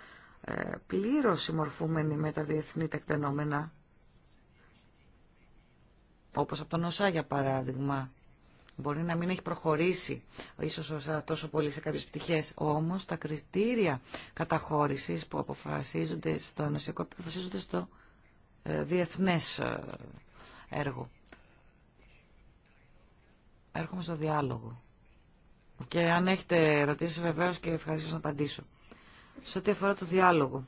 ε, πλήρως συμμορφούμενη με τα διεθνή τεκτενόμενα όπως από τον ΩΣΑ για παράδειγμα. Μπορεί να μην έχει προχωρήσει ίσως τόσο πολύ σε κάποιες πτυχές, όμως τα κριτήρια καταχώρησης που αποφασίζονται στο νοσιακό αποφασίζονται στο ε, διεθνές ε, έργο. Έρχομαι στο διάλογο. Και αν έχετε ερωτήσεις βεβαίως και ευχαριστώ να απαντήσω. Σε ό,τι αφορά το διάλογο.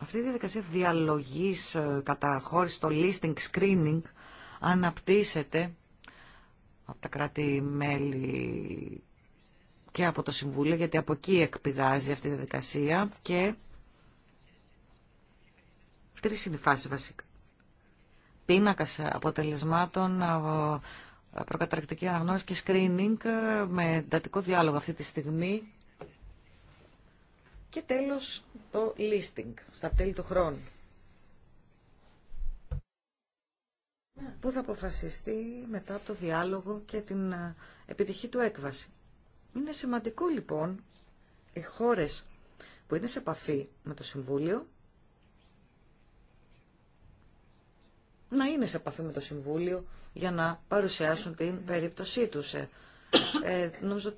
Αυτή η διαδικασία διαλογής, ε, καταχώρηση, το listing, screening, αναπτύσσεται από τα κράτη-μέλη και από το Συμβούλιο, γιατί από εκεί εκπηδάζει αυτή η διαδικασία και τρεις είναι οι φάσεις βασικά. Πίνακας αποτελεσμάτων, προκαταρκτική αναγνώριση και screening με εντατικό διάλογο αυτή τη στιγμή και τέλος το listing στα τέλη του χρόνου. που θα αποφασιστεί μετά το διάλογο και την ε, επιτυχή του έκβαση. Είναι σημαντικό λοιπόν οι χώρες που είναι σε επαφή με το Συμβούλιο να είναι σε επαφή με το Συμβούλιο για να παρουσιάσουν την περίπτωσή τους. Ε, ε νομίζω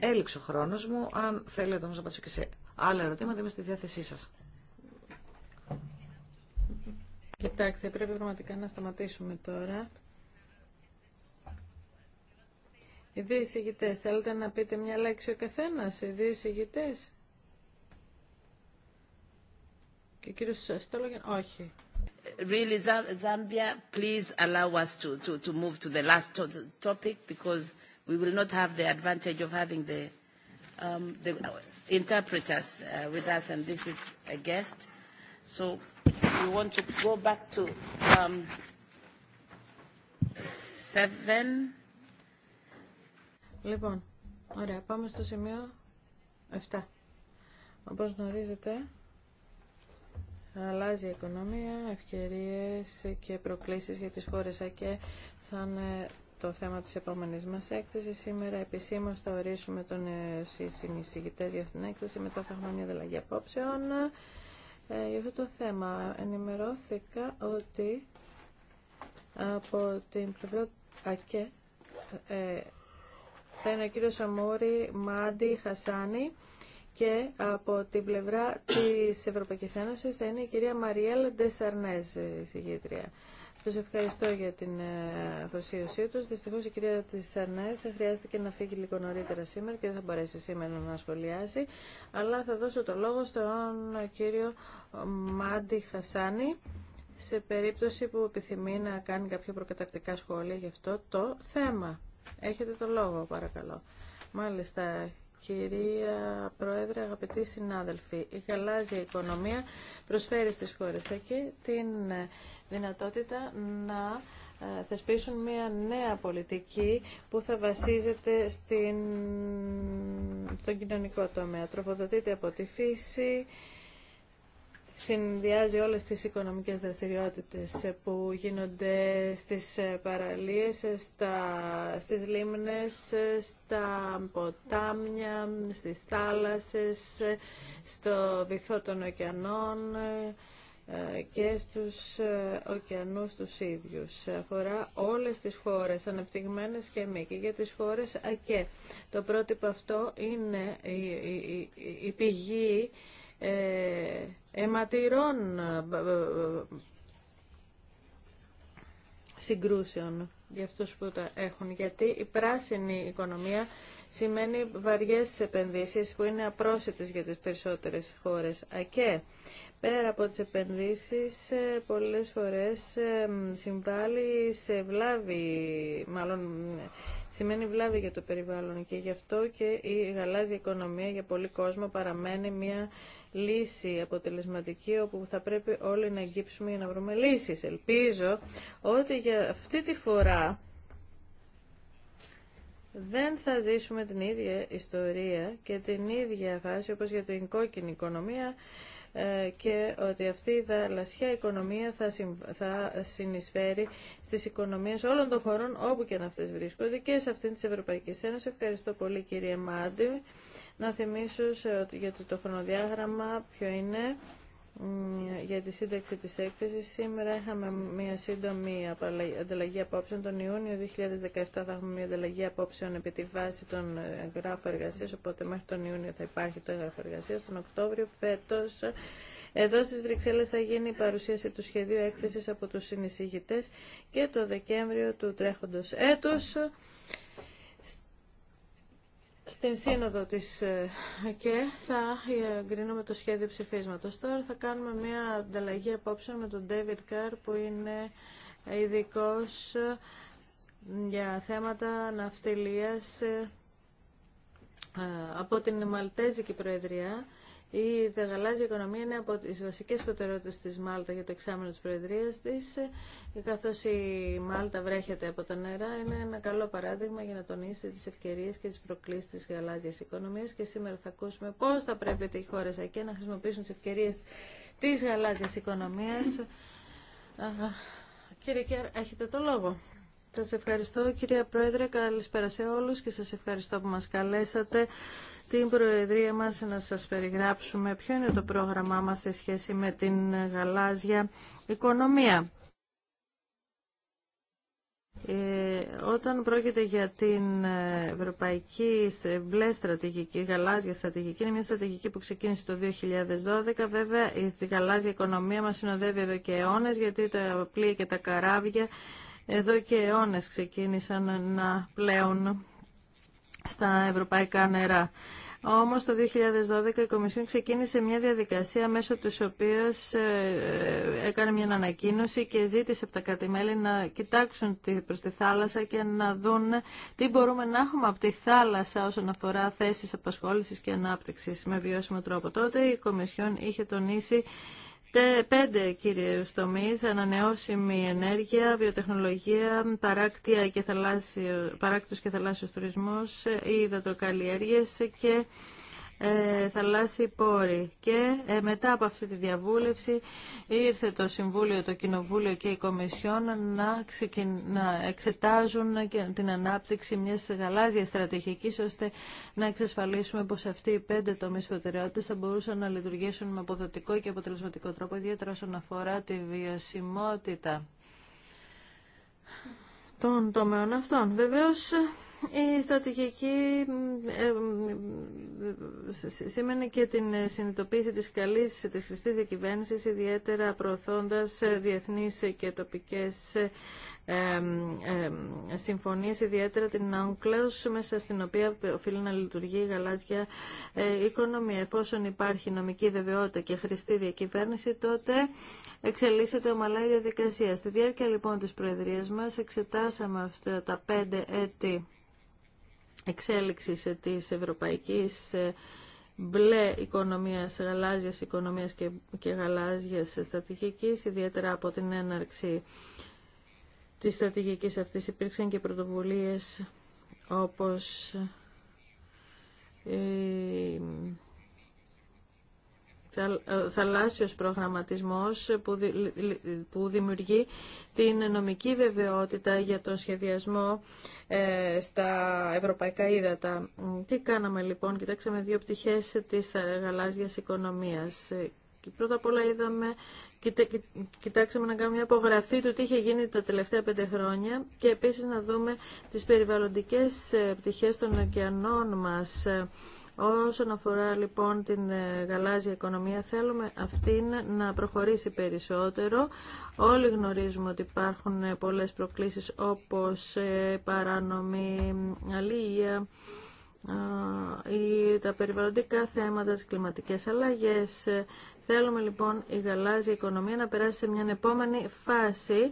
έληξε ο χρόνος μου. Αν θέλετε όμως να πάσω και σε άλλα ερωτήματα είμαι στη διάθεσή σας. Κοιτάξτε, πρέπει πραγματικά να σταματήσουμε τώρα. Οι δύο εισηγητέ, θέλετε να πείτε μια λέξη ο καθένα, οι δύο εισηγητέ. Και ο κύριο Στόλογεν, όχι. Really, Zambia, please allow us to, to, to move to the last topic because we will not have the advantage of having the, um, the interpreters uh, with us and this is a guest. So you want to go back to um, seven. Λοιπόν, ωραία, πάμε στο σημείο 7. Όπως γνωρίζετε, αλλάζει η οικονομία, ευκαιρίες και προκλήσεις για τις χώρες ΑΚΕ θα είναι το θέμα της επόμενης μας έκθεσης. Σήμερα επισήμως θα ορίσουμε τον ε, συνεισηγητές για αυτήν την έκθεση, μετά θα έχουμε μια δελαγή απόψεων. Ε, για αυτό το θέμα. Ενημερώθηκα ότι από την πλευρά ΑΚΕ ε, θα είναι ο κύριος Σαμούρη Μάντι Χασάνη και από την πλευρά της Ευρωπαϊκής Ένωσης θα είναι η κυρία Μαριέλ Ντεσαρνέζ, η συγγήτρια. Σα ευχαριστώ για την ε, αφοσίωσή του. Δυστυχώ η κυρία της Ανέ χρειάστηκε να φύγει λίγο νωρίτερα σήμερα και δεν θα μπορέσει σήμερα να σχολιάσει. Αλλά θα δώσω το λόγο στον κύριο Μάντι Χασάνη σε περίπτωση που επιθυμεί να κάνει κάποια προκαταρκτικά σχόλια γι' αυτό το θέμα. Έχετε το λόγο, παρακαλώ. Μάλιστα, κυρία Πρόεδρε, αγαπητοί συνάδελφοι, η γαλάζια οικονομία προσφέρει στις χώρες εκεί την ε, δυνατότητα να ε, θεσπίσουν μια νέα πολιτική που θα βασίζεται στην... στον κοινωνικό τομέα. Τροφοδοτείται από τη φύση, συνδυάζει όλες τις οικονομικές δραστηριότητες που γίνονται στις ε, παραλίες, ε, στα, στις λίμνες, στα ποτάμια, στις θάλασσες, στο βυθό των ωκεανών, ε, και στους ε, ωκεανούς τους ίδιους. Αφορά όλες τις χώρες, ανεπτυγμένες και μη, και για τις χώρες ΑΚΕ. Το πρότυπο αυτό είναι η, πηγή ε, αιματηρών συγκρούσεων για αυτούς που τα έχουν. Γιατί η πράσινη οικονομία σημαίνει βαριές επενδύσεις που είναι απρόσιτες για τις περισσότερες χώρες. ΑΚΕ πέρα από τις επενδύσεις ε, πολλές φορές ε, συμβάλλει σε βλάβη, μάλλον ε, σημαίνει βλάβη για το περιβάλλον και γι' αυτό και η γαλάζια οικονομία για πολύ κόσμο παραμένει μια λύση αποτελεσματική όπου θα πρέπει όλοι να εγκύψουμε για να βρούμε λύσεις. Ελπίζω ότι για αυτή τη φορά δεν θα ζήσουμε την ίδια ιστορία και την ίδια φάση όπως για την κόκκινη οικονομία ε, και ότι αυτή η δαλασσιά οικονομία θα, θα συνεισφέρει στις οικονομίες όλων των χωρών όπου και να αυτές βρίσκονται και σε αυτήν της Ευρωπαϊκής Ένωσης. Ευχαριστώ πολύ κύριε Μάντι. Να θυμίσω ότι για το χρονοδιάγραμμα ποιο είναι για τη σύνταξη της έκθεσης. Σήμερα είχαμε μια σύντομη ανταλλαγή απόψεων. Τον Ιούνιο 2017 θα έχουμε μια ανταλλαγή απόψεων επί τη βάση των εγγράφων εργασίας, οπότε μέχρι τον Ιούνιο θα υπάρχει το εγγράφο εργασίας. Τον Οκτώβριο φέτος εδώ στις Βρυξέλλες θα γίνει η παρουσίαση του σχεδίου έκθεσης από τους συνεισηγητές και το Δεκέμβριο του τρέχοντος έτους στην σύνοδο της ε, ΑΚΕ θα ε, εγκρίνουμε το σχέδιο ψηφίσματος. Τώρα θα κάνουμε μια ανταλλαγή απόψεων με τον David Carr που είναι ε, ειδικό για θέματα ναυτιλίας από την Μαλτέζικη Προεδρία η γαλάζια οικονομία είναι από τις βασικές προτεραιότητες της Μάλτα για το εξάμεινο της Προεδρίας της. Καθώς η Μάλτα βρέχεται από τα νερά, είναι ένα καλό παράδειγμα για να τονίσετε τις ευκαιρίες και τις προκλήσεις της γαλάζιας οικονομίας και σήμερα θα ακούσουμε πώς θα πρέπει οι χώρες εκεί να χρησιμοποιήσουν τις ευκαιρίες της γαλάζιας οικονομίας. Κύριε Κέρ, έχετε το λόγο. Σας ευχαριστώ κυρία Πρόεδρε, καλησπέρα σε όλους και σας ευχαριστώ που μας καλέσατε την Προεδρία μας να σας περιγράψουμε ποιο είναι το πρόγραμμά μας σε σχέση με την γαλάζια οικονομία. Ε, όταν πρόκειται για την ευρωπαϊκή μπλε στρατηγική, γαλάζια στρατηγική, είναι μια στρατηγική που ξεκίνησε το 2012. Βέβαια, η γαλάζια οικονομία μας συνοδεύει εδώ και αιώνε, γιατί τα πλοία και τα καράβια εδώ και αιώνε ξεκίνησαν να πλέουν στα ευρωπαϊκά νερά. Όμως το 2012 η Κομισιόν ξεκίνησε μια διαδικασία μέσω της οποίας ε, ε, έκανε μια ανακοίνωση και ζήτησε από τα κατημέλη να κοιτάξουν προς τη θάλασσα και να δουν τι μπορούμε να έχουμε από τη θάλασσα όσον αφορά θέσεις απασχόλησης και ανάπτυξης με βιώσιμο τρόπο. Τότε η Κομισιόν είχε τονίσει Πέντε κύριε τομεί, ανανεώσιμη ενέργεια, βιοτεχνολογία, παράκτια και θαλάσσιο, παράκτος και θαλάσσιος τουρισμός, ε, υδατοκαλλιέργειες και ε, θαλάσσιοι πόροι. Και ε, μετά από αυτή τη διαβούλευση ήρθε το Συμβούλιο, το Κοινοβούλιο και η Κομισιόν να, να εξετάζουν και την ανάπτυξη μιας γαλάζιας στρατηγικής ώστε να εξασφαλίσουμε πως αυτοί οι πέντε τομείς προτεραιότητες θα μπορούσαν να λειτουργήσουν με αποδοτικό και αποτελεσματικό τρόπο, ιδιαίτερα όσον αφορά τη βιωσιμότητα των τομέων αυτών. Βεβαίως, η στρατηγική ε, σημαίνει και την συνειδητοποίηση της καλής, της χρηστής διακυβέρνησης, ιδιαίτερα προωθώντας διεθνείς και τοπικές συμφωνίες, ιδιαίτερα την Αουγκλέους, μέσα στην οποία οφείλει να λειτουργεί η γαλάζια ε, οικονομία. Εφόσον υπάρχει νομική βεβαιότητα και χρηστή διακυβέρνηση, τότε εξελίσσεται ομαλά η διαδικασία. Στη διάρκεια λοιπόν της Προεδρίας μας εξετάσαμε αυτά τα πέντε έτη εξέλιξης της ευρωπαϊκής ε, μπλε οικονομίας, γαλάζιας οικονομίας και, και γαλάζιας στρατηγικής, ιδιαίτερα από την έναρξη της στρατηγικής αυτής υπήρξαν και πρωτοβουλίες όπως η ε, θαλάσσιος προγραμματισμός που δημιουργεί την νομική βεβαιότητα για τον σχεδιασμό ε, στα ευρωπαϊκά ύδατα. Τι κάναμε λοιπόν, κοιτάξαμε δύο πτυχές της γαλάζιας οικονομίας. Πρώτα απ' όλα είδαμε κοιτάξαμε να κάνουμε μια απογραφή του τι είχε γίνει τα τελευταία πέντε χρόνια και επίσης να δούμε τις περιβαλλοντικές ε, πτυχές των ωκεανών μας. Ε, όσον αφορά λοιπόν την ε, γαλάζια οικονομία, θέλουμε αυτή να προχωρήσει περισσότερο. Όλοι γνωρίζουμε ότι υπάρχουν πολλές προκλήσεις όπως παράνομη αλληλεία, ή τα περιβαλλοντικά θέματα, τις κλιματικές αλλαγές, Θέλουμε λοιπόν η γαλάζια οικονομία να περάσει σε μια επόμενη φάση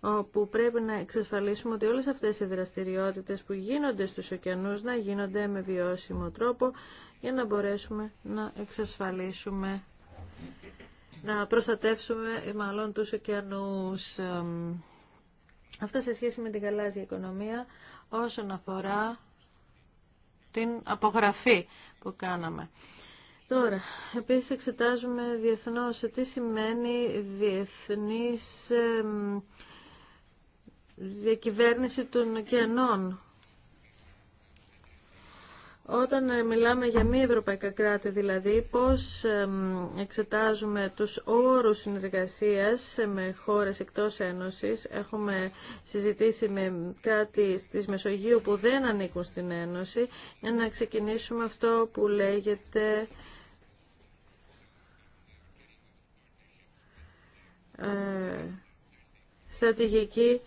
όπου πρέπει να εξασφαλίσουμε ότι όλες αυτές οι δραστηριότητες που γίνονται στους ωκεανούς να γίνονται με βιώσιμο τρόπο για να μπορέσουμε να εξασφαλίσουμε, να προστατεύσουμε μάλλον τους ωκεανούς. Αυτό σε σχέση με την γαλάζια οικονομία όσον αφορά την απογραφή που κάναμε. Τώρα, επίσης εξετάζουμε διεθνώς τι σημαίνει διεθνής διακυβέρνηση των κενών. Όταν μιλάμε για μη ευρωπαϊκά κράτη, δηλαδή, πώς εξετάζουμε τους όρους συνεργασίας με χώρες εκτός Ένωσης. Έχουμε συζητήσει με κράτη της Μεσογείου που δεν ανήκουν στην Ένωση, για να ξεκινήσουμε αυτό που λέγεται Ε, στρατηγική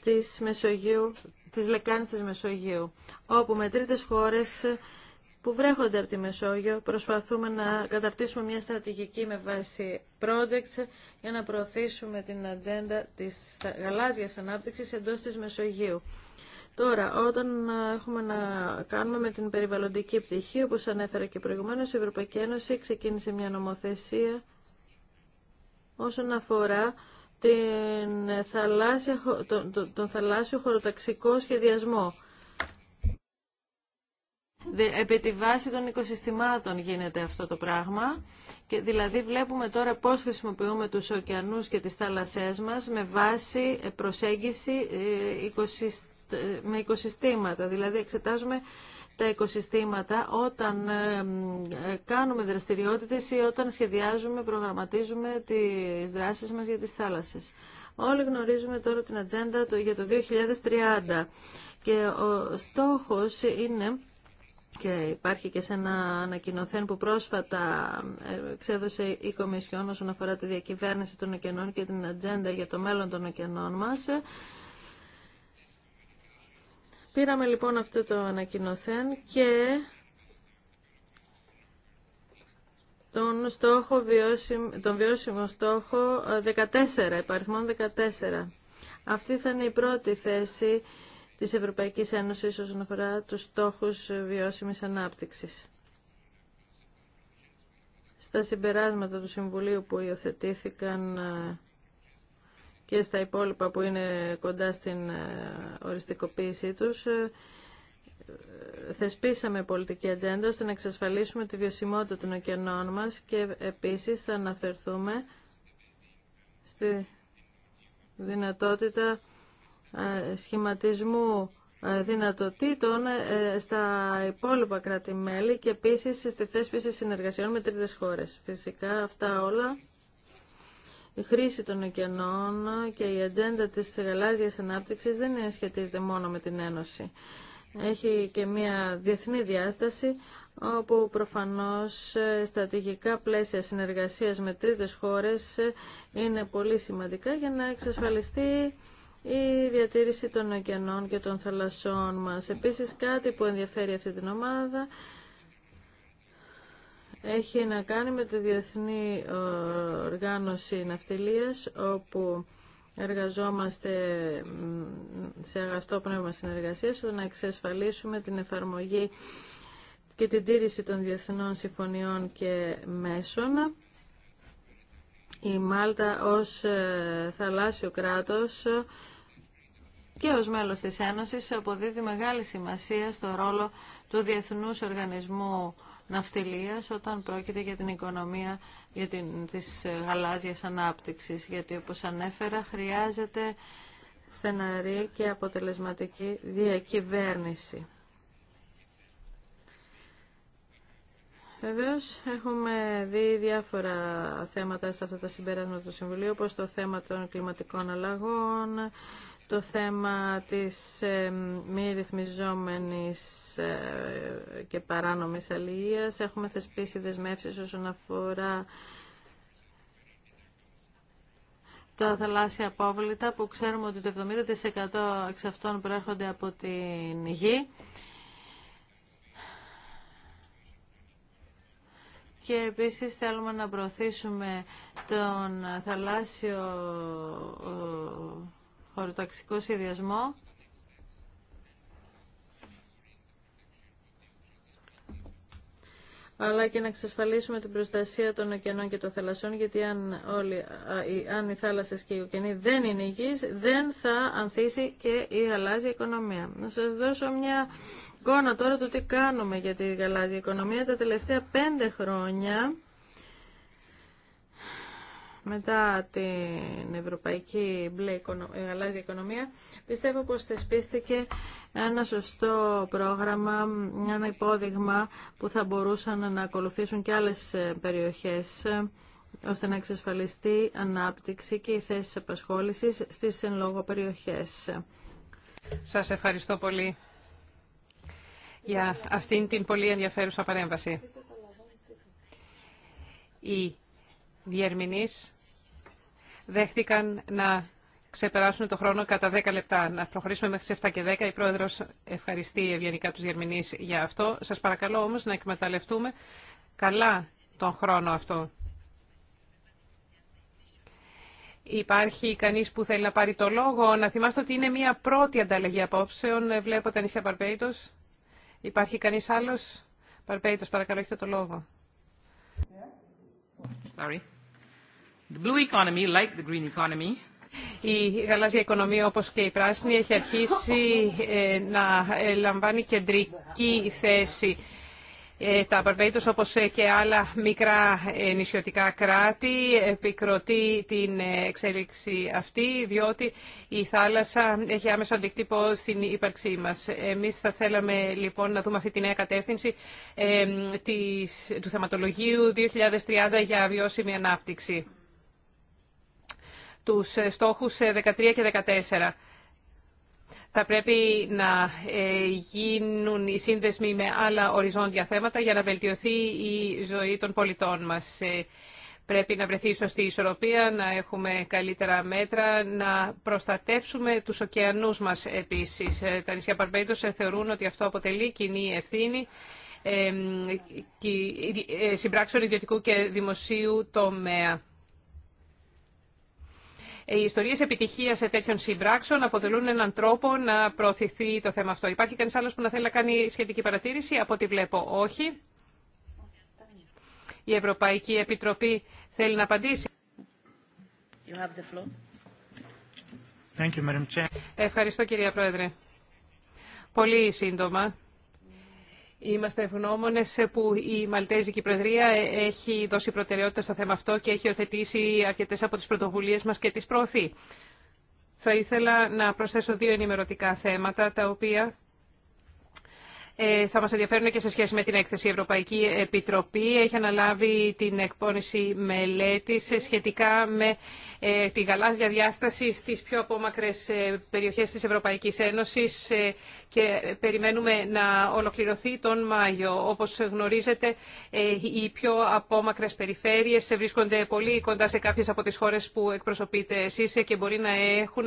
της Μεσογείου, της λεκάνης της Μεσογείου, όπου με τρίτες χώρες που βρέχονται από τη Μεσόγειο προσπαθούμε να καταρτήσουμε μια στρατηγική με βάση projects για να προωθήσουμε την ατζέντα της γαλάζιας ανάπτυξης εντός της Μεσογείου. Τώρα, όταν έχουμε να κάνουμε με την περιβαλλοντική πτυχή, όπως ανέφερα και προηγουμένως, η Ευρωπαϊκή Ένωση ξεκίνησε μια νομοθεσία όσον αφορά την τον, τον θαλάσσιο χωροταξικό σχεδιασμό. Επί τη βάση των οικοσυστημάτων γίνεται αυτό το πράγμα και δηλαδή βλέπουμε τώρα πώς χρησιμοποιούμε τους ωκεανούς και τις θάλασσές μας με βάση προσέγγιση ε, οικοσυστημάτων με οικοσυστήματα. Δηλαδή εξετάζουμε τα οικοσυστήματα όταν ε, ε, κάνουμε δραστηριότητες ή όταν σχεδιάζουμε, προγραμματίζουμε τις δράσεις μας για τις θάλασσες. Όλοι γνωρίζουμε τώρα την ατζέντα για το 2030 και ο στόχος είναι και υπάρχει και σε ένα ανακοινωθέν που πρόσφατα ε, εξέδωσε η Κομισιόν όσον αφορά τη διακυβέρνηση των ωκεανών και την ατζέντα για το μέλλον των ωκεανών μας Πήραμε λοιπόν αυτό το ανακοινωθέν και τον, στόχο βιώσιμο, τον βιώσιμο στόχο 14, υπαριθμών 14. Αυτή θα είναι η πρώτη θέση της Ευρωπαϊκής Ένωσης όσον αφορά τους στόχους βιώσιμης ανάπτυξης. Στα συμπεράσματα του Συμβουλίου που υιοθετήθηκαν ε, και στα υπόλοιπα που είναι κοντά στην ε, οριστικοποίησή τους, ε, θεσπίσαμε πολιτική ατζέντα ώστε να εξασφαλίσουμε τη βιωσιμότητα των ωκεανών μας και επίσης θα αναφερθούμε στη δυνατότητα ε, σχηματισμού δυνατοτήτων στα υπόλοιπα κράτη-μέλη και επίσης στη θέσπιση συνεργασιών με τρίτες χώρες. Φυσικά αυτά όλα η χρήση των ωκεανών και η ατζέντα της γαλάζιας ανάπτυξης δεν είναι σχετίζεται μόνο με την Ένωση. Έχει και μια διεθνή διάσταση όπου προφανώς ε, στατηγικά πλαίσια συνεργασίας με τρίτες χώρες ε, είναι πολύ σημαντικά για να εξασφαλιστεί η διατήρηση των ωκεανών και των θαλασσών μας. Επίσης κάτι που ενδιαφέρει αυτή την ομάδα έχει να κάνει με τη Διεθνή ε, Οργάνωση Ναυτιλίας, όπου εργαζόμαστε σε αγαστό πνεύμα συνεργασίας, ώστε να εξασφαλίσουμε την εφαρμογή και την τήρηση των διεθνών συμφωνιών και μέσων. Η Μάλτα ως ε, θαλάσσιο κράτος και ως μέλος της Ένωσης αποδίδει μεγάλη σημασία στο ρόλο του Διεθνούς Οργανισμού ναυτιλίας όταν πρόκειται για την οικονομία για την, της γαλάζιας ανάπτυξης. Γιατί όπως ανέφερα χρειάζεται στεναρή και αποτελεσματική διακυβέρνηση. Βεβαίω έχουμε δει διάφορα θέματα σε αυτά τα συμπεράσματα του Συμβουλίου, όπως το θέμα των κλιματικών αλλαγών, το θέμα της ε, μη ρυθμιζόμενης ε, και παράνομης αλληλείας. Έχουμε θεσπίσει δεσμεύσεις όσον αφορά τα θαλάσσια απόβλητα που ξέρουμε ότι το 70% εξ αυτών προέρχονται από την γη. Και επίσης θέλουμε να προωθήσουμε τον θαλάσσιο χωροταξικό σχεδιασμό αλλά και να εξασφαλίσουμε την προστασία των ωκεανών και των θαλασσών, γιατί αν, όλοι, αν οι θάλασσες και οι ωκεανοί δεν είναι υγιείς, δεν θα ανθίσει και η γαλάζια οικονομία. Να σας δώσω μια εικόνα τώρα του τι κάνουμε για τη γαλάζια οικονομία. Τα τελευταία πέντε χρόνια μετά την ευρωπαϊκή μπλε γαλάζια ε, οικονομία, πιστεύω πως θεσπίστηκε ένα σωστό πρόγραμμα, ένα υπόδειγμα που θα μπορούσαν να ακολουθήσουν και άλλες ε, περιοχές ε, ώστε να εξασφαλιστεί ανάπτυξη και οι θέσεις απασχόλησης στις εν λόγω περιοχές. Σας ευχαριστώ πολύ για αυτήν την πολύ ενδιαφέρουσα παρέμβαση διερμηνής δέχτηκαν να ξεπεράσουν το χρόνο κατά 10 λεπτά. Να προχωρήσουμε μέχρι τις 7 και 10. Η Πρόεδρος ευχαριστεί ευγενικά του διερμηνείς για αυτό. Σας παρακαλώ όμως να εκμεταλλευτούμε καλά τον χρόνο αυτό. Υπάρχει κανείς που θέλει να πάρει το λόγο. Να θυμάστε ότι είναι μια πρώτη ανταλλαγή απόψεων. Ε, βλέπω τα νησιά Παρπέιτος. Υπάρχει κανείς άλλος. Παρπέιτος, παρακαλώ, έχετε το λόγο. Sorry. The blue economy, like the green economy, η γαλάζια οικονομία όπως και η πράσινη έχει αρχίσει ε, να ε, λαμβάνει κεντρική θέση. Ε, τα Μπαρβέιτος όπως και άλλα μικρά νησιωτικά κράτη επικροτεί την εξέλιξη αυτή διότι η θάλασσα έχει άμεσο αντικτύπο στην ύπαρξή μας. Εμείς θα θέλαμε λοιπόν να δούμε αυτή τη νέα κατεύθυνση του θεματολογίου 2030 για βιώσιμη ανάπτυξη τους ε, στόχους 13 ε, και 14. Θα πρέπει να ε, γίνουν οι σύνδεσμοι με άλλα οριζόντια θέματα για να βελτιωθεί η ζωή των πολιτών μας. Πρέπει να βρεθεί σωστή ισορροπία, να έχουμε καλύτερα μέτρα, να προστατεύσουμε τους ωκεανούς μας επίσης. Τα νησιά Παρμπέντος θεωρούν ότι αυτό αποτελεί κοινή ευθύνη συμπράξεων ιδιωτικού και δημοσίου τομέα. Ε, οι ιστορίε επιτυχία σε τέτοιων συμπράξεων αποτελούν έναν τρόπο να προωθηθεί το θέμα αυτό. Υπάρχει κανείς άλλος που να θέλει να κάνει σχετική παρατήρηση, από ό,τι βλέπω όχι. Η Ευρωπαϊκή Επιτροπή θέλει να απαντήσει. Ευχαριστώ κυρία Πρόεδρε. Πολύ σύντομα. Είμαστε ευγνώμονε που η Μαλτέζικη Προεδρία έχει δώσει προτεραιότητα στο θέμα αυτό και έχει οθετήσει αρκετέ από τι πρωτοβουλίε μα και τι προωθεί. Θα ήθελα να προσθέσω δύο ενημερωτικά θέματα, τα οποία ε, θα μας ενδιαφέρουν και σε σχέση με την έκθεση. Η Ευρωπαϊκή Επιτροπή έχει αναλάβει την εκπόνηση μελέτη σχετικά με ε, τη γαλάζια διάσταση στις πιο απόμακρες ε, περιοχές της Ευρωπαϊκής Ένωσης και περιμένουμε να ολοκληρωθεί τον Μάιο. Όπως γνωρίζετε, οι πιο απόμακρες περιφέρειες βρίσκονται πολύ κοντά σε κάποιες από τις χώρες που εκπροσωπείτε εσείς και μπορεί να έχουν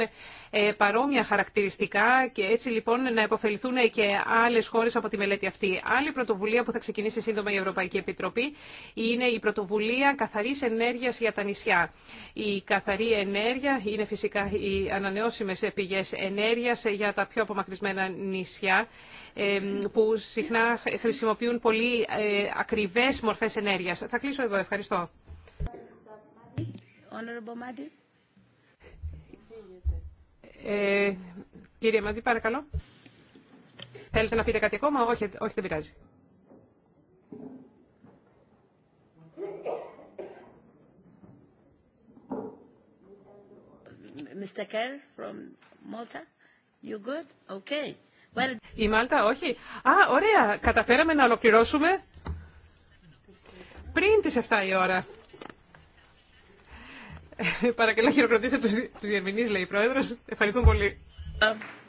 παρόμοια χαρακτηριστικά και έτσι λοιπόν να υποφεληθούν και άλλες χώρες από τη μελέτη αυτή. Άλλη πρωτοβουλία που θα ξεκινήσει σύντομα η Ευρωπαϊκή Επιτροπή είναι η πρωτοβουλία καθαρής ενέργειας για τα νησιά. Η καθαρή ενέργεια είναι φυσικά οι ανανεώσιμες πηγές ενέργειας για τα πιο απομακρυσμένα νησιά που συχνά χρησιμοποιούν πολύ ε, ακριβές μορφές ενέργειας. Θα κλείσω εδώ. Ευχαριστώ. Ε, κύριε Μαντή, παρακαλώ. Θέλετε να πείτε κάτι ακόμα, όχι, όχι δεν πειράζει. Mr. Kerr from Malta, you good? Okay. Well... Η Μάλτα, όχι. Α, ωραία. Καταφέραμε να ολοκληρώσουμε πριν τις 7 η ώρα. Ε, παρακαλώ χειροκροτήστε τους διερμηνείς, λέει η Πρόεδρος. Ευχαριστούμε πολύ. Um,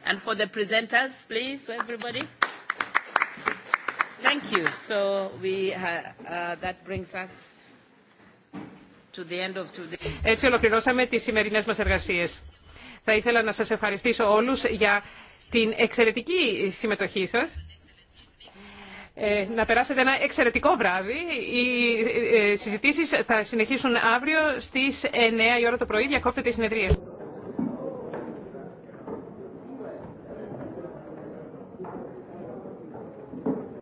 έτσι ολοκληρώσαμε τις σημερινές μας εργασίες. Θα ήθελα να σας ευχαριστήσω όλους για την εξαιρετική συμμετοχή σας. Ε, να περάσετε ένα εξαιρετικό βράδυ. Οι ε, ε, συζητήσεις θα συνεχίσουν αύριο στις 9 η ώρα το πρωί. Διακόπτεται η συνεδρία.